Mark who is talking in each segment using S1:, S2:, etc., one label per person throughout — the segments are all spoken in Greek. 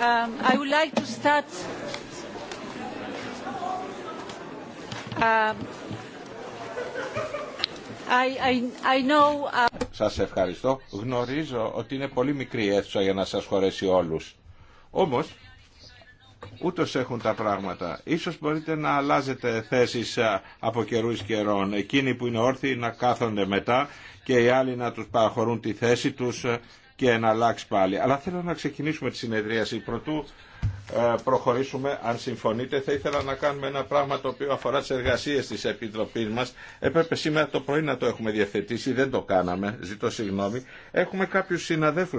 S1: Um, I would like to start.
S2: Um, uh,
S3: σας ευχαριστώ. Γνωρίζω ότι είναι πολύ μικρή αίθουσα για να σας χωρέσει όλους. Όμως, ούτως έχουν τα πράγματα. Ίσως μπορείτε να αλλάζετε θέσεις από καιρού καιρών. Εκείνοι που είναι όρθιοι να κάθονται μετά και οι άλλοι να τους παραχωρούν τη θέση τους και να αλλάξει πάλι. Αλλά θέλω να ξεκινήσουμε τη συνεδρίαση. Πρωτού ε, προχωρήσουμε, αν συμφωνείτε, θα ήθελα να κάνουμε ένα πράγμα το οποίο αφορά τι εργασίε τη Επιτροπή μα. Έπρεπε σήμερα το πρωί να το έχουμε διευθετήσει, δεν το κάναμε, ζητώ συγγνώμη. Έχουμε κάποιου συναδέλφου,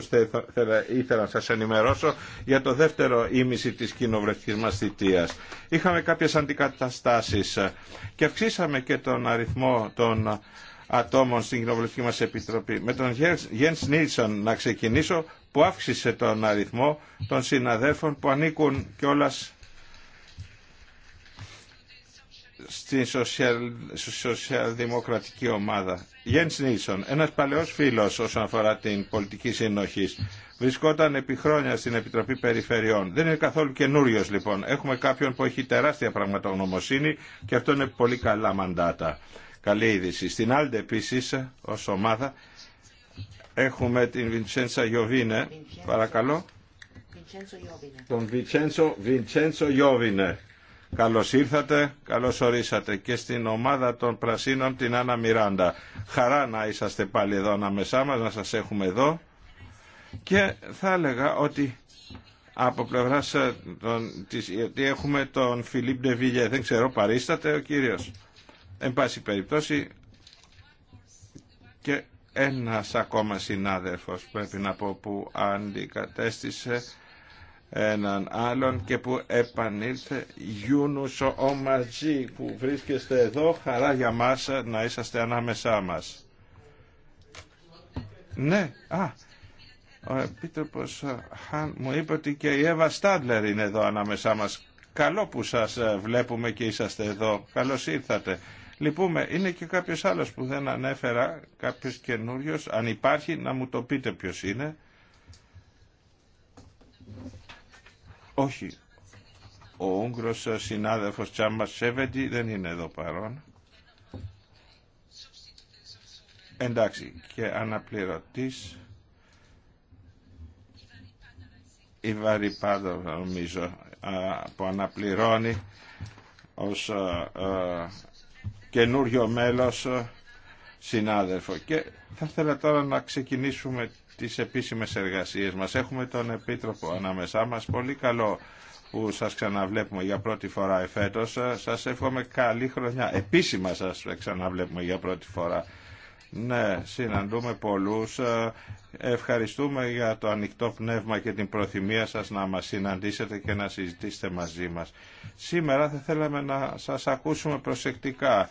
S3: ήθελα να σα ενημερώσω, για το δεύτερο ήμιση τη κοινοβουλευτική μα θητεία. Είχαμε κάποιε αντικαταστάσει και αυξήσαμε και τον αριθμό των ατόμων στην κοινοβουλευτική μας επιτροπή. Με τον Γιένς Νίλσον να ξεκινήσω που αύξησε τον αριθμό των συναδέλφων που ανήκουν κιόλας στην σοσιαλδημοκρατική ομάδα. Γιάννης Νίλσον, ένας παλαιός φίλος όσον αφορά την πολιτική συνοχή. Βρισκόταν επί χρόνια στην Επιτροπή Περιφερειών. Δεν είναι καθόλου καινούριο λοιπόν. Έχουμε κάποιον που έχει τεράστια πραγματογνωμοσύνη και αυτό είναι πολύ καλά μαντάτα. Καλή είδηση. Στην Άλντε επίση ω ομάδα έχουμε την Βιντσέντσα Γιωβίνε. Παρακαλώ. Τον Βιντσένσο Βιντσέντσο Γιώβινε. Καλώς ήρθατε, καλώς ορίσατε και στην ομάδα των Πρασίνων την Άννα Μιράντα. Χαρά να είσαστε πάλι εδώ ανάμεσά μα, να σα έχουμε εδώ. Και θα έλεγα ότι από πλευρά ε, τη γιατί έχουμε τον Φιλίπ Ντεβίγε, δεν ξέρω, παρίσταται ο κύριο. Εν πάση περιπτώσει και ένας ακόμα συνάδελφος πρέπει να πω που αντικατέστησε έναν άλλον και που επανήλθε Γιούνουσο Ομαζή που βρίσκεστε εδώ χαρά για μας να είσαστε ανάμεσά μας ναι α ο Επίτροπος μου είπε ότι και η Εύα Στάντλερ είναι εδώ ανάμεσά μας καλό που σας βλέπουμε και είσαστε εδώ καλώς ήρθατε Λυπούμε, είναι και κάποιο άλλο που δεν ανέφερα, κάποιο καινούριο, αν υπάρχει να μου το πείτε ποιο είναι. Όχι, ο Ούγγρος συνάδελφος Τσάμα Σέβεντι δεν είναι εδώ παρόν. Εντάξει, και αναπληρωτής η Βαρυπάδο νομίζω που αναπληρώνει ως καινούριο μέλος ε, συνάδελφο. Και θα ήθελα τώρα να ξεκινήσουμε τις επίσημες εργασίες μας. Έχουμε τον Επίτροπο ανάμεσά μας. Πολύ καλό που σας ξαναβλέπουμε για πρώτη φορά εφέτος. Ε, σας εύχομαι καλή χρονιά. Επίσημα σας ξαναβλέπουμε για πρώτη φορά. Ναι, συναντούμε πολλούς. Ε, ευχαριστούμε για το ανοιχτό πνεύμα και την προθυμία σας να μας συναντήσετε και να συζητήσετε μαζί μας. Σήμερα θα θέλαμε να σας ακούσουμε προσεκτικά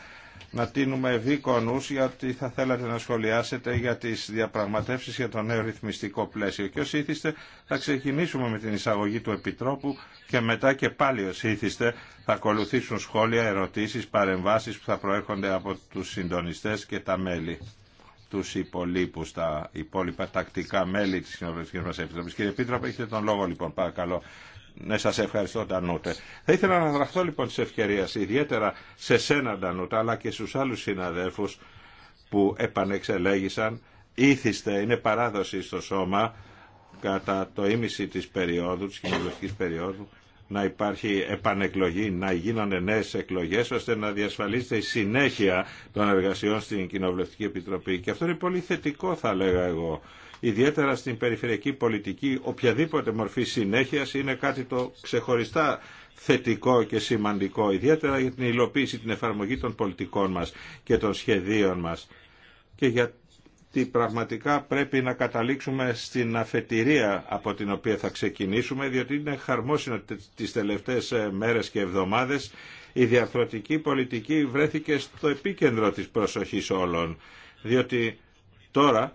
S3: να τίνουμε δίκο νους γιατί θα θέλατε να σχολιάσετε για τις διαπραγματεύσεις για το νέο ρυθμιστικό πλαίσιο. Και ως ήθιστε θα ξεκινήσουμε με την εισαγωγή του Επιτρόπου και μετά και πάλι ως ήθιστε θα ακολουθήσουν σχόλια, ερωτήσεις, παρεμβάσεις που θα προέρχονται από τους συντονιστές και τα μέλη τους υπολείπου, τα υπόλοιπα τακτικά μέλη της Κοινοβουλευτικής μας Επιτροπής. Κύριε Επίτροπε, έχετε τον λόγο λοιπόν, παρακαλώ. Ναι, σας ευχαριστώ Ντανούτε. Θα ήθελα να δραχθώ λοιπόν της ευκαιρία, ιδιαίτερα σε σένα Ντανούτα, αλλά και στους άλλους συναδέλφου που επανεξελέγησαν, ήθιστε, είναι παράδοση στο σώμα, κατά το ίμιση της περίοδου, της κοινοβουλευτική περίοδου, να υπάρχει επανεκλογή, να γίνονται νέε εκλογέ, ώστε να διασφαλίσετε η συνέχεια των εργασιών στην Κοινοβουλευτική Επιτροπή. Και αυτό είναι πολύ θετικό, θα λέγα εγώ ιδιαίτερα στην περιφερειακή πολιτική, οποιαδήποτε μορφή συνέχειας είναι κάτι το ξεχωριστά θετικό και σημαντικό, ιδιαίτερα για την υλοποίηση, την εφαρμογή των πολιτικών μας και των σχεδίων μας και γιατί πραγματικά πρέπει να καταλήξουμε στην αφετηρία από την οποία θα ξεκινήσουμε, διότι είναι χαρμόσυνο τις τελευταίες ε, μέρες και εβδομάδες η διαρθρωτική πολιτική βρέθηκε στο επίκεντρο της προσοχής όλων, διότι τώρα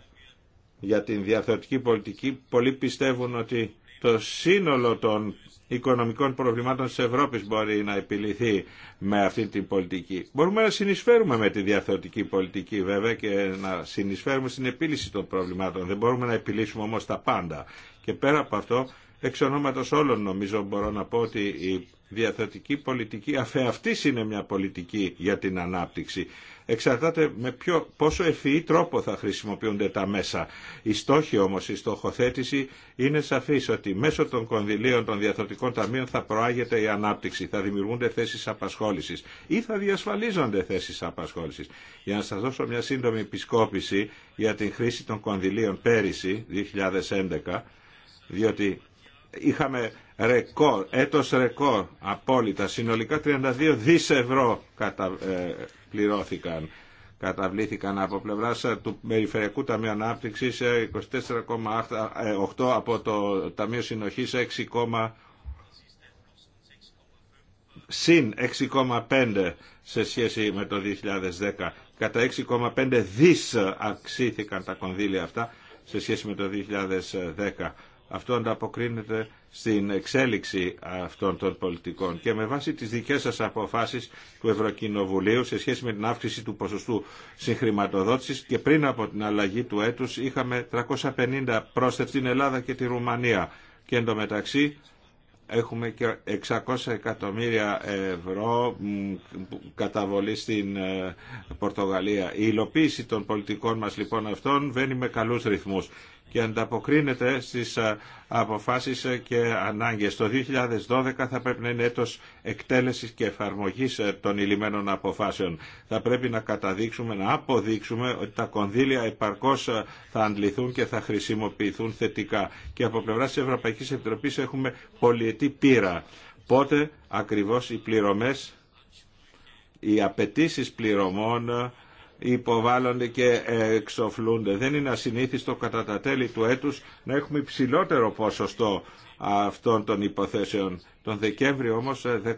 S3: για την διαθεωτική πολιτική. Πολλοί πιστεύουν ότι το σύνολο των οικονομικών προβλημάτων της Ευρώπης μπορεί να επιληθεί με αυτή την πολιτική. Μπορούμε να συνεισφέρουμε με τη διαθεωτική πολιτική βέβαια και να συνεισφέρουμε στην επίλυση των προβλημάτων. Δεν μπορούμε να επιλύσουμε όμως τα πάντα. Και πέρα από αυτό, εξ ονόματος όλων νομίζω μπορώ να πω ότι η διαθεωτική πολιτική αφεαυτής είναι μια πολιτική για την ανάπτυξη εξαρτάται με ποιο, πόσο ευφυή τρόπο θα χρησιμοποιούνται τα μέσα. Η στόχη όμως, η στοχοθέτηση είναι σαφής ότι μέσω των κονδυλίων των διαθροτικών ταμείων θα προάγεται η ανάπτυξη, θα δημιουργούνται θέσεις απασχόλησης ή θα διασφαλίζονται θέσεις απασχόλησης. Για να σας δώσω μια σύντομη επισκόπηση για την χρήση των κονδυλίων πέρυσι, 2011, διότι είχαμε ρεκόρ, έτος ρεκόρ απόλυτα. Συνολικά 32 δις ευρώ κατα, ε, πληρώθηκαν καταβλήθηκαν από πλευρά ε, του Περιφερειακού Ταμείου Ανάπτυξη 24,8 ε, από το Ταμείο Συνοχή 6, συν 6,5 σε σχέση με το 2010. Κατά 6,5 δις αξήθηκαν τα κονδύλια αυτά σε σχέση με το 2010. Αυτό ανταποκρίνεται στην εξέλιξη αυτών των πολιτικών και με βάση τις δικές σας αποφάσεις του Ευρωκοινοβουλίου σε σχέση με την αύξηση του ποσοστού συγχρηματοδότησης και πριν από την αλλαγή του έτους είχαμε 350 πρόσθετ στην Ελλάδα και τη Ρουμανία και εντωμεταξύ έχουμε και 600 εκατομμύρια ευρώ καταβολή στην ε, Πορτογαλία. Η υλοποίηση των πολιτικών μας λοιπόν αυτών βαίνει με καλούς ρυθμούς και ανταποκρίνεται στις αποφάσεις και ανάγκες. Το 2012 θα πρέπει να είναι έτος εκτέλεσης και εφαρμογής ε, των ηλυμένων αποφάσεων. Θα πρέπει να καταδείξουμε, να αποδείξουμε ότι τα κονδύλια επαρκώς ε, θα αντληθούν και θα χρησιμοποιηθούν θετικά. Και από πλευρά της Ευρωπαϊκής Επιτροπής έχουμε πολιετή πείρα. Πότε ακριβώς οι πληρωμές, οι απαιτήσει πληρωμών υποβάλλονται και εξοφλούνται. Δεν είναι ασυνήθιστο κατά τα τέλη του έτους να έχουμε υψηλότερο ποσοστό αυτών των υποθέσεων. Τον Δεκέμβριο όμως 18% ε,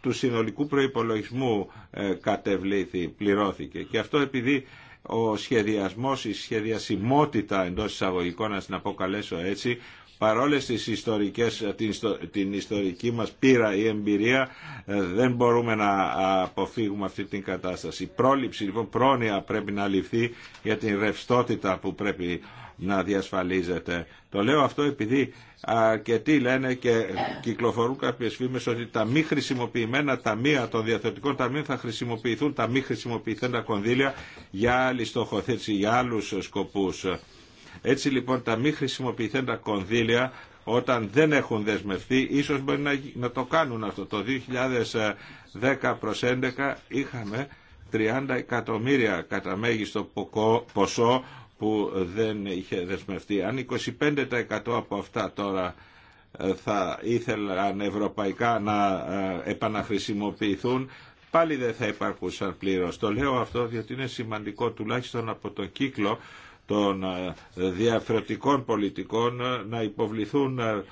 S3: του συνολικού προϋπολογισμού ε, κατεβλήθη, πληρώθηκε. Και αυτό επειδή ο σχεδιασμός, η σχεδιασιμότητα εντός εισαγωγικών, να την αποκαλέσω έτσι, παρόλες τις ιστορικές, την, την ιστορική μας πείρα ή εμπειρία ε, δεν μπορούμε να αποφύγουμε αυτή την κατάσταση. Η πρόληψη λοιπόν πρόνοια πρέπει να ληφθεί για την ρευστότητα που πρέπει να διασφαλίζεται. Το λέω αυτό επειδή τι λένε και κυκλοφορούν κάποιε φήμε ότι τα μη χρησιμοποιημένα ταμεία των διαθετικών ταμείων θα χρησιμοποιηθούν τα μη χρησιμοποιηθέντα κονδύλια για άλλη στοχοθέτηση, για άλλου σκοπού. Έτσι λοιπόν τα μη χρησιμοποιηθέντα κονδύλια όταν δεν έχουν δεσμευτεί, ίσως μπορεί να, να το κάνουν αυτό. Το 2010 προς 2011 είχαμε 30 εκατομμύρια κατά μέγιστο ποσό που δεν είχε δεσμευτεί. Αν 25% από αυτά τώρα ε, θα ήθελαν ευρωπαϊκά να ε, επαναχρησιμοποιηθούν, πάλι δεν θα υπαρκούσαν πλήρως. Το λέω αυτό διότι είναι σημαντικό τουλάχιστον από τον κύκλο των ε, διαφορετικών πολιτικών ε, να υποβληθούν ε,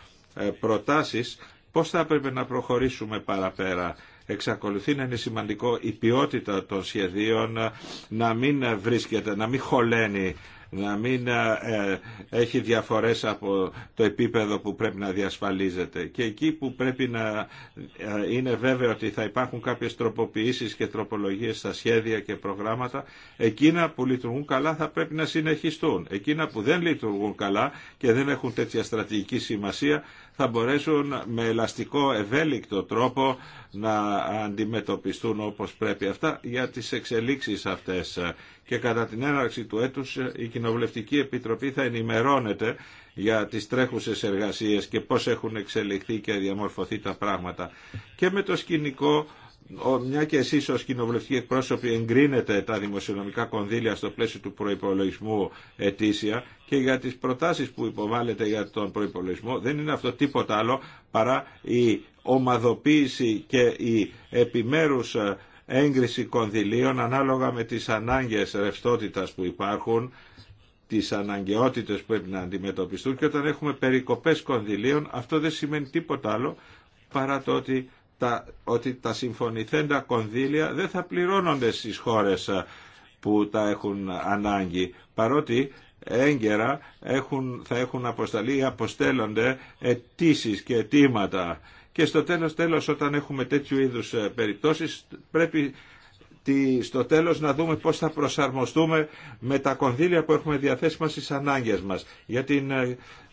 S3: προτάσεις πώς θα έπρεπε να προχωρήσουμε παραπέρα. Εξακολουθεί να είναι σημαντικό η ποιότητα των σχεδίων να μην βρίσκεται, να μην χωλαίνει να μην ε, ε, έχει διαφορές από το επίπεδο που πρέπει να διασφαλίζεται. Και εκεί που πρέπει να ε, είναι βέβαιο ότι θα υπάρχουν κάποιες τροποποιήσεις και τροπολογίες στα σχέδια και προγράμματα, εκείνα που λειτουργούν καλά θα πρέπει να συνεχιστούν. Εκείνα που δεν λειτουργούν καλά και δεν έχουν τέτοια στρατηγική σημασία θα μπορέσουν με ελαστικό ευέλικτο τρόπο να αντιμετωπιστούν όπως πρέπει αυτά για τις εξελίξεις αυτές. Και κατά την έναρξη του έτους η Κοινοβουλευτική Επιτροπή θα ενημερώνεται για τις τρέχουσες εργασίες και πώς έχουν εξελιχθεί και διαμορφωθεί τα πράγματα. Και με το σκηνικό μια και εσεί ω κοινοβουλευτικοί εκπρόσωποι εγκρίνετε τα δημοσιονομικά κονδύλια στο πλαίσιο του προπολογισμού ετήσια και για τι προτάσει που υποβάλλετε για τον προπολογισμό. δεν είναι αυτό τίποτα άλλο παρά η ομαδοποίηση και η επιμέρου ε, έγκριση κονδυλίων ανάλογα με τι ανάγκε ρευστότητα που υπάρχουν τις αναγκαιότητες που πρέπει να αντιμετωπιστούν και όταν έχουμε περικοπές κονδυλίων αυτό δεν σημαίνει τίποτα άλλο παρά το ότι τα, ότι τα συμφωνηθέντα κονδύλια δεν θα πληρώνονται στις χώρες που τα έχουν ανάγκη, παρότι έγκαιρα έχουν, θα έχουν αποσταλεί ή αποστέλλονται αιτήσει και αιτήματα. Και στο τέλος, τέλος όταν έχουμε τέτοιου είδους ε, περιπτώσεις πρέπει στο τέλος να δούμε πώς θα προσαρμοστούμε με τα κονδύλια που έχουμε διαθέσιμα στις ανάγκες μας ε,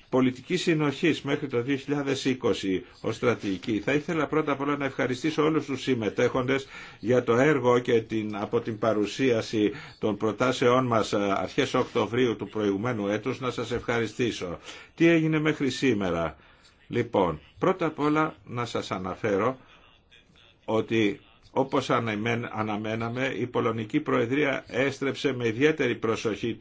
S3: πολιτική συνοχή μέχρι το 2020 ω στρατηγική. Θα ήθελα πρώτα απ' όλα να ευχαριστήσω όλου του συμμετέχοντε για το έργο και την, από την παρουσίαση των προτάσεών μα ε, αρχέ Οκτωβρίου του προηγουμένου έτου να σα ευχαριστήσω. Τι έγινε μέχρι σήμερα. Λοιπόν, πρώτα απ' όλα να σας αναφέρω ότι όπως αναμέναμε, η Πολωνική Προεδρία έστρεψε με ιδιαίτερη προσοχή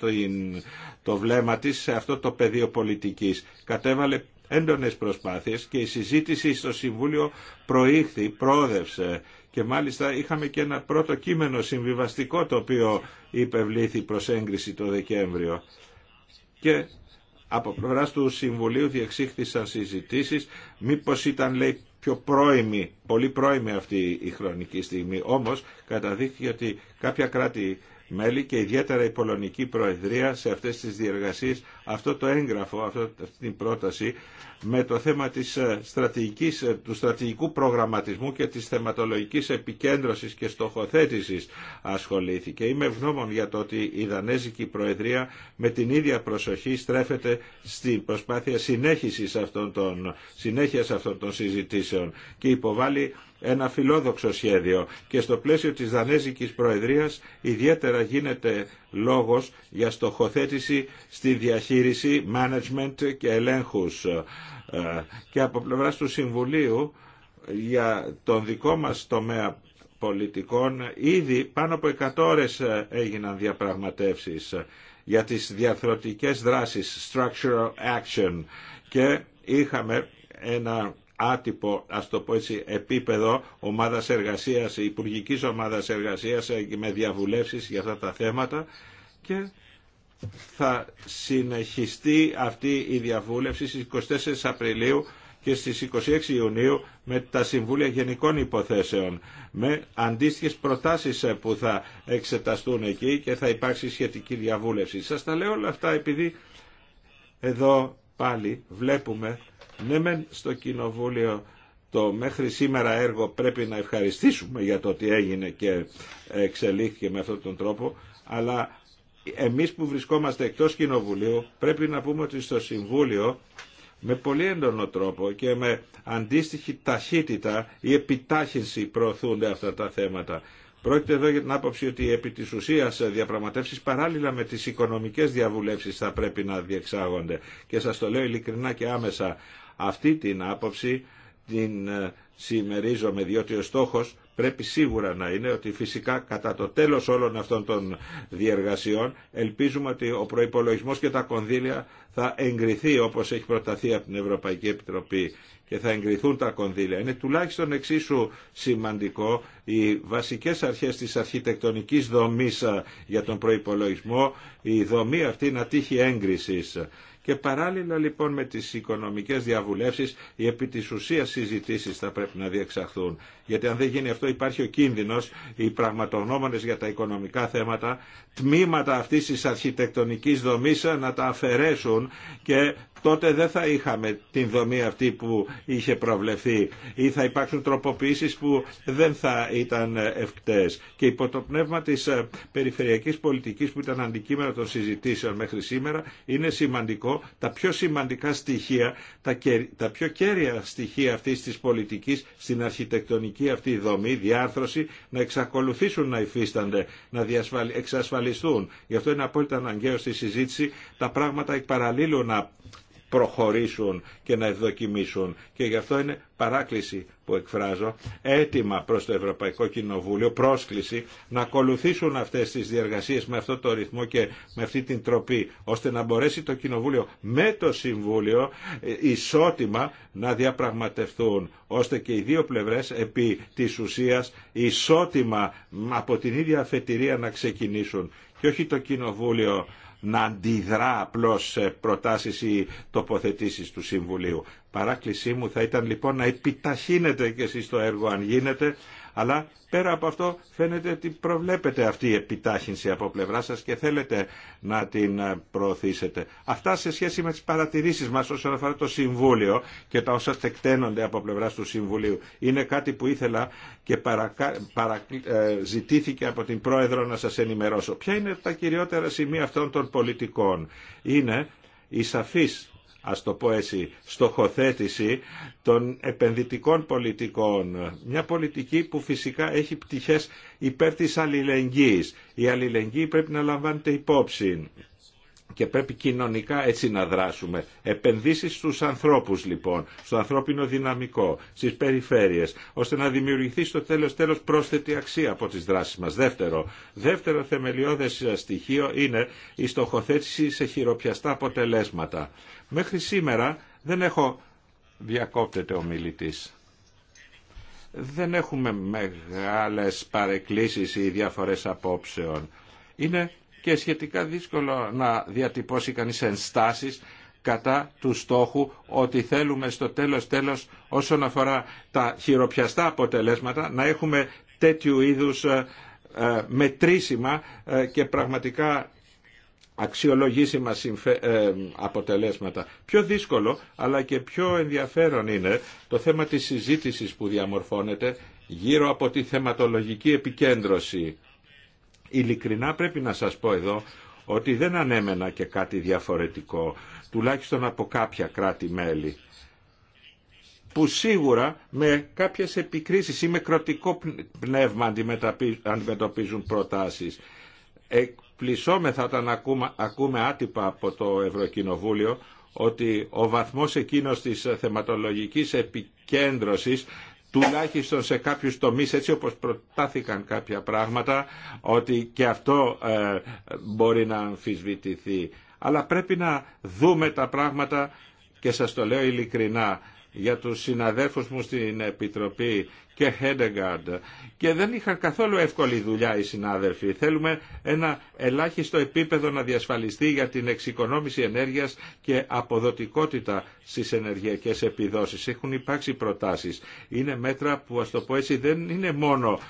S3: το βλέμμα της σε αυτό το πεδίο πολιτικής. Κατέβαλε έντονες προσπάθειες και η συζήτηση στο Συμβούλιο προήχθη, πρόοδευσε και μάλιστα είχαμε και ένα πρώτο κείμενο συμβιβαστικό το οποίο υπευλήθη προς έγκριση το Δεκέμβριο. Και από πλευρά του Συμβουλίου διεξήχθησαν συζητήσεις μήπως ήταν λέει πιο πρώιμη, πολύ πρώιμη αυτή η χρονική στιγμή. Όμως καταδείχθηκε ότι κάποια κράτη μέλη και ιδιαίτερα η Πολωνική Προεδρία σε αυτές τις διεργασίες αυτό το έγγραφο, αυτή την πρόταση με το θέμα της ε, στρατηγικής, ε, του στρατηγικού προγραμματισμού και της θεματολογικής επικέντρωσης και στοχοθέτησης ασχολήθηκε. Είμαι ευγνώμων για το ότι η Δανέζικη Προεδρία με την ίδια προσοχή στρέφεται στην προσπάθεια συνέχισης αυτών των, συνέχειας αυτών των συζητήσεων και υποβάλλει ένα φιλόδοξο σχέδιο και στο πλαίσιο της Δανέζικης Προεδρίας ιδιαίτερα γίνεται λόγος για στοχοθέτηση στη διαχείριση, management και ελέγχους. Ε, και από πλευράς του Συμβουλίου για τον δικό μας τομέα πολιτικών ήδη πάνω από 100 ώρες ε, έγιναν διαπραγματεύσεις για τις διαθρωτικές δράσεις, structural action και είχαμε ένα άτυπο, ας το πω έτσι, επίπεδο ομάδας εργασίας, υπουργικής ομάδας εργασίας ε, με διαβουλεύσεις για αυτά τα θέματα και θα συνεχιστεί αυτή η διαβούλευση στις 24 Απριλίου και στις 26 Ιουνίου με τα Συμβούλια Γενικών Υποθέσεων με αντίστοιχες προτάσεις ε, που θα εξεταστούν εκεί και θα υπάρξει σχετική διαβούλευση. Σας τα λέω όλα αυτά επειδή εδώ πάλι βλέπουμε ναι μεν στο Κοινοβούλιο το μέχρι σήμερα έργο πρέπει να ευχαριστήσουμε για το ότι έγινε και εξελίχθηκε με αυτόν τον τρόπο, αλλά εμείς που βρισκόμαστε εκτός Κοινοβουλίου πρέπει να πούμε ότι στο Συμβούλιο με πολύ έντονο τρόπο και με αντίστοιχη ταχύτητα ή επιτάχυνση προωθούνται αυτά τα θέματα. Πρόκειται εδώ για την άποψη ότι επί της ουσίας διαπραγματεύσεις παράλληλα με τις οικονομικές διαβουλεύσεις θα πρέπει να διεξάγονται. Και σας το λέω ειλικρινά και άμεσα, αυτή την άποψη την ε, συμμερίζομαι διότι ο στόχος πρέπει σίγουρα να είναι ότι φυσικά κατά το τέλος όλων αυτών των διεργασιών ελπίζουμε ότι ο προϋπολογισμός και τα κονδύλια θα εγκριθεί όπως έχει προταθεί από την Ευρωπαϊκή Επιτροπή και θα εγκριθούν τα κονδύλια. Είναι τουλάχιστον εξίσου σημαντικό οι βασικές αρχές της αρχιτεκτονικής δομής ε, για τον προϋπολογισμό, η δομή αυτή να τύχει έγκρισης και παράλληλα λοιπόν με τις οικονομικές διαβουλεύσεις, οι επί της ουσίας συζητήσεις θα πρέπει να διεξαχθούν. Γιατί αν δεν γίνει αυτό υπάρχει ο κίνδυνος, οι πραγματογνώμονες για τα οικονομικά θέματα, τμήματα αυτής της αρχιτεκτονικής δομής να τα αφαιρέσουν και τότε δεν θα είχαμε την δομή αυτή που είχε προβλεφθεί ή θα υπάρξουν τροποποιήσεις που δεν θα ήταν ευκτές. Και υπό το πνεύμα της ε, περιφερειακής πολιτικής που ήταν αντικείμενο των συζητήσεων μέχρι σήμερα είναι σημαντικό τα πιο σημαντικά στοιχεία, τα πιο κέρια στοιχεία αυτής της πολιτικής στην αρχιτεκτονική αυτή δομή, διάρθρωση, να εξακολουθήσουν να υφίστανται, να εξασφαλιστούν. Γι' αυτό είναι απόλυτα αναγκαίο στη συζήτηση τα πράγματα εκ να προχωρήσουν και να ευδοκιμήσουν. Και γι' αυτό είναι παράκληση που εκφράζω, έτοιμα προς το Ευρωπαϊκό Κοινοβούλιο, πρόσκληση να ακολουθήσουν αυτές τις διεργασίες με αυτό το ρυθμό και με αυτή την τροπή, ώστε να μπορέσει το Κοινοβούλιο με το Συμβούλιο ε, ισότιμα να διαπραγματευτούν, ώστε και οι δύο πλευρές επί της ουσίας ισότιμα από την ίδια αφετηρία να ξεκινήσουν. Και όχι το Κοινοβούλιο να αντιδρά απλώ σε προτάσεις ή τοποθετήσεις του Συμβουλίου. Παράκλησή μου θα ήταν λοιπόν να επιταχύνετε και εσεί το έργο αν γίνεται αλλά πέρα από αυτό φαίνεται ότι προβλέπετε αυτή η επιτάχυνση από πλευρά σας και θέλετε να την ε, προωθήσετε. Αυτά σε σχέση με τις παρατηρήσεις μας όσον αφορά το Συμβούλιο και τα όσα τεκταίνονται από πλευρά του Συμβουλίου. Είναι κάτι που ήθελα και παρα... Ε, ζητήθηκε από την Πρόεδρο να σας ενημερώσω. Ποια είναι τα κυριότερα σημεία αυτών των πολιτικών. Είναι η σαφής ας το πω έτσι, στοχοθέτηση των επενδυτικών πολιτικών. Μια πολιτική που φυσικά έχει πτυχές υπέρ της αλληλεγγύης. Η αλληλεγγύη πρέπει να λαμβάνεται υπόψη και πρέπει κοινωνικά έτσι να δράσουμε. Επενδύσεις στους ανθρώπους λοιπόν, στο ανθρώπινο δυναμικό, στις περιφέρειες, ώστε να δημιουργηθεί στο τέλος τέλος πρόσθετη αξία από τις δράσεις μας. Δεύτερο, δεύτερο θεμελιώδες ε, στοιχείο είναι η στοχοθέτηση σε χειροπιαστά αποτελέσματα. Μέχρι σήμερα δεν έχω διακόπτεται ο μιλητής. Δεν έχουμε μεγάλες παρεκκλήσεις ή διαφορές απόψεων. Είναι και σχετικά δύσκολο να διατυπώσει κανείς ενστάσεις κατά του στόχου ότι θέλουμε στο τέλος τέλος όσον αφορά τα χειροπιαστά αποτελέσματα να έχουμε τέτοιου είδους ε, ε, μετρήσιμα ε, και πραγματικά αξιολογήσιμα αποτελέσματα. Πιο δύσκολο αλλά και πιο ενδιαφέρον είναι το θέμα της συζήτησης που διαμορφώνεται γύρω από τη θεματολογική επικέντρωση ειλικρινά πρέπει να σας πω εδώ ότι δεν ανέμενα και κάτι διαφορετικό, τουλάχιστον από κάποια κράτη-μέλη που σίγουρα με κάποιες επικρίσεις ή με κροτικό πνεύμα αντιμετωπίζουν προτάσεις. Εκπλησόμεθα όταν ακούμε, ακούμε άτυπα από το Ευρωκοινοβούλιο ότι ο βαθμός εκείνος της θεματολογικής επικέντρωσης τουλάχιστον σε κάποιους τομείς έτσι όπως προτάθηκαν κάποια πράγματα ότι και αυτό ε, μπορεί να αμφισβητηθεί. Αλλά πρέπει να δούμε τα πράγματα και σας το λέω ειλικρινά για τους συναδέλφους μου στην Επιτροπή και Χέντεγκαρντ. Και δεν είχαν καθόλου εύκολη δουλειά οι συνάδελφοι. Θέλουμε ένα ελάχιστο επίπεδο να διασφαλιστεί για την εξοικονόμηση ενέργειας και αποδοτικότητα στις ενεργειακές επιδόσεις. Έχουν υπάρξει προτάσεις. Είναι μέτρα που, ας το πω έτσι, δεν είναι μόνο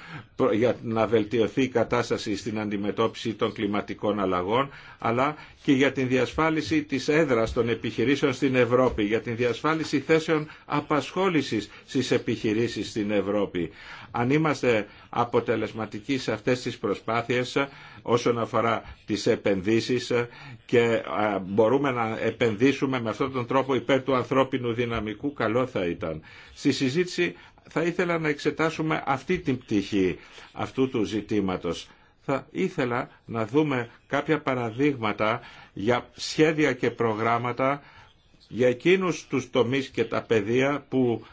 S3: για να βελτιωθεί η κατάσταση στην αντιμετώπιση των κλιματικών αλλαγών, αλλά και για την διασφάλιση της έδρας των επιχειρήσεων στην Ευρώπη, για την διασφάλιση θέσεων απασχόλησης στις επιχειρήσεις στην Ευρώπη αν είμαστε αποτελεσματικοί σε αυτές τις προσπάθειες όσον αφορά τις επενδύσεις και μπορούμε να επενδύσουμε με αυτόν τον τρόπο υπέρ του ανθρώπινου δυναμικού, καλό θα ήταν. Στη συζήτηση θα ήθελα να εξετάσουμε αυτή την πτυχή αυτού του ζητήματος. Θα ήθελα να δούμε κάποια παραδείγματα για σχέδια και προγράμματα για εκείνους τους τομείς και τα παιδεία που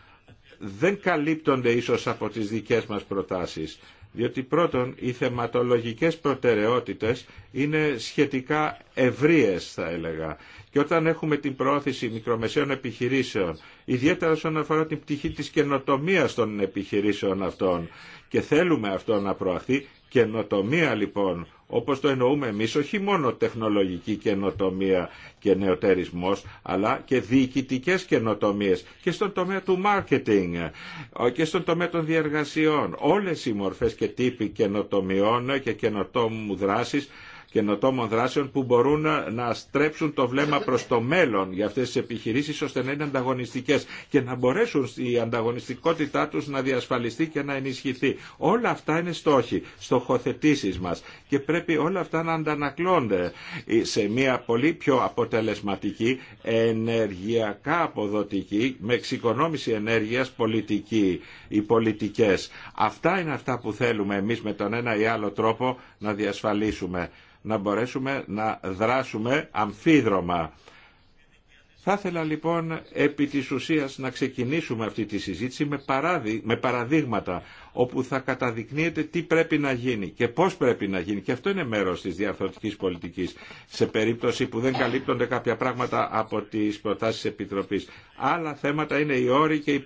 S3: δεν καλύπτονται ίσως από τις δικές μας προτάσεις. Διότι πρώτον οι θεματολογικές προτεραιότητες είναι σχετικά ευρείες θα έλεγα. Και όταν έχουμε την προώθηση μικρομεσαίων επιχειρήσεων, ιδιαίτερα όσον αφορά την πτυχή της καινοτομίας των επιχειρήσεων αυτών και θέλουμε αυτό να προαχθεί, Καινοτομία λοιπόν, όπως το εννοούμε εμείς, όχι μόνο τεχνολογική καινοτομία και νεοτερισμός, αλλά και διοικητικές καινοτομίες και στον τομέα του marketing και στον τομέα των διεργασιών. Όλες οι μορφές και τύποι καινοτομιών και καινοτόμου δράσης καινοτόμων δράσεων που μπορούν να στρέψουν το βλέμμα προς το μέλλον για αυτές τις επιχειρήσεις ώστε να είναι ανταγωνιστικές και να μπορέσουν η ανταγωνιστικότητά τους να διασφαλιστεί και να ενισχυθεί. Όλα αυτά είναι στόχοι, στοχοθετήσεις μας και πρέπει όλα αυτά να αντανακλώνται σε μια πολύ πιο αποτελεσματική, ενεργειακά αποδοτική, με εξοικονόμηση ενέργειας πολιτική, οι πολιτικές. Αυτά είναι αυτά που θέλουμε εμείς με τον ένα ή άλλο τρόπο να διασφαλίσουμε να μπορέσουμε να δράσουμε αμφίδρομα. Θα ήθελα λοιπόν επί της ουσίας να ξεκινήσουμε αυτή τη συζήτηση με, παράδει με παραδείγματα όπου θα καταδεικνύεται τι πρέπει να γίνει και πώς πρέπει να γίνει. Και αυτό είναι μέρος της διαρθρωτικής πολιτικής σε περίπτωση που δεν καλύπτονται κάποια πράγματα από τις προτάσεις της Επιτροπής. Άλλα θέματα είναι οι όροι και οι,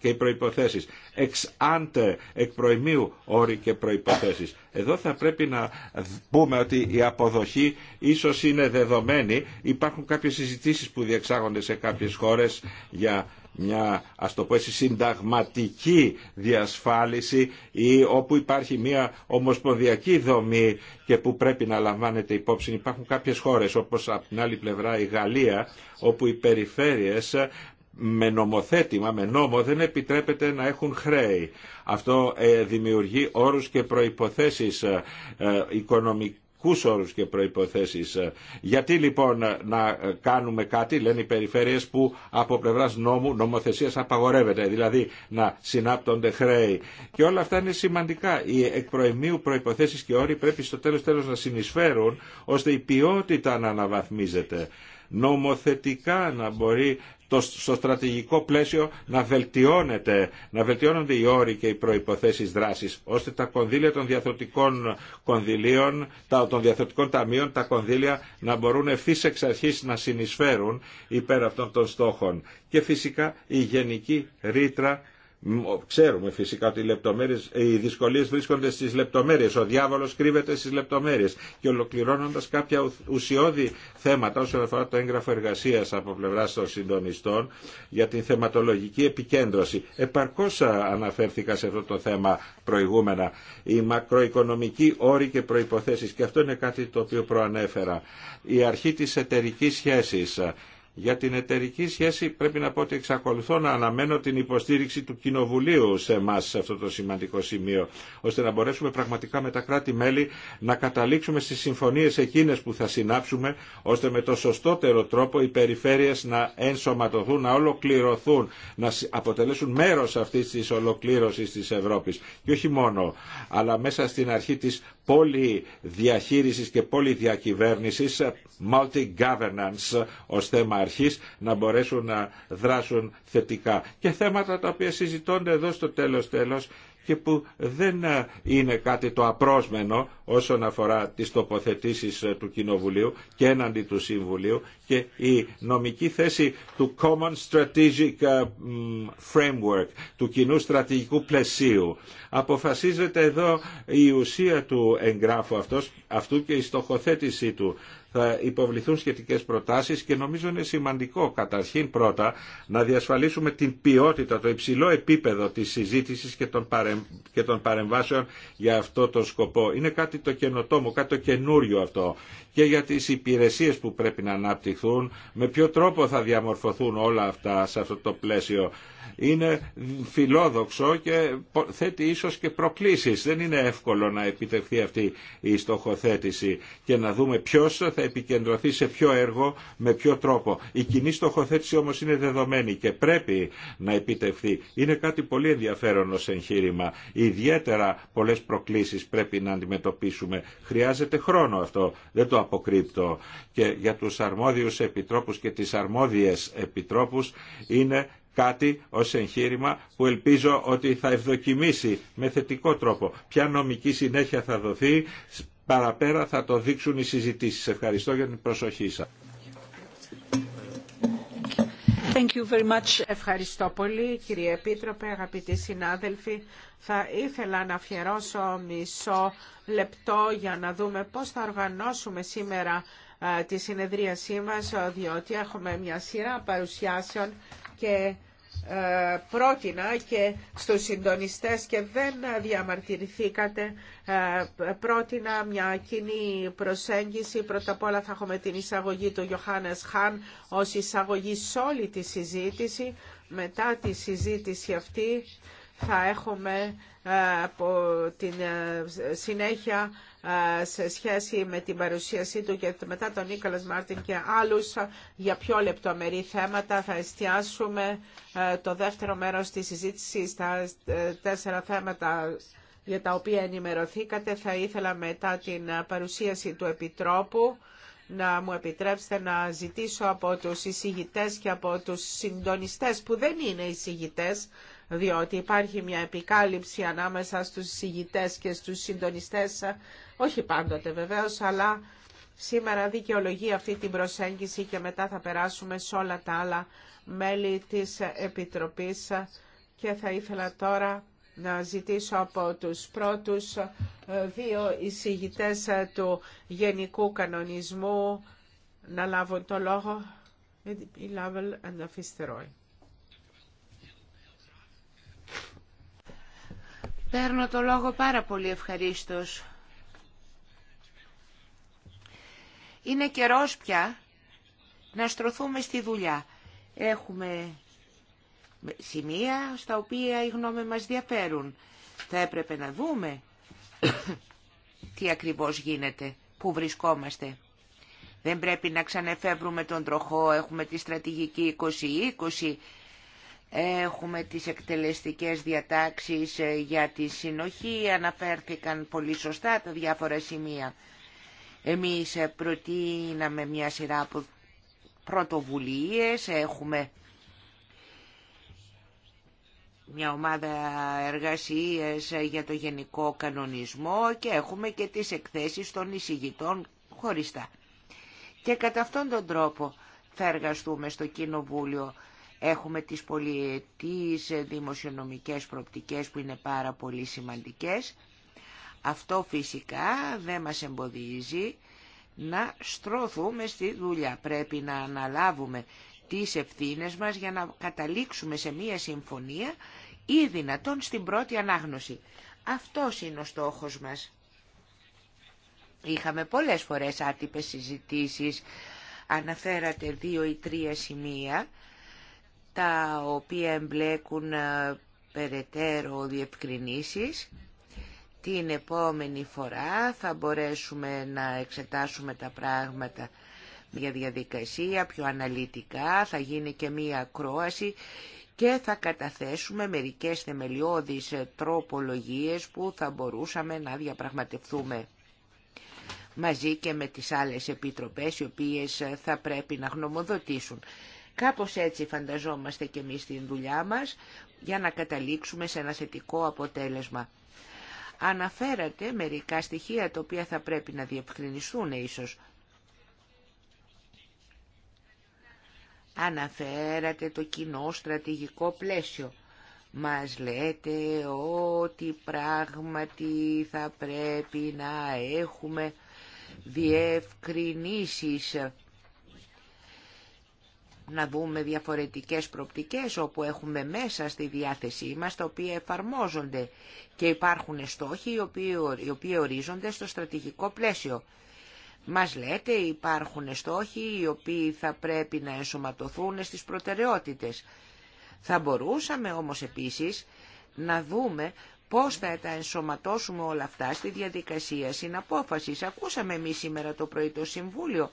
S3: και οι προϋποθέσεις. Εξ άντε, εκ προημίου όροι και προϋποθέσεις. Εδώ θα πρέπει να πούμε ότι η αποδοχή ίσως είναι δεδομένη. Υπάρχουν κάποιες συζητήσεις που διεξάγονται σε κάποιες χώρες για μια ας το πω έτσι συνταγματική διασφάλιση ή όπου υπάρχει μια ομοσπονδιακή δομή και που πρέπει να λαμβάνεται υπόψη. Υπάρχουν κάποιες χώρες όπως από την άλλη πλευρά η Γαλλία όπου οι περιφέρειες με νομοθέτημα, με νόμο δεν επιτρέπεται να έχουν χρέη. Αυτό ε, δημιουργεί όρους και προϋποθέσεις ε, ε, οικονομικών οριακούς όρου και προϋποθέσεις. Ε, γιατί λοιπόν ε, να ε, κάνουμε κάτι, λένε οι περιφέρειες, που από πλευράς νόμου, νομοθεσίας απαγορεύεται, δηλαδή να συνάπτονται χρέη. Και όλα αυτά είναι σημαντικά. Οι εκπροημίου προϋποθέσεις και όροι πρέπει στο τέλος τέλος να συνεισφέρουν, ώστε η ποιότητα να αναβαθμίζεται νομοθετικά να μπορεί στο στρατηγικό πλαίσιο να βελτιώνεται, να βελτιώνονται οι όροι και οι προϋποθέσεις δράσης, ώστε τα κονδύλια των διαθροτικών κονδυλίων, τα, των ταμείων, τα κονδύλια να μπορούν ευθύ εξ αρχή να συνεισφέρουν υπέρ αυτών των στόχων. Και φυσικά η γενική ρήτρα Ξέρουμε φυσικά ότι οι, ε, οι δυσκολίες βρίσκονται στις λεπτομέρειες, ο διάβολος κρύβεται στις λεπτομέρειες και ολοκληρώνοντα κάποια ουσιώδη θέματα όσον αφορά το έγγραφο εργασίας από πλευρά των συντονιστών για την θεματολογική επικέντρωση. Επαρκώς αναφέρθηκα σε αυτό το θέμα προηγούμενα. Οι μακροοικονομικοί όροι και προϋποθέσεις και αυτό είναι κάτι το οποίο προανέφερα. Η αρχή τη εταιρική σχέση. Για την εταιρική σχέση πρέπει να πω ότι εξακολουθώ να αναμένω την υποστήριξη του Κοινοβουλίου σε εμά σε αυτό το σημαντικό σημείο, ώστε να μπορέσουμε πραγματικά με τα κράτη-μέλη να καταλήξουμε στις συμφωνίες εκείνες που θα συνάψουμε, ώστε με το σωστότερο τρόπο οι περιφέρειες να ενσωματωθούν, να ολοκληρωθούν, να αποτελέσουν μέρος αυτής της ολοκλήρωσης της Ευρώπης. Και όχι μόνο, αλλά μέσα στην αρχή της πόλη διαχείρισης και πόλη διακυβέρνησης, multi-governance ως θέμα αρχής, να μπορέσουν να δράσουν θετικά. Και θέματα τα οποία συζητώνται εδώ στο τέλος τέλος και που δεν ε, είναι κάτι το απρόσμενο όσον αφορά τις τοποθετήσεις ε, του Κοινοβουλίου και έναντι του Συμβουλίου και η νομική θέση του Common Strategic ε, Framework, του κοινού στρατηγικού πλαισίου. Αποφασίζεται εδώ η ουσία του εγγράφου αυτός, αυτού και η στοχοθέτησή του θα υποβληθούν σχετικές προτάσεις και νομίζω είναι σημαντικό καταρχήν πρώτα να διασφαλίσουμε την ποιότητα, το υψηλό επίπεδο της συζήτησης και των, και παρεμβάσεων για αυτό το σκοπό. Είναι κάτι το καινοτόμο, κάτι το καινούριο αυτό και για τις υπηρεσίες που πρέπει να αναπτυχθούν, με ποιο τρόπο θα διαμορφωθούν όλα αυτά σε αυτό το πλαίσιο είναι φιλόδοξο και θέτει ίσως και προκλήσεις. Δεν είναι εύκολο να επιτευχθεί αυτή η στοχοθέτηση και να δούμε ποιος θα επικεντρωθεί σε ποιο έργο, με ποιο τρόπο. Η κοινή στοχοθέτηση όμως είναι δεδομένη και πρέπει να επιτευχθεί. Είναι κάτι πολύ ενδιαφέρον ως εγχείρημα. Ιδιαίτερα πολλές προκλήσεις πρέπει να αντιμετωπίσουμε. Χρειάζεται χρόνο αυτό, δεν το αποκρύπτω. Και για τους αρμόδιους επιτρόπους και τις αρμόδιες επιτρόπους είναι κάτι ως εγχείρημα που ελπίζω ότι θα ευδοκιμήσει με θετικό τρόπο. Ποια νομική συνέχεια θα δοθεί, παραπέρα θα το δείξουν οι συζητήσεις. Ευχαριστώ για την προσοχή σας.
S2: Thank you very much. Ευχαριστώ πολύ κύριε Επίτροπε, αγαπητοί συνάδελφοι. Θα ήθελα να αφιερώσω μισό λεπτό για να δούμε πώς θα οργανώσουμε σήμερα ε, τη συνεδρίασή μας, ε, διότι έχουμε μια σειρά παρουσιάσεων και ε, πρότεινα και στους συντονιστές και δεν διαμαρτυρηθήκατε ε, πρότεινα μια κοινή προσέγγιση πρώτα απ' όλα θα έχουμε την εισαγωγή του Ιωάννης Χάν ως εισαγωγή σε όλη τη συζήτηση μετά τη συζήτηση αυτή θα έχουμε ε, από την συνέχεια ε, σε σχέση με την παρουσίασή του και μετά τον Νίκολας Μάρτιν και άλλους ε, για πιο λεπτομερή θέματα. Θα εστιάσουμε ε, το δεύτερο μέρος της συζήτησης στα τέσσερα θέματα για τα οποία ενημερωθήκατε. Θα ήθελα μετά την παρουσίαση του Επιτρόπου να μου επιτρέψετε να ζητήσω από τους εισηγητές και από τους συντονιστές που δεν είναι εισηγητές, διότι υπάρχει μια επικάλυψη ανάμεσα στους εισηγητές και στους συντονιστές όχι πάντοτε βεβαίω, αλλά σήμερα δικαιολογεί αυτή την προσέγγιση και μετά θα περάσουμε σε όλα τα άλλα μέλη της Επιτροπής και θα ήθελα τώρα να ζητήσω από τους πρώτους ε, δύο εισηγητές ε, του Γενικού Κανονισμού να λάβουν το λόγο.
S1: Παίρνω το λόγο πάρα πολύ ευχαρίστως. Είναι καιρός πια να στρωθούμε στη δουλειά. Έχουμε σημεία στα οποία οι γνώμες μας διαφέρουν. Θα έπρεπε να δούμε τι ακριβώς γίνεται, πού βρισκόμαστε. Δεν πρέπει να ξανεφεύρουμε τον τροχό, έχουμε τη στρατηγική 2020, έχουμε τις εκτελεστικές διατάξεις ε, για τη συνοχή, αναφέρθηκαν πολύ σωστά τα διάφορα σημεία. Εμείς ε, προτείναμε μια σειρά από πρωτοβουλίες, έχουμε μια ομάδα εργασίες ε, για το γενικό κανονισμό και έχουμε και τις εκθέσεις των εισηγητών χωριστά. Και κατά αυτόν τον τρόπο θα εργαστούμε στο Κοινοβούλιο. Έχουμε τις πολυετής ε, δημοσιονομικές προπτικές που είναι πάρα πολύ σημαντικές. Αυτό φυσικά δεν μας εμποδίζει να στρώθουμε στη δουλειά. Πρέπει να αναλάβουμε τις ευθύνες μας για να καταλήξουμε σε μία συμφωνία ή δυνατόν στην πρώτη ανάγνωση. Αυτός είναι ο στόχος μας. Είχαμε πολλές φορές άτυπες συζητήσεις, αναφέρατε δύο ή τρία σημεία, τα οποία εμπλέκουν ε, περαιτέρω διευκρινήσεις την επόμενη φορά θα μπορέσουμε να εξετάσουμε τα πράγματα μια διαδικασία πιο αναλυτικά, θα γίνει και μία ακρόαση και θα καταθέσουμε μερικές θεμελιώδεις τροπολογίες που θα μπορούσαμε να διαπραγματευτούμε μαζί και με τις άλλες επιτροπές οι οποίες θα πρέπει να γνωμοδοτήσουν. Κάπως έτσι φανταζόμαστε και εμείς την δουλειά μας για να καταλήξουμε σε ένα θετικό αποτέλεσμα. Αναφέρατε μερικά στοιχεία τα οποία θα πρέπει να διευκρινιστούν ίσως. Αναφέρατε το κοινό στρατηγικό πλαίσιο. Μας λέτε ότι πράγματι θα πρέπει να έχουμε διευκρινήσεις να δούμε διαφορετικές προπτικές όπου έχουμε μέσα στη διάθεσή μας τα οποία εφαρμόζονται και υπάρχουν στόχοι οι οποίοι, οι οποίοι ορίζονται στο στρατηγικό πλαίσιο. Μας λέτε υπάρχουν στόχοι οι οποίοι θα πρέπει να ενσωματωθούν στις προτεραιότητες. Θα μπορούσαμε όμως επίσης να δούμε πώς θα τα ενσωματώσουμε όλα αυτά στη διαδικασία συναπόφασης. Ακούσαμε εμείς σήμερα το πρωί το Συμβούλιο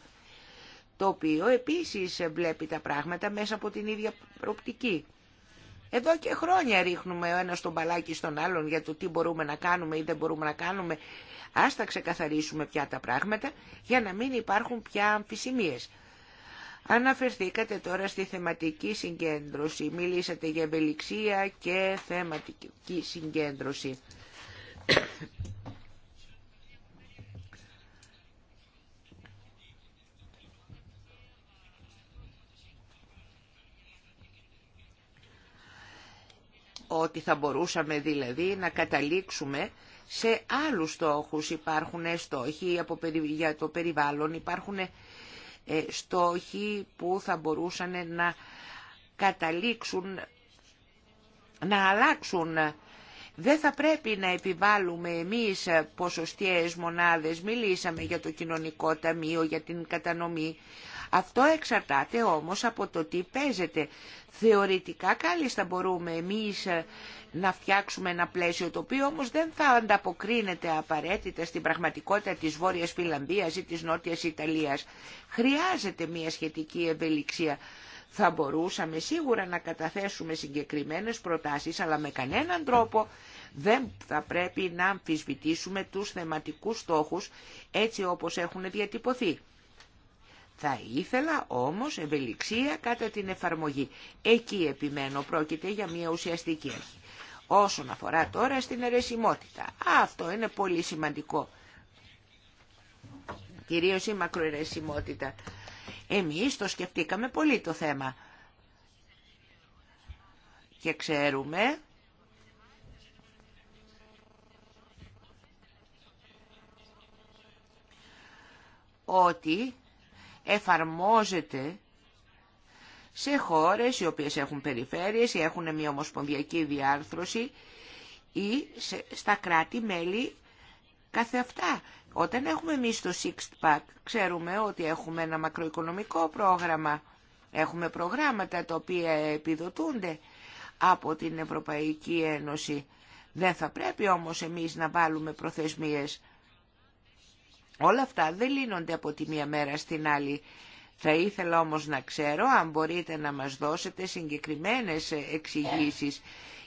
S1: το οποίο επίσης βλέπει τα πράγματα μέσα από την ίδια προοπτική. Εδώ και χρόνια ρίχνουμε ο ένας τον μπαλάκι στον άλλον για το τι μπορούμε να κάνουμε ή δεν μπορούμε να κάνουμε. Ας τα ξεκαθαρίσουμε πια τα πράγματα για να μην υπάρχουν πια αμφισημίες. Αναφερθήκατε τώρα στη θεματική συγκέντρωση. Μιλήσατε για ευελιξία και θεματική συγκέντρωση. ότι θα μπορούσαμε δηλαδή να καταλήξουμε σε άλλους στόχους. Υπάρχουν στόχοι από, για το περιβάλλον, υπάρχουν ε, στόχοι που θα μπορούσαν να καταλήξουν, να αλλάξουν. Δεν θα πρέπει να επιβάλλουμε εμείς ποσοστιαίες μονάδες. Μιλήσαμε για το κοινωνικό ταμείο, για την κατανομή αυτό εξαρτάται όμως από το τι παίζεται. Θεωρητικά κάλλιστα μπορούμε εμείς ε, να φτιάξουμε ένα πλαίσιο το οποίο όμως δεν θα ανταποκρίνεται απαραίτητα στην πραγματικότητα της Βόρειας Φιλανδίας ή της Νότιας Ιταλίας. Χρειάζεται μια σχετική ευελιξία. Θα μπορούσαμε σίγουρα να καταθέσουμε συγκεκριμένες προτάσεις, αλλά με κανέναν τρόπο δεν θα πρέπει να αμφισβητήσουμε τους θεματικούς στόχους έτσι όπως έχουν διατυπωθεί. Θα ήθελα όμως ευελιξία κατά την εφαρμογή. Εκεί επιμένω πρόκειται για μια ουσιαστική αρχή. Όσον αφορά τώρα στην αιρεσιμότητα. Αυτό είναι πολύ σημαντικό. Κυρίως η μακροαιρεσιμότητα. Εμείς το σκεφτήκαμε πολύ το θέμα. Και ξέρουμε ότι εφαρμόζεται σε χώρες οι οποίες έχουν περιφέρειες ή έχουν μια ομοσπονδιακή διάρθρωση ή στα κράτη-μέλη κάθε αυτά. Όταν έχουμε εμεί το sixth Pack, ξέρουμε ότι έχουμε ένα μακροοικονομικό πρόγραμμα. Έχουμε προγράμματα τα οποία επιδοτούνται από την Ευρωπαϊκή Ένωση. Δεν θα πρέπει όμως εμείς να βάλουμε προθεσμίες. Όλα αυτά δεν λύνονται από τη μία μέρα στην άλλη. Θα ήθελα όμως να ξέρω αν μπορείτε να μας δώσετε συγκεκριμένες εξηγήσει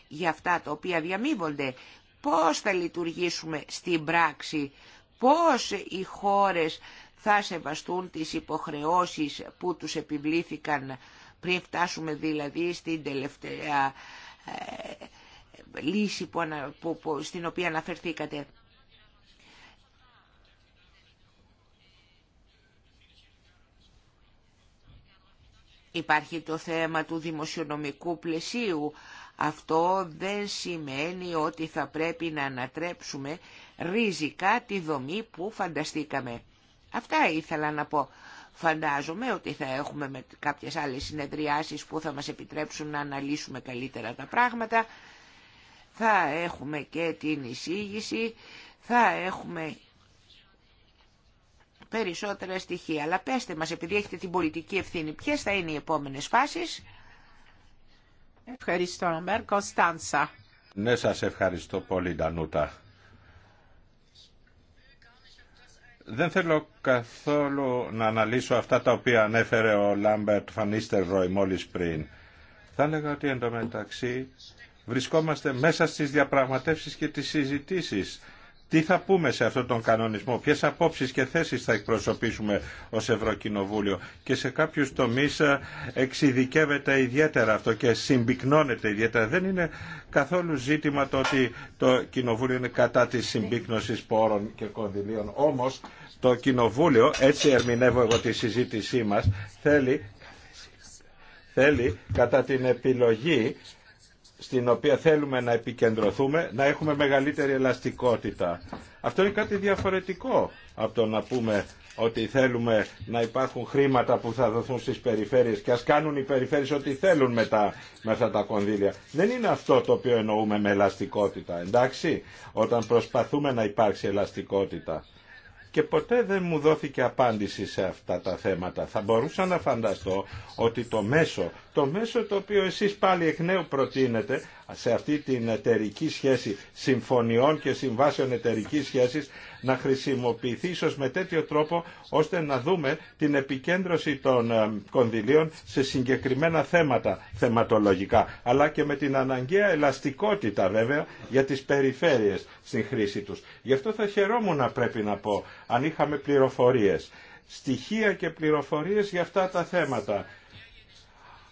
S1: για αυτά τα οποία διαμείβονται. Πώς θα λειτουργήσουμε στην πράξη, πώς οι χώρες θα σεβαστούν τις υποχρεώσεις που τους επιβλήθηκαν πριν φτάσουμε δηλαδή στην τελευταία ε, λύση που, στην οποία αναφερθήκατε. Υπάρχει το θέμα του δημοσιονομικού πλαισίου. Αυτό δεν σημαίνει ότι θα πρέπει να ανατρέψουμε ριζικά τη δομή που φανταστήκαμε. Αυτά ήθελα να πω. Φαντάζομαι ότι θα έχουμε με κάποιες άλλες συνεδριάσεις που θα μας επιτρέψουν να αναλύσουμε καλύτερα τα πράγματα. Θα έχουμε και την εισήγηση, θα έχουμε περισσότερα στοιχεία. Αλλά πέστε μας, επειδή έχετε την πολιτική ευθύνη, ποιες θα είναι οι επόμενες φάσεις.
S2: Ευχαριστώ, Νομέρ. Κωνσταντσα.
S3: Ναι, σας ευχαριστώ πολύ, Ντανούτα. Δεν θέλω καθόλου να αναλύσω αυτά τα οποία ανέφερε ο Λάμπερτ Φανίστερ Ροϊ μόλις πριν. Θα έλεγα ότι εντωμεταξύ βρισκόμαστε μέσα στις διαπραγματεύσεις και τις συζητήσεις τι θα πούμε σε αυτόν τον κανονισμό, ποιε απόψει και θέσεις θα εκπροσωπήσουμε ω Ευρωκοινοβούλιο και σε κάποιου τομεί ε, εξειδικεύεται ιδιαίτερα αυτό και συμπυκνώνεται ιδιαίτερα. Δεν είναι καθόλου ζήτημα το ότι το Κοινοβούλιο είναι κατά τη συμπύκνωση πόρων και κονδυλίων. Όμως το Κοινοβούλιο, έτσι ερμηνεύω εγώ τη συζήτησή μα, θέλει, θέλει κατά την επιλογή στην οποία θέλουμε να επικεντρωθούμε, να έχουμε μεγαλύτερη ελαστικότητα. Αυτό είναι κάτι διαφορετικό από το να πούμε ότι θέλουμε να υπάρχουν χρήματα που θα δοθούν στις περιφέρειες και ας κάνουν οι περιφέρειες ό,τι θέλουν με, τα, με αυτά τα κονδύλια. Δεν είναι αυτό το οποίο εννοούμε με ελαστικότητα, εντάξει, όταν προσπαθούμε να υπάρξει ελαστικότητα και ποτέ δεν μου δόθηκε απάντηση σε αυτά τα θέματα. Θα μπορούσα να φανταστώ ότι το μέσο, το μέσο το οποίο εσείς πάλι εκ νέου προτείνετε, σε αυτή την εταιρική σχέση συμφωνιών και συμβάσεων εταιρική σχέσης να χρησιμοποιηθεί ίσως με τέτοιο τρόπο ώστε να δούμε την επικέντρωση των ε, κονδυλίων σε συγκεκριμένα θέματα θεματολογικά αλλά και με την αναγκαία ελαστικότητα βέβαια για τις περιφέρειες στην χρήση τους. Γι' αυτό θα χαιρόμουν να πρέπει να πω αν είχαμε πληροφορίες στοιχεία και πληροφορίες για αυτά τα θέματα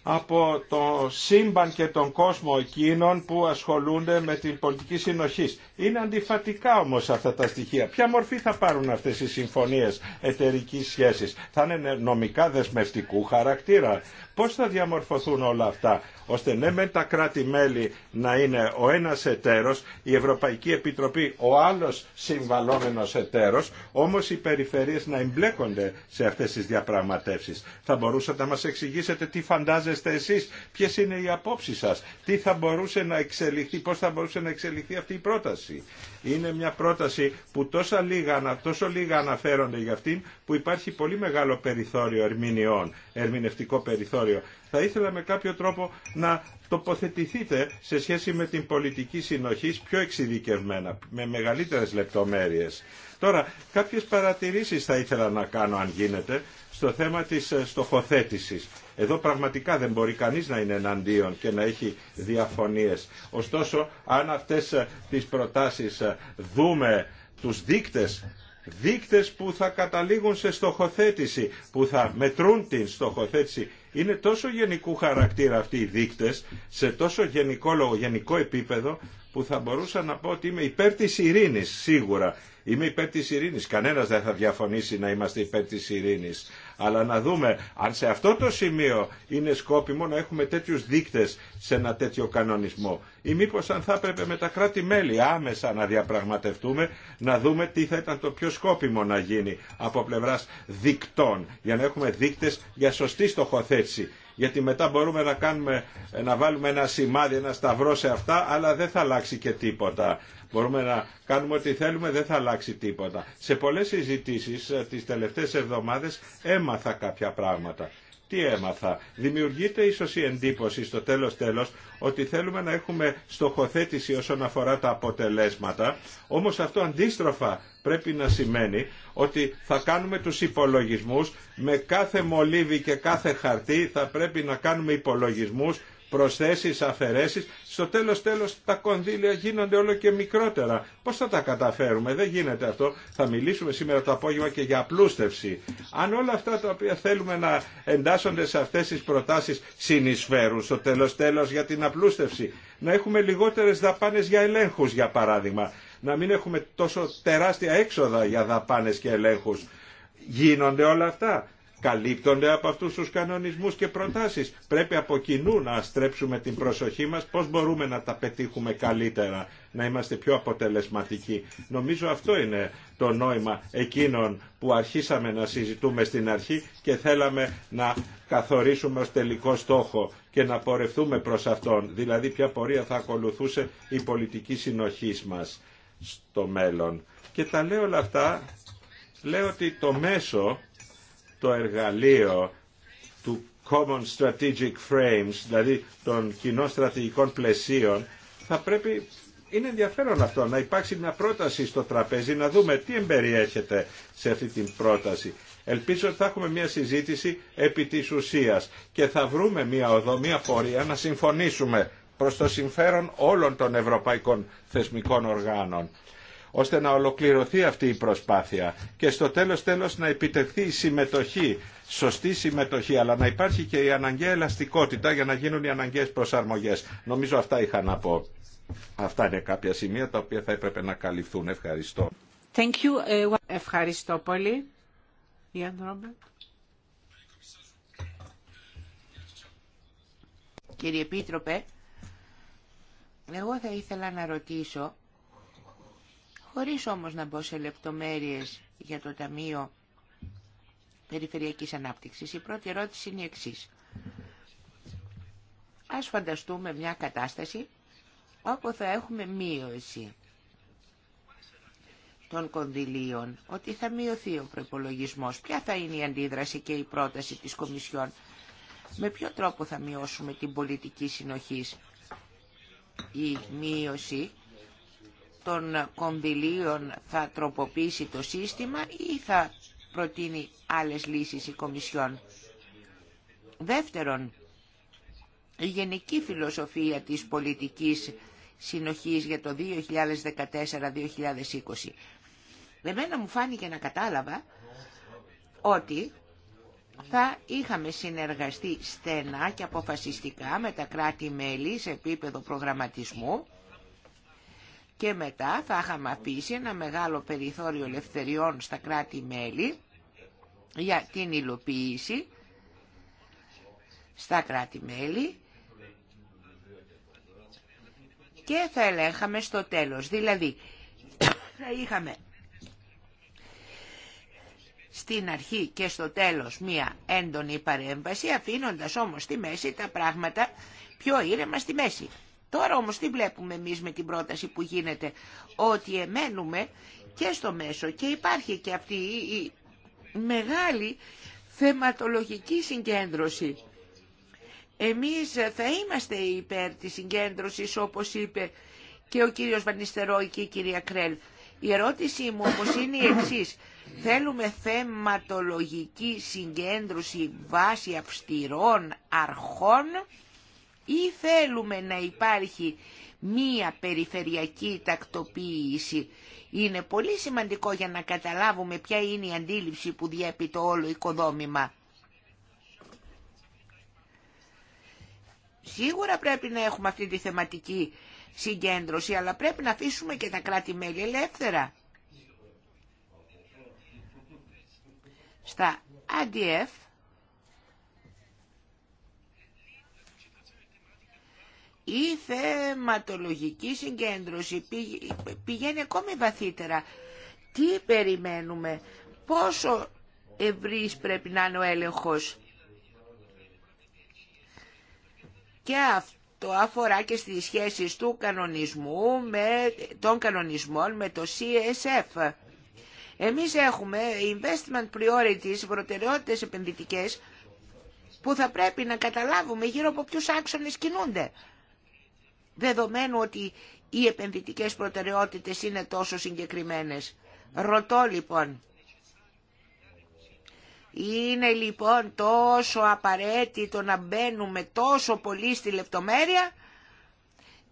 S3: από το σύμπαν και τον κόσμο εκείνων που ασχολούνται με την πολιτική συνοχή. Είναι αντιφατικά όμως αυτά τα στοιχεία. Ποια μορφή θα πάρουν αυτές οι συμφωνίες εταιρική σχέσης. Θα είναι νομικά δεσμευτικού χαρακτήρα. Πώς θα διαμορφωθούν όλα αυτά ώστε ναι με τα κράτη-μέλη να είναι ο ένας εταίρος, η Ευρωπαϊκή Επιτροπή ο άλλος συμβαλόμενος εταίρος, όμως οι περιφερειές να εμπλέκονται σε αυτές τις διαπραγματεύσεις. Θα μπορούσατε να μας εξηγήσετε τι φαντάζεστε σκέφτεστε εσείς, ποιες είναι οι απόψεις σας, τι θα μπορούσε να εξελιχθεί, πώς θα μπορούσε να εξελιχθεί αυτή η πρόταση. Είναι μια πρόταση που τόσα λίγα, τόσο λίγα αναφέρονται για αυτήν που υπάρχει πολύ μεγάλο περιθώριο ερμηνεών, ερμηνευτικό περιθώριο. Θα ήθελα με κάποιο τρόπο να τοποθετηθείτε σε σχέση με την πολιτική συνοχή πιο εξειδικευμένα, με μεγαλύτερες λεπτομέρειες. Τώρα, κάποιες παρατηρήσεις θα ήθελα να κάνω αν γίνεται στο θέμα της ε, στοχοθέτησης. Εδώ πραγματικά δεν μπορεί κανείς να είναι εναντίον και να έχει διαφωνίες. Ωστόσο, αν αυτές ε, τις προτάσεις ε, δούμε τους δείκτες δείκτες που θα καταλήγουν σε στοχοθέτηση, που θα μετρούν την στοχοθέτηση. Είναι τόσο γενικού χαρακτήρα αυτοί οι δείκτες, σε τόσο γενικό λόγο, γενικό επίπεδο, που θα μπορούσα να πω ότι είμαι υπέρ της ειρήνης, σίγουρα. Είμαι υπέρ της ειρήνης. Κανένας δεν θα διαφωνήσει να είμαστε υπέρ της ειρήνης. Αλλά να δούμε αν σε αυτό το σημείο είναι σκόπιμο να έχουμε τέτοιους δείκτες σε ένα τέτοιο κανονισμό. Ή μήπω αν θα έπρεπε με τα κράτη-μέλη άμεσα να διαπραγματευτούμε, να δούμε τι θα ήταν το πιο σκόπιμο να γίνει από πλευρά δικτών, για να έχουμε δείκτε για σωστή στοχοθέτηση γιατί μετά μπορούμε να, κάνουμε, να βάλουμε ένα σημάδι, ένα σταυρό σε αυτά, αλλά δεν θα αλλάξει και τίποτα. Μπορούμε να κάνουμε ό,τι θέλουμε, δεν θα αλλάξει τίποτα. Σε πολλές συζητήσεις ε, τις τελευταίες εβδομάδες έμαθα κάποια πράγματα τι έμαθα. Δημιουργείται ίσως η εντύπωση στο τέλος τέλος ότι θέλουμε να έχουμε στοχοθέτηση όσον αφορά τα αποτελέσματα, όμως αυτό αντίστροφα πρέπει να σημαίνει ότι θα κάνουμε τους υπολογισμούς με κάθε μολύβι και κάθε χαρτί θα πρέπει να κάνουμε υπολογισμούς προσθέσεις, αφαιρέσεις. Στο τέλος τέλος τα κονδύλια γίνονται όλο και μικρότερα. Πώς θα τα καταφέρουμε, δεν γίνεται αυτό. Θα μιλήσουμε σήμερα το απόγευμα και για απλούστευση. Αν όλα αυτά τα οποία θέλουμε να εντάσσονται σε αυτές τις προτάσεις συνεισφέρουν στο τέλος τέλος για την απλούστευση. Να έχουμε λιγότερες δαπάνες για ελέγχους για παράδειγμα. Να μην έχουμε τόσο τεράστια έξοδα για δαπάνες και ελέγχους. Γίνονται όλα αυτά καλύπτονται από αυτούς τους κανονισμούς και προτάσεις. Πρέπει από κοινού να στρέψουμε την προσοχή μας πώς μπορούμε να τα πετύχουμε καλύτερα, να είμαστε πιο αποτελεσματικοί. Νομίζω αυτό είναι το νόημα εκείνων που αρχίσαμε να συζητούμε στην αρχή και θέλαμε να καθορίσουμε ως τελικό στόχο και να πορευτούμε προς αυτόν, δηλαδή ποια πορεία θα ακολουθούσε η πολιτική συνοχή μας στο μέλλον. Και τα λέω όλα αυτά, λέω ότι το μέσο το εργαλείο του Common Strategic Frames, δηλαδή των κοινών στρατηγικών πλαισίων, θα πρέπει, είναι ενδιαφέρον αυτό, να υπάρξει μια πρόταση στο τραπέζι, να δούμε τι εμπεριέχεται σε αυτή την πρόταση. Ελπίζω ότι θα έχουμε μια συζήτηση επί της ουσίας και θα βρούμε μια οδό, μια πορεία να συμφωνήσουμε προς το συμφέρον όλων των ευρωπαϊκών θεσμικών οργάνων ώστε να ολοκληρωθεί αυτή η προσπάθεια και στο τέλος τέλος να επιτευχθεί η συμμετοχή, σωστή συμμετοχή, αλλά να υπάρχει και η αναγκαία ελαστικότητα για να γίνουν οι αναγκαίες προσαρμογές. Νομίζω αυτά είχα να πω. Αυτά είναι κάποια σημεία τα οποία θα έπρεπε να καλυφθούν. Ευχαριστώ.
S2: Thank you. Ε, Ευχαριστώ πολύ. Κύριε Επίτροπε,
S1: εγώ θα ήθελα να ρωτήσω χωρίς όμως να μπω σε λεπτομέρειες για το Ταμείο Περιφερειακής Ανάπτυξης. Η πρώτη ερώτηση είναι η εξής. Ας φανταστούμε μια κατάσταση όπου θα έχουμε μείωση των κονδυλίων, ότι θα μειωθεί ο προπολογισμό. Ποια θα είναι η αντίδραση και η πρόταση της Κομισιόν. Με ποιο τρόπο θα μειώσουμε την πολιτική συνοχής. Η μείωση των κονδυλίων θα τροποποιήσει το σύστημα ή θα προτείνει άλλες λύσεις η Κομισιόν. Δεύτερον, η γενική φιλοσοφία της πολιτικής συνοχής για το 2014-2020. Εμένα μου φάνηκε να κατάλαβα ότι θα είχαμε συνεργαστεί στενά και αποφασιστικά με τα κράτη-μέλη σε επίπεδο προγραμματισμού και μετά θα είχαμε αφήσει ένα μεγάλο περιθώριο ελευθεριών στα κράτη-μέλη για την υλοποίηση στα κράτη-μέλη και θα ελέγχαμε στο τέλος. Δηλαδή, θα είχαμε στην αρχή και στο τέλος μία έντονη παρέμβαση, αφήνοντας όμως στη μέση τα πράγματα πιο ήρεμα στη μέση. Τώρα όμως τι βλέπουμε εμείς με την πρόταση που γίνεται, ότι εμένουμε και στο μέσο και υπάρχει και αυτή η μεγάλη θεματολογική συγκέντρωση. Εμείς θα είμαστε υπέρ της συγκέντρωσης όπως είπε και ο κύριος Βανιστερόη και η κυρία Κρέλ. Η ερώτησή μου όπως είναι η εξής. Θέλουμε θεματολογική συγκέντρωση βάσει αυστηρών αρχών ή θέλουμε να υπάρχει μία περιφερειακή τακτοποίηση. Είναι πολύ σημαντικό για να καταλάβουμε ποια είναι η αντίληψη που διέπει το όλο οικοδόμημα. Σίγουρα πρέπει να έχουμε αυτή τη θεματική συγκέντρωση, αλλά πρέπει να αφήσουμε και τα κράτη-μέλη ελεύθερα. Στα ADF η θεματολογική συγκέντρωση πηγαίνει ακόμη βαθύτερα. Τι περιμένουμε, πόσο ευρύς πρέπει να είναι ο έλεγχος. Και αυτό αφορά και στις σχέσεις του κανονισμού με των κανονισμών με το CSF. Εμείς έχουμε investment priorities, προτεραιότητες επενδυτικές, που θα πρέπει να καταλάβουμε γύρω από ποιους άξονες κινούνται δεδομένου ότι οι επενδυτικές προτεραιότητες είναι τόσο συγκεκριμένες. Ρωτώ λοιπόν, είναι λοιπόν τόσο απαραίτητο να μπαίνουμε τόσο πολύ στη λεπτομέρεια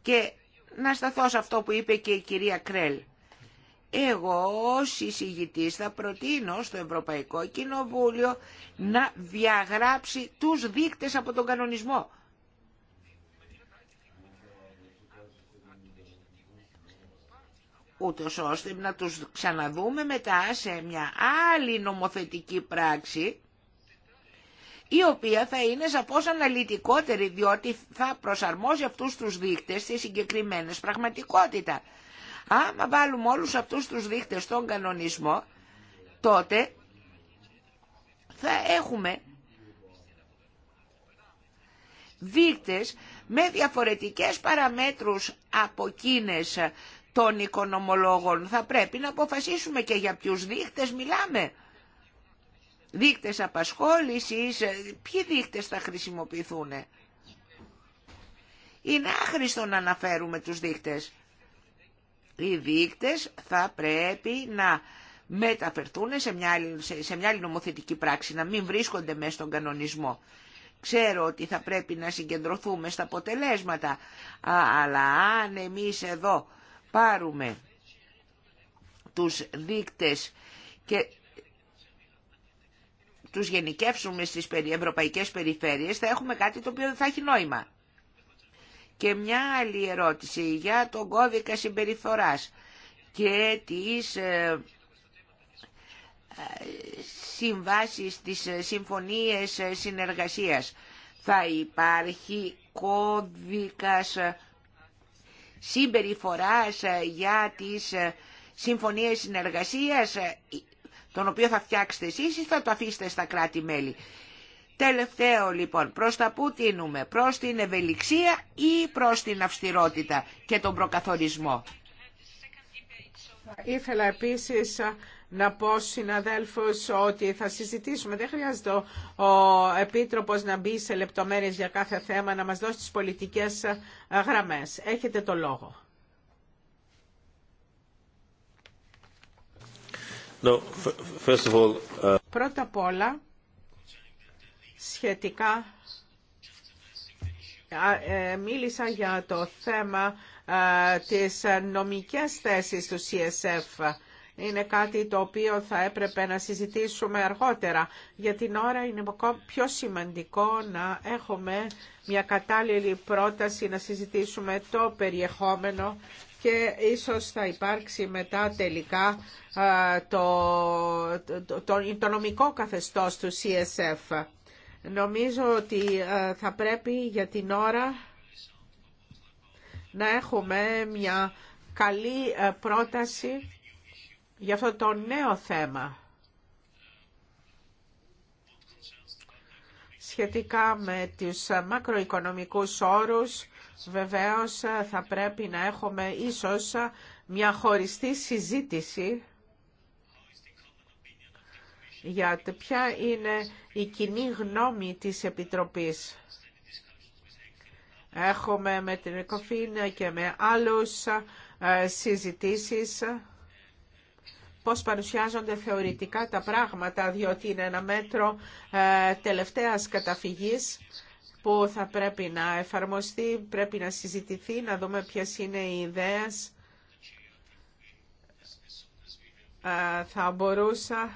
S1: και να σταθώ σε αυτό που είπε και η κυρία Κρέλ. Εγώ ως εισηγητής θα προτείνω στο Ευρωπαϊκό Κοινοβούλιο να διαγράψει τους δείκτες από τον κανονισμό. ούτως ώστε να τους ξαναδούμε μετά σε μια άλλη νομοθετική πράξη η οποία θα είναι σαφώς αναλυτικότερη διότι θα προσαρμόζει αυτούς τους δείχτες στη συγκεκριμένες πραγματικότητα. Άμα βάλουμε όλους αυτούς τους δείχτες στον κανονισμό, τότε θα έχουμε δείκτες με διαφορετικές παραμέτρους από εκείνες των οικονομολόγων. Θα πρέπει να αποφασίσουμε και για ποιους δείχτες μιλάμε. Δείχτες απασχόλησης, ε, ποιοι δείχτες θα χρησιμοποιηθούν. Είναι άχρηστο να αναφέρουμε τους δείχτες. Οι δείκτες θα πρέπει να μεταφερθούν σε μια, άλλη, σε μια άλλη νομοθετική πράξη, να μην βρίσκονται μέσα στον κανονισμό. Ξέρω ότι θα πρέπει να συγκεντρωθούμε στα αποτελέσματα, αλλά αν εμείς εδώ πάρουμε τους δείκτες και τους γενικεύσουμε στις ευρωπαϊκές περιφέρειες, θα έχουμε κάτι το οποίο δεν θα έχει νόημα. Και μια άλλη ερώτηση για τον κώδικα συμπεριφοράς και τις ε, ε, συμβάσεις, τις ε, συμφωνίες συνεργασίας. Θα υπάρχει κώδικας συμπεριφοράς ε, για τις ε, συμφωνίες συνεργασίας, ε, τον οποίο θα φτιάξετε εσείς ή θα το αφήσετε στα κράτη-μέλη. Τελευταίο λοιπόν, προς τα που τίνουμε, προς την ευελιξία ή προς την αυστηρότητα και τον προκαθορισμό.
S2: Ήθελα επίσης να πω συναδέλφους ότι θα συζητήσουμε. Δεν χρειάζεται ο Επίτροπος να μπει σε λεπτομέρειες για κάθε θέμα, να μας δώσει τις πολιτικές ε, γραμμές. Έχετε το λόγο.
S3: No, uh,
S2: Πρώτα απ' όλα, σχετικά ε, μίλησα για το θέμα ε, της νομικές θέσεις του CSF είναι κάτι το οποίο θα έπρεπε να συζητήσουμε αργότερα. Για την ώρα είναι πιο σημαντικό να έχουμε μια κατάλληλη πρόταση να συζητήσουμε το περιεχόμενο και ίσως θα υπάρξει μετά τελικά το, το, το, νομικό καθεστώς του CSF. Νομίζω ότι θα πρέπει για την ώρα να έχουμε μια καλή πρόταση για αυτό το νέο θέμα. Σχετικά με τους μακροοικονομικούς όρους, βεβαίως θα πρέπει να έχουμε ίσως μια χωριστή συζήτηση για ποια είναι η κοινή γνώμη της Επιτροπής. Έχουμε με την ΕΚΟΦΗΝ και με άλλους ε, συζητήσεις πώς παρουσιάζονται θεωρητικά τα πράγματα, διότι είναι ένα μέτρο ε, τελευταίας καταφυγής που θα πρέπει να εφαρμοστεί, πρέπει να συζητηθεί, να δούμε ποιες είναι οι ιδέες. Ε, θα μπορούσα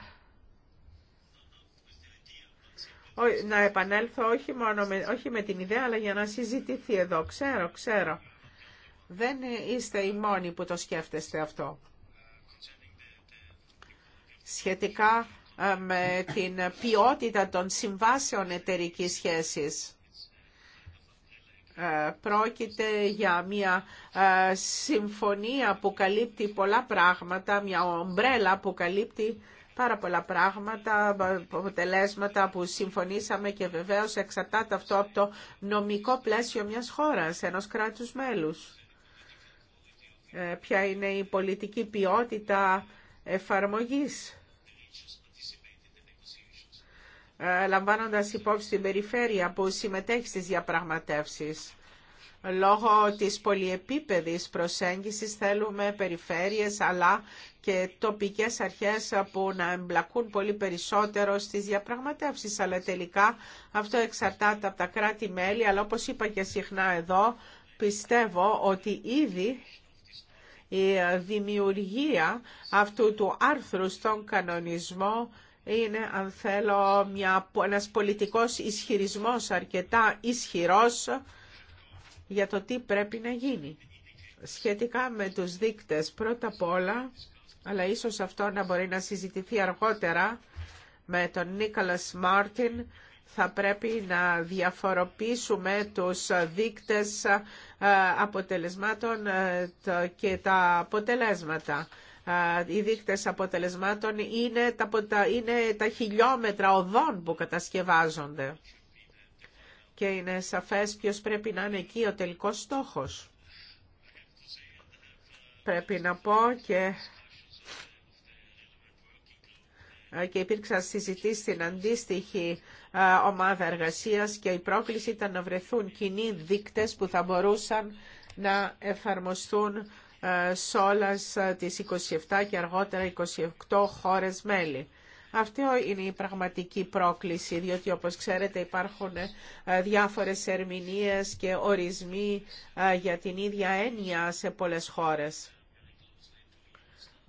S2: να επανέλθω όχι, με, όχι με την ιδέα, αλλά για να συζητηθεί εδώ. Ξέρω, ξέρω. Δεν είστε οι μόνοι που το σκέφτεστε αυτό σχετικά ε, με την ποιότητα των συμβάσεων εταιρική σχέσης. Ε, πρόκειται για μια ε, συμφωνία που καλύπτει πολλά πράγματα, μια ομπρέλα που καλύπτει πάρα πολλά πράγματα, αποτελέσματα που συμφωνήσαμε και βεβαίως εξαρτάται αυτό από το νομικό πλαίσιο μιας χώρας, ενός κράτους μέλους. Ποια είναι η πολιτική ποιότητα εφαρμογής ε, Λαμβάνοντα υπόψη την περιφέρεια που συμμετέχει στις διαπραγματεύσεις. Λόγω της πολυεπίπεδης προσέγγισης θέλουμε περιφέρειες αλλά και τοπικές αρχές που να εμπλακούν πολύ περισσότερο στις διαπραγματεύσεις. Αλλά τελικά αυτό εξαρτάται από τα κράτη-μέλη, αλλά όπως είπα και συχνά εδώ, πιστεύω ότι ήδη η ε, δημιουργία αυτού του άρθρου στον κανονισμό είναι, αν θέλω, μια, ένας πολιτικός ισχυρισμός αρκετά ισχυρός για το τι πρέπει να γίνει. Σχετικά με τους δείκτες, πρώτα απ' όλα, αλλά ίσως αυτό να μπορεί να συζητηθεί αργότερα με τον Νίκολας Μάρτιν, θα πρέπει να διαφοροποιήσουμε τους δείκτες ε, αποτελεσμάτων ε, και τα αποτελέσματα. Ε, οι δείκτες αποτελεσμάτων είναι τα, είναι τα χιλιόμετρα οδών που κατασκευάζονται. Και είναι σαφές ποιος πρέπει να είναι εκεί ο τελικός στόχος. Πρέπει να πω και ε, και υπήρξαν συζητήσει στην αντίστοιχη ε, ομάδα εργασία και η πρόκληση ήταν να βρεθούν κοινοί δείκτε που θα μπορούσαν να εφαρμοστούν ε, σε όλε τι 27 και αργότερα 28 χώρε μέλη. Αυτή είναι η πραγματική πρόκληση, διότι όπως ξέρετε υπάρχουν διάφορες ερμηνείες και ορισμοί για την ίδια έννοια σε πολλές χώρες.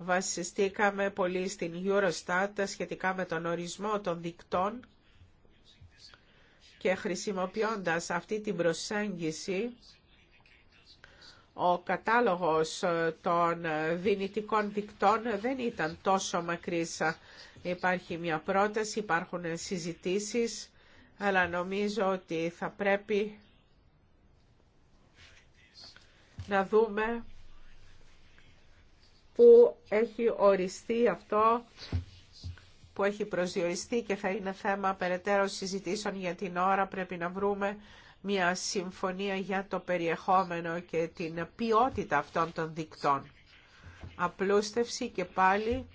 S2: Βασιστήκαμε πολύ στην Eurostat σχετικά με τον ορισμό των δικτών και χρησιμοποιώντας αυτή την προσέγγιση, ο κατάλογος των δυνητικών δικτών δεν ήταν τόσο μακρύς. Υπάρχει μια πρόταση, υπάρχουν συζητήσεις, αλλά νομίζω ότι θα πρέπει να δούμε που έχει οριστεί αυτό, που έχει προσδιοριστεί και θα είναι θέμα περαιτέρω συζητήσεων για την ώρα. Πρέπει να βρούμε μια συμφωνία για το περιεχόμενο και την ποιότητα αυτών των δικτών. Απλούστευση και πάλι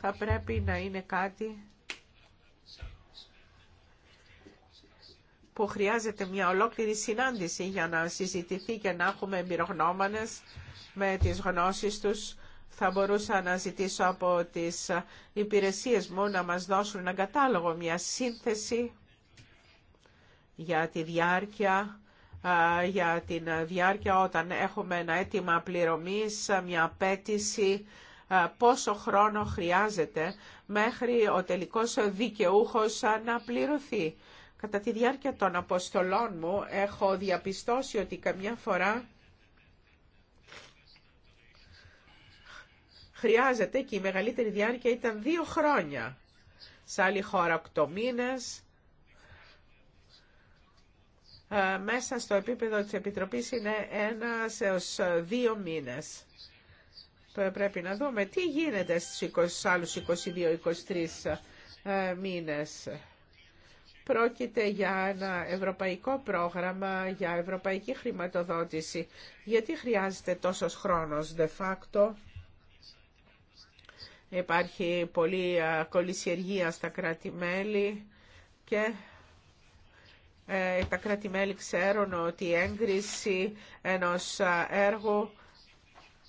S2: θα πρέπει να είναι κάτι που χρειάζεται μια ολόκληρη συνάντηση για να συζητηθεί και να έχουμε εμπειρογνώμανες με τις γνώσεις τους. Θα μπορούσα να ζητήσω από τις υπηρεσίες μου να μας δώσουν ένα κατάλογο, μια σύνθεση για τη διάρκεια, για την διάρκεια όταν έχουμε ένα αίτημα πληρωμής, μια απέτηση, πόσο χρόνο χρειάζεται μέχρι ο τελικός δικαιούχος να πληρωθεί. Κατά τη διάρκεια των αποστολών μου έχω διαπιστώσει ότι καμιά φορά χρειάζεται και η μεγαλύτερη διάρκεια ήταν δύο χρόνια. Σε άλλη χώρα οκτώ μήνες, ε, μέσα στο επίπεδο της Επιτροπής είναι ένας έως δύο μήνες. Πρέπει να δούμε τι γίνεται στους άλλους 22-23 ε, μήνες. Πρόκειται για ένα ευρωπαϊκό πρόγραμμα, για ευρωπαϊκή χρηματοδότηση. Γιατί χρειάζεται τόσος χρόνος, de facto. Υπάρχει πολλή κολλησιεργία στα κράτη-μέλη και ε, τα κράτη-μέλη ξέρουν ότι η έγκριση ενός έργου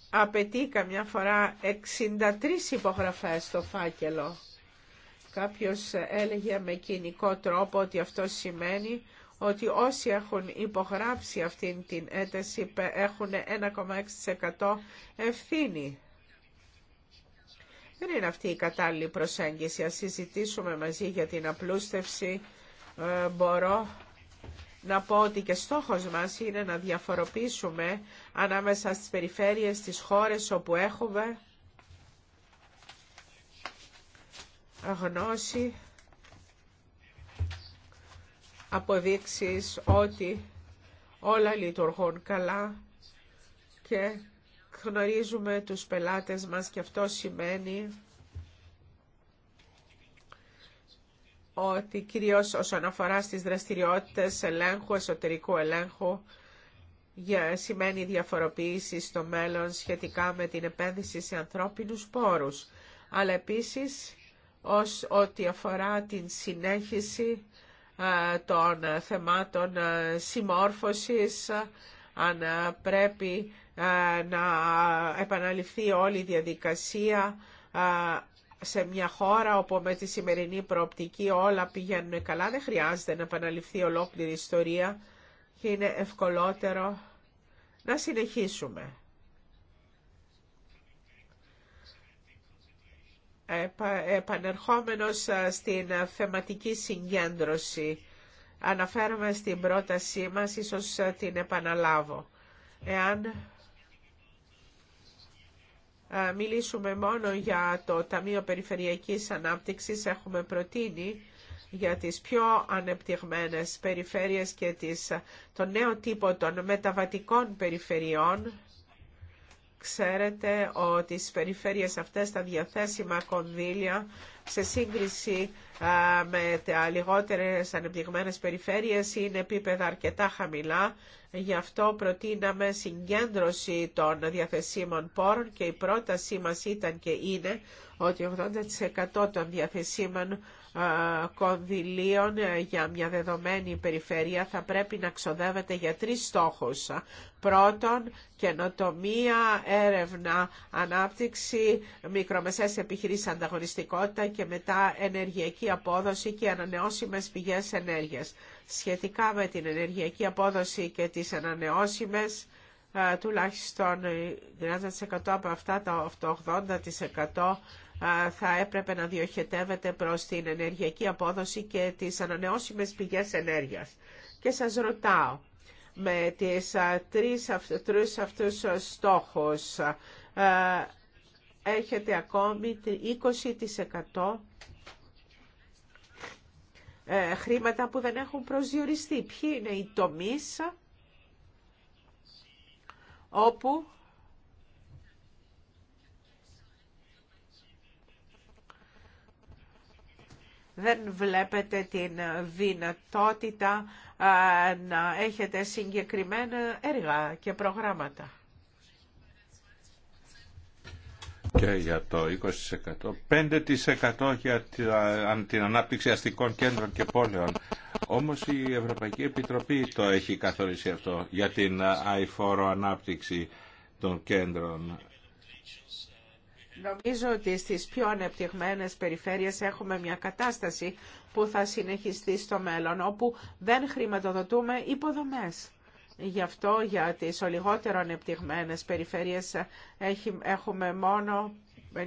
S2: απαιτεί καμιά φορά 63 υπογραφές στο φάκελο. Κάποιος έλεγε με κοινικό τρόπο ότι αυτό σημαίνει ότι όσοι έχουν υπογράψει αυτήν την ένταση έχουν 1,6% ευθύνη. Δεν είναι αυτή η κατάλληλη προσέγγιση. Ας συζητήσουμε μαζί για την απλούστευση. Ε, μπορώ να πω ότι και στόχος μας είναι να διαφοροποιήσουμε ανάμεσα στις περιφέρειες, στις χώρες όπου έχουμε γνώση αποδείξεις ότι όλα λειτουργούν καλά και γνωρίζουμε τους πελάτες μας και αυτό σημαίνει ότι κυρίως όσον αφορά στις δραστηριότητες ελέγχου, εσωτερικού ελέγχου, σημαίνει διαφοροποίηση στο μέλλον σχετικά με την επένδυση σε ανθρώπινους πόρους. Αλλά επίσης ως ό,τι αφορά την συνέχιση των θεμάτων συμμόρφωσης, αν πρέπει να επαναληφθεί όλη η διαδικασία σε μια χώρα όπου με τη σημερινή προοπτική όλα πηγαίνουν καλά, δεν χρειάζεται να επαναληφθεί ολόκληρη η ιστορία και είναι ευκολότερο να συνεχίσουμε. επανερχόμενος στην θεματική συγκέντρωση. Αναφέρομαι στην πρότασή μας, ίσως την επαναλάβω. Εάν μιλήσουμε μόνο για το Ταμείο Περιφερειακής Ανάπτυξης, έχουμε προτείνει για τις πιο ανεπτυγμένες περιφέρειες και τις, τον νέο τύπο των μεταβατικών περιφερειών, Ξέρετε ότι στις περιφέρειες αυτές τα διαθέσιμα κονδύλια σε σύγκριση με τα λιγότερες ανεπτυγμένες περιφέρειες είναι επίπεδα αρκετά χαμηλά. Γι' αυτό προτείναμε συγκέντρωση των διαθεσίμων πόρων και η πρότασή μας ήταν και είναι ότι 80% των διαθεσίμων ε, κονδυλίων ε, για μια δεδομένη περιφέρεια θα πρέπει να ξοδεύεται για τρεις στόχους. Πρώτον, καινοτομία, έρευνα, ανάπτυξη, μικρομεσαίες επιχειρήσεις, ανταγωνιστικότητα και μετά ενεργειακή απόδοση και ανανεώσιμες πηγές ενέργειας. Σχετικά με την ενεργειακή απόδοση και τις ανανεώσιμες, ε, τουλάχιστον 90% από αυτά, τα 80% θα έπρεπε να διοχετεύεται προς την ενεργειακή απόδοση και τις ανανεώσιμες πηγές ενέργειας. Και σας ρωτάω, με τις τρεις, τρεις αυτούς στόχους, έχετε ακόμη 20% ε, χρήματα που δεν έχουν προσδιοριστεί. Ποιοι είναι οι τομείς όπου δεν βλέπετε την δυνατότητα να έχετε συγκεκριμένα έργα και προγράμματα.
S3: Και για το 20%, 5% για την ανάπτυξη αστικών κέντρων και πόλεων. Όμως η Ευρωπαϊκή Επιτροπή το έχει καθορίσει αυτό για την αηφόρο ανάπτυξη των κέντρων.
S2: Νομίζω ότι στις πιο ανεπτυγμένες περιφέρειες έχουμε μια κατάσταση που θα συνεχιστεί στο μέλλον, όπου δεν χρηματοδοτούμε υποδομές. Γι' αυτό για τις ολιγότερο ανεπτυγμένες περιφέρειες έχουμε μόνο 50%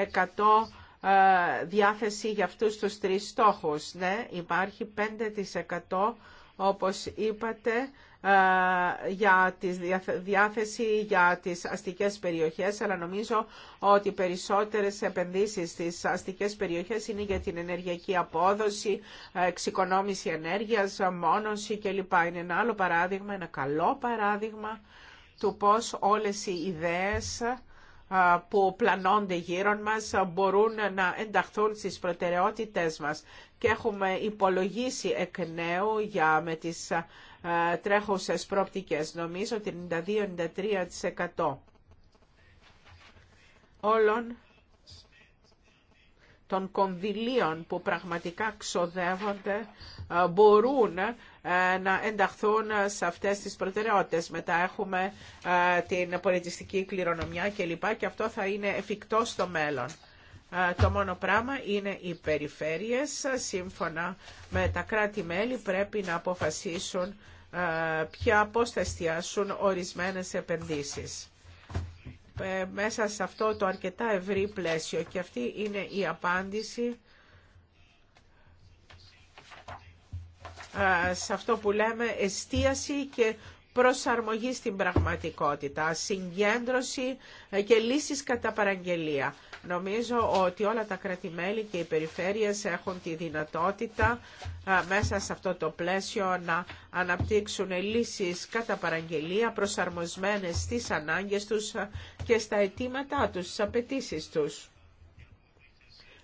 S2: ε, διάθεση για αυτούς τους τρεις στόχους. Ναι, υπάρχει 5% όπως είπατε ε, για τη διάθεση για τις αστικές περιοχές, αλλά νομίζω ότι περισσότερες επενδύσεις στις αστικές περιοχές είναι για την ενεργειακή απόδοση, εξοικονόμηση ενέργειας, μόνωση κλπ. Είναι ένα άλλο παράδειγμα, ένα καλό παράδειγμα του πώς όλες οι ιδέες ε, που πλανώνται γύρω μας μπορούν να ενταχθούν στις προτεραιότητές μας. Και έχουμε υπολογίσει εκ νέου για, με τις τρέχουσες πρόπτικες. Νομίζω 92-93% όλων των κονδυλίων που πραγματικά ξοδεύονται μπορούν να ενταχθούν σε αυτές τις προτεραιότητες. Μετά έχουμε την πολιτιστική κληρονομιά κλπ. Και αυτό θα είναι εφικτό στο μέλλον το μόνο πράγμα είναι οι περιφέρειες. Σύμφωνα με τα κράτη-μέλη πρέπει να αποφασίσουν ποια, πώς θα εστιάσουν ορισμένες επενδύσεις. Ε, μέσα σε αυτό το αρκετά ευρύ πλαίσιο και αυτή είναι η απάντηση σε αυτό που λέμε εστίαση και προσαρμογή στην πραγματικότητα, συγκέντρωση ε, και λύσεις κατά παραγγελία. Νομίζω ότι όλα τα κρατημέλη και οι περιφέρειες έχουν τη δυνατότητα ε, μέσα σε αυτό το πλαίσιο να αναπτύξουν λύσεις κατά παραγγελία προσαρμοσμένες στις ανάγκες τους ε, και στα αιτήματά τους, στις απαιτήσει τους.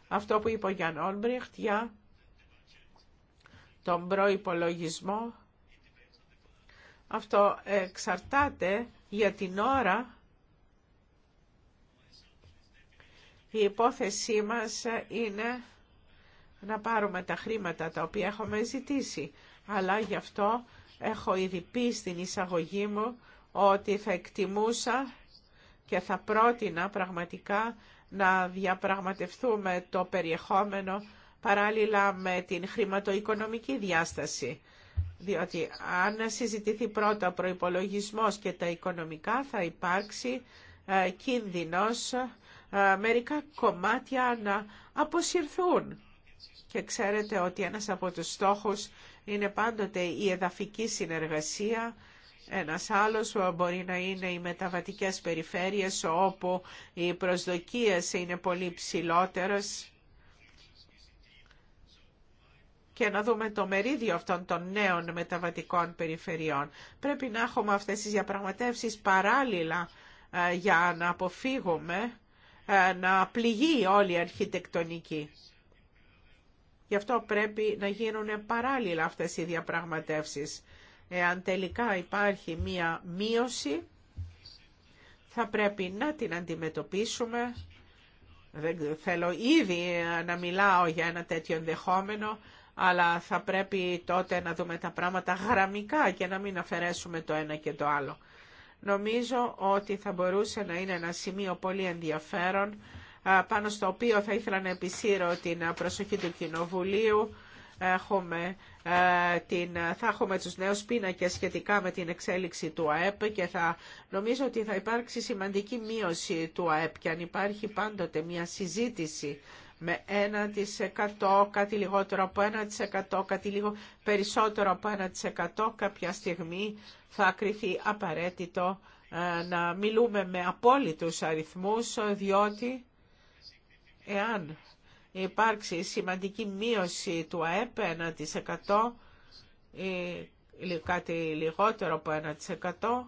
S2: Αυτό που είπε ο Γιάνν Όλμπριχτ για τον προϋπολογισμό αυτό εξαρτάται για την ώρα. Η υπόθεσή μας είναι να πάρουμε τα χρήματα τα οποία έχουμε ζητήσει. Αλλά γι' αυτό έχω ήδη πει στην εισαγωγή μου ότι θα εκτιμούσα και θα πρότεινα πραγματικά να διαπραγματευτούμε το περιεχόμενο παράλληλα με την χρηματοοικονομική διάσταση. Διότι αν συζητηθεί πρώτα ο προϋπολογισμός και τα οικονομικά θα υπάρξει ε, κίνδυνος ε, μερικά κομμάτια να αποσυρθούν. Και ξέρετε ότι ένας από τους στόχους είναι πάντοτε η εδαφική συνεργασία. Ένας άλλος μπορεί να είναι οι μεταβατικές περιφέρειες όπου οι προσδοκίες είναι πολύ ψηλότερες και να δούμε το μερίδιο αυτών των νέων μεταβατικών περιφερειών. Πρέπει να έχουμε αυτές τις διαπραγματεύσεις παράλληλα ε, για να αποφύγουμε ε, να πληγεί όλη η αρχιτεκτονική. Γι' αυτό πρέπει να γίνουν παράλληλα αυτές οι διαπραγματεύσεις. Εάν τελικά υπάρχει μία μείωση, θα πρέπει να την αντιμετωπίσουμε. Δεν θέλω ήδη να μιλάω για ένα τέτοιο ενδεχόμενο, αλλά θα πρέπει τότε να δούμε τα πράγματα γραμμικά και να μην αφαιρέσουμε το ένα και το άλλο. Νομίζω ότι θα μπορούσε να είναι ένα σημείο πολύ ενδιαφέρον, πάνω στο οποίο θα ήθελα να επισύρω την προσοχή του Κοινοβουλίου. Έχουμε, την, θα έχουμε τους νέους πίνακες σχετικά με την εξέλιξη του ΑΕΠ και θα νομίζω ότι θα υπάρξει σημαντική μείωση του ΑΕΠ και αν υπάρχει πάντοτε μια συζήτηση με 1%, κάτι λιγότερο από 1%, κάτι λίγο περισσότερο από 1%. Κάποια στιγμή θα κρυθεί απαραίτητο ε, να μιλούμε με απόλυτους αριθμούς, διότι εάν υπάρξει σημαντική μείωση του ΑΕΠ 1% ή ε, κάτι λιγότερο από 1%,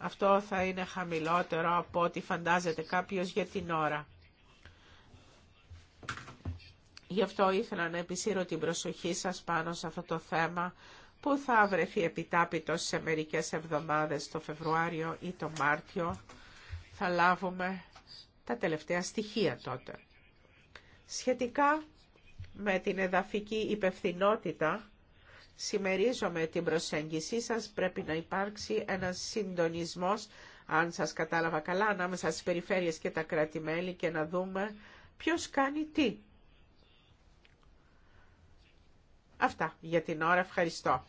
S2: αυτό θα είναι χαμηλότερο από ό,τι φαντάζεται κάποιος για την ώρα. Γι' αυτό ήθελα να επισύρω την προσοχή σας πάνω σε αυτό το θέμα που θα βρεθεί επιτάπητο σε μερικές εβδομάδες το Φεβρουάριο ή το Μάρτιο. Θα λάβουμε τα τελευταία στοιχεία τότε. Σχετικά με την εδαφική υπευθυνότητα, συμμερίζομαι την προσέγγιση σας, πρέπει να υπάρξει ένας συντονισμός, αν σας κατάλαβα καλά, ανάμεσα στις περιφέρειες και τα κρατη και να δούμε ποιος κάνει τι Αυτά για την ώρα. Ευχαριστώ.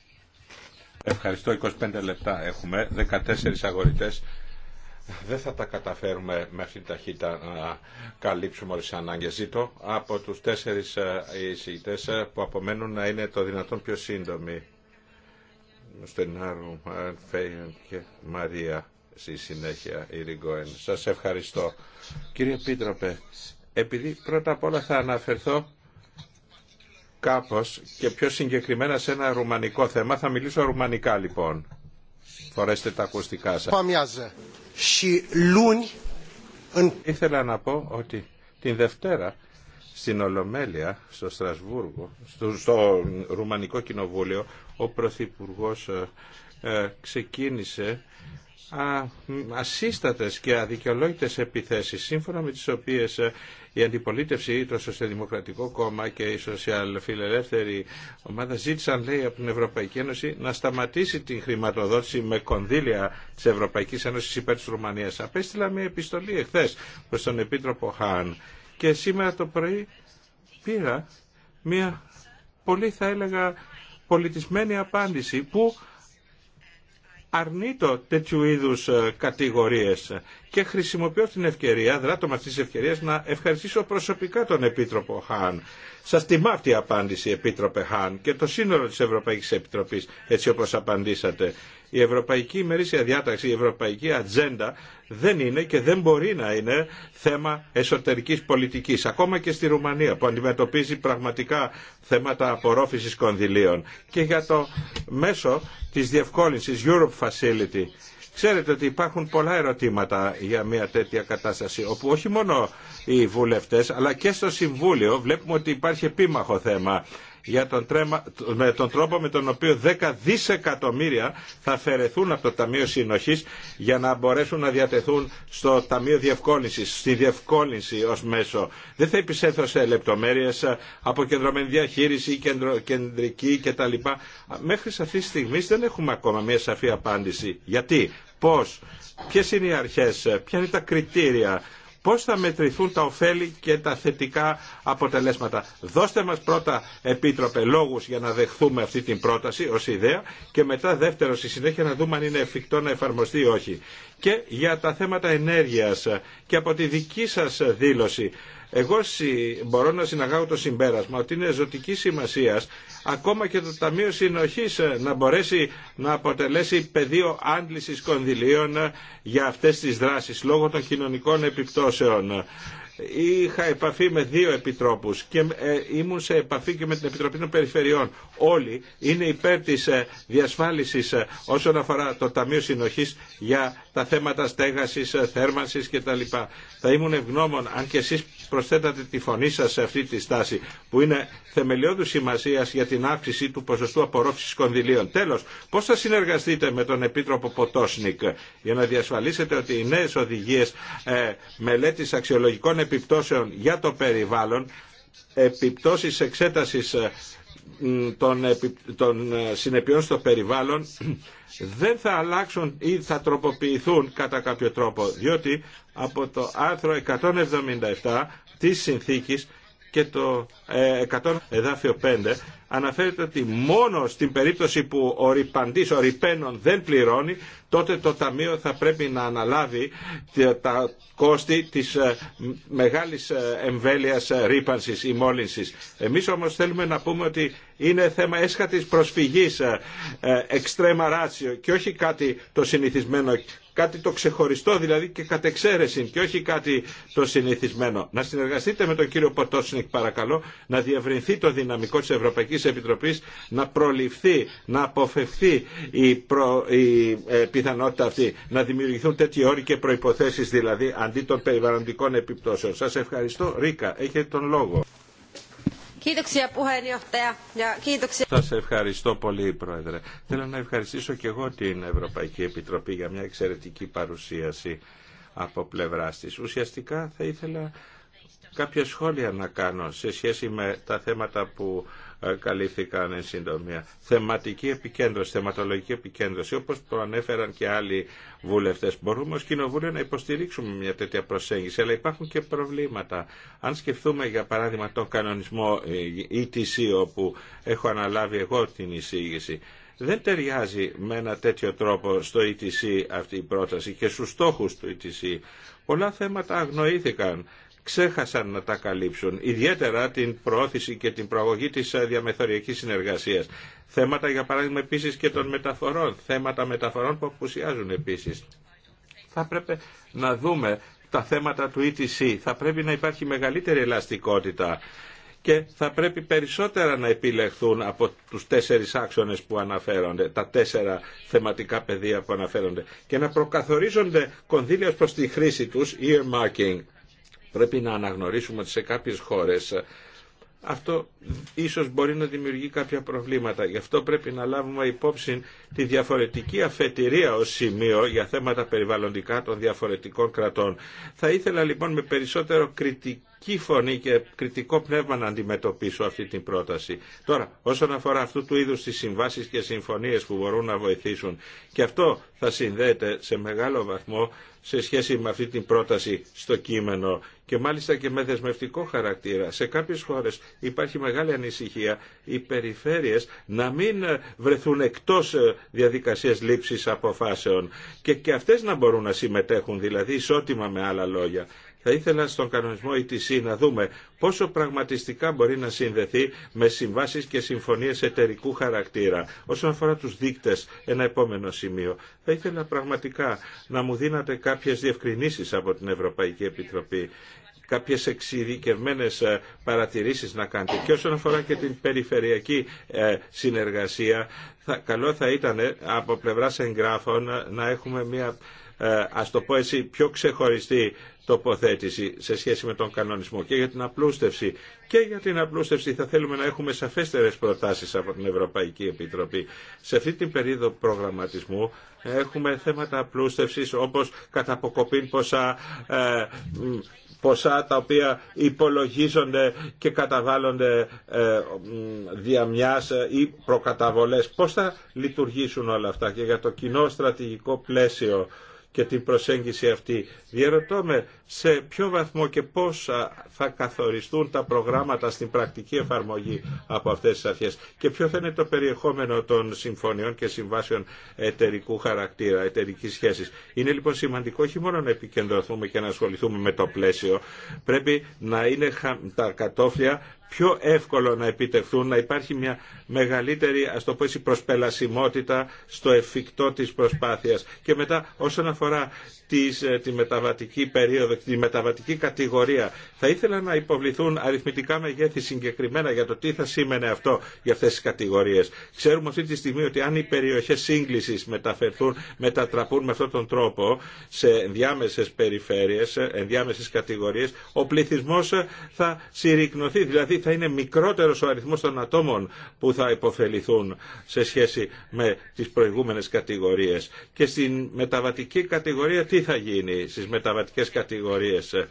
S3: Ευχαριστώ. 25 λεπτά έχουμε. 14 αγορητές. Δεν θα τα καταφέρουμε με αυτή την ταχύτητα να καλύψουμε όλες τις ανάγκες. Ζήτω από τους τέσσερις ε, εισηγητές ε, που απομένουν να είναι το δυνατόν πιο σύντομοι. Στενάρου, ε, Φέιον και Μαρία στη συνέχεια η Ριγκόεν. Σας ευχαριστώ. Κύριε Πίτροπε, επειδή πρώτα απ' όλα θα αναφερθώ κάπως και πιο συγκεκριμένα σε ένα ρουμανικό θέμα. Θα μιλήσω ρουμανικά λοιπόν. Φορέστε τα ακουστικά σας. Ήθελα να πω ότι την Δευτέρα στην Ολομέλεια, στο Στρασβούργο, στο, στο Ρουμανικό Κοινοβούλιο, ο Πρωθυπουργός ε, ε, ξεκίνησε ασύστατες και αδικαιολόγητες επιθέσεις σύμφωνα με τις οποίες ε, η αντιπολίτευση το Σοσιαλδημοκρατικό Κόμμα και η Σοσιαλφιλελεύθερη Ομάδα ζήτησαν λέει από την Ευρωπαϊκή Ένωση να σταματήσει την χρηματοδότηση με κονδύλια της Ευρωπαϊκής Ένωσης υπέρ της Ρουμανίας. Απέστειλα μια επιστολή εχθές προς τον Επίτροπο Χάν και σήμερα το πρωί πήρα μια πολύ θα έλεγα πολιτισμένη απάντηση που αρνείτο τέτοιου είδου ε, κατηγορίες και χρησιμοποιώ την ευκαιρία, δράτω με αυτής της ευκαιρίας, να ευχαριστήσω προσωπικά τον Επίτροπο Χάν. Σα τιμά αυτή η απάντηση, Επίτροπε Χάν, και το σύνολο της Ευρωπαϊκής Επιτροπής, έτσι όπως απαντήσατε. Η ευρωπαϊκή ημερήσια διάταξη, η ευρωπαϊκή ατζέντα δεν είναι και δεν μπορεί να είναι θέμα εσωτερικής πολιτικής. Ακόμα και στη Ρουμανία που αντιμετωπίζει πραγματικά θέματα απορρόφησης κονδυλίων. Και για το μέσο της διευκόλυνσης Europe Facility. Ξέρετε ότι υπάρχουν πολλά ερωτήματα για μια τέτοια κατάσταση, όπου όχι μόνο οι βουλευτές, αλλά και στο Συμβούλιο βλέπουμε ότι υπάρχει επίμαχο θέμα για τον, τρέμα, με τον τρόπο με τον οποίο δέκα δισεκατομμύρια θα αφαιρεθούν από το Ταμείο Συνοχής για να μπορέσουν να διατεθούν στο Ταμείο Διευκόλυνσης, στη διευκόλυνση ως μέσο. Δεν θα επισέθω σε λεπτομέρειες, αποκεντρωμένη διαχείριση, κεντρο, κεντρική κτλ. Μέχρι σε αυτή τη στιγμή δεν έχουμε ακόμα μια σαφή απάντηση. Γιατί, πώς, ποιες είναι οι αρχές, ποια είναι τα κριτήρια Πώς θα μετρηθούν τα ωφέλη και τα θετικά αποτελέσματα. Δώστε μας πρώτα, Επίτροπε, λόγους για να δεχθούμε αυτή την πρόταση ως ιδέα και μετά δεύτερο στη συνέχεια να δούμε αν είναι εφικτό να εφαρμοστεί ή όχι. Και για τα θέματα ενέργειας και από τη δική σας δήλωση εγώ μπορώ να συναγάγω το συμπέρασμα ότι είναι ζωτική σημασία ακόμα και το Ταμείο Συνοχή ε, να μπορέσει να αποτελέσει πεδίο άντληση κονδυλίων ε, για αυτέ τι δράσει λόγω των κοινωνικών επιπτώσεων είχα επαφή με δύο επιτρόπους και ε, ήμουν σε επαφή και με την Επιτροπή των Περιφερειών. Όλοι είναι υπέρ της ε, διασφάλισης ε, όσον αφορά το Ταμείο Συνοχής για τα θέματα στέγασης, θέρμανσης κτλ. Θα ήμουν ευγνώμων αν και εσείς προσθέτατε τη φωνή σας σε αυτή τη στάση που είναι θεμελιώδου σημασία για την αύξηση του ποσοστού απορρόφησης κονδυλίων. Τέλος, πώς θα συνεργαστείτε με τον Επίτροπο Ποτόσνικ για να διασφαλίσετε ότι οι νέες οδηγίες ε, μελέτης αξιολογικών επιπτώσεων για το περιβάλλον, επιπτώσεις εξέτασης ε, των, ε, συνεπειών στο περιβάλλον δεν θα αλλάξουν ή θα τροποποιηθούν κατά κάποιο τρόπο διότι από το άρθρο 177 της συνθήκης και το 100 ε, εδάφιο 5 αναφέρεται ότι μόνο στην περίπτωση που ο ρηπαντής, ο ρηπαίνων δεν πληρώνει, τότε το Ταμείο θα πρέπει να αναλάβει τα κόστη της ε, μεγάλης ε, εμβέλειας ρήπανσης ή μόλυνσης. Εμείς όμως θέλουμε να πούμε ότι είναι θέμα έσχατης προσφυγής, εξτρέμα ράτσιο και όχι κάτι το συνηθισμένο κάτι το ξεχωριστό δηλαδή και κατ' και όχι κάτι το συνηθισμένο. Να συνεργαστείτε με τον κύριο Ποτόσνικ παρακαλώ να διευρυνθεί το δυναμικό της Ευρωπαϊκής Επιτροπής να προληφθεί, να αποφευθεί η, η ε, πιθανότητα αυτή να δημιουργηθούν τέτοιοι όροι και προϋποθέσεις δηλαδή αντί των περιβαλλοντικών επιπτώσεων. Σας ευχαριστώ. Ρίκα, έχετε τον λόγο. Σας ευχαριστώ πολύ Πρόεδρε. Θέλω να ευχαριστήσω και εγώ την Ευρωπαϊκή Επιτροπή για μια εξαιρετική παρουσίαση από πλευράς της. Ουσιαστικά θα ήθελα κάποια σχόλια να κάνω σε σχέση με τα θέματα που καλύφθηκαν εν συντομία. Θεματική επικέντρωση, θεματολογική επικέντρωση, όπως προανέφεραν και άλλοι βουλευτές. Μπορούμε ω Κοινοβούλιο να υποστηρίξουμε μια τέτοια προσέγγιση, αλλά υπάρχουν και προβλήματα. Αν σκεφτούμε για παράδειγμα τον κανονισμό ETC, ε, ε όπου έχω αναλάβει εγώ την εισήγηση, δεν ταιριάζει με ένα τέτοιο τρόπο στο ETC ε αυτή η πρόταση και στους στόχους του ETC. Πολλά θέματα αγνοήθηκαν ξέχασαν να τα καλύψουν. Ιδιαίτερα την προώθηση και την προαγωγή της ε, διαμεθοριακής συνεργασίας. Θέματα για παράδειγμα επίσης και των μεταφορών. Θέματα μεταφορών που απουσιάζουν επίσης. Θα πρέπει να δούμε τα θέματα του ETC. Θα πρέπει να υπάρχει μεγαλύτερη ελαστικότητα και θα πρέπει περισσότερα να επιλεχθούν από τους τέσσερις άξονες που αναφέρονται, τα τέσσερα θεματικά πεδία που αναφέρονται και να προκαθορίζονται κονδύλια προς τη χρήση τους, earmarking. Πρέπει να αναγνωρίσουμε ότι σε κάποιες χώρες ε, αυτό ίσως μπορεί να δημιουργεί κάποια προβλήματα. Γι' αυτό πρέπει να λάβουμε υπόψη τη διαφορετική αφετηρία ως σημείο για θέματα περιβαλλοντικά των διαφορετικών κρατών. Θα ήθελα λοιπόν με περισσότερο κριτική κριτική φωνή και κριτικό πνεύμα να αντιμετωπίσω αυτή την πρόταση. Τώρα, όσον αφορά αυτού του είδους τις συμβάσεις και συμφωνίες που μπορούν να βοηθήσουν και αυτό θα συνδέεται σε μεγάλο βαθμό σε σχέση με αυτή την πρόταση στο κείμενο και μάλιστα και με δεσμευτικό χαρακτήρα. Σε κάποιες χώρες υπάρχει μεγάλη ανησυχία οι περιφέρειες να μην βρεθούν εκτός ε, διαδικασίας λήψης αποφάσεων και, και αυτές να μπορούν να συμμετέχουν δηλαδή ισότιμα με άλλα λόγια. Θα ήθελα στον κανονισμό ETC να δούμε πόσο πραγματιστικά μπορεί να συνδεθεί με συμβάσεις και συμφωνίες εταιρικού χαρακτήρα. Όσον αφορά τους δείκτες, ένα επόμενο σημείο. Θα ήθελα πραγματικά να μου δίνατε κάποιες διευκρινήσεις από την Ευρωπαϊκή Επιτροπή κάποιες εξειδικευμένες ε, παρατηρήσεις να κάνετε και όσον αφορά και την περιφερειακή ε, συνεργασία θα, καλό θα ήταν ε, από πλευράς εγγράφων να έχουμε μια ε, ας το πω έτσι, πιο ξεχωριστή τοποθέτηση σε σχέση με τον κανονισμό και για την απλούστευση. Και για την απλούστευση θα θέλουμε να έχουμε σαφέστερες προτάσεις από την Ευρωπαϊκή Επιτροπή. Σε αυτή την περίοδο προγραμματισμού έχουμε θέματα απλούστευσης όπως κατά ποσά ε, ποσά τα οποία υπολογίζονται και καταβάλλονται ε, διαμιάς ε, ή προκαταβολές. Πώς θα λειτουργήσουν όλα αυτά και για το κοινό στρατηγικό πλαίσιο και την προσέγγιση αυτή. Διερωτώ με σε ποιο βαθμό και πώς θα καθοριστούν τα προγράμματα στην πρακτική εφαρμογή από αυτές τις αρχές και ποιο θα είναι το περιεχόμενο των συμφωνιών και συμβάσεων εταιρικού χαρακτήρα, εταιρική σχέση. Είναι λοιπόν σημαντικό όχι μόνο να επικεντρωθούμε και να ασχοληθούμε με το πλαίσιο, πρέπει να είναι τα κατόφλια πιο εύκολο να επιτευχθούν, να υπάρχει μια μεγαλύτερη, ας το πω έτσι, προσπελασιμότητα στο εφικτό της προσπάθειας. Και μετά όσον αφορά της, ε, τη μεταβατική περίοδο, τη μεταβατική κατηγορία, θα ήθελα να υποβληθούν αριθμητικά μεγέθη συγκεκριμένα για το τι θα σήμαινε αυτό για αυτές τις κατηγορίες. Ξέρουμε αυτή τη στιγμή ότι αν οι περιοχές σύγκλησης μεταφερθούν, μετατραπούν με αυτόν τον τρόπο σε διάμεσες περιφέρειες, ε, ενδιάμεσες κατηγορίες, ο πληθυσμός ε, θα συρρυκνωθεί, δηλαδή, θα είναι μικρότερος ο αριθμός των ατόμων που θα υποφεληθούν σε σχέση με τις προηγούμενες κατηγορίες. Και στην μεταβατική κατηγορία τι θα γίνει στις μεταβατικές κατηγορίες.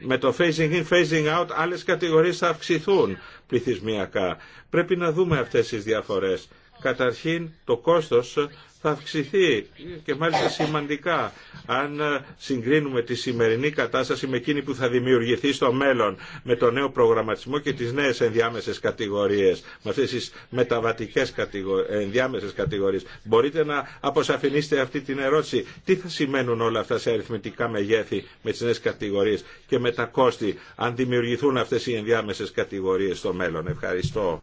S3: Με το phasing in, phasing out, άλλες κατηγορίες θα αυξηθούν πληθυσμιακά. Πρέπει να δούμε αυτές τις διαφορές Καταρχήν το κόστος θα αυξηθεί και μάλιστα σημαντικά αν συγκρίνουμε τη σημερινή κατάσταση με εκείνη που θα δημιουργηθεί στο μέλλον με το νέο προγραμματισμό και τις νέες ενδιάμεσες κατηγορίες με αυτές τις μεταβατικές κατηγο... ενδιάμεσες κατηγορίες μπορείτε να αποσαφηνίσετε αυτή την ερώτηση τι θα σημαίνουν όλα αυτά σε αριθμητικά μεγέθη με τις νέες κατηγορίες και με τα κόστη αν δημιουργηθούν αυτές οι ενδιάμεσες κατηγορίες στο μέλλον. Ευχαριστώ.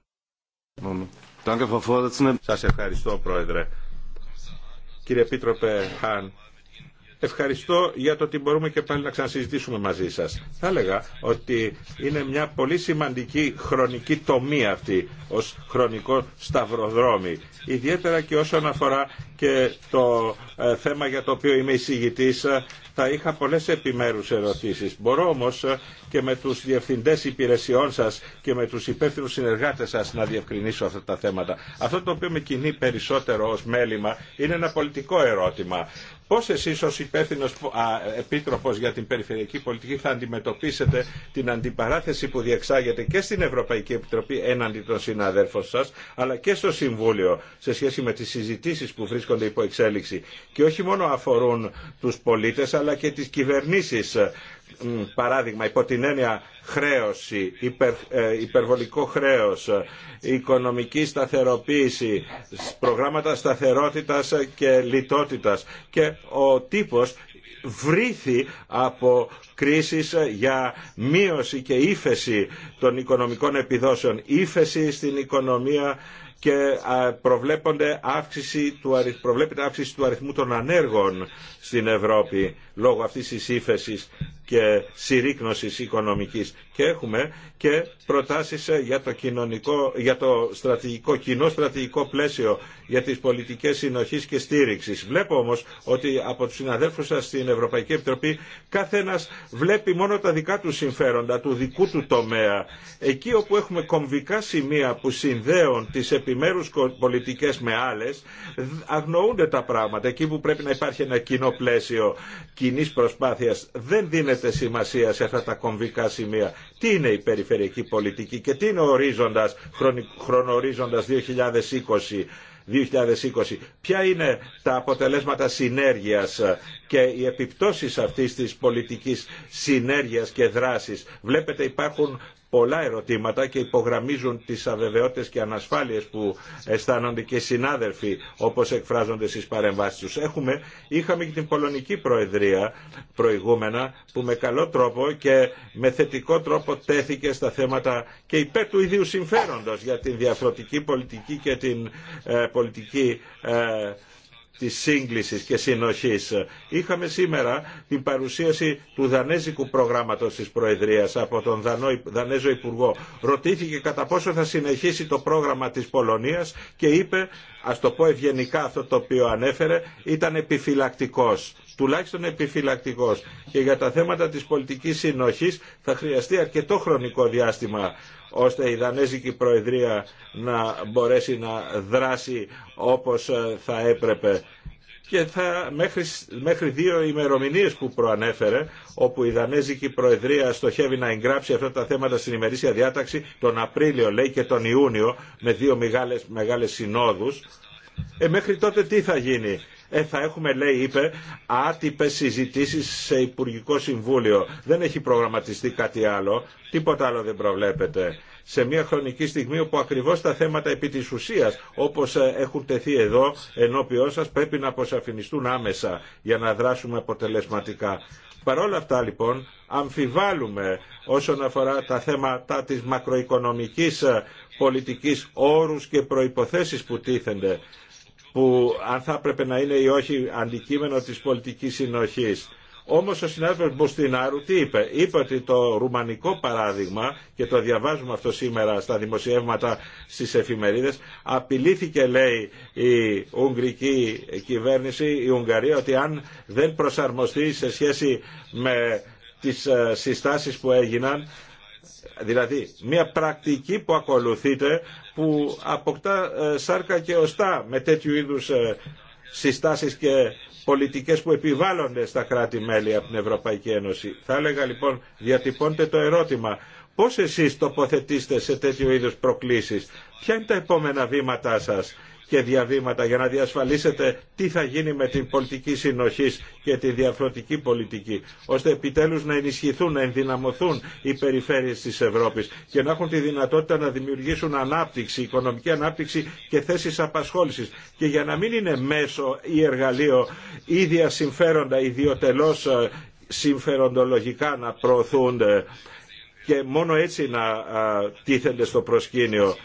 S3: Σας ευχαριστώ, Πρόεδρε. Κύριε Επίτροπε Χάν, Ευχαριστώ για το ότι μπορούμε και πάλι να ξανασυζητήσουμε μαζί σας. Θα έλεγα ότι είναι μια πολύ σημαντική χρονική τομή αυτή ως χρονικό σταυροδρόμι. Ιδιαίτερα και όσον αφορά και το ε, θέμα για το οποίο είμαι εισηγητής ε, θα είχα πολλές επιμέρους ερωτήσεις. Μπορώ όμως ε, και με τους διευθυντές υπηρεσιών σας και με τους υπεύθυνους συνεργάτες σας να διευκρινίσω αυτά τα θέματα. Αυτό το οποίο με κινεί περισσότερο ως μέλημα είναι ένα πολιτικό ερώτημα. Πώς εσείς ως υπεύθυνο επίτροπος για την περιφερειακή πολιτική θα αντιμετωπίσετε την αντιπαράθεση που διεξάγεται και στην Ευρωπαϊκή Επιτροπή έναντι των συναδέλφων σας, αλλά και στο Συμβούλιο σε σχέση με τις συζητήσει που βρίσκονται υπό εξέλιξη και όχι μόνο αφορούν τους πολίτες αλλά και τις κυβερνήσεις παράδειγμα υπό την έννοια χρέωση, ε, υπερβολικό χρέος, οικονομική σταθεροποίηση, προγράμματα σταθερότητας και λιτότητας και ο τύπος βρήθη από κρίσεις για μείωση και ύφεση των οικονομικών επιδόσεων, ύφεση στην οικονομία και προβλέπονται προβλέπεται αύξηση του αριθμού των ανέργων στην Ευρώπη λόγω αυτής της ύφεση και συρρήκνωσης οικονομικής και έχουμε και προτάσεις ε, για το, κοινωνικό, για το στρατηγικό, κοινό στρατηγικό πλαίσιο για τις πολιτικές συνοχής και στήριξης. Βλέπω όμως ότι από τους συναδέλφους σας στην Ευρωπαϊκή Επιτροπή κάθε ένας βλέπει μόνο τα δικά του συμφέροντα, του δικού του τομέα. Εκεί όπου έχουμε κομβικά σημεία που συνδέουν τις επιμέρους πολιτικές με άλλες, αγνοούνται τα πράγματα. Εκεί που πρέπει να υπάρχει ένα κοινό πλαίσιο κοινή δεν δίνεται σημασία σε αυτά τα κομβικά σημεία. Τι είναι η περιφερειακή πολιτική και τι είναι ο ορίζοντα, χρονορίζοντας 2020. 2020. Ποια είναι τα αποτελέσματα συνέργεια και οι επιπτώσεις αυτής της πολιτικής συνέργεια και δράσης. Βλέπετε υπάρχουν πολλά ερωτήματα και υπογραμμίζουν τις αβεβαιότητες και ανασφάλειες που αισθάνονται και οι συνάδελφοι όπως εκφράζονται στις παρεμβάσεις τους. Έχουμε, είχαμε και την Πολωνική Προεδρία προηγούμενα που με καλό τρόπο και με θετικό τρόπο τέθηκε στα θέματα και υπέρ του ιδίου συμφέροντος για την διαφορετική πολιτική και την ε, πολιτική ε, της σύγκλησης και συνοχής. Είχαμε σήμερα την παρουσίαση του δανέζικου προγράμματος της Προεδρίας από τον Δανό, Δανέζο Υπουργό. Ρωτήθηκε κατά πόσο θα συνεχίσει το πρόγραμμα της Πολωνίας και είπε, ας το πω ευγενικά αυτό το οποίο ανέφερε, ήταν επιφυλακτικός τουλάχιστον επιφυλακτικός και για τα θέματα της πολιτικής συνοχής θα χρειαστεί αρκετό χρονικό διάστημα ώστε η Δανέζικη Προεδρία να μπορέσει να δράσει όπως ε, θα έπρεπε και θα, μέχρι, μέχρι δύο ημερομηνίες που προανέφερε, όπου η Δανέζικη Προεδρία στοχεύει να εγγράψει αυτά τα θέματα στην ημερήσια διάταξη τον Απρίλιο, λέει, και τον Ιούνιο, με δύο μεγάλες, μεγάλες συνόδους. Ε, μέχρι τότε τι θα γίνει ε, θα έχουμε λέει είπε άτυπε συζητήσει σε Υπουργικό Συμβούλιο. Δεν έχει προγραμματιστεί κάτι άλλο, τίποτα άλλο δεν προβλέπεται. Σε μια χρονική στιγμή όπου ακριβώς τα θέματα επί τη ουσία, όπως ε, έχουν τεθεί εδώ ενώπιό σα πρέπει να αποσαφινιστούν άμεσα για να δράσουμε αποτελεσματικά. Παρ' όλα αυτά λοιπόν αμφιβάλλουμε όσον αφορά τα θέματα της μακροοικονομικής ε, πολιτικής όρους και προϋποθέσεις που τίθενται που αν θα έπρεπε να είναι ή όχι αντικείμενο της πολιτικής συνοχής. Όμως ο συνάδελφος Μποστινάρου τι είπε. Είπε ότι το ρουμανικό παράδειγμα, και το διαβάζουμε αυτό σήμερα στα δημοσιεύματα στις εφημερίδες, απειλήθηκε λέει η Ουγγρική κυβέρνηση, η Ουγγαρία, ότι αν δεν προσαρμοστεί σε σχέση με τις ε, συστάσεις που έγιναν Δηλαδή, μια πρακτική που ακολουθείτε, που αποκτά ε, σάρκα και οστά με τέτοιου είδους ε, συστάσεις και πολιτικές που επιβάλλονται στα κράτη-μέλη από την Ευρωπαϊκή Ένωση. Θα έλεγα λοιπόν, διατυπώνετε το ερώτημα, πώς εσείς τοποθετήσετε σε τέτοιου είδους προκλήσεις, ποια είναι τα επόμενα βήματά σας και διαβήματα για να διασφαλίσετε τι θα γίνει με την πολιτική συνοχή και τη διαφορετική πολιτική, ώστε επιτέλου να ενισχυθούν, να ενδυναμωθούν οι περιφέρειες τη Ευρώπη και να έχουν τη δυνατότητα να δημιουργήσουν ανάπτυξη, οικονομική ανάπτυξη και θέσει απασχόληση. Και για να μην είναι μέσο ή εργαλείο ίδια συμφέροντα, ιδιωτελώ ε, συμφεροντολογικά να προωθούνται και μόνο έτσι να ε, τίθενται στο προσκήνιο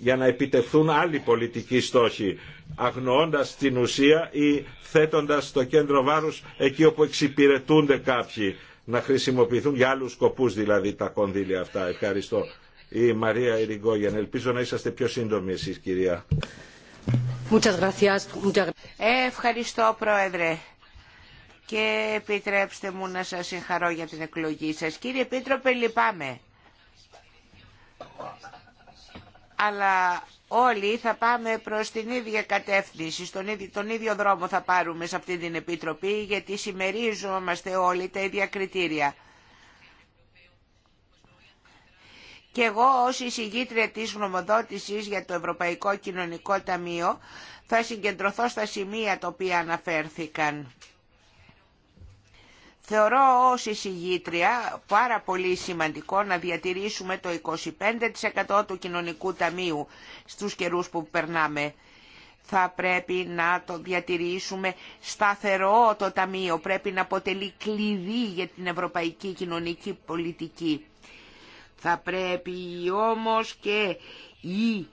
S3: για να επιτευχθούν άλλοι πολιτικοί στόχοι αγνοώντας την ουσία ή θέτοντας στο κέντρο βάρους εκεί όπου εξυπηρετούνται κάποιοι να χρησιμοποιηθούν για άλλους σκοπούς δηλαδή τα κονδύλια αυτά. Ευχαριστώ. Η θετοντας το κεντρο Ιριγκόγεν. Ελπίζω να είσαστε πιο σύντομοι εσείς κυρία.
S1: Ευχαριστώ Πρόεδρε και επιτρέψτε μου να σας συγχαρώ για την εκλογή σας. Κύριε πίτροπε λυπάμαι αλλά όλοι θα πάμε προς την ίδια κατεύθυνση, στον ίδιο, τον ίδιο δρόμο θα πάρουμε σε αυτή την Επιτροπή, γιατί συμμερίζομαστε όλοι τα ίδια κριτήρια. Και εγώ ως εισηγήτρια της γνωμοδότησης για το Ευρωπαϊκό Κοινωνικό Ταμείο θα συγκεντρωθώ στα σημεία τα οποία αναφέρθηκαν. Θεωρώ ως εισηγήτρια πάρα πολύ σημαντικό να διατηρήσουμε το 25% του κοινωνικού ταμείου στους καιρούς που περνάμε. Θα πρέπει να το διατηρήσουμε σταθερό το ταμείο, πρέπει να αποτελεί κλειδί για την ευρωπαϊκή κοινωνική πολιτική. Θα πρέπει όμως και η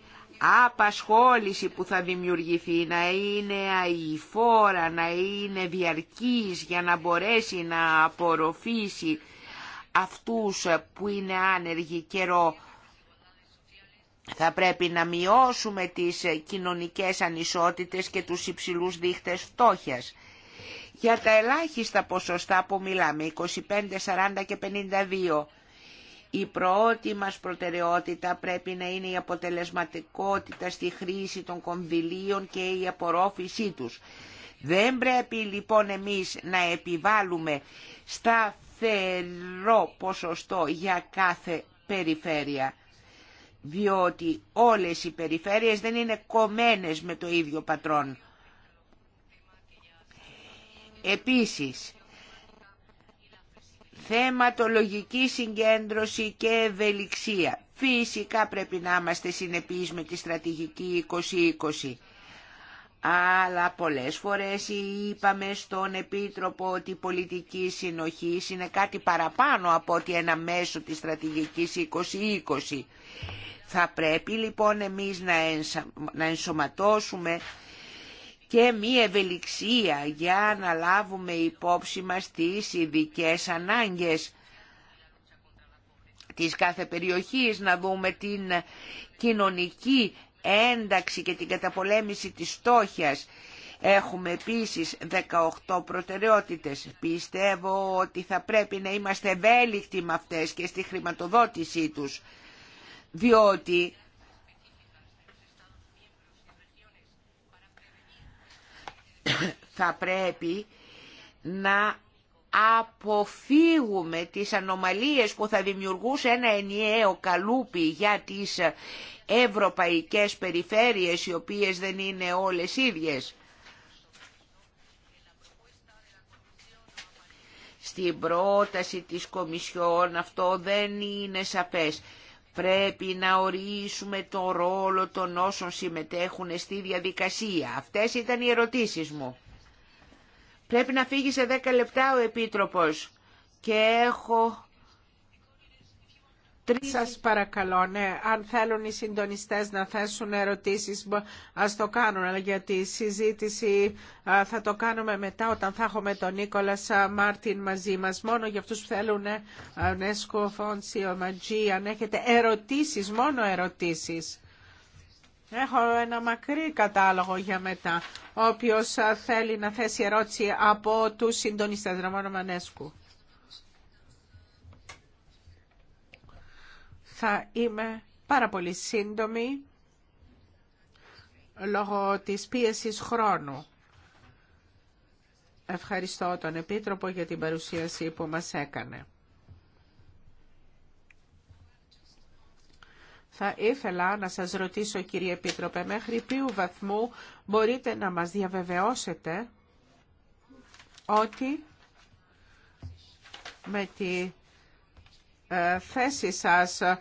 S1: απασχόληση που θα δημιουργηθεί να είναι αηφόρα, να είναι διαρκής για να μπορέσει να απορροφήσει αυτούς που είναι άνεργοι καιρό. Θα πρέπει να μειώσουμε τις κοινωνικές ανισότητες και τους υψηλούς δείχτες φτώχειας. Για τα ελάχιστα ποσοστά που μιλάμε, 25, 40 και 52, η πρώτη μας προτεραιότητα πρέπει να είναι η αποτελεσματικότητα στη χρήση των κονδυλίων και η απορρόφησή τους. Δεν πρέπει λοιπόν εμείς να επιβάλλουμε σταθερό ποσοστό για κάθε περιφέρεια διότι όλες οι περιφέρειες δεν είναι κομμένες με το ίδιο πατρόν. Επίσης, θεματολογική συγκέντρωση και ευελιξία. Φυσικά πρέπει να είμαστε συνεπείς με τη στρατηγική 2020. Αλλά πολλές φορές είπαμε στον Επίτροπο ότι η πολιτική συνοχή είναι κάτι παραπάνω από ότι ένα μέσο της στρατηγικής 2020. Θα πρέπει λοιπόν εμείς να ενσωματώσουμε και μία ευελιξία για να λάβουμε υπόψη μας τις ειδικέ ανάγκες της κάθε περιοχής, να δούμε την κοινωνική ένταξη και την καταπολέμηση της στόχιας. Έχουμε επίσης 18 προτεραιότητες. Πιστεύω ότι θα πρέπει να είμαστε ευέλικτοι με αυτές και στη χρηματοδότησή τους, διότι θα πρέπει να αποφύγουμε τις ανομαλίες που θα δημιουργούσε ένα ενιαίο καλούπι για τις ευρωπαϊκές περιφέρειες οι οποίες δεν είναι όλες ίδιες. Στην πρόταση της Κομισιόν αυτό δεν είναι σαφές. Πρέπει να ορίσουμε τον ρόλο των όσων συμμετέχουν στη διαδικασία. Αυτές ήταν οι ερωτήσεις μου. Πρέπει να φύγει σε 10 λεπτά ο Επίτροπος και έχω
S2: σας παρακαλώ, ναι, αν θέλουν οι συντονιστές να θέσουν ερωτήσεις, ας το κάνουν, αλλά για τη συζήτηση θα το κάνουμε μετά όταν θα έχουμε τον Νίκολας Μάρτιν μαζί μας. Μόνο για αυτούς που θέλουν, ε, Νέσκο, ο Μαντζή, αν έχετε ερωτήσεις, μόνο ερωτήσεις. Έχω ένα μακρύ κατάλογο για μετά. Όποιος θέλει να θέσει ερώτηση από τους συντονιστές Ραμόνο Μανέσκου. Θα είμαι πάρα πολύ σύντομη λόγω της πίεσης χρόνου. Ευχαριστώ τον Επίτροπο για την παρουσίαση που μας έκανε. Θα ήθελα να σας ρωτήσω, κύριε Επίτροπε, μέχρι ποιου βαθμού μπορείτε να μας διαβεβαιώσετε ότι με τη ε, θέση σας ε,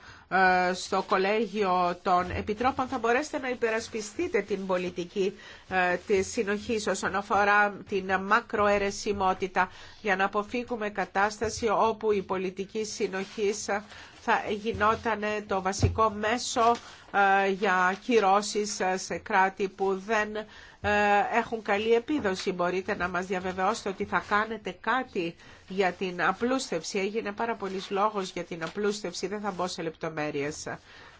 S2: στο Κολέγιο των Επιτρόπων θα μπορέσετε να υπερασπιστείτε την πολιτική ε, της συνοχής όσον αφορά την μακροαιρεσιμότητα για να αποφύγουμε κατάσταση όπου η πολιτική συνοχής θα γινόταν το βασικό μέσο για κυρώσεις σε κράτη που δεν ε, έχουν καλή επίδοση. Μπορείτε να μας διαβεβαιώσετε ότι θα κάνετε κάτι για την απλούστευση. Έγινε πάρα πολλής λόγος για την απλούστευση, δεν θα μπω σε λεπτομέρειες.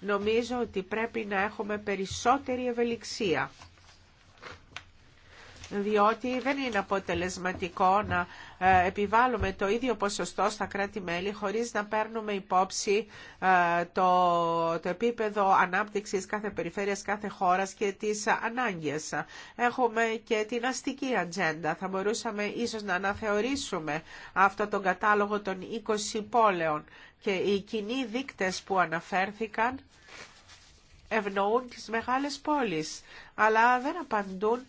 S2: Νομίζω ότι πρέπει να έχουμε περισσότερη ευελιξία διότι δεν είναι αποτελεσματικό να ε, επιβάλλουμε το ίδιο ποσοστό στα κράτη-μέλη χωρίς να παίρνουμε υπόψη ε, το, το επίπεδο ανάπτυξης κάθε περιφέρειας, κάθε χώρας και τις ανάγκες. Έχουμε και την αστική ατζέντα. Θα μπορούσαμε ίσως να αναθεωρήσουμε αυτό τον κατάλογο των 20 πόλεων και οι κοινοί δείκτες που αναφέρθηκαν ευνοούν τις μεγάλες πόλεις, αλλά δεν απαντούν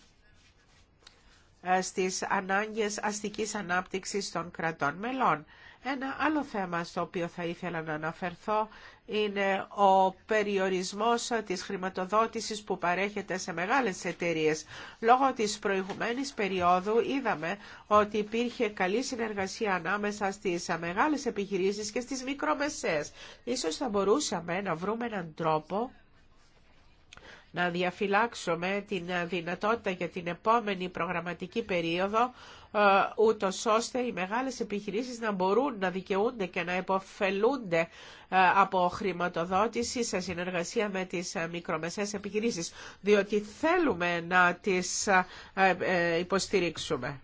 S2: ε, στις ανάγκες αστικής ανάπτυξης των κρατών μελών. Ένα άλλο θέμα στο οποίο θα ήθελα να αναφερθώ είναι ο περιορισμός της χρηματοδότησης που παρέχεται σε μεγάλες εταιρείες. Λόγω της προηγουμένης περίοδου είδαμε ότι υπήρχε καλή συνεργασία ανάμεσα στις μεγάλες επιχειρήσεις και στις μικρομεσαίες. Ίσως θα μπορούσαμε να βρούμε έναν τρόπο να διαφυλάξουμε την δυνατότητα για την επόμενη προγραμματική περίοδο, ε, ούτω ώστε οι μεγάλες επιχειρήσεις να μπορούν να δικαιούνται και να υποφελούνται ε, από χρηματοδότηση σε συνεργασία με τις ε, μικρομεσαίες επιχειρήσεις, διότι θέλουμε να τις υποστηρίξουμε.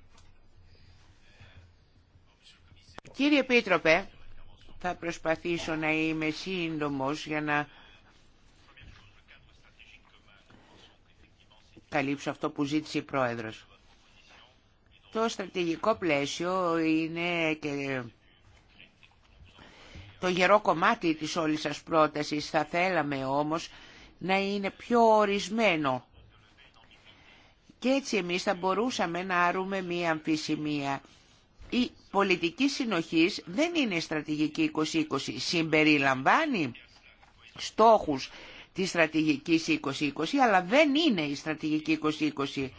S2: Κύριε Επίτροπε,
S1: θα προσπαθήσω να είμαι σύντομος για να καλύψω αυτό που ζήτησε η Πρόεδρος. Το στρατηγικό πλαίσιο είναι και το γερό κομμάτι της όλης σας πρότασης. Θα θέλαμε όμως να είναι πιο ορισμένο. Και έτσι εμείς θα μπορούσαμε να άρουμε μία αμφισημία. Η πολιτική συνοχής δεν είναι στρατηγική 2020. Συμπεριλαμβάνει στόχους τη στρατηγική 2020, αλλά δεν είναι η στρατηγική 2020.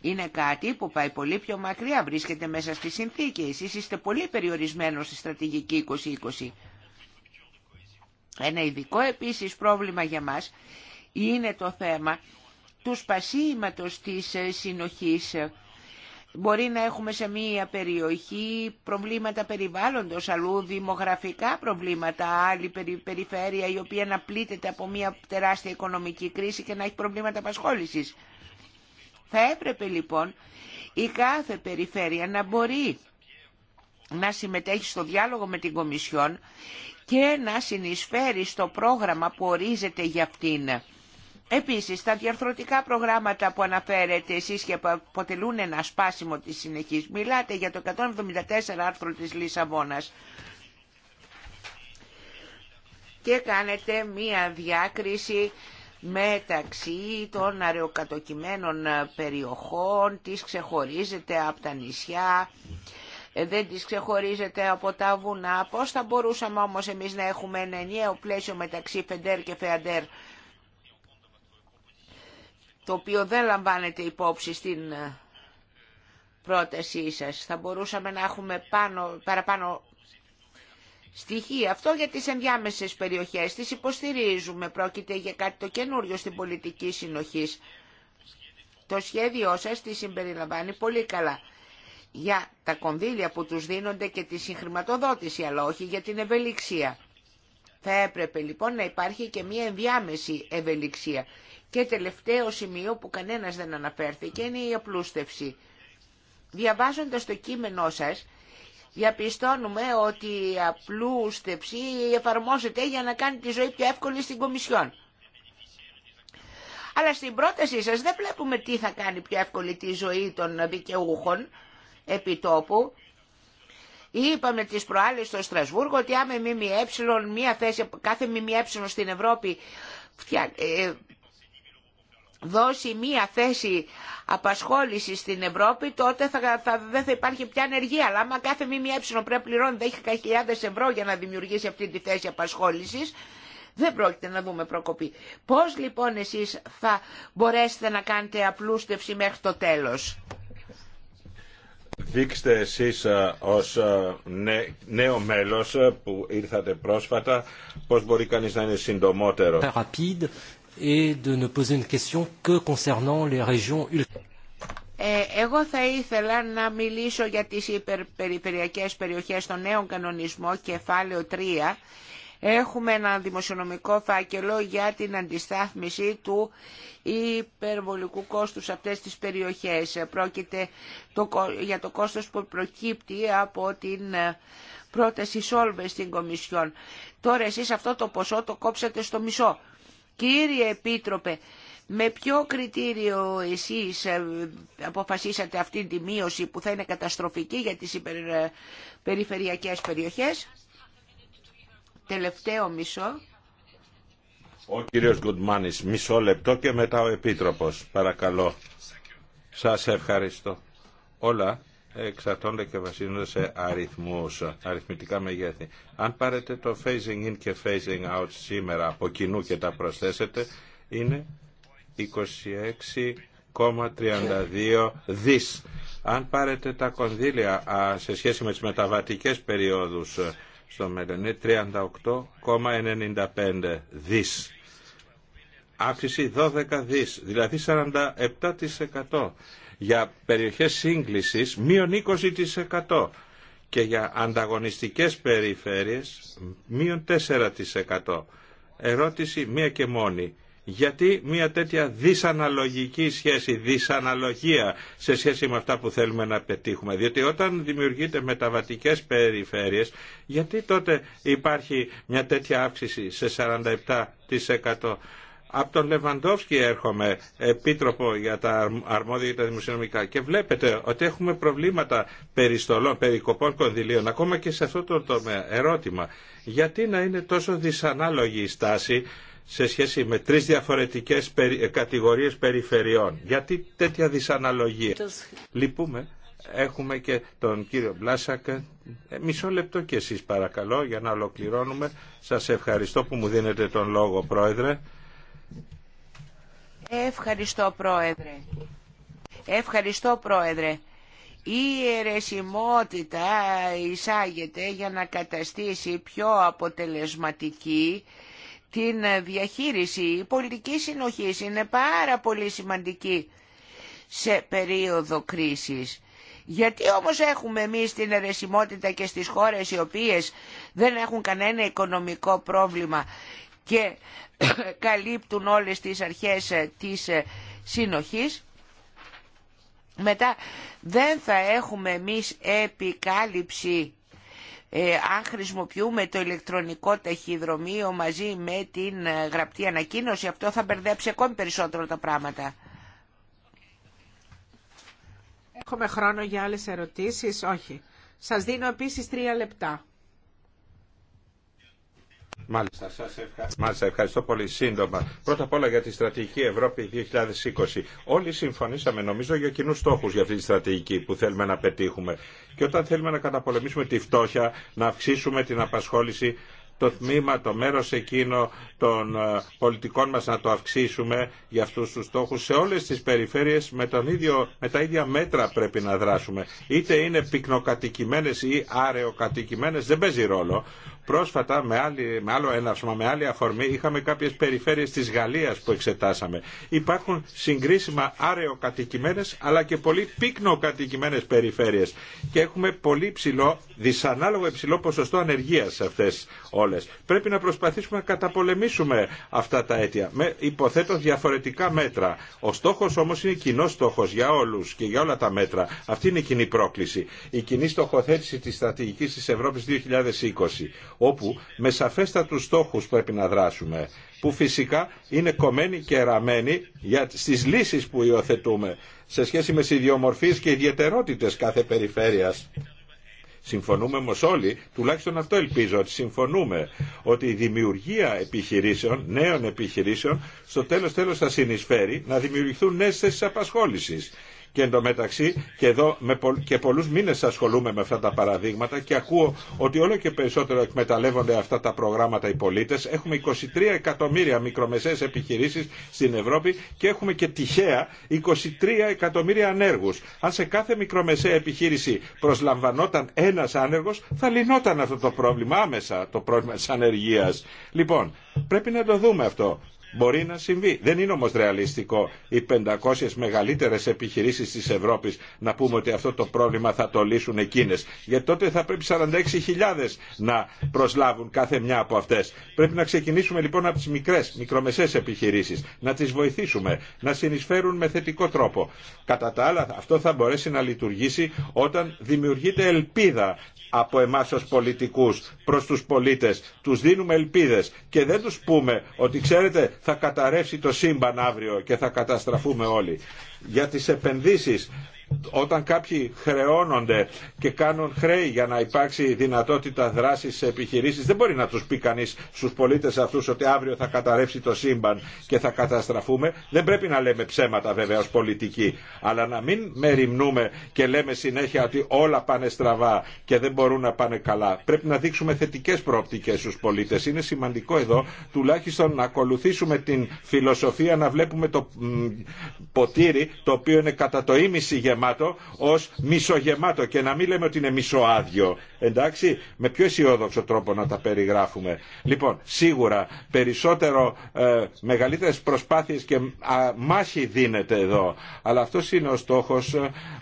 S1: Είναι κάτι που πάει πολύ πιο μακριά, βρίσκεται μέσα στη συνθήκη. Εσείς είστε πολύ περιορισμένος στη στρατηγική 2020. Ένα ειδικό επίσης πρόβλημα για μας είναι το θέμα του σπασίματος της συνοχής Μπορεί να έχουμε σε μία περιοχή προβλήματα περιβάλλοντος, αλλού δημογραφικά προβλήματα, άλλη περιφέρεια η οποία να πλήττεται από μία τεράστια οικονομική κρίση και να έχει προβλήματα απασχόλησης. Θα έπρεπε λοιπόν η κάθε περιφέρεια να μπορεί να συμμετέχει στο διάλογο με την Κομισιόν και να συνεισφέρει στο πρόγραμμα που ορίζεται για αυτήν. Επίσης, τα διαρθρωτικά προγράμματα που αναφέρετε εσείς και που αποτελούν ένα σπάσιμο της συνεχής, μιλάτε για το 174 άρθρο της Λισαβόνας και κάνετε μία διάκριση μεταξύ των αρεοκατοικημένων περιοχών, τις ξεχωρίζετε από τα νησιά, ε, δεν τις ξεχωρίζετε από τα βουνά. Πώς θα μπορούσαμε όμως εμείς να έχουμε ένα ενιαίο πλαίσιο μεταξύ Φεντέρ και Φεαντέρ το οποίο δεν λαμβάνεται υπόψη στην ε, πρότασή σας. Θα μπορούσαμε να έχουμε πάνω, παραπάνω στοιχεία. Αυτό για τις ενδιάμεσες περιοχές τις υποστηρίζουμε. Πρόκειται για κάτι το καινούριο στην πολιτική συνοχής. Το σχέδιό σας τη συμπεριλαμβάνει πολύ καλά για τα κονδύλια που τους δίνονται και τη συγχρηματοδότηση, αλλά όχι για την ευελιξία. Θα έπρεπε λοιπόν να υπάρχει και μία ενδιάμεση ευελιξία. Και τελευταίο σημείο που κανένας δεν αναφέρθηκε είναι η απλούστευση. Διαβάζοντας το κείμενό σας, διαπιστώνουμε ότι η απλούστευση εφαρμόζεται για να κάνει τη ζωή πιο εύκολη στην Κομισιόν. Αλλά στην πρότασή σας δεν βλέπουμε τι θα κάνει πιο εύκολη τη ζωή των δικαιούχων τόπου. Είπαμε τις προάλλες στο Στρασβούργο ότι άμε, μία θέση, κάθε ΜΜΕ στην Ευρώπη ε, δώσει μία θέση απασχόληση στην Ευρώπη, τότε θα, θα, δεν θα υπάρχει πια ανεργία. Αλλά άμα κάθε έψινο πρέπει να πληρώνει 10.000 ευρώ για να δημιουργήσει αυτή τη θέση απασχόληση. δεν πρόκειται να δούμε προκοπή. Πώς λοιπόν εσείς θα μπορέσετε να κάνετε απλούστευση μέχρι το τέλος.
S3: Δείξτε εσείς ε, ως ε, νέο μέλος ε, που ήρθατε πρόσφατα πώς μπορεί κανείς να είναι συντομότερο
S4: et de ne poser une question que concernant les régions ε,
S1: εγώ θα ήθελα να μιλήσω για τις υπερπεριφερειακές περιοχές στον νέο κανονισμό κεφάλαιο 3. Έχουμε ένα δημοσιονομικό φάκελο για την αντιστάθμιση του υπερβολικού κόστους σε αυτές τις περιοχές. Πρόκειται το, για το κόστος που προκύπτει από την ε, πρόταση Σόλβε στην Κομισιόν. Τώρα εσείς αυτό το ποσό το κόψατε στο μισό. Κύριε Επίτροπε, με ποιο κριτήριο εσείς ε, αποφασίσατε αυτή τη μείωση που θα είναι καταστροφική για τις υπερ, περιφερειακές περιοχές. Τελευταίο μισό.
S3: Ο κύριος Γκουτμάνης, μισό λεπτό και μετά ο Επίτροπος. Παρακαλώ. Σας ευχαριστώ. Όλα εξαρτώνται και βασίζονται σε αριθμούς, αριθμητικά μεγέθη. Αν πάρετε το phasing in και phasing out σήμερα από κοινού και τα προσθέσετε, είναι 26,32 δις. Αν πάρετε τα κονδύλια σε σχέση με τις μεταβατικές περιόδους ε, στο μέλλον, είναι 38,95 δις. Αύξηση 12 δις, δηλαδή 47% για περιοχές σύγκλησης μείον 20% και για ανταγωνιστικές περιφέρειες μείον 4%. Ερώτηση μία και μόνη. Γιατί μια τέτοια δυσαναλογική σχέση, δυσαναλογία σε σχέση με αυτά που θέλουμε να πετύχουμε. Διότι όταν δημιουργείται μεταβατικές περιφέρειες, γιατί τότε υπάρχει μια τέτοια αύξηση σε 47%. Από τον Λεβαντόφσκι έρχομαι, επίτροπο για τα αρμόδια και τα δημοσιονομικά και βλέπετε ότι έχουμε προβλήματα περιστολών, περικοπών κονδυλίων, ακόμα και σε αυτό το τομέα. Ερώτημα, γιατί να είναι τόσο δυσανάλογη η στάση σε σχέση με τρεις διαφορετικές κατηγορίες περιφερειών. Γιατί τέτοια δυσαναλογία. Λυπούμε. Έχουμε και τον κύριο Μπλάσακ. Ε, μισό λεπτό κι εσείς παρακαλώ για να ολοκληρώνουμε. Σας ευχαριστώ που μου δίνετε τον λόγο πρόεδρε.
S1: Ευχαριστώ Πρόεδρε. Ευχαριστώ Πρόεδρε. Η αιρεσιμότητα εισάγεται για να καταστήσει πιο αποτελεσματική την διαχείριση. Η πολιτική συνοχή είναι πάρα πολύ σημαντική σε περίοδο κρίσης. Γιατί όμως έχουμε εμείς την αιρεσιμότητα και στις χώρες οι οποίες δεν έχουν κανένα οικονομικό πρόβλημα και καλύπτουν όλες τις αρχές ε, της ε, συνοχής. Μετά δεν θα έχουμε εμείς επικάλυψη ε, αν χρησιμοποιούμε το ηλεκτρονικό ταχυδρομείο μαζί με την γραπτή ανακοίνωση.
S2: Αυτό θα μπερδέψει ακόμη περισσότερο τα πράγματα. Έχουμε χρόνο για άλλες ερωτήσεις. Όχι. Σας δίνω επίσης τρία λεπτά.
S3: Μάλιστα, σας ευχαριστώ. Μάλιστα, ευχαριστώ πολύ σύντομα. Πρώτα απ' όλα για τη στρατηγική Ευρώπη 2020. Όλοι συμφωνήσαμε νομίζω για κοινού στόχου για αυτή τη στρατηγική που θέλουμε να πετύχουμε. Και όταν θέλουμε να καταπολεμήσουμε τη φτώχεια, να αυξήσουμε την απασχόληση, το τμήμα, το μέρος εκείνο των ε, πολιτικών μας να το αυξήσουμε για αυτούς τους στόχους. Σε όλες τις περιφέρειες με, με τα ίδια μέτρα πρέπει να δράσουμε. Είτε είναι πυκνοκατοικημένες ή άρεοκατοικημένες, δεν παίζει ρόλο. Πρόσφατα με, άλλη, με άλλο έναυσμα, με άλλη αφορμή, είχαμε κάποιε περιφέρειες τη Γαλλία που εξετάσαμε. Υπάρχουν συγκρίσιμα άρεο κατοικημένε, αλλά και πολύ πύκνο κατοικημένε περιφέρειες και έχουμε πολύ ψηλό, δυσανάλογο υψηλό ποσοστό ανεργία σε αυτέ όλε. Πρέπει να προσπαθήσουμε να καταπολεμήσουμε αυτά τα αίτια με υποθέτω διαφορετικά μέτρα. Ο στόχο όμω είναι κοινό στόχο για όλου και για όλα τα μέτρα. Αυτή είναι η κοινή πρόκληση. Η κοινή στοχοθέτηση τη στρατηγική τη Ευρώπη 2020 όπου με σαφέστατους στόχους πρέπει να δράσουμε που φυσικά είναι κομμένοι και ραμμένοι για στις λύσεις που υιοθετούμε σε σχέση με ιδιομορφίες και ιδιαιτερότητες κάθε περιφέρειας. Συμφωνούμε όμω όλοι, τουλάχιστον αυτό ελπίζω, ότι συμφωνούμε ότι η δημιουργία επιχειρήσεων, νέων επιχειρήσεων, στο τελος τέλο θα συνεισφέρει να δημιουργηθούν νέες θέσεις απασχόλησης. Και εντωμεταξύ και εδώ με και πολλούς μήνες ασχολούμαι με αυτά τα παραδείγματα και ακούω ότι όλο και περισσότερο εκμεταλλεύονται αυτά τα προγράμματα οι πολίτες. Έχουμε 23 εκατομμύρια μικρομεσαίες επιχειρήσεις στην Ευρώπη και έχουμε και τυχαία 23 εκατομμύρια ανέργους. Αν σε κάθε μικρομεσαία επιχείρηση προσλαμβανόταν ένας άνεργος θα λυνόταν αυτό το πρόβλημα άμεσα, το πρόβλημα της ανεργίας. Λοιπόν, πρέπει να το δούμε αυτό. Μπορεί να συμβεί. Δεν είναι όμως ρεαλιστικό οι 500 μεγαλύτερες επιχειρήσεις της Ευρώπης να πούμε ότι αυτό το πρόβλημα θα το λύσουν εκείνες. Γιατί τότε θα πρέπει 46.000 να προσλάβουν κάθε μια από αυτές. Πρέπει να ξεκινήσουμε λοιπόν από τις μικρές, μικρομεσαίες επιχειρήσεις, να τις βοηθήσουμε, να συνεισφέρουν με θετικό τρόπο. Κατά τα άλλα αυτό θα μπορέσει να λειτουργήσει όταν δημιουργείται ελπίδα από εμάς ως πολιτικούς προς τους πολίτες. Τους δίνουμε ελπίδες και δεν τους πούμε ότι ξέρετε θα καταρρεύσει το σύμπαν αύριο και θα καταστραφούμε όλοι. Για τις επενδύσεις όταν κάποιοι χρεώνονται και κάνουν χρέη για να υπάρξει δυνατότητα δράσης σε επιχειρήσεις δεν μπορεί να τους πει κανεί στους πολίτες αυτούς ότι αύριο θα καταρρεύσει το σύμπαν και θα καταστραφούμε δεν πρέπει να λέμε ψέματα βέβαια ως πολιτικοί αλλά να μην μεριμνούμε και λέμε συνέχεια ότι όλα πάνε στραβά και δεν μπορούν να πάνε καλά πρέπει να δείξουμε θετικές προοπτικές στους πολίτες είναι σημαντικό εδώ τουλάχιστον να ακολουθήσουμε την φιλοσοφία να βλέπουμε το ποτήρι το οποίο είναι κατά το ίμιση γεμάτο ως μισογεμάτο και να μην λέμε ότι είναι μισοάδιο. Εντάξει, με πιο αισιόδοξο τρόπο να τα περιγράφουμε. Λοιπόν, σίγουρα περισσότερο ε, μεγαλύτερες προσπάθειες και μάχη δίνεται εδώ. Αλλά αυτό είναι ο στόχο ε,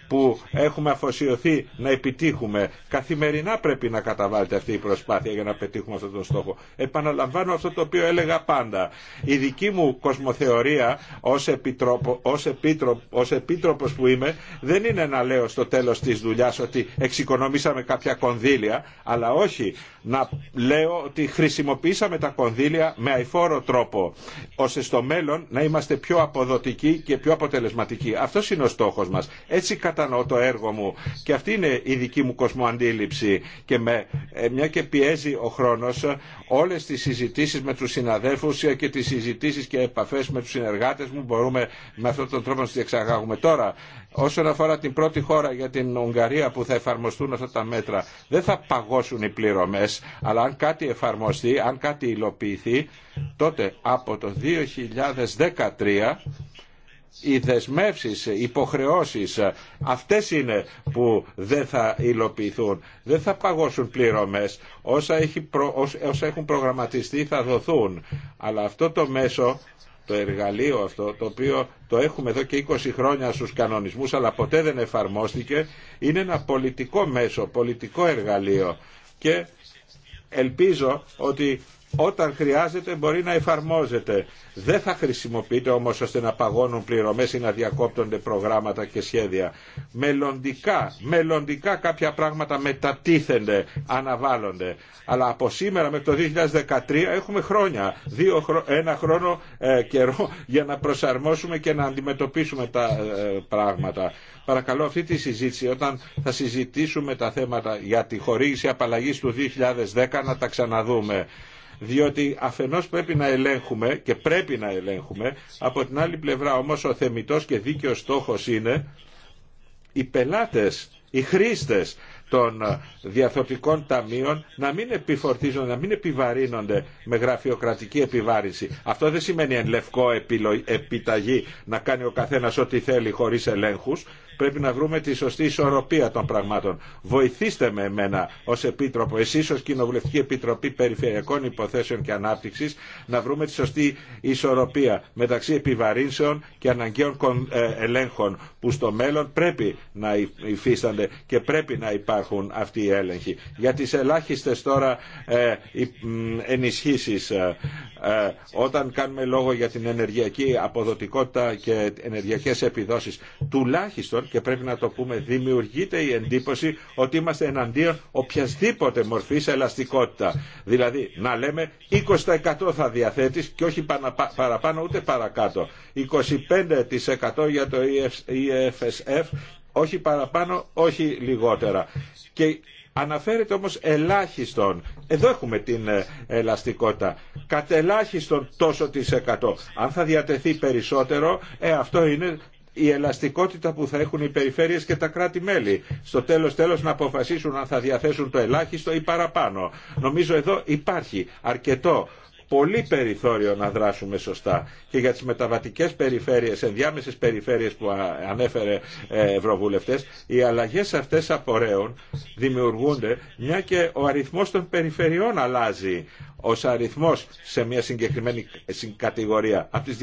S3: που έχουμε αφοσιωθεί να επιτύχουμε. Καθημερινά πρέπει να καταβάλλεται αυτή η προσπάθεια για να πετύχουμε αυτόν τον στόχο. Επαναλαμβάνω αυτό το οποίο έλεγα πάντα. Η δική μου κοσμοθεωρία ως, επιτρόπο, ως, επίτροπο, ως επίτροπος που είμαι δεν είναι να λέω στο τέλος της δουλειάς ότι εξοικονομήσαμε κάποια κονδύλια, αλλά όχι να λέω ότι χρησιμοποιήσαμε τα κονδύλια με αηφόρο τρόπο, ώστε στο μέλλον να είμαστε πιο αποδοτικοί και πιο αποτελεσματικοί. Αυτό είναι ο στόχος μας. Έτσι κατανοώ το έργο μου και αυτή είναι η δική μου κοσμοαντίληψη και με, ε, μια και πιέζει ο χρόνος όλες τις συζητήσεις με τους συναδέλφους και τις συζητήσεις και επαφές με τους συνεργάτες μου μπορούμε με αυτόν τον τρόπο να τις εξαγάγουμε τώρα Όσον αφορά την πρώτη χώρα για την Ουγγαρία που θα εφαρμοστούν αυτά τα μέτρα, δεν θα παγώσουν οι πληρωμές, αλλά αν κάτι εφαρμοστεί, αν κάτι υλοποιηθεί, τότε από το 2013 οι δεσμεύσεις, οι υποχρεώσεις, αυτές είναι που δεν θα υλοποιηθούν. Δεν θα παγώσουν πληρωμές. Όσα, όσα έχουν προγραμματιστεί θα δοθούν. Αλλά αυτό το μέσο το εργαλείο αυτό, το οποίο το έχουμε εδώ και 20 χρόνια στους κανονισμούς, αλλά ποτέ δεν εφαρμόστηκε, είναι ένα πολιτικό μέσο, πολιτικό εργαλείο και ελπίζω ότι όταν χρειάζεται μπορεί να εφαρμόζεται. Δεν θα χρησιμοποιείται όμως ώστε να παγώνουν πληρωμές ή να διακόπτονται προγράμματα και σχέδια. Μελλοντικά, μελλοντικά κάποια πράγματα μετατίθενται, αναβάλλονται. Αλλά από σήμερα μέχρι το 2013 έχουμε χρόνια, δύο, ένα χρόνο ε, καιρό για να προσαρμόσουμε και να αντιμετωπίσουμε τα ε, πράγματα. Παρακαλώ αυτή τη συζήτηση όταν θα συζητήσουμε τα θέματα για τη χορήγηση απαλλαγής του 2010 να τα ξαναδούμε διότι αφενός πρέπει να ελέγχουμε και πρέπει να ελέγχουμε, από την άλλη πλευρά όμως ο θεμητός και δίκαιος στόχος είναι οι πελάτες, οι χρήστες των διαθωτικών ταμείων να μην επιφορτίζονται, να μην επιβαρύνονται με γραφειοκρατική επιβάρηση. Αυτό δεν σημαίνει εν λευκό επιταγή να κάνει ο καθένας ό,τι θέλει χωρίς ελέγχους. Πρέπει να βρούμε τη σωστή ισορροπία των πραγμάτων. Βοηθήστε με εμένα ω Επίτροπο, εσεί ω Κοινοβουλευτική Επιτροπή Περιφερειακών Υποθέσεων και Ανάπτυξη, να βρούμε τη σωστή ισορροπία μεταξύ επιβαρύνσεων και αναγκαίων ε, ελέγχων που στο μέλλον πρέπει να υφίστανται και πρέπει να υπάρχουν αυτοί οι έλεγχοι. Για τι ελάχιστε τώρα ε, ενισχύσεις ε, ε, όταν κάνουμε λόγο για την ενεργειακή αποδοτικότητα και ενεργειακές επιδόσεις τουλάχιστον και πρέπει να το πούμε δημιουργείται η εντύπωση ότι είμαστε εναντίον οποιασδήποτε μορφή ελαστικότητα. Δηλαδή να λέμε 20% θα διαθέτει και όχι παραπάνω ούτε παρακάτω. 25% για το EFSF e όχι παραπάνω, όχι λιγότερα. Και Αναφέρεται όμως ελάχιστον, εδώ έχουμε την ε, ελαστικότητα, ελάχιστον τόσο της εκατό. Αν θα διατεθεί περισσότερο, ε, αυτό είναι η ελαστικότητα που θα έχουν οι περιφέρειες και τα κράτη-μέλη. Στο τέλος τέλος να αποφασίσουν αν θα διαθέσουν το ελάχιστο ή παραπάνω. Νομίζω εδώ υπάρχει αρκετό πολύ περιθώριο να δράσουμε σωστά. Και για τις μεταβατικές περιφέρειες, ενδιάμεσες περιφέρειες που ανέφερε ε, ευρωβουλευτές, οι αλλαγές αυτές απορρέουν, δημιουργούνται, μια και ο αριθμός των περιφερειών αλλάζει ως αριθμός σε μια συγκεκριμένη κατηγορία. Από τις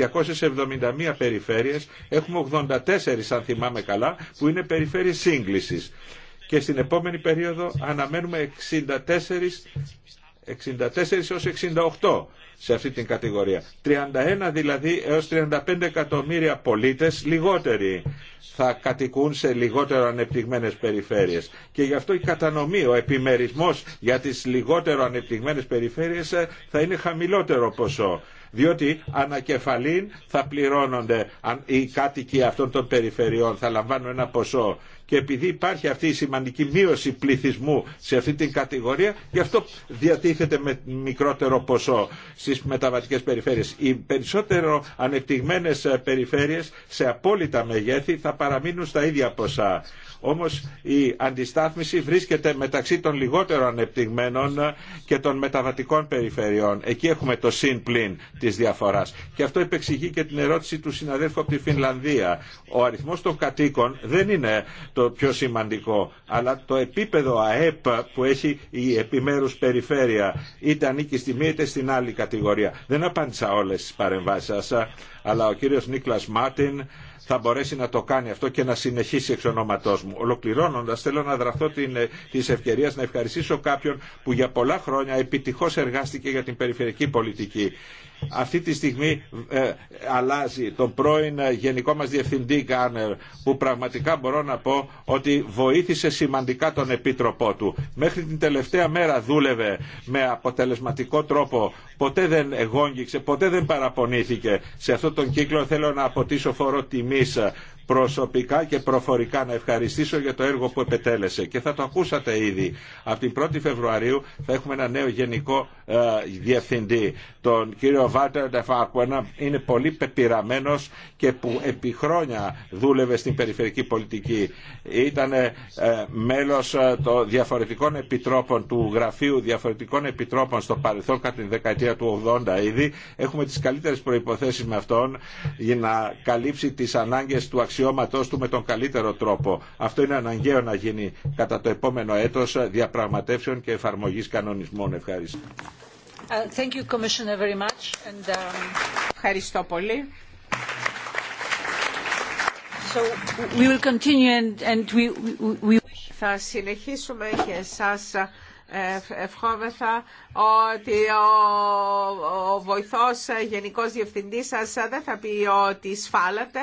S3: 271 περιφέρειες έχουμε 84, αν θυμάμαι καλά, που είναι περιφέρειες σύγκλησης και στην επόμενη περίοδο αναμένουμε 64 64 έως 68 σε αυτή την κατηγορία. 31 δηλαδή έως 35 εκατομμύρια πολίτες λιγότεροι θα κατοικούν σε λιγότερο ανεπτυγμένες περιφέρειες. Και γι' αυτό η κατανομή, ο επιμερισμός για τις λιγότερο ανεπτυγμένες περιφέρειες ε, θα είναι χαμηλότερο ποσό διότι ανακεφαλήν θα πληρώνονται οι κάτοικοι αυτών των περιφερειών, θα λαμβάνουν ένα ποσό και επειδή υπάρχει αυτή η σημαντική μείωση πληθυσμού σε αυτή την κατηγορία, γι' αυτό διατίθεται με μικρότερο ποσό στις μεταβατικές περιφέρειες. Οι περισσότερο ανεπτυγμένε περιφέρειες σε απόλυτα μεγέθη θα παραμείνουν στα ίδια ποσά όμως η αντιστάθμιση βρίσκεται μεταξύ των λιγότερο ανεπτυγμένων και των μεταβατικών περιφερειών. Εκεί έχουμε το συν πλήν της διαφοράς. Και αυτό υπεξηγεί και την ερώτηση του συναδέλφου από τη Φινλανδία. Ο αριθμός των κατοίκων δεν είναι το πιο σημαντικό, αλλά το επίπεδο ΑΕΠ που έχει η επιμέρους περιφέρεια, είτε ανήκει στη μία είτε στην άλλη κατηγορία. Δεν απάντησα όλες τις παρεμβάσεις σας, αλλά ο κύριος Νίκλας Μάρτιν, θα μπορέσει να το κάνει αυτό και να συνεχίσει εξ ονόματό μου. ολοκληρώνοντα, θέλω να δραθώ την, ε, ευκαιρία να ευχαριστήσω κάποιον που για πολλά χρόνια επιτυχώς εργάστηκε για την περιφερειακή πολιτική αυτή τη στιγμή ε, αλλάζει τον πρώην ε, γενικό μας διευθυντή Γκάνερ που πραγματικά μπορώ να πω ότι βοήθησε σημαντικά τον επίτροπό του. Μέχρι την τελευταία μέρα δούλευε με αποτελεσματικό τρόπο. Ποτέ δεν εγόγγιξε, ποτέ δεν παραπονήθηκε. Σε αυτόν τον κύκλο θέλω να αποτίσω φορό τιμής ε, προσωπικά και προφορικά να ευχαριστήσω για το έργο που επετέλεσε και θα το ακούσατε ήδη. Από την 1η Φεβρουαρίου θα έχουμε ένα νέο γενικό ε, διευθυντή, τον κύριο Βάλτερ Ντεφάκου. είναι πολύ πεπειραμένο και που επί χρόνια δούλευε στην περιφερική πολιτική. Ήταν ε, μέλος ε, των διαφορετικών επιτρόπων του γραφείου διαφορετικών επιτρόπων στο παρελθόν κατά την δεκαετία του 80 ήδη. Έχουμε τι καλύτερε προποθέσει με αυτόν για να καλύψει τι ανάγκε του αξιωματικού αξιώματό του με τον καλύτερο τρόπο. Αυτό είναι αναγκαίο να γίνει κατά το επόμενο έτο διαπραγματεύσεων και εφαρμογή κανονισμών. Ευχαριστώ.
S2: Uh, you, much. And, um... Ευχαριστώ πολύ. So we will and, and we, we... Θα συνεχίσουμε και σας ε, ευχόμεθα ότι ο, ο βοηθός ε, γενικός διευθυντής σας ε, δεν θα πει ότι σφάλατε.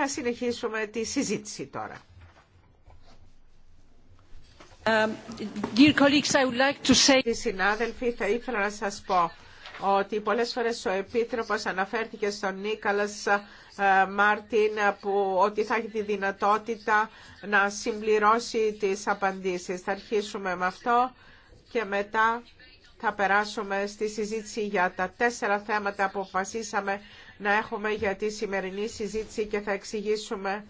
S2: Θα συνεχίσουμε τη συζήτηση τώρα. Κύριοι um, Συνάδελφοι, θα ήθελα να σας πω ότι πολλές φορές ο Επίτροπος αναφέρθηκε στον Νίκαλας ε, Μάρτιν που ότι θα έχει τη δυνατότητα να συμπληρώσει τις απαντήσεις. Θα αρχίσουμε με αυτό και μετά θα περάσουμε στη συζήτηση για τα τέσσερα θέματα που αποφασίσαμε να έχουμε για τη σημερινή συζήτηση και θα εξηγήσουμε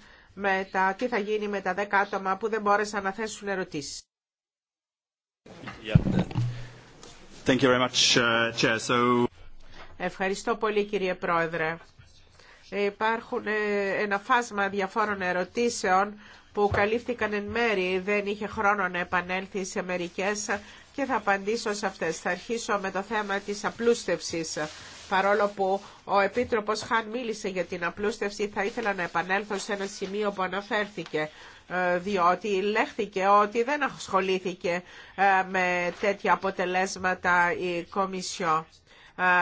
S2: τα τι θα γίνει με τα δέκα άτομα που δεν μπόρεσαν να θέσουν ερωτήσεις.
S3: Uh,
S2: Ευχαριστώ πολύ κύριε Πρόεδρε. Υπάρχουν ε, ένα φάσμα διαφόρων ερωτήσεων που καλύφθηκαν εν μέρη, δεν είχε χρόνο να επανέλθει σε μερικές και θα απαντήσω σε αυτές. Θα αρχίσω με το θέμα της απλούστευσης. Παρόλο που ο Επίτροπος Χαν μίλησε για την απλούστευση, θα ήθελα να επανέλθω σε ένα σημείο που αναφέρθηκε ε, διότι λέχθηκε ότι δεν ασχολήθηκε ε, με τέτοια αποτελέσματα η Κομισιό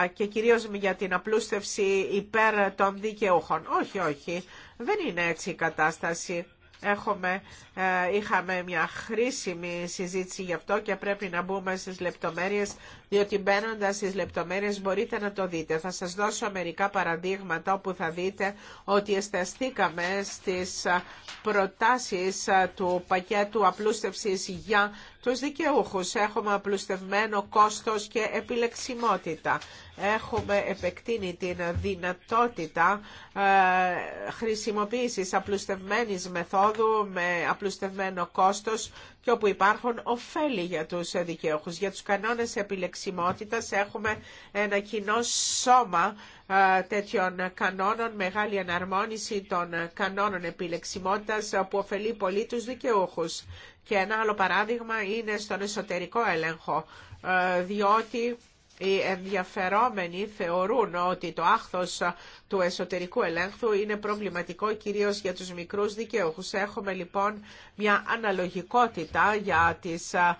S2: ε, και κυρίως για την απλούστευση υπέρ των δικαιούχων. Όχι, όχι, δεν είναι έτσι η κατάσταση. Έχουμε, ε, είχαμε μια χρήσιμη συζήτηση γι' αυτό και πρέπει να μπούμε στις λεπτομέρειες, διότι μπαίνοντας στις λεπτομέρειες μπορείτε να το δείτε. Θα σας δώσω μερικά παραδείγματα όπου θα δείτε ότι εσταστήκαμε στις ε, προτάσεις ε, του πακέτου απλούστευσης για τους δικαιούχους. Έχουμε απλουστευμένο κόστος και επιλεξιμότητα. Έχουμε επεκτείνει την δυνατότητα ε, χρησιμοποίησης απλουστευμένης μεθόδου με απλουστευμένο κόστος και όπου υπάρχουν ωφέλη για τους δικαιούχους. Για τους κανόνες επιλεξιμότητας έχουμε ένα κοινό σώμα ε, τέτοιων κανόνων, μεγάλη αναρμόνιση των κανόνων επιλεξιμότητας που ωφελεί πολύ τους δικαιούχους. Και ένα άλλο παράδειγμα είναι στον εσωτερικό έλεγχο, ε, διότι οι ενδιαφερόμενοι θεωρούν ότι το άχθος ε, του εσωτερικού ελέγχου είναι προβληματικό κυρίως για τους μικρούς δικαιούχους. Έχουμε λοιπόν μια αναλογικότητα για τις, ε,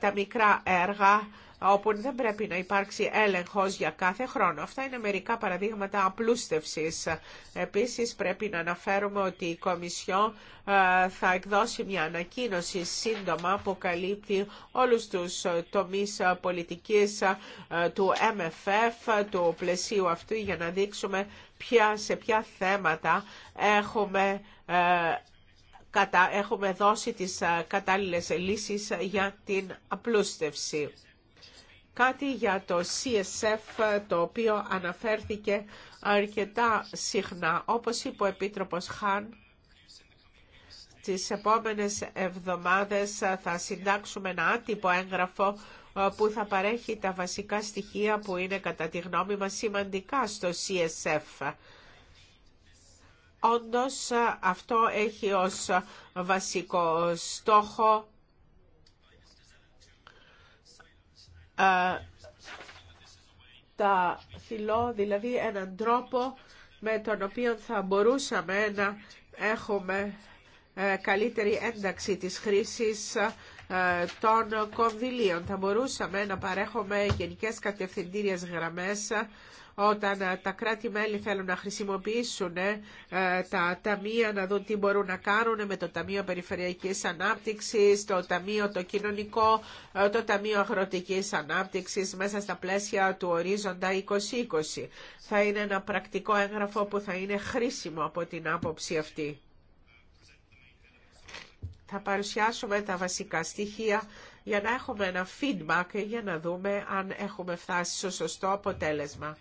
S2: τα μικρά έργα όπου δεν πρέπει να υπάρξει έλεγχος για κάθε χρόνο. Αυτά είναι μερικά παραδείγματα απλούστευσης. Επίσης πρέπει να αναφέρουμε ότι η Κομισιό ε, θα εκδώσει μια ανακοίνωση σύντομα που καλύπτει όλους τους ε, τομείς ε, πολιτικής του MFF, του πλαισίου αυτού, για να δείξουμε ποια, σε ποια θέματα έχουμε έχουμε δώσει τις κατάλληλες λύσεις για την απλούστευση κάτι για το CSF το οποίο αναφέρθηκε αρκετά συχνά. Όπως είπε ο Επίτροπος Χάν, τις επόμενες εβδομάδες θα συντάξουμε ένα άτυπο έγγραφο ε, που θα παρέχει τα βασικά στοιχεία που είναι κατά τη γνώμη μας σημαντικά στο CSF. Όντως αυτό έχει ως βασικό στόχο τα θυλώ, δηλαδή έναν τρόπο με τον οποίο θα μπορούσαμε να έχουμε ε, καλύτερη ένταξη της χρήσης ε, των κονδυλίων. Θα μπορούσαμε να παρέχουμε γενικές κατευθυντήριες γραμμές όταν ε, τα κράτη-μέλη θέλουν να χρησιμοποιήσουν ε, τα ταμεία, να δουν τι μπορούν να κάνουν με το Ταμείο Περιφερειακής Ανάπτυξης, το Ταμείο το Κοινωνικό, ε, το Ταμείο Αγροτικής Ανάπτυξης μέσα στα πλαίσια του ορίζοντα 2020. Θα είναι ένα πρακτικό έγγραφο που θα είναι χρήσιμο από την άποψη αυτή. Θα παρουσιάσουμε τα βασικά στοιχεία για να έχουμε ένα feedback για να δούμε αν έχουμε φτάσει στο σωστό αποτέλεσμα.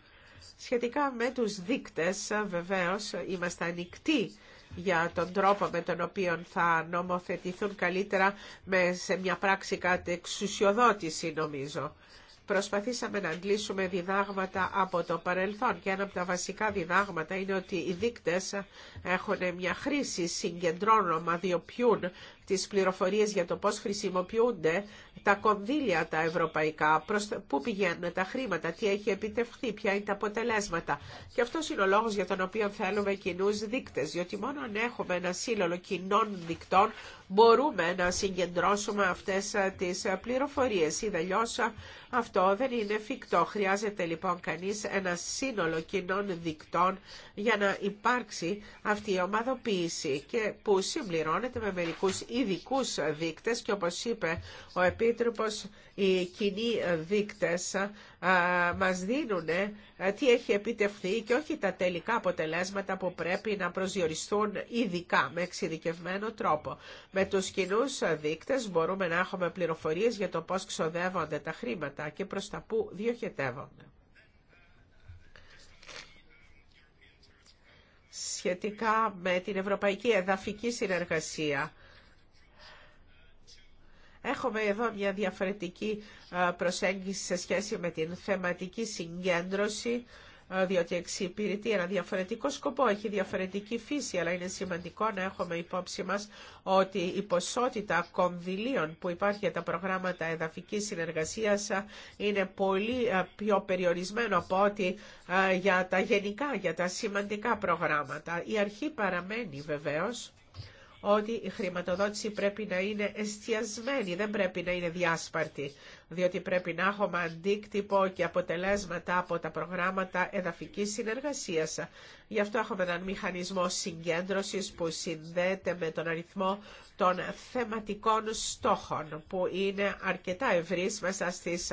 S2: Σχετικά με τους δείκτες, βεβαίως, είμαστε ανοιχτοί για τον τρόπο με τον οποίο θα νομοθετηθούν καλύτερα με, σε μια πράξη κάτι εξουσιοδότηση, νομίζω. Προσπαθήσαμε να αντλήσουμε διδάγματα από το παρελθόν και ένα από τα βασικά διδάγματα είναι ότι οι δείκτες έχουν μια χρήση, συγκεντρώνομα διοποιούν τις πληροφορίες για το πώς χρησιμοποιούνται τα κονδύλια τα ευρωπαϊκά, προς πού πηγαίνουν τα χρήματα, τι έχει επιτευχθεί, ποια είναι τα αποτελέσματα. Και αυτός είναι ο λόγος για τον οποίο θέλουμε κοινούς δείκτες, διότι μόνο αν έχουμε ένα σύνολο κοινών δικτών μπορούμε να συγκεντρώσουμε αυτές ε, τις ε, πληροφορίες. Είδα ε, αυτό δεν είναι εφικτό. Χρειάζεται λοιπόν κανείς ένα σύνολο κοινών δικτών για να υπάρξει αυτή η ομαδοποίηση και που συμπληρώνεται με μερικούς ειδικού δείκτες και όπως είπε ο Επίτροπος, οι κοινοί δείκτες μας δίνουν τι έχει επιτευχθεί και όχι τα τελικά αποτελέσματα που πρέπει να προσδιοριστούν ειδικά με εξειδικευμένο τρόπο. Με τους κοινού δείκτες μπορούμε να έχουμε πληροφορίες για το πώς ξοδεύονται τα χρήματα και προς τα που διοχετεύονται. σχετικά με την Ευρωπαϊκή Εδαφική Συνεργασία. Έχουμε εδώ μια διαφορετική προσέγγιση σε σχέση με την θεματική συγκέντρωση, διότι εξυπηρετεί ένα διαφορετικό σκοπό, έχει διαφορετική φύση, αλλά είναι σημαντικό να έχουμε υπόψη μας ότι η ποσότητα κονδυλίων που υπάρχει για τα προγράμματα εδαφικής συνεργασίας είναι πολύ πιο περιορισμένο από ό,τι για τα γενικά, για τα σημαντικά προγράμματα. Η αρχή παραμένει βεβαίως ότι η χρηματοδότηση πρέπει να είναι εστιασμένη, δεν πρέπει να είναι διάσπαρτη, διότι πρέπει να έχουμε αντίκτυπο και αποτελέσματα από τα προγράμματα εδαφικής συνεργασίας. Γι' αυτό έχουμε έναν μηχανισμό συγκέντρωσης που συνδέεται με τον αριθμό των θεματικών στόχων, που είναι αρκετά ευρύς μέσα στις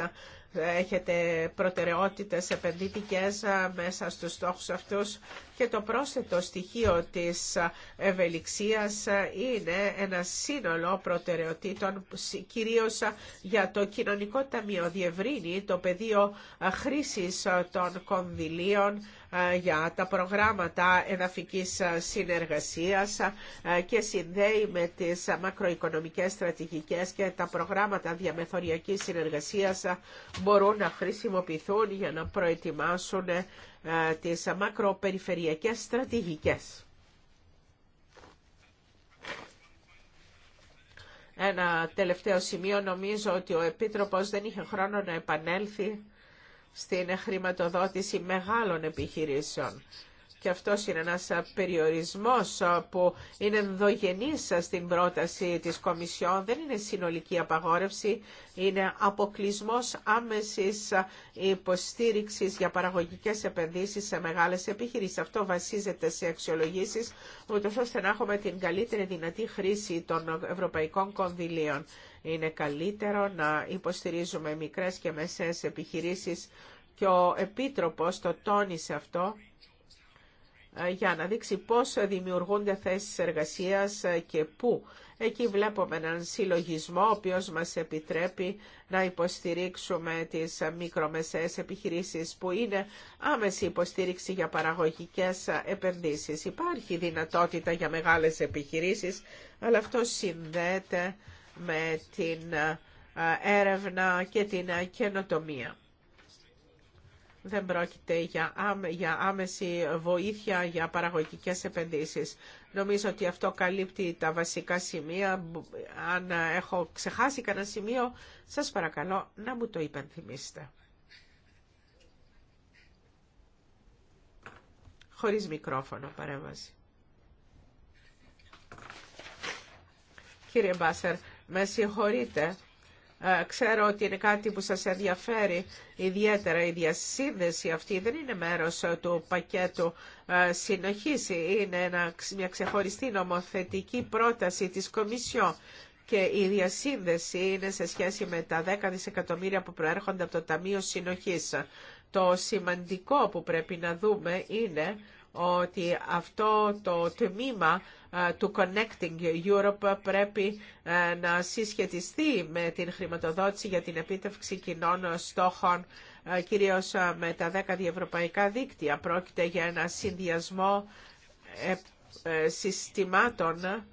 S2: έχετε προτεραιότητες επενδυτικές μέσα στους στόχους αυτούς και το πρόσθετο στοιχείο της ευελιξίας είναι ένα σύνολο προτεραιοτήτων κυρίως για το κοινωνικό ταμείο διευρύνει το πεδίο χρήσης των κονδυλίων ε, για τα προγράμματα εδαφικής ε, συνεργασίας ε, και συνδέει με τις μακροοικονομικές στρατηγικές και τα προγράμματα διαμεθοριακής συνεργασίας μπορούν να χρησιμοποιηθούν για να προετοιμάσουν τις μακροπεριφερειακές στρατηγικές. Ένα τελευταίο σημείο νομίζω ότι ο Επίτροπος δεν είχε χρόνο να επανέλθει στην χρηματοδότηση μεγάλων επιχειρήσεων. Και αυτό είναι ένας περιορισμός που είναι ενδογενής στην πρόταση της Κομισιόν. Δεν είναι συνολική απαγόρευση, είναι αποκλεισμό άμεσης υποστήριξης για παραγωγικές επενδύσεις σε μεγάλες επιχειρήσεις. Αυτό βασίζεται σε αξιολογήσεις, ούτως ώστε να έχουμε την καλύτερη δυνατή χρήση των ευρωπαϊκών κονδυλίων. Είναι καλύτερο να υποστηρίζουμε μικρές και μεσαίες επιχειρήσεις και ο Επίτροπος το τόνισε αυτό ε, για να δείξει πώς δημιουργούνται θέσεις εργασίας ε, και πού. Εκεί βλέπουμε έναν συλλογισμό ο οποίος μας επιτρέπει να υποστηρίξουμε τις μικρομεσαίες επιχειρήσεις που είναι άμεση υποστήριξη για παραγωγικές επενδύσεις. Υπάρχει δυνατότητα για μεγάλες επιχειρήσεις, αλλά αυτό συνδέεται με την ε, έρευνα και την ε, καινοτομία. Δεν πρόκειται για άμεση βοήθεια για παραγωγικές επενδύσεις. Νομίζω ότι αυτό καλύπτει τα βασικά σημεία. Αν έχω ξεχάσει κανένα σημείο, σας παρακαλώ να μου το υπενθυμίσετε. Χωρίς μικρόφωνο παρέμβαση. Κύριε Μπάσερ, με συγχωρείτε. Ε, ξέρω ότι είναι κάτι που σας ενδιαφέρει ιδιαίτερα. Η διασύνδεση αυτή δεν είναι μέρος ε, του πακέτου ε, συνοχής. Είναι μια ξεχωριστή νομοθετική πρόταση της Κομισιό και η διασύνδεση είναι σε σχέση με τα 10 δισεκατομμύρια που προέρχονται από το Ταμείο Συνοχής. Το σημαντικό που πρέπει να δούμε είναι ότι αυτό το τμήμα του Connecting Europe πρέπει να συσχετιστεί με την χρηματοδότηση για την επίτευξη κοινών στόχων, κυρίως με τα δέκα διευρωπαϊκά δίκτυα. Πρόκειται για ένα συνδυασμό ε, ε, συστημάτων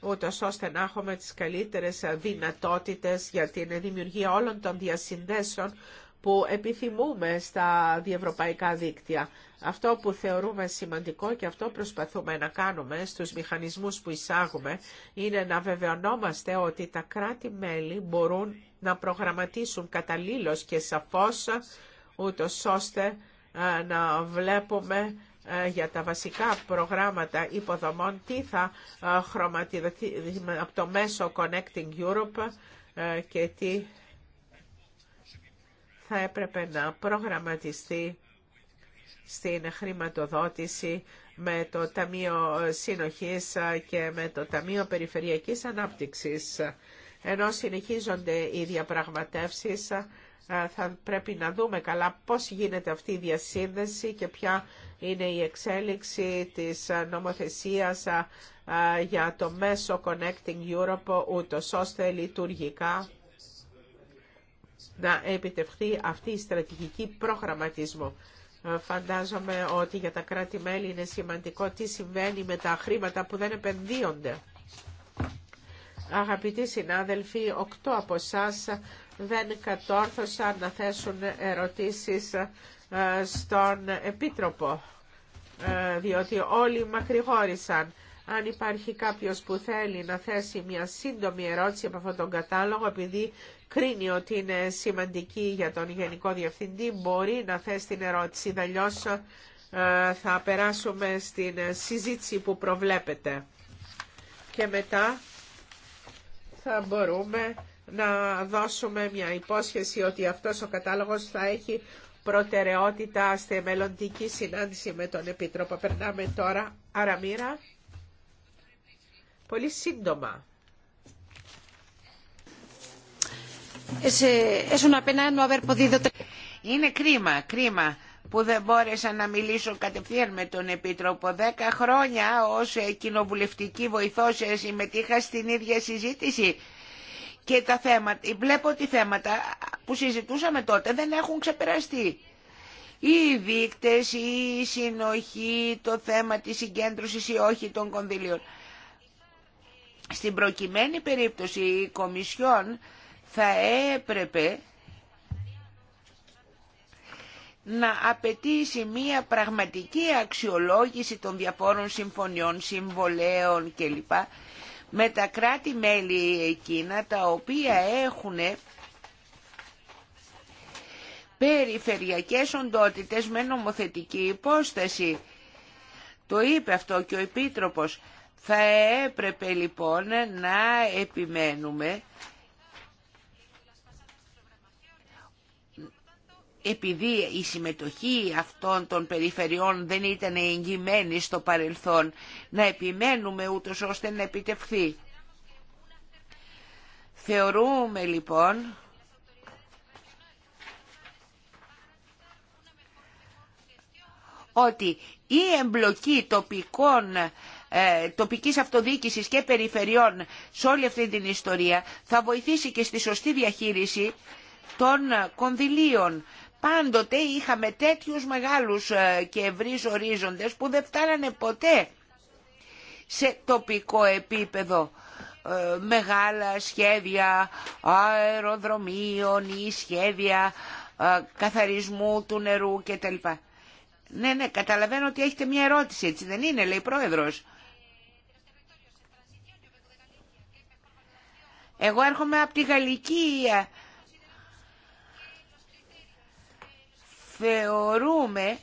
S2: ούτω ώστε να έχουμε τις καλύτερες δυνατότητες για την δημιουργία όλων των διασυνδέσεων που επιθυμούμε στα διευρωπαϊκά δίκτυα. Αυτό που θεωρούμε σημαντικό και αυτό προσπαθούμε να κάνουμε στους μηχανισμούς που εισάγουμε είναι να βεβαιωνόμαστε ότι τα κράτη-μέλη μπορούν να προγραμματίσουν καταλήλως και σαφώς ούτως ώστε να βλέπουμε για τα βασικά προγράμματα υποδομών τι θα χρωματιδοθεί από το μέσο Connecting Europe και θα έπρεπε να προγραμματιστεί στην χρηματοδότηση με το Ταμείο Συνοχής και με το Ταμείο Περιφερειακής Ανάπτυξης. Ενώ συνεχίζονται οι διαπραγματεύσεις, θα πρέπει να δούμε καλά πώς γίνεται αυτή η διασύνδεση και ποια είναι η εξέλιξη της νομοθεσίας για το μέσο Connecting Europe, ούτως ώστε λειτουργικά να επιτευχθεί αυτή η στρατηγική προγραμματισμό. Ε, φαντάζομαι ότι για τα κράτη-μέλη είναι σημαντικό τι συμβαίνει με τα χρήματα που δεν επενδύονται. Αγαπητοί συνάδελφοι, οκτώ από εσά δεν κατόρθωσαν να θέσουν ερωτήσεις ε, στον Επίτροπο, ε, διότι όλοι μακρηγόρησαν. Αν υπάρχει κάποιος που θέλει να θέσει μια σύντομη ερώτηση από αυτόν τον κατάλογο, επειδή κρίνει ότι είναι σημαντική για τον Γενικό Διευθυντή, μπορεί να θέσει την ερώτηση. Δαλλιώς ε, θα περάσουμε στην συζήτηση που προβλέπετε. Και μετά θα μπορούμε να δώσουμε μια υπόσχεση ότι αυτός ο κατάλογος θα έχει προτεραιότητα στη μελλοντική συνάντηση με τον Επίτροπο. Περνάμε τώρα, Αραμύρα πολύ σύντομα.
S1: Είναι κρίμα, κρίμα που δεν μπόρεσα να μιλήσω κατευθείαν με τον Επίτροπο. Δέκα χρόνια ως ε, κοινοβουλευτική βοηθός ε, συμμετείχα στην ίδια συζήτηση και τα θέματα, ε, βλέπω ότι θέματα που συζητούσαμε τότε δεν έχουν ξεπεραστεί. Οι δείκτες, η συνοχή, το θέμα της συγκέντρωσης ή όχι των κονδυλίων. Στην προκειμένη περίπτωση η Κομισιόν θα έπρεπε να απαιτήσει μία πραγματική αξιολόγηση των διαφόρων συμφωνιών, συμβολέων κλπ. με τα κράτη-μέλη εκείνα τα οποία έχουν περιφερειακές οντότητες με νομοθετική υπόσταση. Το είπε αυτό και ο Επίτροπος. Θα έπρεπε λοιπόν να επιμένουμε επειδή η συμμετοχή αυτών των περιφερειών δεν ήταν εγγυημένη στο παρελθόν, να επιμένουμε ούτως ώστε να επιτευχθεί. Θεωρούμε λοιπόν ότι η εμπλοκή τοπικών ε, τοπικής αυτοδιοίκησης και περιφερειών σε όλη αυτή την ιστορία θα βοηθήσει και στη σωστή διαχείριση των κονδυλίων. Πάντοτε είχαμε τέτοιους μεγάλους ε, και ευρύς ορίζοντες που δεν φτάνανε ποτέ σε τοπικό επίπεδο ε, μεγάλα σχέδια αεροδρομίων ή σχέδια καθαρισμού του νερού κτλ. Ναι, ναι, καταλαβαίνω ότι έχετε μια ερώτηση, έτσι δεν είναι, λέει πρόεδρος. Εγώ έρχομαι από τη Γαλλική. Θεωρούμε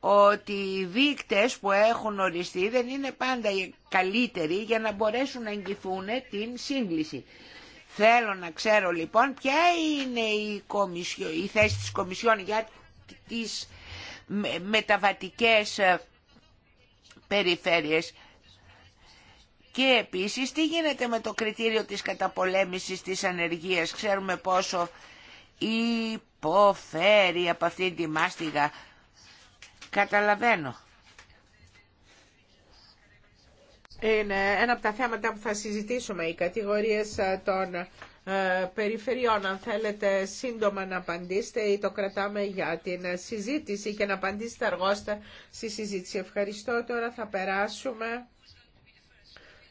S1: ότι οι δείκτες που έχουν οριστεί δεν είναι πάντα οι καλύτεροι για να μπορέσουν να εγγυθούν την σύγκληση. Θέλω να ξέρω λοιπόν ποια είναι η, κομισιο, η θέση της Κομισιόν για τις μεταβατικές ε, περιφέρειες. Και επίσης τι γίνεται με το κριτήριο της καταπολέμησης της ανεργίας. Ξέρουμε πόσο υποφέρει από αυτήν τη μάστιγα.
S2: Καταλαβαίνω. Είναι ένα από τα θέματα που θα συζητήσουμε, οι κατηγορίες ε, των ε, περιφερειών. Αν θέλετε σύντομα να απαντήσετε ή το κρατάμε για την συζήτηση και να απαντήσετε αργότερα στη συζήτηση. Ευχαριστώ. Τώρα θα περάσουμε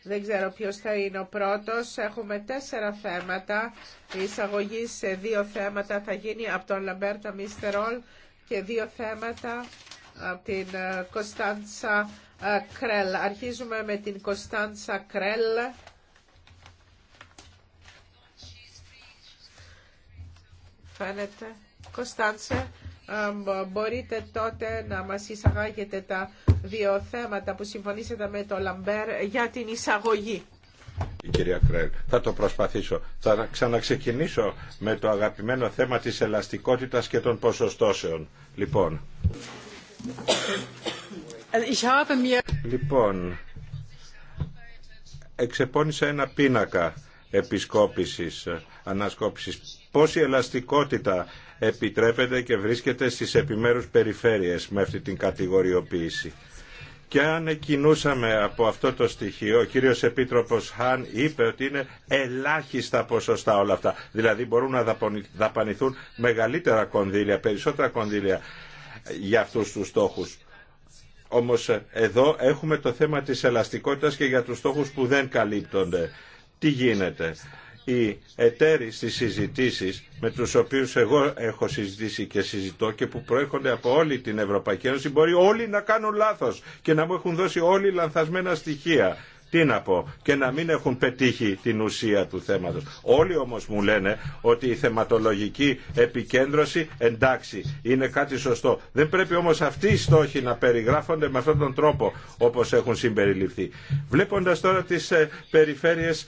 S2: δεν ξέρω ποιος θα είναι ο πρώτος. Έχουμε τέσσερα θέματα. Η εισαγωγή σε δύο θέματα θα γίνει από τον Λαμπέρτα Μίστερολ και δύο θέματα από την ε, Κωνσταντσα ε, Κρέλ. Αρχίζουμε με την Κωνσταντσα Κρέλ. Φαίνεται. Κωνσταντσα, μπορείτε τότε να μας εισαγάγετε τα δύο θέματα που συμφωνήσατε με το Λαμπέρ για την εισαγωγή.
S3: κυρία Κρέλ, θα το προσπαθήσω. Θα ξαναξεκινήσω με το αγαπημένο θέμα της ελαστικότητας και των ποσοστώσεων. Λοιπόν, λοιπόν εξεπώνησα ένα πίνακα επισκόπησης, ανασκόπησης. Πώς η ελαστικότητα επιτρέπεται και βρίσκεται στις επιμέρους περιφέρειες με αυτή την κατηγοριοποίηση. Και αν κινούσαμε από αυτό το στοιχείο, ο κύριος Επίτροπος Χάν είπε ότι είναι ελάχιστα ποσοστά όλα αυτά. Δηλαδή μπορούν να δαπανηθούν μεγαλύτερα κονδύλια, περισσότερα κονδύλια για αυτούς τους στόχους. Όμως εδώ έχουμε το θέμα της ελαστικότητας και για τους στόχους που δεν καλύπτονται. Τι γίνεται οι εταίροι στις συζητήσεις με τους οποίους εγώ έχω συζητήσει και συζητώ και που προέρχονται από όλη την Ευρωπαϊκή Ένωση μπορεί όλοι να κάνουν λάθος και να μου έχουν δώσει όλοι λανθασμένα στοιχεία. Τι να πω, και να μην έχουν πετύχει την ουσία του θέματος. Όλοι όμως μου λένε ότι η θεματολογική επικέντρωση εντάξει είναι κάτι σωστό. Δεν πρέπει όμως αυτοί οι στόχοι να περιγράφονται με αυτόν τον τρόπο όπως έχουν συμπεριληφθεί. Βλέποντας τώρα τις ε, περιφέρειες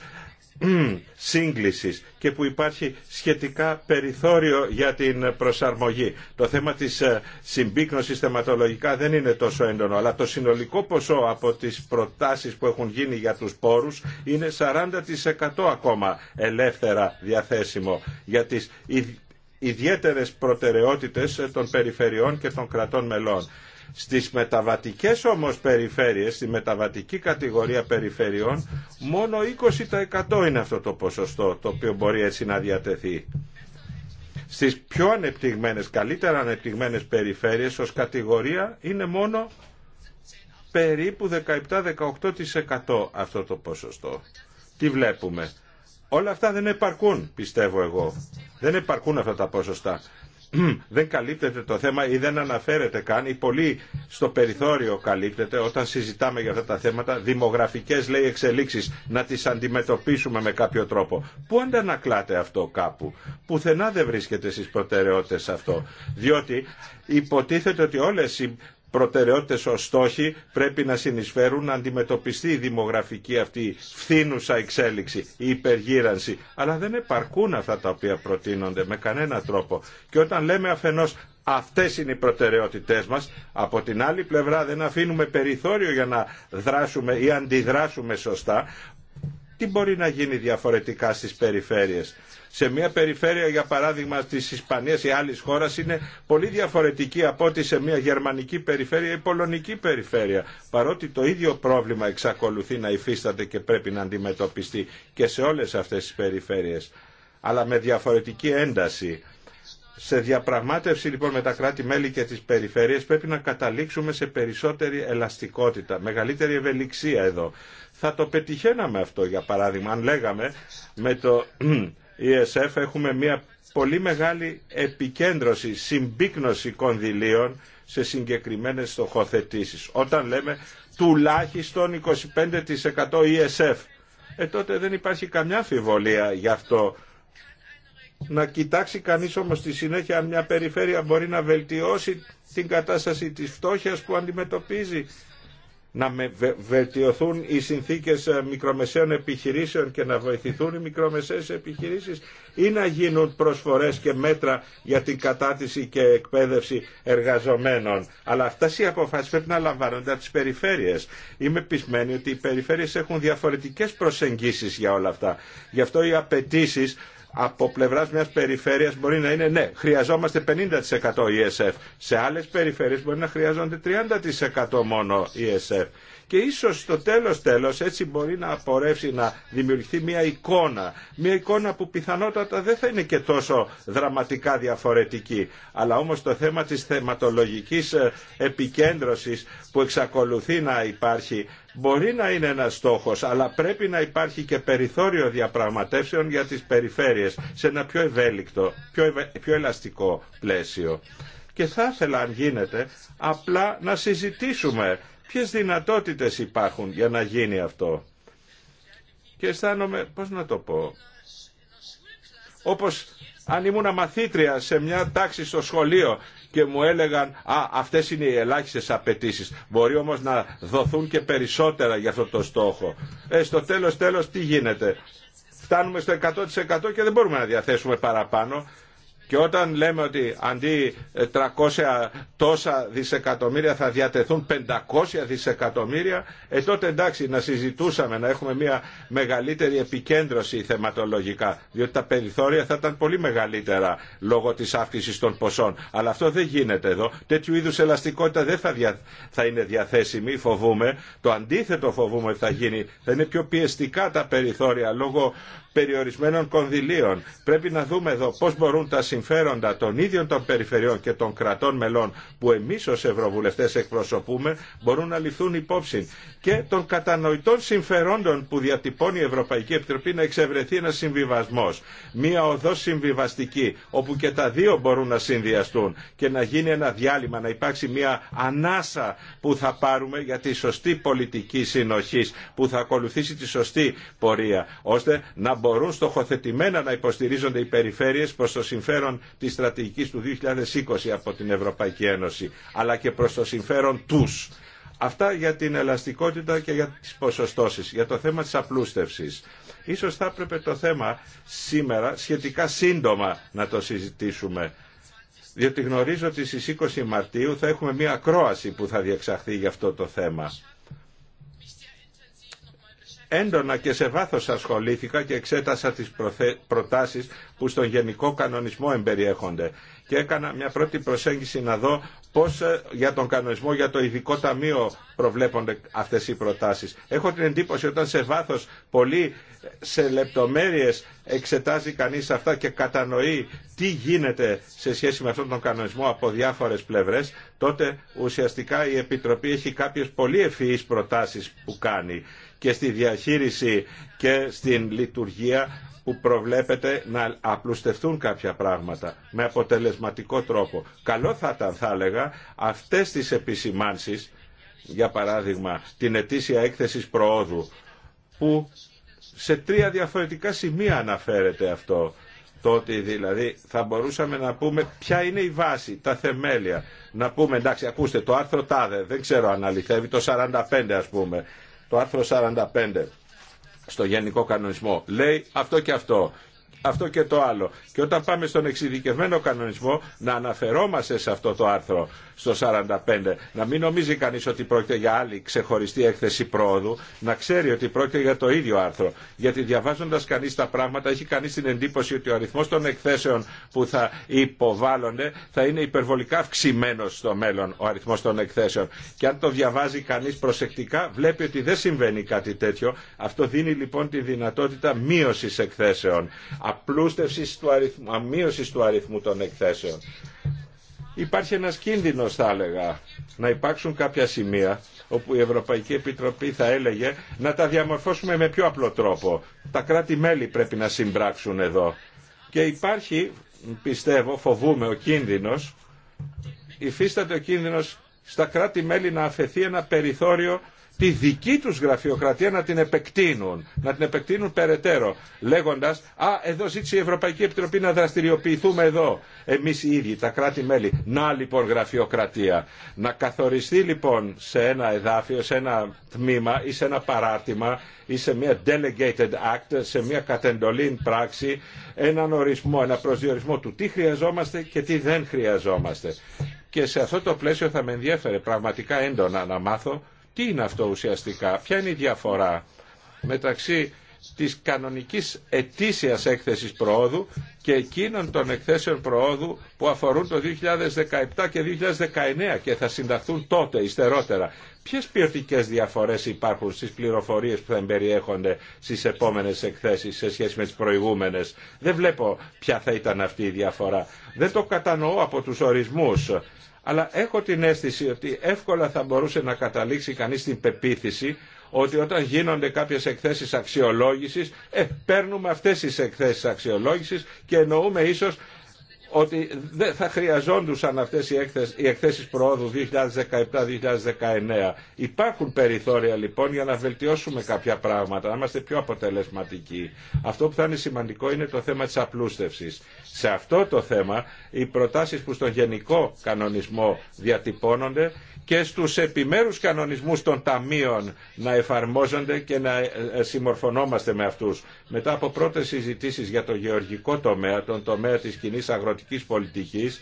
S3: σύγκλησης και που υπάρχει σχετικά περιθώριο για την προσαρμογή. Το θέμα της ε, συμπίκνωσης θεματολογικά δεν είναι τόσο έντονο, αλλά το συνολικό ποσό από τις προτάσεις που έχουν γίνει για τους πόρους είναι 40% ακόμα ελεύθερα διαθέσιμο για τις ιδιαίτερες προτεραιότητες ε, των περιφερειών και των κρατών μελών. Στις μεταβατικές όμως περιφέρειες, στη μεταβατική κατηγορία περιφερειών, μόνο 20% είναι αυτό το ποσοστό το οποίο μπορεί έτσι να διατεθεί. Στις πιο ανεπτυγμένες, καλύτερα ανεπτυγμένες περιφέρειες ως κατηγορία είναι μόνο περίπου 17-18% αυτό το ποσοστό. Τι βλέπουμε. Όλα αυτά δεν επαρκούν, πιστεύω εγώ. Δεν επαρκούν αυτά τα ποσοστά. δεν καλύπτεται το θέμα ή δεν αναφέρεται καν ή πολύ στο περιθώριο καλύπτεται όταν συζητάμε για αυτά τα θέματα δημογραφικές λέει εξελίξεις να τις αντιμετωπίσουμε με κάποιο τρόπο. Πού αντανακλάται αυτό κάπου. Πουθενά δεν βρίσκεται στις προτεραιότητες αυτό. Διότι υποτίθεται ότι όλες οι προτεραιότητες ω στόχοι πρέπει να συνεισφέρουν να αντιμετωπιστεί η δημογραφική αυτή φθήνουσα εξέλιξη, η υπεργύρανση. Αλλά δεν επαρκούν αυτά τα οποία προτείνονται με κανένα τρόπο. Και όταν λέμε αφενός Αυτές είναι οι προτεραιότητές μας. Από την άλλη πλευρά δεν αφήνουμε περιθώριο για να δράσουμε ή αντιδράσουμε σωστά τι μπορεί να γίνει διαφορετικά στις περιφέρειες. Σε μια περιφέρεια, για παράδειγμα, της Ισπανίας ή άλλης χώρας είναι πολύ διαφορετική από ό,τι σε μια γερμανική περιφέρεια ή πολωνική περιφέρεια. Παρότι το ίδιο πρόβλημα εξακολουθεί να υφίσταται και πρέπει να αντιμετωπιστεί και σε όλες αυτές τις περιφέρειες αλλά με διαφορετική ένταση σε διαπραγμάτευση λοιπόν με τα κράτη-μέλη και τις περιφέρειες πρέπει να καταλήξουμε σε περισσότερη ελαστικότητα, μεγαλύτερη ευελιξία εδώ. Θα το πετυχαίναμε αυτό για παράδειγμα αν λέγαμε με το ESF e έχουμε μια πολύ μεγάλη επικέντρωση, συμπίκνωση κονδυλίων σε συγκεκριμένες στοχοθετήσεις. Όταν λέμε τουλάχιστον 25% ESF, ε, τότε δεν υπάρχει καμιά αμφιβολία γι' αυτό να κοιτάξει κανείς όμως στη συνέχεια αν μια περιφέρεια μπορεί να βελτιώσει την κατάσταση της φτώχειας που αντιμετωπίζει να βελτιωθούν οι συνθήκες ε, μικρομεσαίων επιχειρήσεων και να βοηθηθούν οι μικρομεσαίες επιχειρήσεις ή να γίνουν προσφορές και μέτρα για την κατάτηση και εκπαίδευση εργαζομένων. Αλλά αυτά οι αποφάσεις πρέπει να λαμβάνονται από τις περιφέρειες. Είμαι πεισμένη ότι οι περιφέρειες έχουν διαφορετικές προσεγγίσεις για όλα αυτά. Γι' αυτό οι απαιτήσει από πλευρά μια περιφέρεια μπορεί να είναι ναι, χρειαζόμαστε 50% ESF. Σε άλλε περιφέρειε μπορεί να χρειάζονται 30% μόνο ESF και ίσως στο τέλος τέλος έτσι μπορεί να απορρεύσει να δημιουργηθεί μια εικόνα. Μια εικόνα που πιθανότατα δεν θα είναι και τόσο δραματικά διαφορετική. Αλλά όμως το θέμα της θεματολογικής ε, επικέντρωσης που εξακολουθεί να υπάρχει μπορεί να είναι ένας στόχος, αλλά πρέπει να υπάρχει και περιθώριο διαπραγματεύσεων για τις περιφέρειες σε ένα πιο ευέλικτο, πιο, πιο ελαστικό πλαίσιο. Και θα ήθελα, αν γίνεται, απλά να συζητήσουμε Ποιες δυνατότητες υπάρχουν για να γίνει αυτό. Και αισθάνομαι, πώς να το πω, όπως αν ήμουν μαθήτρια σε μια τάξη στο σχολείο και μου έλεγαν «Α, αυτές είναι οι ελάχιστες απαιτήσει. Μπορεί όμως να δοθούν και περισσότερα για αυτό το στόχο. Ε, στο τέλος τέλος τι γίνεται. Φτάνουμε στο 100% και δεν μπορούμε να διαθέσουμε παραπάνω. Και όταν λέμε ότι αντί 300 ε, τόσα δισεκατομμύρια θα διατεθούν 500 δισεκατομμύρια, ε, τότε εντάξει να συζητούσαμε να έχουμε μια μεγαλύτερη επικέντρωση θεματολογικά, διότι τα περιθώρια θα ήταν πολύ μεγαλύτερα λόγω της αύξησης των ποσών. Αλλά αυτό δεν γίνεται εδώ. Τέτοιου είδους ελαστικότητα δεν θα, δια... θα είναι διαθέσιμη, φοβούμε. Το αντίθετο φοβούμε ότι θα γίνει. Θα είναι πιο πιεστικά τα περιθώρια λόγω περιορισμένων κονδυλίων. Πρέπει να δούμε εδώ πώς μπορούν τα συμφέροντα των ίδιων των περιφερειών και των κρατών μελών που εμείς ως Ευρωβουλευτές εκπροσωπούμε μπορούν να ληφθούν υπόψη και των κατανοητών συμφερόντων που διατυπώνει η Ευρωπαϊκή Επιτροπή να εξευρεθεί ένα συμβιβασμός. Μία οδός συμβιβαστική όπου και τα δύο μπορούν να συνδυαστούν και να γίνει ένα διάλειμμα, να υπάρξει μία ανάσα που θα πάρουμε για τη σωστή πολιτική συνοχής που θα ακολουθήσει τη σωστή πορεία ώστε να μπορούν στοχοθετημένα να υποστηρίζονται οι περιφέρειες προς το συμφέρον συμφέρον της στρατηγικής του 2020 από την Ευρωπαϊκή Ένωση, αλλά και προς το συμφέρον τους. Αυτά για την ελαστικότητα και για τις ποσοστώσεις, για το θέμα της απλούστευσης. Ίσως θα έπρεπε το θέμα σήμερα σχετικά σύντομα να το συζητήσουμε διότι γνωρίζω ότι στις 20 Μαρτίου θα έχουμε μία ακρόαση που θα διεξαχθεί για αυτό το θέμα έντονα και σε βάθος ασχολήθηκα και εξέτασα τις προθε... προτάσεις που στον γενικό κανονισμό εμπεριέχονται και έκανα μια πρώτη προσέγγιση να δω πώς ε, για τον κανονισμό, για το ειδικό ταμείο προβλέπονται αυτές οι προτάσεις. Έχω την εντύπωση όταν σε βάθος πολύ ε, σε λεπτομέρειες εξετάζει κανείς αυτά και κατανοεί τι γίνεται σε σχέση με αυτόν τον κανονισμό από διάφορες πλευρές, τότε ουσιαστικά η Επιτροπή έχει κάποιες πολύ ευφυείς προτάσεις που κάνει και στη διαχείριση και στην λειτουργία που προβλέπεται να απλουστευτούν κάποια πράγματα με αποτελεσματικό τρόπο. Καλό θα ήταν, θα έλεγα, αυτές τις επισημάνσεις, για παράδειγμα την ετήσια έκθεσης προόδου, που σε τρία διαφορετικά σημεία αναφέρεται αυτό. Το ότι δηλαδή θα μπορούσαμε να πούμε ποια είναι η βάση, τα θεμέλια. Να πούμε εντάξει ακούστε το άρθρο τάδε, δεν ξέρω αν αληθεύει, το 45 ας πούμε το άρθρο 45 στο Γενικό Κανονισμό. Λέει αυτό και αυτό αυτό και το άλλο. Και όταν πάμε στον εξειδικευμένο κανονισμό να αναφερόμαστε σε αυτό το άρθρο στο 45. Να μην νομίζει κανείς ότι πρόκειται για άλλη ξεχωριστή έκθεση πρόοδου. Να ξέρει ότι πρόκειται για το ίδιο άρθρο. Γιατί διαβάζοντας κανείς τα πράγματα έχει κανείς την εντύπωση ότι ο αριθμός των εκθέσεων που θα υποβάλλονται θα είναι υπερβολικά αυξημένο στο μέλλον ο αριθμός των εκθέσεων. Και αν το διαβάζει κανείς προσεκτικά βλέπει ότι δεν συμβαίνει κάτι τέτοιο. Αυτό δίνει λοιπόν τη δυνατότητα μείωσης εκθέσεων απλούστευσης του αριθμού, αμείωσης του αριθμού των εκθέσεων. Υπάρχει ένας κίνδυνος θα έλεγα να υπάρξουν κάποια σημεία όπου η Ευρωπαϊκή Επιτροπή θα έλεγε να τα διαμορφώσουμε με πιο απλό τρόπο. Τα κράτη-μέλη πρέπει να συμπράξουν εδώ. Και υπάρχει, πιστεύω, φοβούμε ο κίνδυνος, υφίσταται ο κίνδυνος στα κράτη-μέλη να αφαιθεί ένα περιθώριο τη δική τους γραφειοκρατία να την επεκτείνουν, να την επεκτείνουν περαιτέρω, λέγοντας «Α, εδώ ζήτησε η Ευρωπαϊκή Επιτροπή να δραστηριοποιηθούμε εδώ, εμείς οι ίδιοι, τα κράτη-μέλη». Να λοιπόν γραφειοκρατία. Να καθοριστεί λοιπόν σε ένα εδάφιο, σε ένα τμήμα ή σε ένα παράρτημα ή σε μια delegated act, σε μια κατεντολή πράξη, έναν ορισμό, ένα προσδιορισμό του τι χρειαζόμαστε και τι δεν χρειαζόμαστε. Και σε αυτό το πλαίσιο θα με ενδιέφερε πραγματικά έντονα να μάθω τι είναι αυτό ουσιαστικά, ποια είναι η διαφορά μεταξύ της κανονικής ετήσιας έκθεσης προόδου και εκείνων των εκθέσεων προόδου που αφορούν το 2017 και 2019 και θα συνταχθούν τότε, ιστερότερα; Ποιες ποιοτικέ διαφορές υπάρχουν στις πληροφορίες που θα εμπεριέχονται στις επόμενες εκθέσεις σε σχέση με τις προηγούμενες. Δεν βλέπω ποια θα ήταν αυτή η διαφορά. Δεν το κατανοώ από τους ορισμούς αλλά έχω την αίσθηση ότι εύκολα θα μπορούσε να καταλήξει κανείς την πεποίθηση ότι όταν γίνονται κάποιες εκθέσεις αξιολόγησης, ε, παίρνουμε αυτές τις εκθέσεις αξιολόγησης και εννοούμε ίσως ότι δεν θα χρειαζόντουσαν αυτές οι, εκθέσει οι εκθέσεις προόδου 2017-2019. Υπάρχουν περιθώρια λοιπόν για να βελτιώσουμε κάποια πράγματα, να είμαστε πιο αποτελεσματικοί. Αυτό που θα είναι σημαντικό είναι το θέμα της απλούστευσης. Σε αυτό το θέμα οι προτάσεις που στον γενικό κανονισμό διατυπώνονται και στους επιμέρους κανονισμούς των ταμείων να εφαρμόζονται και να ε, ε, συμμορφωνόμαστε με αυτούς. Μετά από πρώτες συζητήσεις για το γεωργικό τομέα, τον τομέα της κοινή αγροτικής δημοτικής πολιτικής